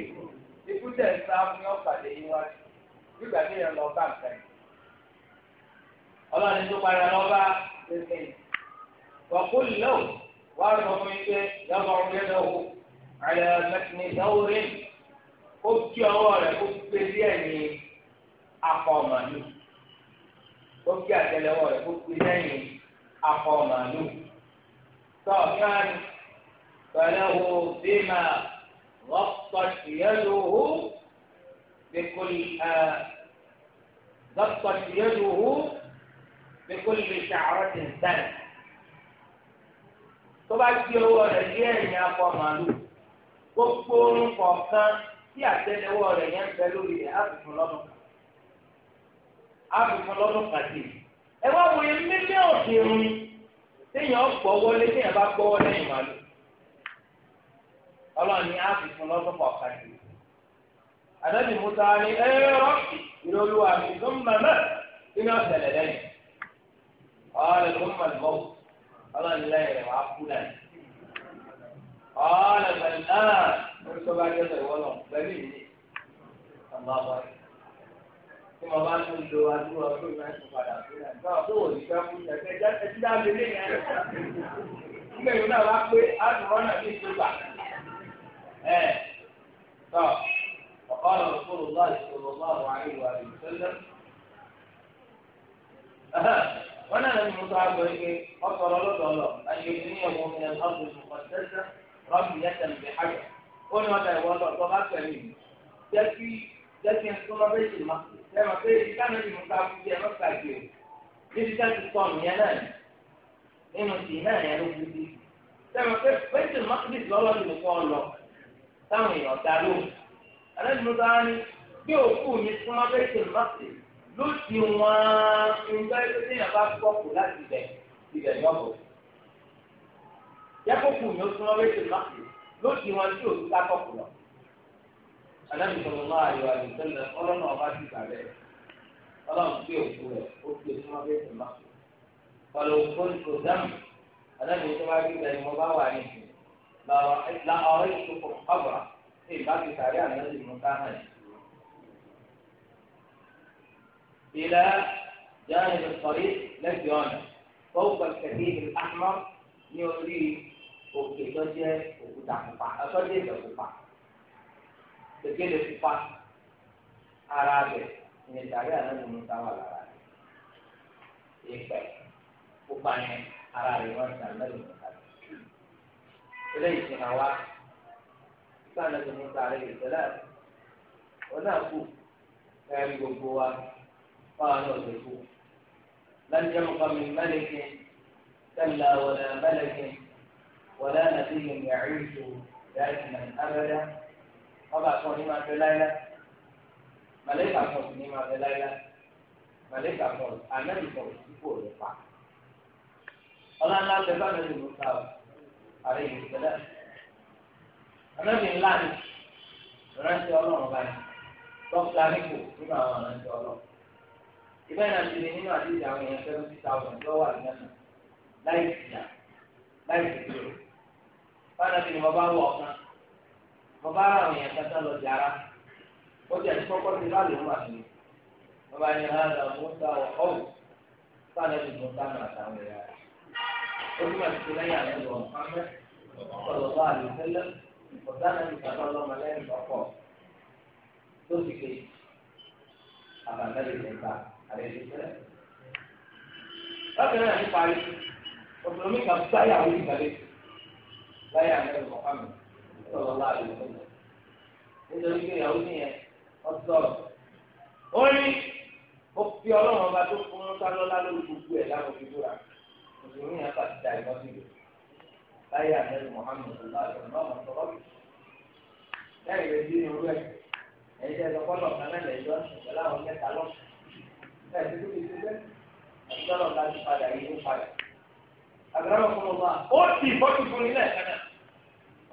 Ikú tẹ̀ ń sá fún yọ pàdé yín wá. Nígbà tí ìyẹn lọ bá nǹkan yìí. Ọlọ́run tó padà lọ bá ṣẹ̀ṣẹ̀ yìí. Wàkú lọ́wọ́ wá sọ fún yín pé yọ̀bọ̀ ọ̀rẹ́ lọ́wọ́ ó kí àtẹ́lẹwọ́ rẹ̀ kó kú lẹ́yìn akọ màálù tó ọ̀gáàni pẹ̀lú wo bí máa rọ́pọ̀ ìyẹ́lò hó bíkúlì ẹ̀ rọ́pọ̀ ìyẹ́lò hó bíkúlì ṣàárọ̀ tì ń sẹ́yìn tó bá gbé owó rẹ̀ dé ẹ̀yìn akọ màálù gbogbo orun kọ̀ọ̀kan tí àtẹ́lẹwọ́ rẹ̀ yẹn ń bẹ lórí rẹ̀ á fi lọ́dún kan àbùkù lọ́dún pàtì. ẹ wá wòye mílíọ̀nù ìròyìn téèyàn gbọ́ wọlé téèyàn bá gbọ́ wọlé ìmọ̀ àlọ́. ọlọ́run ní àbùkù lọ́dún pàtì. ànábì musa ni ẹ rọ́ọ̀kì ìrọ̀lù àmì tó ń mọ̀mọ́ nínú ọ̀sẹ̀lẹ̀ lẹ́yìn. ọ̀rẹ́ ló ń mọ̀ lọ́wọ́ ọlọ́run lẹ́yìn rẹ̀ wá kú náà. ọ̀rẹ́ bẹ̀rẹ̀ náà ló ń sọ bá jẹ́ tí mo bá ń lo adúrú ọdún náà tó padà sílẹ̀ náà tó wò ní fẹ́ fún ẹgbẹ́ ẹtí na lé lẹ́yìn ẹ̀ nígbà yìí náà wá pé àdùrọ̀ náà ní ìtura ẹ̀ tọ́ ọ̀kọ́ ọ̀rọ̀ fún ọlọ́ ìṣòro tó ẹ mọ̀ pé ibi táwọn ti mú ká kú sí ẹ lọ́ sàgbé o níbi tá ti kọ́ ọ̀nìyàn náà nínú tì náà yẹn ló kú sí ẹ mọ̀ pé pẹ́ńtì mọ́kìlì lọ́lọ́dún ló kọ́ ọ lọ táwọn èèyàn dá lóhùn àlejò mú sáá ní bí òkú mi súnmọ́ pẹ́ńtì mọ́kìlì ló ti wọn nígbà tó ti yàn bá kọ́kù láti bẹ̀ ibẹ̀ yọ̀bọ̀ yẹ kókù mi ó súnmọ́ pẹ́ńtì mọ́kìlì ló ti wọn tí òkú ká anábì sọ̀rọ̀ náà ayọ̀ àyè tẹ́lẹ̀ ọlọ́nà ọba ti bàbẹ̀ ọlọ́run tí òkú rẹ̀ ó fi oṣù wọn bẹ́ẹ̀ tẹ̀lé pàlọ́ òkúni kò dáhùn anábì tó bá rí rẹ̀ ni mo bá wà ní ìsìn la ọ̀rẹ́ ìṣòfò ọ̀bà ní ìbáfi sàrí ànábì mú káhàn إلى جانب الطريق لفي أنا فوق الكثير الأحمر يوري òkè tó jẹ òkúta pupa ẹtọ jẹ ìgbà pupa gbẹgẹdẹ fífa ara rẹ̀ ní ìdarí àná musa wà lára rẹ̀ ìpẹ pupa yẹn ara rẹ̀ wọn sàn lẹ́yìn musa eléyìí fi hàn wá nípa àná musa rẹ̀ ìṣẹ̀lẹ̀ wọn náà kú ẹ̀rí gbogbo wa wọn náà lè kú lẹ́yìn jẹ́ mọ́kàn mi mẹ́lẹ̀kì kẹ́lá wọlé mẹ́lẹ̀kì wọlé nàbí yẹn yàrá ìṣòro yàrá ìṣòro abẹ́rẹ́ ọba kan ní máa bẹ láyá màlẹ́kà kan sì ní máa bẹ láyá màlẹ́kà kan ànábì kan sì kò lè pa. ọlọ́lá bẹ bá mi lòlù ká o àrẹ yìí tẹ́lẹ̀. ànábì ńlá ni rántí ọlọ́run báyìí dókítà nípò nínú àwọn rántí ọlọ́run. ìbẹ́ náà ti di nínú àdéhùn àwọn èèyàn seventy thousand lọ́wọ́ àdínẹ́nà láì sí ìyá láì sí ìdúró. bá a náà mo bá wọ ọ̀kan bàbá ara àwọn èèyàn kẹta lọ jàrá ó jẹ ẹni kọ́kọ́ ti láàlú wà ní bàbá yẹn hàn án mọ́tà ọ̀hún sáà lẹ́nu mọ́tà náà táwọn ẹ̀yà rẹ̀ ó ní wàá ti lẹ́yìn àwọn ẹ̀rọ ọ̀hánmẹ́ ọ̀rọ̀ bá àlè tẹ́lẹ̀ ọ̀dà náà ti kàtà ọlọ́mọ lẹ́yìn ọkọ̀ tó ti ké àbàlẹ́ ìjẹta àlẹ́ ìjẹta. bákan náà ní parí ọ̀pọ̀lọpọ̀ mi kà sáyà sọ̀rọ̀ láàyè fún mi. nítorí pé ìyàwó nìyẹn ọ sọ̀rọ̀. ó ní ó fi ọlọ́run ọba tó fún un sálọ́lá lórí gbogbo ẹ̀ láwọn òbí búra. mùsùlùmí yẹn bá ti da ìbọn síbi. láyé àmẹ́rù Muhammad ọ̀la àtọ̀nà ọ̀mọ̀ sọ̀rọ̀ bì. lẹ́yìn rẹ̀ dín irú ẹ̀ ẹ̀jẹ̀ lọ́kọ́lọ̀ kan náà lẹ́jọ́ pẹ̀lú àwọn mẹ́ta lọ Àgbẹ̀rẹ̀ ọ̀kọ́ ló wà. Ó ti ìfọ́tí fún ilé ẹ̀ka náà.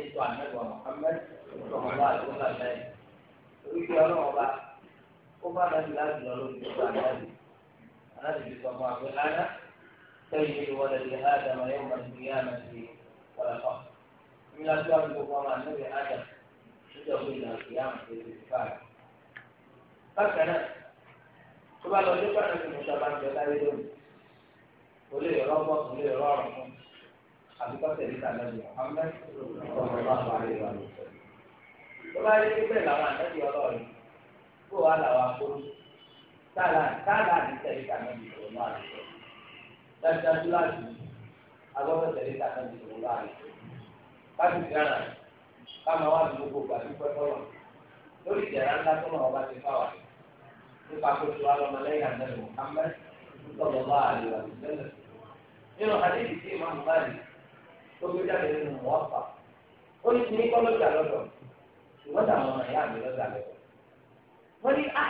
ètò àmẹ́wàá Muhammad sọ̀rọ̀ àdúgbò lẹ́yìn. Oríṣi ọlọ́run ọba ó bá náà ti láti lọ lórí ìgbà náà lè. Aláàbí ti sọ fún àgbẹ̀ Ádá sẹ́yìn ní ìwọlẹ̀ ní Ádámà yóò máa ti yá àmà sí ọ̀làkọ́. Èmi láti wá gbogbo ọmọ ànábì Ádá níjọ́ pé ìlànà sí àmà sí ti fà á. Bákan náà, tó bá lọ sí pàtàkì mọ̀ṣábà ń láyé lónìí. Olè rọ́bọ̀, olè rọ́ọ̀rùn fún àbíkọ́sẹ̀ níta lọ́dún Muhammad ọ̀rọ̀ bá wà lè wà lọ. tó bá yẹ kí bẹ́ẹ̀ làwọn àtẹ́jú ọlọ́ọ̀rẹ́ kó wàá làwọn akóró tààlà tààlà níta níta lọ́dún ọ̀rọ̀ bá lè wà lọ. dájúdájú láti agbọ́dọ̀sẹ̀ níta lọ́dún ọ̀rọ̀ bá lè wà lọ. kájú gánà káma wà ní gbogbo gbàdúgbò tọ́lọ̀ lórí ìjẹ̀rà ńlá tó náà ọba ti fáwà nípa kóso tó tó jáde nínú onye isi ó ní kí ní kọ́ lọ́jà lọ́dọ̀ ṣùgbọ́n táwọn ọmọ ìyá mi lọ́jà lọ́dọ̀ wọ́n ní á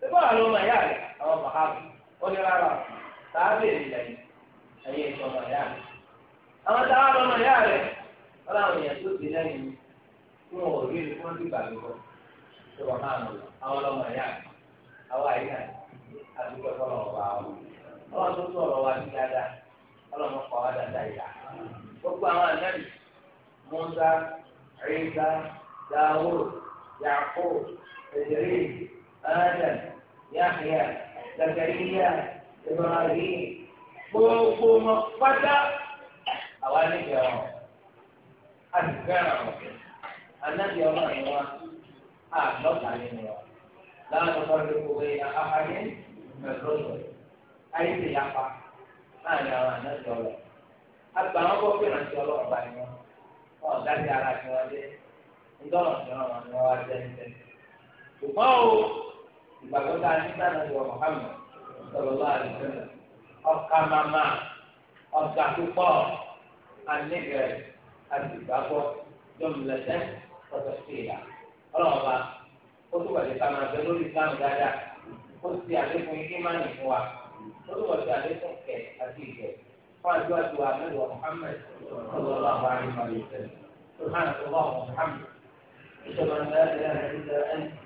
ṣébọ́ àwọn ọmọ ìyá rẹ̀ àwọn ní rárá ẹ̀yìn ọmọ ìyá rẹ̀ àwọn táwọn ọmọ ìyá rẹ̀ wọ́n láwọn èèyàn tó ti lẹ́yìn fún òrí rẹ̀ gbogbo àwọn ànábì Musa Isa Dawud Yaqub Idris Adam Yahya Zakariya Ibrahim gbogbo wọn pátá àwa níbi àwọn àdìgbẹ́ràn wọn ànábì ọlọ́run wọn àlọ́ta nínú wọn láwọn ọmọ rẹ kò wé ahàyè mẹlọ́lọ́ ayé ti yapa láàrin àwọn ànábì ọlọ́run. àgbà wọn bọ́ pé ìrántí ọlọ́run bá yẹn wọn ọ̀dá ti ara ti wọn dé ńdọ́rọ̀ ti ràn wọn ni wọn wá jẹ́ níbẹ̀. ṣùgbọ́n o ìgbàgbọ́ tá a ní sáà náà ti wọ Muhammad sọlọ́lá àdìsẹ́lẹ̀ ọ̀ka màmá ọ̀gá púpọ̀ anigẹ̀ àdìgbàgbọ́ jọmùlẹ̀tẹ̀ ọ̀tọ̀ sí ìyá ọlọ́run bá ó tún wà ká máa bẹ lórí ìsìlámù dáadáa ó ti àlékún ìmánì fún wa ó tún wà sí àlékún àti ìgbẹ̀ wọ́n adúlá ju àmẹ́lò Muhammad sallallahu alaihi wa sallam subhanahu wa ta'ala Muhammad ìṣọ̀rọ̀ ẹ̀ ẹ̀ ẹ̀ ẹ̀ ẹ̀ ẹ̀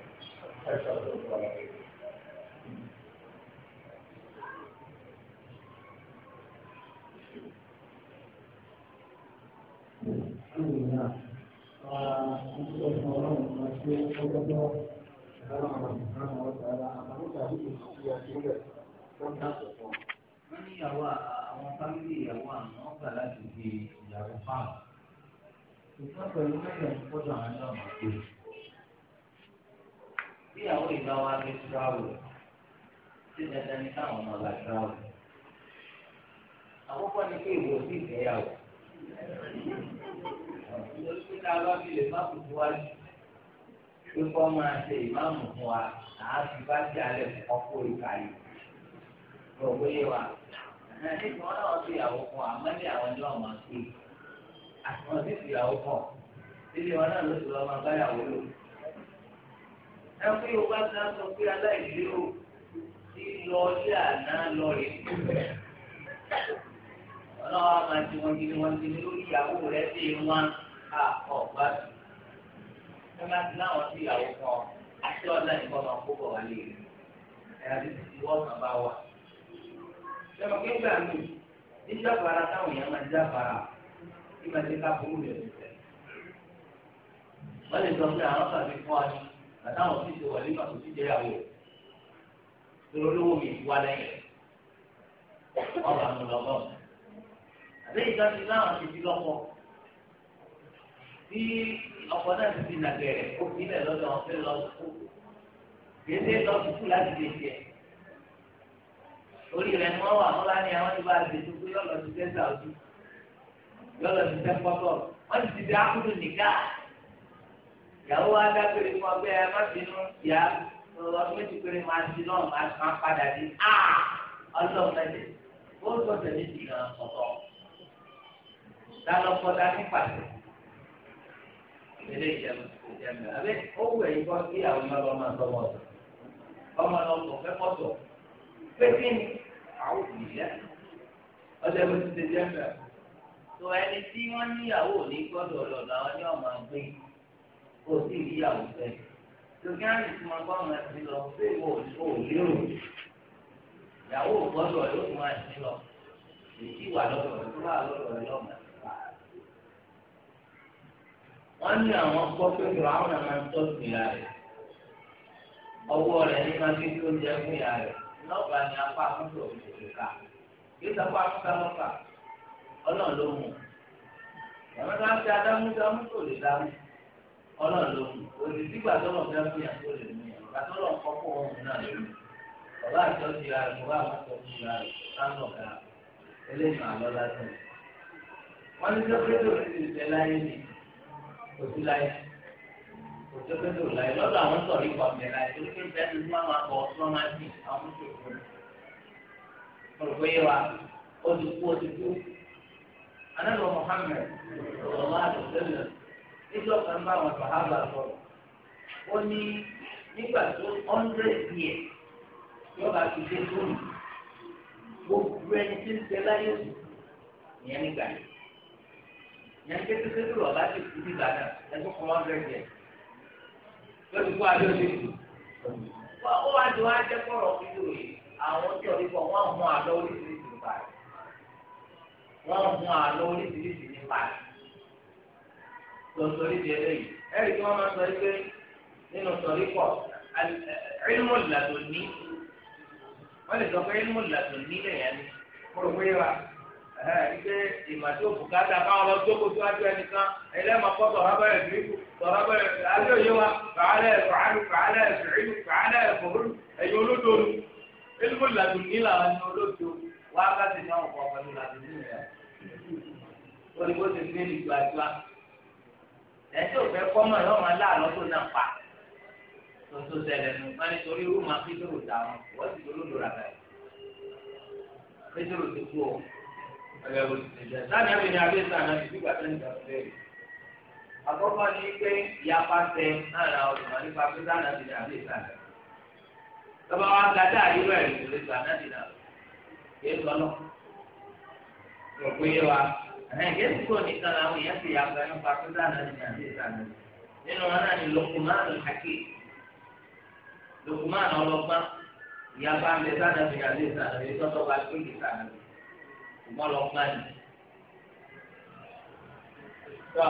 alhamdulillah untuk orang masih berdoa dalam Allah Subhanahu wa taala apa yang kita butuh dia juga kontak wọ́n ní ìyàwó àwọn fámìlì ìyàwó àwọn ọgbà láti fi ìyàwó fáwọn ṣùgbọ́n pẹ̀lú mẹ́jọ ń kọjọ àwọn náà mọ̀ pé bí àwọn ìgbà wa fi tíráwò ṣé dandan ní káwọn ọmọ ọba tíráwò àkọ́kọ́ ni pé ìwọ sí ìgbéyàwó lórí pé ká bá fi lè má kú fún wa máa ṣe ìmáàmù fún wa àá fi bá sí alẹ́ kọ́kọ́ ìkàlẹ̀ òwe wa nígbà wọn náà ti ìyàwó kan àmọ́ ní àwọn ẹni wọn máa pè àwọn ti ti ìyàwó kan ilé wọn náà ló ti lọ máa báyàwó lò ẹ pé o bá ti sọ pé aláìlé o ti lọ ilé àná lọ rè ọlọ́wọ́ máa ti wọn kiri wọn kiri lórí ìyàwó rẹ sí wọn a ọ̀gbá ẹ máa ti láwọn ti ìyàwó kan àti ọ̀la ìfọ̀mọ̀ kó bọ̀ wálé rẹ ẹ̀ àti ti ti wọ́n máa bá wà sọ̀rọ̀ kí n gbà mí níjà fara táwọn èèyàn máa já fara kí máa ti ká burú rẹ̀ lọ́sẹ̀. wọ́n lè sọ pé àwọn bàbá mi fún aṣọ àtàwọn sì ṣe wà nípa kò sí jẹ́yàwó lọ́wọ́ lówó mi wá lẹ́yìn ọ̀rọ̀ àmì lọ́gọ́. àbẹ́yìn ká ti láwọn ti di lọ́pọ̀ tí ọkọ̀ náà ti di nàgẹ̀rẹ̀ ó fi ilẹ̀ lọ́dọ̀ ọ̀fẹ́ lọ́sùkú kì í ṣe láti lè jẹ́ orí rẹ̀ ni wọ́n wà wọ́n bá ní àwọn tó bá lè tó pé yọ̀lọ̀ ti tẹ́ sàwùjú yọ̀lọ̀ ti tẹ́ pọ́pọ́ wọ́n ti ti di ákúndù nìkà ìyàwó wa dágbére fún ọgbẹ́ ẹ má bínú ìyá ọdún méjì péré máa ti náà máa padà dé á ọlọ́run mẹ́lẹ̀ ó ń sọ̀tẹ̀ méjì náà ọ̀tọ̀ dálọ́pọ̀ dání pàṣẹ ilé ìjẹun ìjẹun abẹ́ ó wù ẹ̀yìn bọ́ sí àwọn ọmọ ọmọ ọmọ ọmọ ọmọ ọmọ ọmọ ọmọ pépé ni àwọn òbí yá ọjọ́ ìwé ti tẹ̀lé ẹ̀fẹ̀. tó ẹni tí wọ́n níyàwó ní gbọ́dọ̀ lọ làwọn ní ọmọ gbé kó o sì níyàwó fẹ́. tòkí àmì tí wọn gbọ́n máa ti lọ pé o ò lérò ìyàwó gbọ́dọ̀ ló fún wa ti lọ èyí wà lọ́dọ̀ rẹ̀ tó wà lọ́dọ̀ rẹ̀ lọ́mọ. wọ́n ní àwọn gbọ́ pé kí wọ́n á máa rẹ̀ ọwọ́ rẹ̀ ní máa fi tó jẹ fún ìyá rẹ̀. lọ́ọ̀bà ni apá àkókò òkè ká yóò sọ́kọ́ àkókò lọ́ọ̀bà ọlọ́run ló mú ẹ̀rọ tó lè dámú ọlọ́run ló mú òsì sígbà tọ́lọ̀ lè mú náà àjọ ti ra ra àlọ́ lásán ní ti òjòkòtò láyé lọ́dọ̀ àwọn sọ̀rí kọ̀ọ̀mì láyé torí pé bẹ́ẹ̀ ni wọ́n máa bọ̀ ọ́ máa dì àwọn mùsùlùmí. mo rò pé wa ó ti kú ó ti kú. anáwó Muhammad ọ̀rọ̀lá àdùsẹ́lẹ̀ níjọ́ kan bá àwọn sàhábà sọ̀rọ̀. ó ní nígbà tó hundred years yóò bá ti dé tóun gbogbo ẹni tí ń tẹ láyé òsì ìyẹn nígbà yẹn. ìyẹn kékeré lọ́sí kó adé ṣe. ó wá ti wá jẹ́ kọ́rọ̀ fídíò yìí àwọn tí ọ̀rí kan mú àlọ́ oríṣiríṣi nípa rẹ̀. wọ́n mú àlọ́ oríṣiríṣi nípa rẹ̀. lọ́sọ̀rí di eléyìí ẹ̀rí kí wọ́n máa sọ pé nínú sọ̀rí pọ̀ ẹ̀rímù làdùn ní. wọ́n lè sọ pé ẹ̀rímù làdùn ní lè yẹn ní. mo wa. ike ìmàtí òbúkátà káwọn lọ jókòó síwájú ẹnìkan ẹlẹ́mọ̀ kọ́ sọ̀rọ̀ abẹ́rẹ́ bíríkù sọ̀rọ̀ abẹ́rẹ́ alẹ́ òye wa fàálẹ̀ fàálù fàálẹ̀ fìrìlù fàálẹ̀ fòrùlù ẹ̀yin olódòlù elúgbò làdùn làwọn ẹni wá ní àwọn ọkọ̀ pẹ̀lú ti ní ìlú ẹgbẹ́ bó sáni àbí ni àbí sàn náà ìdígbà tó ní ìdàgbọ́ bẹ́ẹ̀ àkọ́kọ́ ni pé ìyapa tẹ náírà ọ̀dùnmọ̀ nípa pé sáni àbí ni àbí sàn náà lọ́ba wa gàdá àyíró ẹ̀rí ìdílé sàn náà dì náà kì í sọ lọ rò pé yé wa ẹ̀hìn kì í nìkan làwọn èèyàn ti yàgbẹ́ nípa pé sáni àbí ni àbí sàn náà nínú wọn náà ni Lukumanu Hakim Lukumanu ọlọ́gbọ́n ìyapa ń sáni àbí ni ṣùgbọ́n lọ gbà ní. tó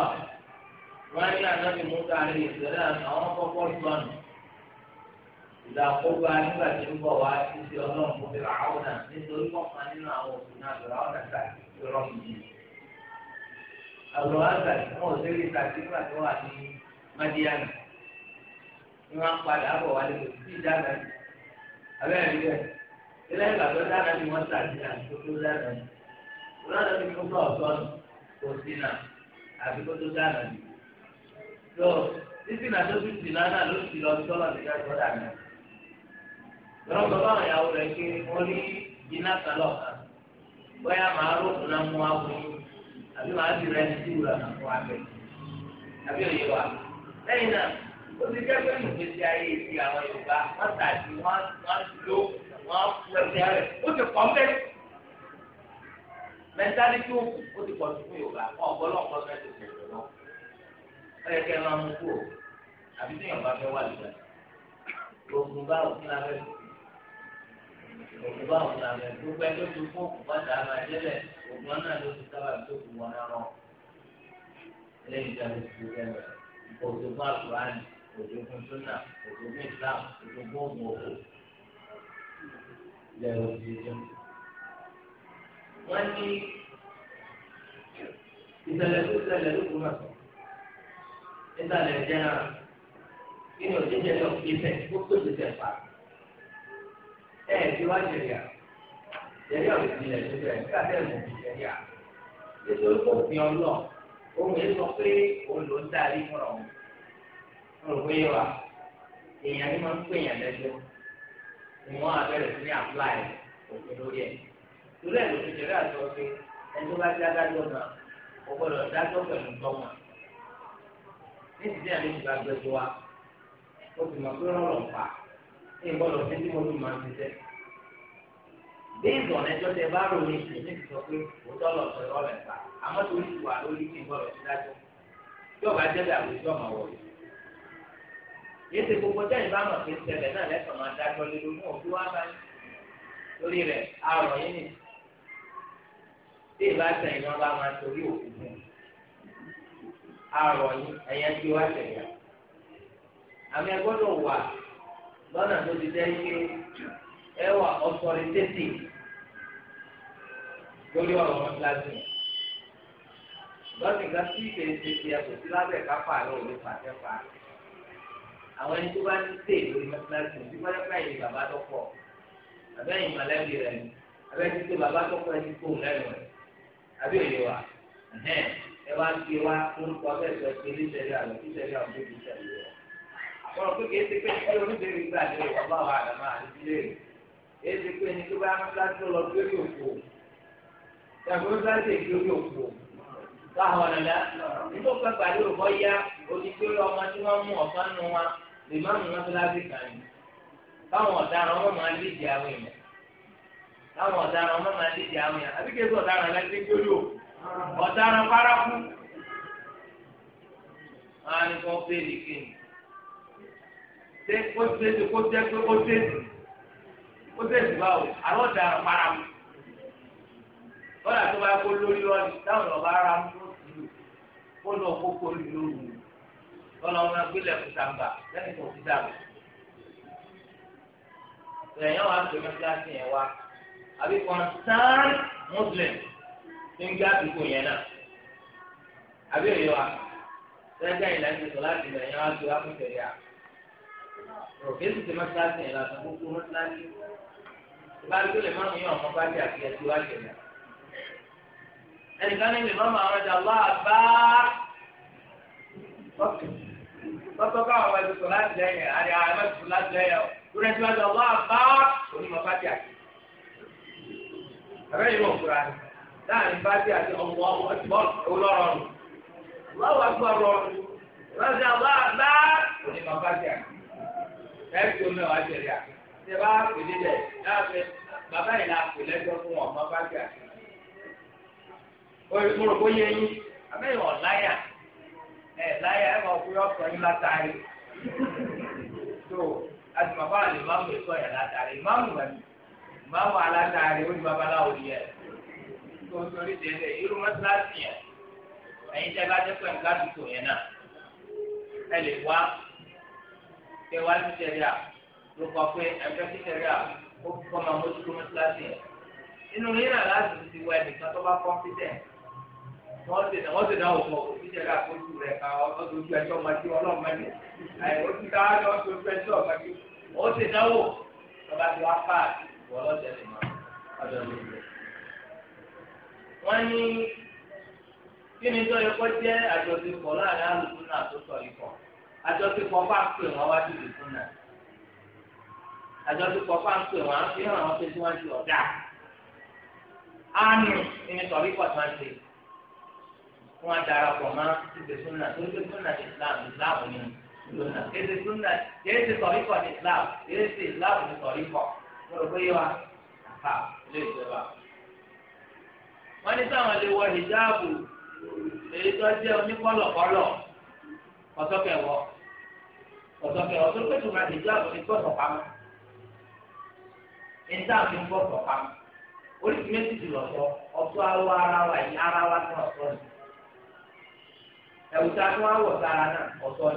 wọ́n rí ànábì Musa àrí ìṣẹ̀lẹ̀ àwọn kọ́kọ́ sọnù ìdàkóbá nígbà tí ń bọ̀ wá títí ọlọ́run fún bẹ̀rẹ̀ àwọn náà nítorí kọ́kàn nínú àwọn òkú náà bẹ̀rẹ̀ àwọn náà tàbí rọ̀ mí. àwòrán àgbà tí wọ́n ò sẹ́rí ìtàkì nígbà tó wà ní Madiana ni wọ́n padà bọ̀ wá lé kò sí ìdáná abẹ́rẹ́ níbẹ̀ ilé ìgbà tó dáná ni wọ́n tàbí àti tó tó dáná ni kúránà mi kò fún ọ̀sán kò sí nà àbí kó tó dáná ni. tó títí nà tó fi sì lánàá ló sì lọ sí ọlọ́ọ̀dẹ ká tó dànù. lọ́wọ́ bá àwọn ìyàwó rẹ̀ pé wọ́n ní iná kan lọ́ọ̀kan bóyá màá rògùn náà mú àwọn àbí màá ti rẹ̀ ní ìwúrà náà fún abẹ́ àbí òye wa lẹ́yìn náà ó ti jẹ́ pé ìgbésí ayé ti àwọn Yorùbá wọ́n tà sí wọ́n lò wọ́n fún ẹgbẹ́ rẹ̀ ó ti pọ̀ mẹ́rin mẹtálítì òkú ó ti pọ̀ fún yorùbá ọ̀pọ̀lọpọ̀ mẹtò tẹ̀lé lọ. ó yẹ kẹ́ ẹ máa mú kúrò àbí tí yorùbá fẹ́ wà lùdà. oògùn bá òkú la fẹ́ oògùn bá òkú la fẹ́ gbogbo ẹ tó ti fún òkú bá dàá máa délẹ̀ oògùn náà ló ti sábà tó kù wọn lọ. lẹ́yìn tí a lè fi rẹ̀ rẹ̀ òjò fún àlùbáàlì òjò fún súnà òjò fún ìsìlámù òjò fún òògùn òkú wọ́n ní ìṣẹ̀lẹ̀ tó ṣẹlẹ̀ ló kú náà ìṣẹ̀lẹ̀ jẹ́ra kí ni òjijì ẹ̀yọ̀ fi fẹ̀ ó tó ti tẹ̀ fà ẹ̀ ti wá jẹ̀rìà jẹ̀rìà ò ti lẹ̀ lójú ẹ̀ ká tẹ̀ mọ̀ jẹ̀rìà nítorí kò fi ọ lọ òun yẹn sọ pé òun ló ń darí fúnra òun òun pé wa èèyàn ni máa ń pè yàn lẹ́jọ́ ìwọ̀n abẹ́rẹ́ sí ní àpláì òfin lórí ẹ̀. torí ẹ̀ lóṣù jẹ̀rẹ̀ àjọ ẹni tó bá ti adájọ́ náà ó gbọ́dọ̀ dájọ́ pẹ̀lú tọ́wọ̀n níbi tí àmì ìgbà gbẹ̀jọ wa ó mọ̀ pé rọrùn pa ní tí mo fi máa ń ṣiṣẹ́ ẹjọ́ tẹ bá rò ní ìṣẹ̀lẹ̀ ti sọ pé òótọ́ lọ sọ ìrọ̀lẹ́ pa àmọ́ torí ti wà lórí kí ti tí ìbá sẹ́yìn wọn bá máa torí òkú fún un àrọ̀ yìí ẹ̀yẹ tí wá sẹ̀yà àmì ẹ gbọ́dọ̀ wà lọ́nà tó ti dẹ́ pé ẹ wà ọ̀tọ̀rìtẹ́tì lórí ọ̀rọ̀ wọn láti lọ́sìn kan tí ìfẹ́ ṣe ti ẹ̀kọ́ sí lábẹ́ kápá àlọ́ òní pàṣẹ pa àwọn ẹni tó bá ti tè lórí mọ́tíláṣí ní wọ́n fẹ́ yìí bàbá tó pọ̀ àbẹ́yìn mọ̀lẹ́bí rẹ̀ abẹ́ ti tè bàbá tó pọ̀ ẹni tó lẹ́nu rẹ̀ àbí òye wa ẹ wá sí wa lórúkọ bẹ́ẹ̀ sọ pé níṣẹ́lẹ̀ àwọn níṣẹ́lẹ̀ àwọn tó ti ṣẹlẹ̀ rẹ̀ àwọn òkú kìí ṣe pé ẹ̀rọ oníbèrè gbà ní ìwà bá àdàmà àdìsílẹ̀ rẹ̀ èyí pé tó bá ń lọ òkú ìyàgbọ́n ń òkú tó ọmọ tí wọ́n mú wọn láwọn ọ̀daràn ọmọ máa dídì àwọn yẹn àbí kéésì ọ̀daràn lẹ́sìn kí ó lò ọ̀daràn paraku. wọn ní kó béèrè kí ni ṣé ó ṣèṣe kó jẹ́ pé ó ṣèṣe ó ṣèṣe báwo àlọ́ ọ̀daràn paraku. bọ́lá tó bá kó lórí táwọn ara kó lọ bọ́lá ọmọ lẹ́yìn tó ti dàgbà. wa àbí concern muslim ti ń gbé àdúgbò yẹn náà àbí òye wa sẹ́jà ìlà ń sọ láti ilẹ̀ yẹn wá sí wá fún tẹ̀lé à rògbèsì ti máa sáà sẹ́yìn lásán gbogbo mọ́tíláṣí ìbá tó lè máa mú yàn ọmọ bá dé àti ẹtí wá tẹ̀lé à ẹnìkan ní ìlú ọmọ àwọn ọjà wá bá tọ́tọ́ káwọn ọmọ ẹ̀sìn sọ láti lẹ́yìn àríyá ẹ̀mẹ́sìn láti lẹ́yìn ọ̀ abẹ́rẹ́ ìmọ̀ òkúra rẹ̀ láàrin fáti àti ọmọ ọmọ ẹtì bọ́ọ̀lù ewu àgbà òní ma àti omi ṣe bá pè bàbá yìí la pè fún àti mo rò bó yẹ yín láyà láyà máa yín látàrí tó [LAUGHS] àti bàbá àlè ìmáàmù alátàrí ó ní babaláwo ni ẹ tó ń torí délé irú mọ́tíláṣí yẹn ẹ̀yin tẹ́ bá dẹ́kun ẹ̀ka dùkú yẹn náà ẹ lè wá kẹ wá sí sẹ́ríà ló kọ pé ẹ̀fẹ́ sí sẹ́ríà ó kọ́ máa mójútó mọ́tíláṣí yẹn inú yín náà láti ti wọ ẹnìkan tó bá kọ́mpítẹ̀ wọ́n ti náà wọ́n ti náà wò ó sí sẹ́ríà kójú rẹ̀ ká ọdún ojú ẹjọ́ máa ti ọlọ́mọdé ó ti náà wò ti wá pààlì. wọ́lọ́dẹ̀ i má ọ̀dọ̀ ló wọ́n ní kí ni tó yẹ kó jẹ́ àjọṣepọ̀ láàrin alùpùpù náà tó sọ ikọ̀ àjọṣepọ̀ bá pè wọ́n wá sí ìlú náà àjọṣepọ̀ bá ń pè wọ́n á fi hàn wọ́n pé tí wọ́n ti ọ̀dà ánù ní sọ̀rí pọ̀ ti tó ń gbé Islam Islam pọ̀ ní lọ́rọ̀ pé yíwa àká ilé ìjọba. wọ́n ní sáwọn lè wọ hijabu èyí tó jẹ́ oníkọ́lọ̀kọ́lọ̀ kọ́sọ́kẹ̀wọ́ kọ́sọ́kẹ̀wọ́ tó pẹ̀tù máa hijabu ní gbọ́sọ̀ pamọ́ ní fi ń gbọ́sọ̀ pamọ́ oríṣi méjì ti lọ sọ awọ ara wa yìí ara wa tún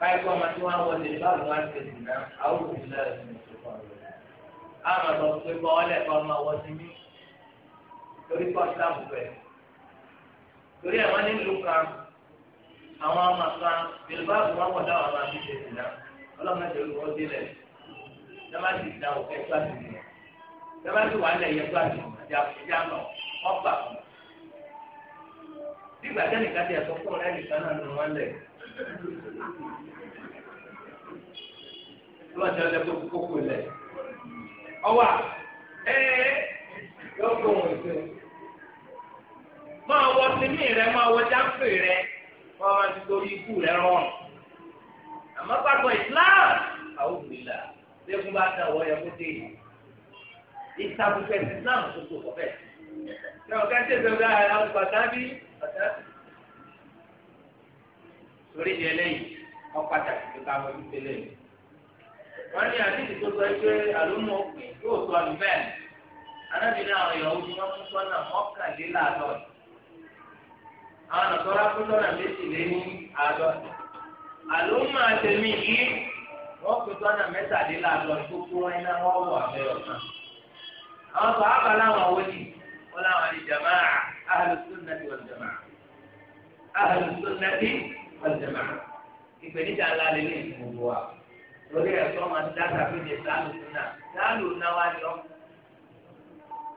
káyọ̀ kọ́ ọmọ tí wọ́n á wọlé báwo wá ṣe sì náà àwọn òbí náà lè fi ṣe fún ọ̀rọ̀ rẹ̀. àmọ̀ lọ pé bọ́ ọ́ lẹ́kọ̀ọ́ ọmọ wọ́n ti mí torí kọ́ sáàmù bẹ̀. torí ẹ̀ wọ́n nílùú kan àwọn ọmọ kan bilbao wọn wọ̀ dáwọ̀ máa fi ṣe sì náà ọlọ́mọdé olùkọ́ délẹ̀ dámàtì ìdá òkè gbàdì nìyẹn dámàtì wà lẹ̀ yẹ gbàdì ìjà lọ lọ́jọ́ ẹlẹ́ tó kókó lẹ̀. ọwọ́ ẹ̀ẹ́ yóò kó wọn sí. máa wọ sinmi rẹ máa wọ jáfè rẹ máa máa ti torí ikú rẹ rọrùn. àmọ́ pàtó islam àwọn òbílà lẹ́kùn bá dà wọ́ ẹ̀kú dé yìí. ìtàkùnkẹ́ islam tó tó kọ́ bẹ́ẹ̀. ṣé ọ̀gá tẹ̀sán bá ara bàtà bí bàtà bí. torí ìdí ẹlẹ́yìn ọ̀pá tàbí tó ká wọ́n ti tẹ́lẹ̀ yìí. wọ́n ní àdìsí tó sọ pé àlùmọ́ òkè yóò sọ ọdún bẹ́ẹ̀ anábìrin àwọn ìyàwó tí wọ́n tún sọ́nà àwọn àtọ́lá sọ́nà àtẹ̀mí yìí wọ́n sọ́nà wọn iná wọ́n àwọn sọ ábà láwọn wọn wal wal ìpèníjà ńlá lórí ẹ̀sọ́ máa ti dáta pé lè sáàlù súnà sáàlù náà wá jọ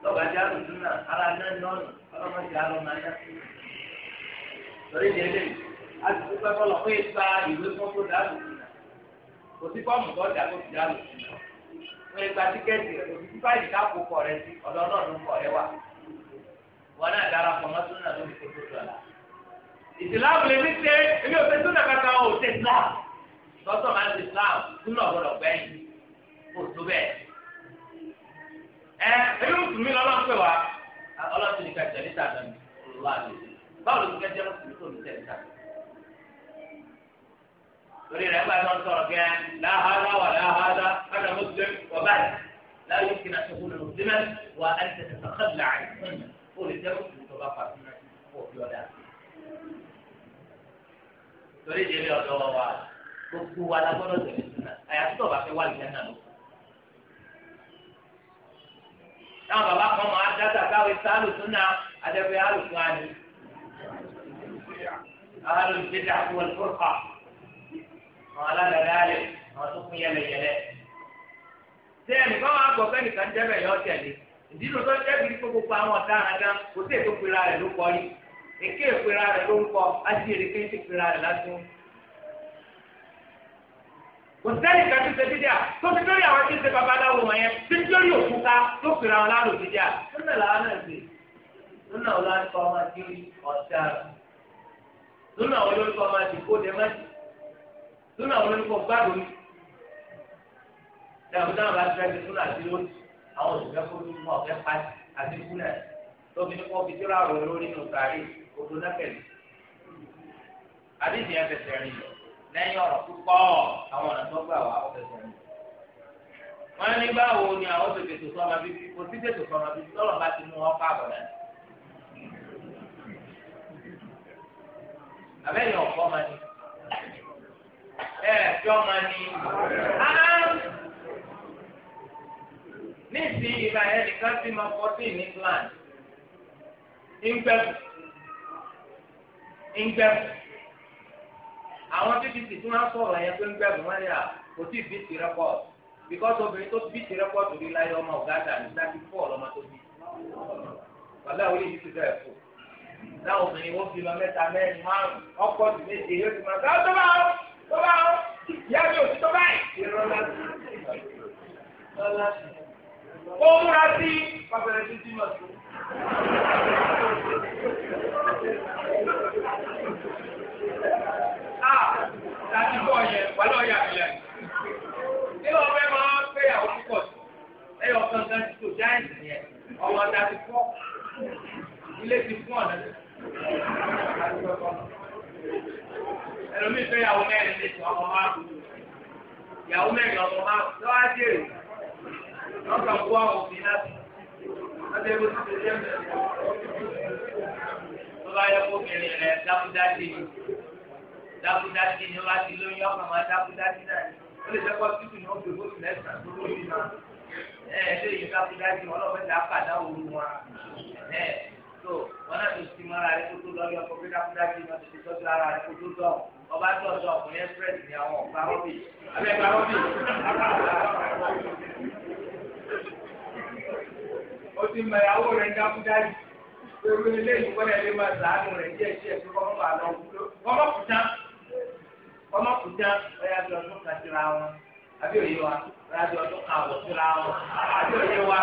lọ́ba jáàlù súnà ara náà nọ́ọ̀nù ọlọ́mọdé àlọ́ máa ná lórí ìdẹ́lẹ̀ àtúntò pẹ́ kọ́ lọ pé gba ìwé fún tó dáàlù súnà kò sí fọ́ọ̀mù dà tíkẹ́ẹ̀tì rẹ̀ kọ̀ sí ọ̀dọ́ náà ló kọ̀ wà lọ́sọ̀ máa ti Islam nínú ọ̀gbọ́dọ̀ gbẹ́yìn kò tó bẹ́ẹ̀. ẹ ẹbí mùsùlùmí lọ́lọ́run pè wá ọlọ́run ti ní ká jẹ̀lé tà nàmi olùwà àlè báwo ló ti kẹ́ jẹ́ mùsùlùmí tó ní tẹ̀lé tà torí rẹ̀ gbàdọ̀ ń sọ̀rọ̀ gẹ́ láhàdá wà láhàdá kájà mùsùlùmí wà báyìí láyé kí n àtúkù lè mùsùlùmí wà á ti tẹ̀sán kọ́lá àyè kó lè jẹ́ mùsùlùmí tó bá fà sí náà kó fi ọ̀dà. torí ìdílé ọ̀dọ́ wa wà á. gbogbo wa la gbọ́dọ̀ tẹ̀lé súnà àyàfi tó bá fẹ́ wà náà lọ. táwọn bàbá kan máa dáta káwé sáàlù súnà àdẹ́fẹ́ àní. àwọn aládàáda àwọn tó kún yẹlẹyẹlẹ. ẹnìkan nìkan kò sẹ́yìn kan ti ṣe dídí à tó ti lórí àwọn tí ń ṣe babaláwo wọn yẹn tí ń lórí òkú ká tó pèrè àwọn lálò dídí à nínú làwọn náà ṣe nínú àwọn olórúkọ ọmọ àti ọ̀ṣà nínú àwọn olórúkọ ọmọ àti kóde mẹ́tì nínú àwọn olórúkọ gbàdúrú ìyàwó náà bá tẹ́lẹ̀ nínú àti lórí àwọn òṣìṣẹ́ kó lórí wọn ọ̀fẹ́ pàṣẹ àti kúnlẹ̀ tóbi ní kó fi tíra rò lórí nù lẹ́yìn ọ̀rọ̀ púpọ̀ àwọn ọ̀nà tó gbà wá ọ̀fẹ́ sọ̀rọ̀. wọ́n ní báwo ni àwọn tó tètè sọ́mọ bíbí kò sí tètè sọ́mọ bíbí tọ́lọ̀ bá ti mú wọn káàbọ̀ náà. àbẹ́yìn ọ̀pọ̀ máa ní ẹ̀ẹ́dì ọmọ ni nísìnyí ìgbà yẹn nìkan ti máa fourteen ní England ń gbẹ́bù ń gbẹ́bù àwọn bbc tí wọ́n sọ̀rọ̀ yẹn tó ń gbẹ̀rún wọn yà kò tí ì bíìtì rẹ́kọ̀d bíkọ́sì obìnrin tó bíìtì rẹ́kọ̀d rí láyé ọmọ ọ̀gáàdà ní láti fọ́ ọ̀lọ́mọ tó bí wàlẹ́ òye yìí ti bẹ̀rẹ̀ fò láwọn obìnrin wọ́n fi lọ mẹ́ta mẹ́rin márùn ọkọ̀ sí méje yóò ti máa gbá ah, tó bá ó tó bá ó ìyá mi ò sí tó báyìí ó múra sí pàfẹ́rẹ́ sí yẹn wà lọ́ọ́ yà mí lẹ́nu. máa ń àwọn púpọ̀ sí? Ẹyọ ti tó yẹn, ọmọ ọ̀dà ti fọ́, ilé ti fún ọ̀nà mẹ́rin ọmọ máa mẹ́rin ọmọ máa á dé rè kó àwọn òbí láti ẹgbẹ́ jẹ́ mẹ́rin rẹ̀ dákúdájí ni wọ́n á ti lóyún ọkàn máa dákúdájí náà ni ó lè fẹ́ kọ́ títù ní oṣù oṣù mẹ́sàn-án tó lóyún náà ẹ ẹ ṣé èyí dákúdájí wọn lọ́wọ́ dá padà òru wọn ẹ tó wọn náà tó ti mọ ara rẹ kó tó lọ́yọ̀ kó fi dákúdájí náà tó ti tọ́jú ara rẹ kó tó tọ̀ ọba tó ọ̀dọ́ ọkùnrin express ni àwọn ọ̀gá rọ́bì abẹ́ ẹ̀ka rọ́bì ó ti mọ ìyàwó rẹ dákúdájí ewu eléyìí wọ́n máa sàánù rẹ̀ díẹ̀ díẹ̀ tó kọ́ kọ́mọ́ kùtà ọ̀yà bí ọdún kan síra wọn àbí òye wa ọ̀yà bí ọdún kan àbọ̀ síra wọn àbí òye wa.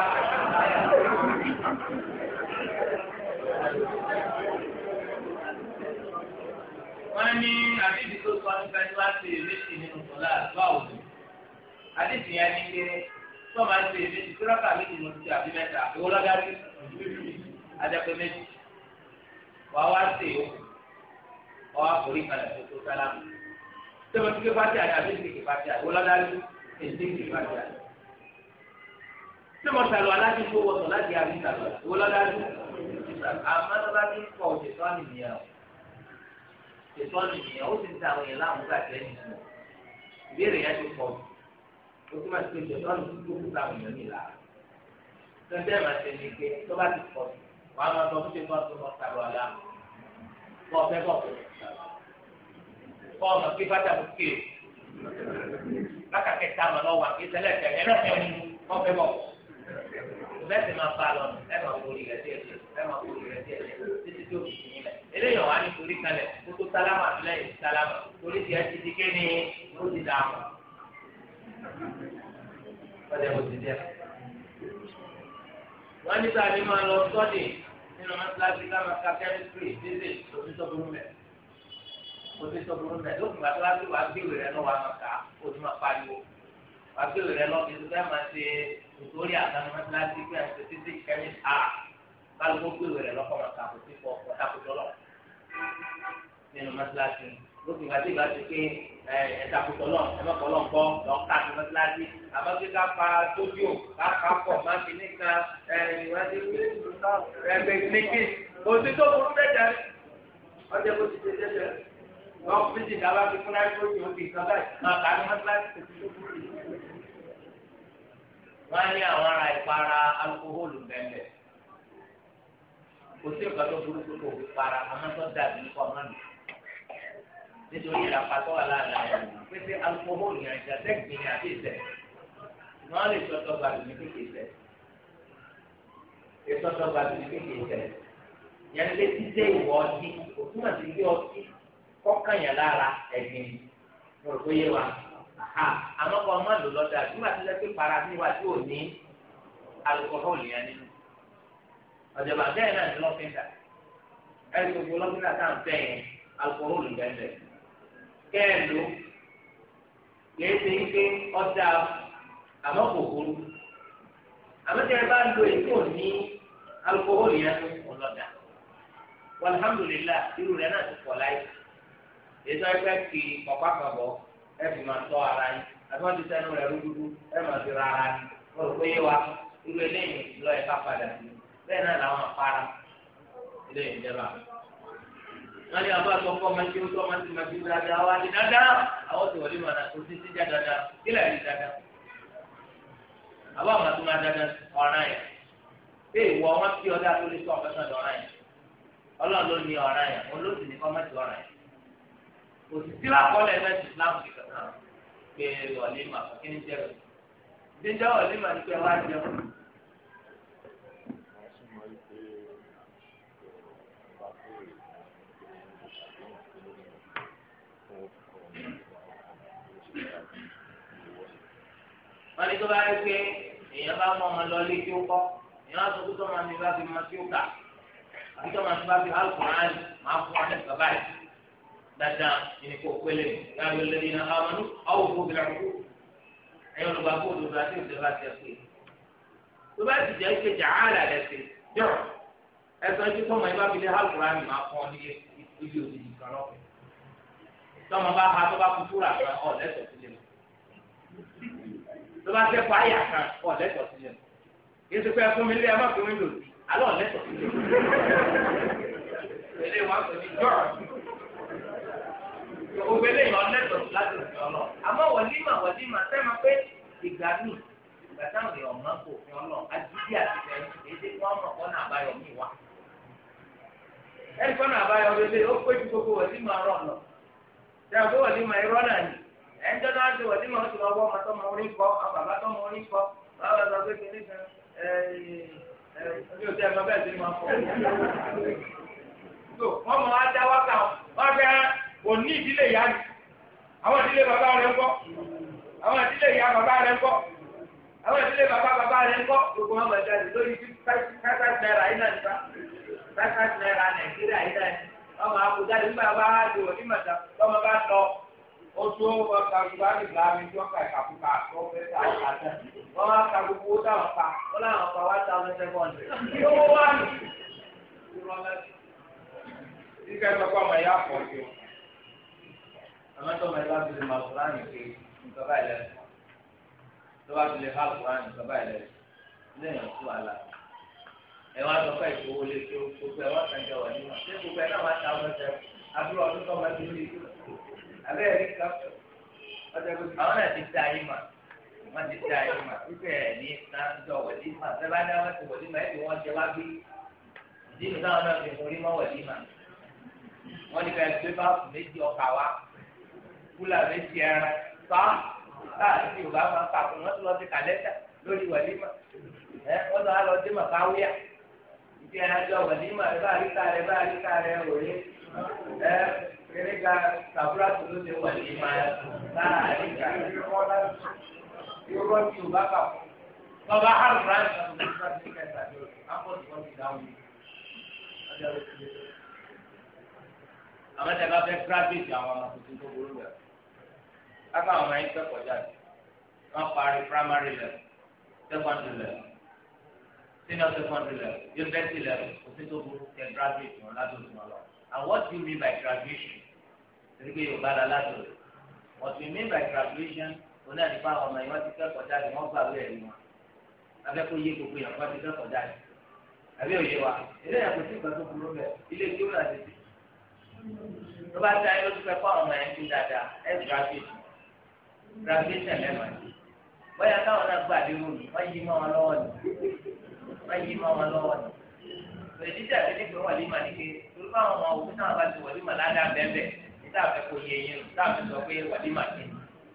wọ́n ní àbíbi tó sọ nípa ẹni wá sí ìrètí nínú sọ́lá àdúrà òbí àdéhùn yẹn ní kéré tó máa ń ṣe ìrètí tó rákà méjì ló ti àbí mẹ́ta ìwọ lọ́gárí adẹ́pẹ́ méjì wàá wá sí ìwọ wàá forí kalẹ̀ tó tó sálámù sọ́mọ́ tí kò fàtí àyà àbí ìsìnkì fàtí àyà wọ́n lọ́dá ní ìsìnkì fàtí àyà. sọ́mọ́ sàlọ̀ aláàbí tó wọ̀sọ̀ láti àbí sàlọ̀ wọ́n lọ́dá ní àmọ́ lọ́dá ní kọ̀ ṣètọ́ nìyẹn o ṣètọ́ nìyẹn ó sì ń ta àwọn yẹn láwọn gbà tẹ́ nìyẹn o ìbéèrè yẹn ti pọ̀ o tún máa ti pé ṣètọ́ nìyẹn tó kú táwọn èèyàn nì lára tẹ́tẹ́ máa ní kọ́ ọmọ pé bàtà ló kéré lákàtẹ́ tá a mọ̀ lọ́wọ́ àti sẹ́lẹ̀ tẹ̀ ẹ̀rọ tẹ̀ mú wọ́n fẹ́ bọ̀ bẹ́ẹ̀ máa bá a lọ ẹ máa borí rẹ̀ díẹ̀ díẹ̀ ẹ máa borí rẹ̀ díẹ̀ díẹ̀ títí tí o fi yín lẹ̀ eléyàn wá ní torí kalẹ̀ kó tó sálámà lẹ́yìn sálámà torí tiẹ̀ ti di ké ní ó ti dà mọ́. ọjà mo ti díẹ̀. wọ́n ní sáà ní máa lọ sọ́ọ̀dì nínú mọ́tíláṣí ká máa ka kẹ́mísírì dídè òfin tó burú mẹ́rin òtún tó burú mẹ lókùn àti wàá wàá gbéwèé rẹ náà wàá máa kà á òtú máa pariwo wàá gbéwèé rẹ lọ́ọ́ ètò fẹ́ẹ́ máa ṣe nítorí àtàwọn mọ́tíláṣí pé àti títí kẹ́mi ta kálukó gbéwèé rẹ lọ́kọ̀ máa kà kó sí fọ ọ̀tàkùtọ̀ lọ nínú mọ́tíláṣí lókùn àti ìgbà tó ké ẹ̀ẹ́dàkùtọ̀ lọ ẹ̀mọ́kọ̀ lọ gbọ́ lọ́ọ́ká ní mọ́tíláṣí àmọ́ kí ká pa tójú ká ká pọ̀ má ti ní kan ẹ̀ẹ́dẹ̀gbẹ̀ẹ́ lọ́wọ́ méjì dábàá fi fún láìpẹ́ òjò ti sọ báyìí máa kà ní mọ́tíláṣí kò tó kú rí. wọ́n á ní àwọn ará ìpara alukóhólù bẹ́ẹ̀ kò sí ìgbà tó burúkú tó para àmọ́ tó dàbí nípa ọmọ nù. nítorí ìràpàtọ́ wà láàrin àwọn ọmọ pété alukóhólù yẹn ìjà sẹ́gbìn ní àbí ìsẹ̀ wọ́n lè sọ́tọ̀ gbàdúrà ní kékeré sẹ̀ ìsọ́tọ̀ gbàdúrà ní kékeré sẹ̀ yẹn lé títẹ̀ ìwọ ọtí òtún àti ilé ọtí kọ́kànyà lára ẹ̀gbìn mo rò pé yé wa àmọ́ kọ́ ọmọ lò lọ́dọ̀ àti wọ́n ti lẹ́pẹ́ para sí wa tí ò ní alukóhólì yẹn nínú ọ̀jọ̀gbọ́n bẹ́ẹ̀ náà ní lọ́fíńdà ẹ̀rí gbogbo lọ́fíńdà tá à ń fẹ́ yẹn alukóhólì bẹ́ẹ̀ kẹ́ẹ̀ ló kìí ṣe ike ọ̀dà àmọ́ kòkòrò àmọ́ tí ẹ bá lo ètò ní alukóhólì yẹn tó ọlọ́dà wàlhámdùlélà irú rẹ̀ náà ti pọ̀ láyé ètò ẹgbẹ́ kì í pọ̀pá kan bọ̀ ẹ fi máa tọ́ ara yín àti wọ́n ti sẹ́nu rẹ̀ rúdúdú ẹ máa fi ra ara yín wọ́n rò pé yé wa irú eléyìí lọ ẹ̀ka padà sí bẹ́ẹ̀ náà làwọn afárá eléyìí jẹba. wọ́n ní abá sọ fún ọmọ tí ó tọ́ ọmọ tí ma fi dáadáa wá ní dáadáa àwọn tí wọ́n lè máa tó títí já dáadáa kílẹ̀ rí dáadáa. àbá wọn tó máa dáadáa ọ̀ràn yẹn bí ìwọ wọn fi ọdá tó sọ ọ̀fẹ́ sọ̀dọ̀ òtítí lakọlẹ náà ti islam ti kàtà pé ọlẹ́mà kí ni jẹ́ rẹ̀ jíjẹ́ ọlẹ́mà ni pé wá jẹ́ rẹ̀. wọ́n ní tó bá rí pé èèyàn bá mọ ọmọ lọ lé kí ó kọ́ èèyàn sọ pé tọ́mọ mi bá fi mọ sí ó kà àbí tọ́mọ mi bá fi alùpùpù rán máa fún ọ ní bàbá yìí dáadáa ẹni kò pélé láàrin lórí iná amánú àwọn òkú bìlà kú ẹ̀yin olùgbà kó olùdó àti ìjọba ti ẹ̀ pé tó bá ti jẹ́ ike jà á là lẹ́sẹ̀ jọ ẹ̀sán tí tọ́mọ ẹ bá fi lé hàlùkùránì máa kọ́ ní ibi òdìdì kan lọ́pẹ́ tọ́mọ bá ha tó bá kú fúra kan ọ̀ lẹ́sọ̀ sílẹ̀ tó bá kẹ́kọ̀ọ́ àyà kan ọ̀ lẹ́sọ̀ sílẹ̀ yéésù pé fún mi lé ẹ má fi wíńdò sí alọ́ lẹ́sọ̀ sílẹ̀ gbogbo eléyìí ọlẹ́tọ̀ láti ọ̀dọ̀ ọlọ́ àmọ́ wọ̀límà wọ̀límà sẹ́mi pé ìgbà mi ìgbà táwọn èèyàn máa ń kó òfin ọlọ́ ajídí àti ìfẹ̀yìn èdè kí wọ́n mọ̀ kọ́nà àbáyọ mi wá. ẹnì kọ́nà àbáyọ lélẹ̀ ó pé ju gbogbo rọ̀ lọ. irọ́ náà ni ó ti lọ wọ́ ọmọ orí kọ́ orí kọ́ kò ní ìdílé ìyá ni àwọn ìdílé bàbá rẹ̀ ń kọ́ àwọn ìdílé ìyá bàbá rẹ̀ ń àwọn ìdílé bàbá bàbá rẹ̀ ń gbogbo wọn bàjẹ́ àti lórí káṣá náírà yìí náà nípa káṣá náírà nàìjíríà yìí náà nígbà bá di òní màtá tọmọ bá lọ oṣù ọgbà tí wọn kà àmọ́ tó máa ń bá fi lè máa kúránì pé nǹkan báyìí lẹ́sùn tó bá fi lè há kúránì nǹkan báyìí lẹ́sùn lẹ́yìn tó àlà ẹ wá sọ fún ìfowó lé tó gbogbo ẹ wá sànjẹ wà nínú ṣé gbogbo ẹ náà wá ta ọmọ ẹsẹ àbúrò ọdún tó máa ti lé abẹ́ ẹ̀rí ká ọjọ́ gbogbo àwọn náà ti da yín mà wọ́n ti da yín mà wípé ẹ̀ ní sáńjọ wọ̀lí mà sẹ́bá ní àwọn ti wọ̀lí mà ẹ̀ fi jẹ wá gbé ìdí mi táwọn náà fi mú rí mọ́ wọ̀lí mà wọ́n ní ká ẹ gbé báàpù méjì ọkà wá. kúlà méjì ẹran sá láàrin ah, ah, yorùbá máa kàkùn wọn ti lọ sí kàlẹ́ńdà lórí wàlímà ẹ wọn lọ lọ dé màkà wíyà ìdí ẹran jọ wàlímà ẹ bá rí ká rẹ bá rí ká rẹ òye ẹ kéré ga sàbúrà tó ló dé wàlímà ti ti kápá àwọn ẹni kẹ́kọ̀ọ́ jáde wọ́n parí primary level secondary level senior secondary level university level òfin tó burú kẹ graduate wọn láti òfin wọn lọ and what do you mean by graduation torí pé yorùbá la láti òfin what we mean by graduation òun náà nípa àwọn ọmọ yìí wọ́n ti kẹ́kọ̀ọ́ jáde wọ́n gbà wí ẹ̀rí wọn abẹ́ kó yé gbogbo yẹn wọ́n ti kẹ́kọ̀ọ́ jáde àbí òye wa ilé yẹn kò sí ìgbà tó burú bẹ́ẹ̀ ilé tí ó rà tètè tó bá dá ẹ lójú pẹ́ fún àwọn ọmọ yẹn ti dáadáa ẹ graduate graduation lẹ́mọ̀ ní bóyá káwọn náà gbà dé wòlù wọ́n yí mọ́ wọn lọ́wọ́ ni wọ́n yí mọ́ wọn lọ́wọ́ ni òyìnbí tí ní pé wọ́n lè má ní pé torí báwọn ọmọ òkú náà bá ti wọ́n lè má ládàá bẹ́ẹ̀ ní táàfẹ́ kò yẹ yín nù táàfẹ́ sọ pé wọ́n lè má kí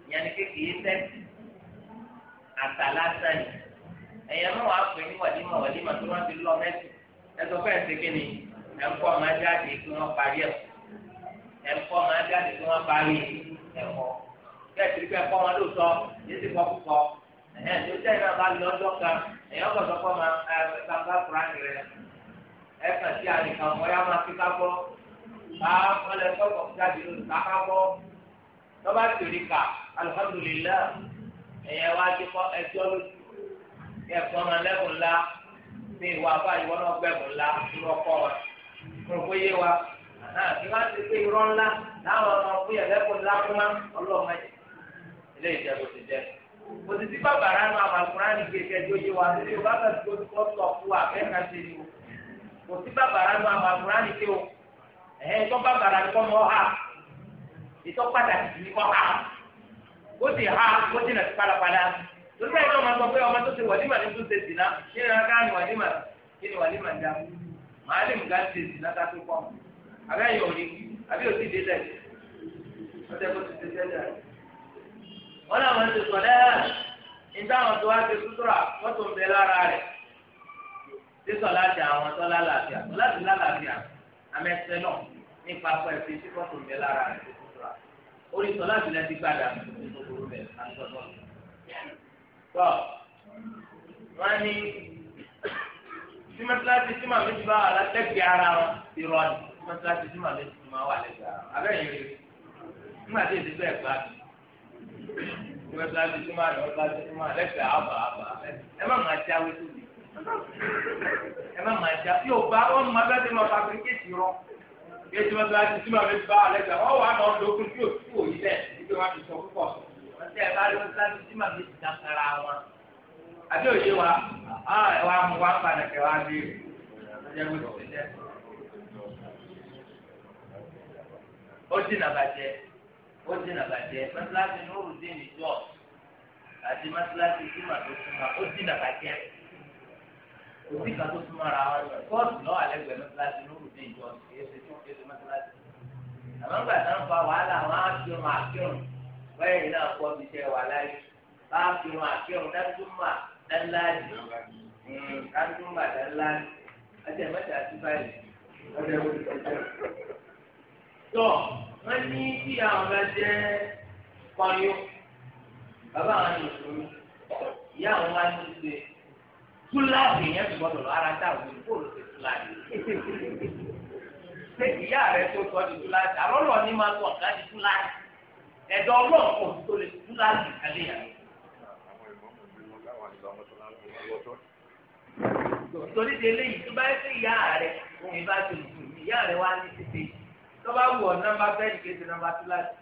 ìyẹn ni kékeré sẹ́ẹ̀tì àtàlásán yìí ẹ̀yẹ mọ́ wàá pè ní wàlímọ̀ wàlímọ̀ tó wọ́n ti lọ mẹ́sì ẹ̀sọ́ kẹ́sì rí pé ẹ̀kọ́ wọn ló sọ yìí ti kọ́ púpọ̀ ẹ̀yìn tó jẹ́ iná bá lọ ọjọ́ kan ẹ̀yìn ọgbọ̀n sọ́kọ́ máa ẹ̀ gbàgbà kúránì rẹ̀ ẹ̀ kàn sí àlè kan wọ́n yá máa fi ká gbọ́ bá ọlẹ́ sọ́kọ̀ jáde lónìí ká ká gbọ́ lọ́ba tèrè ká alihamudulilá ẹ̀yìn wá ti kọ́ ẹjọ́ lójú ẹ̀kọ́ máa lẹ́kùn ńlá ní ìwà báyìí wọ́n náà gbẹ̀mù ńlá lọ́kọ́ wa kúròkóyé wa àti wá ti pé irọ́ ńlá láwọn ọmọ fúyẹ̀ lẹ́kùn ńlá fún wa ọlọ́mọdé ilé ìjẹ́ bó ti jẹ́. Òtítí bàbá rà nù àwọn àkùránì kékeré tó yé wa lórí o bá bẹ̀ tó kọ́ sọ fún wa kẹ́kẹ́ ṣe ni o. Òtítí bàbá rà nù àwọn àkùránì ké o. Ẹ̀hẹ́ tó bàbá rà nìkọ́ mọ́ ha. Ìtọ́ pàtàkì kì í kọ́ ha. Ó ti ha ó jìnà sí palapala. Torí báyìí náà máa sọ pé ọmọ tó ti wàlímà ní tó ṣe sì Kí ni ká ní wàlímà? Kí ni wàlímà ń dá? Màálìm ká ṣe sì náà ká tó kọ́. Àbẹ́ yòó ni, àbí òtí dé wọn làwọn ti sọ lẹ́yà níta àwọn tó wá ti sútúrà wọn tó ń bẹ lára rẹ̀ sísọ láti àwọn tó lálàáfíà tó láti lálàáfíà amẹsẹ náà nípa pẹ fi sí wọn tó ń bẹ lára rẹ̀ tó sútúrà orí sọ láti lẹ ti gbàdá tó burú bẹ àtọtọ tọ wọn ní símẹtíláṣí símà méjì bá wà lẹgbẹẹ ara wọn ìrọ ni símẹtíláṣí símà méjì bá wà lẹgbẹẹ ara wọn abẹ́yẹn rí nígbà tí èdè bẹ́ẹ̀ gbádùn. wọ́n sáré tó máa lọ sáré tó máa lẹ́sẹ̀ àbà àbà ẹ má máa já wí tóbi ẹ má máa já yóò bá wọn máa bá ti máa fagbe kéèsì rọ ọ wà náà tí òtún ti sọ púpọ̀ ẹ bá ó dènà bàjẹ́ mọ́sálásí lóru dé ní jọ́ àti mọ́sálásí tí màá tó súnmọ́ ó dènà bàjẹ́ òbí kan tó súnmọ́ ara wọn lọ kóòtù náà àlẹ́gbẹ̀ẹ́ mọ́sálásí lóru dé ní jọ́ èsì tó kéde mọ́sálásí. àmọ́ gbà tán fa wàhálà wọn á fi ọmọ àkírun wẹ́yìn yìí náà kọ́ bíṣẹ́ wà láyé bá a fi ọmọ dáńláàdì hmm, dáńdúmà dáńláàdì ọjọ́ wọ́n ní kí àwọn bá jẹ́ pọ́nyó bàbá àwọn ni mùsùlùmí ìyá àwọn wá ní ṣe túláàbù yẹn ti gbọdọ̀ lọ ara dá òun kó ló ṣe túláàbù ṣé ìyá rẹ tó sọ di túláàbù àlọ́lọ́ ni máa sọ ọ̀gá di túláàbù ẹ̀dọ̀ ọlọ́run kò tó lè túláàbù kálí yàrá. torí de eléyìí tó bá yẹ ìyá rẹ òun ìbá tó ìyá rẹ wá ní títí tọ́ba wù ọ́ nọ́mbà bẹ́ẹ̀dì kéde nọ́mbà tó láti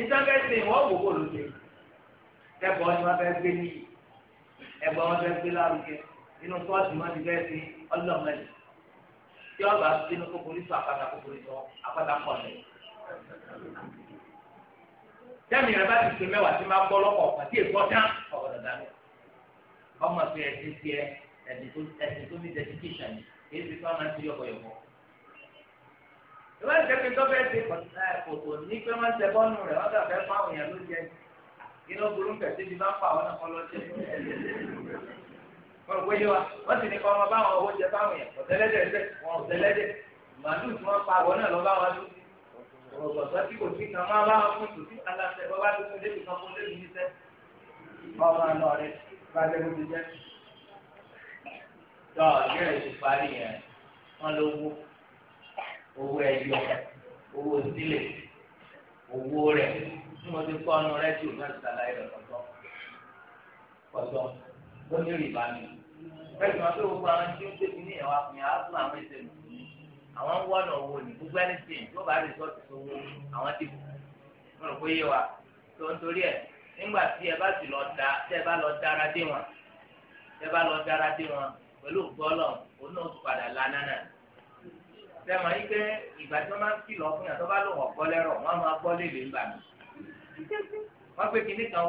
ìtọ́kẹ́sì wọ́n wò wò lóde ẹ̀bọ̀ ni wọ́n fẹ́ gbé níyì ẹ̀bọ̀ wọn fẹ́ gbé lárugẹ inú kọ́ọ̀tù wọn ti fẹ́ fi ọlọ́mọdé tí ọba sínú kókòrò sọ àpáta kókòrò sọ àpáta kọ̀ọ̀lẹ̀ tẹ́mi rẹ bá ti ṣe mẹ́wàá tí máa gbọ́ lọ́kọ̀ ọ̀pá tí èkó dán ọ̀gọ̀dọ̀ dání ọmọ fi ẹ̀sìn tiẹ̀ ẹ̀sìn tó ní dedication yìí èyí ti fọ́ máa ń ti yọ̀bọ̀yọ̀bọ̀ ìwé ìjẹ́ pé tó fẹ́ẹ́ ṣe kòtò ní pé wọ́n ṣe bọ́ọ̀nù rẹ̀ wọ́n dàbẹ́ fáwọn èèyàn ló jẹ iná burú kẹ̀sí ti bá ń pa àwọn náà kọ́ lọ́jẹ́ wọ́n rò pé yé wa wọ́n sì ní kọ́ ọmọ báwọn owó jẹ fáwọn èèyàn ọ̀tẹ́lẹ́dẹ̀ ńlẹ̀ wọn ọ̀tẹ́lẹ́dẹ̀ màálù tí wọ́n pa àwọn náà lọ bá wọn lù ọ̀gbọ̀gbọ̀ tí kò sí kan máa bá wọn fún tòsí aláṣẹ bọ́ bá tó fún débi kan owó ẹyọ owó sílẹ̀ owó rẹ̀ tí mo ti kọ́ ọ́nù rẹ́díò náà ti ṣàlàyé rẹ̀ pọ̀tọ́ pọ̀tọ́ ó ní rìbá mi bẹ́ẹ̀ ni wọ́n fẹ́ gbogbo àwọn tí ó tẹ̀sí ní ẹ̀wà fún yà fún àwọn ẹsẹ̀ mùsùlùmí àwọn ń wọ́nà owó ni gbogbo ẹni tí tó bá rìsọ́ọ̀tì sówó àwọn ti mọ̀ rò pé yé wa tó ń torí ẹ̀ nígbà tí ẹ bá sì lọ da tẹ́ bá lọ dára dé wọn tẹ́ bá lọ dára dé wọn pẹ̀lú gbọ́lọ̀ òun náà ti padà lánàá náà sẹ́mọ̀ yìí pé ìgbà tí wọ́n máa ń kìlọ̀ fún yàtọ̀ bá lò wọ́n gbọ́ lẹ́rọ̀ wọ́n máa gbọ́ lèlè ńgbà mi. wọ́n pè kí nìkan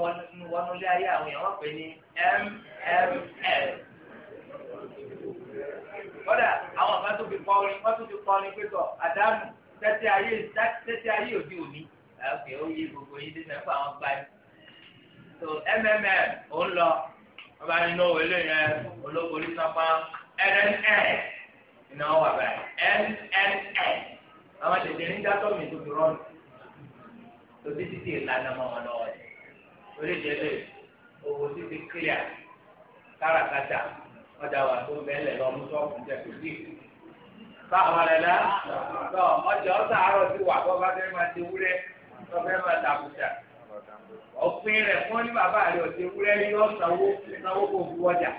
wọnúlé ayé àwọn èèyàn wọ́n pè ní mml. kódà àwọn kan tó fi kọ́ orin wọ́n tó fi kọ́ orin pé tọ̀ àdánù tẹ́tí ayé tẹ́tí ayé òde òní. ẹ̀kẹ́ ó yé gbogbo yín dín mẹ́fà wọn gbá yín. so mml ò ń lọ ọba nínú eléyẹn olóko ní sọpá nnl. Nn wà báyìí nnn àwọn tètè ní dátọ́ mi tó fi rọ́ọ̀nù lórí títí ìlànà mọ́ wọn lọ́wọ́ yìí lórí ìdílé owó kílíà ọjà wà tó sí. báwo lẹ lẹ ọjà wà bọ́ máa ti tó fẹ́ máa rẹ̀ fún ní bàbá rẹ̀ yóò sanwó sanwó kò fi wọ́jà.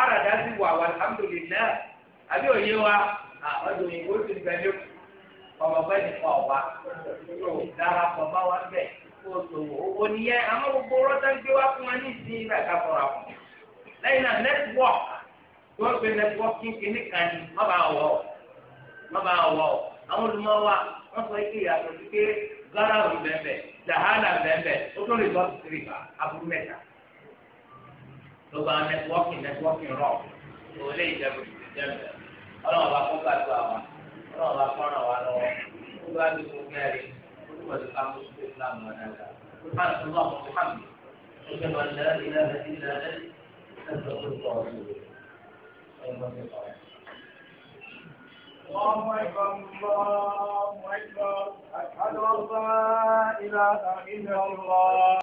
àràdá wà wà àbí òye wa ọdún òyìnbó ti gbẹ ọmọ nípa bá wa bẹ̀ kó o sòwò owó nìyẹn àmọ́ gbogbo rọ́tà ń gbé wá fún wa ní ìsìn ìgbà ká fọra fún náà network tí wọ́n pe networking kìíní kan ní má bàa wọ̀ má bàa wọ̀ àwọn olùmọ̀ wa wọ́n sọ ike sí pé ó lè lọ sí aburú ló bá jẹ́mi ọlọ́run bá kó kàtó àwọn ọlọ́run bá kọ́ ràn wá lọ́wọ́ kó bá bí mo kẹ́rin kó tó wọlé ká mọ́tò tó islam wọn dáadáa sùpàlù tó lọ́wọ́ muhammed ó jẹ́ wọn lẹ́yìn ilé ẹ̀ ti lẹ́ ẹ̀ ẹ̀ tó tó tọ̀ ọ́ sí الله أكبر الله أكبر أشهد أن لا إله إلا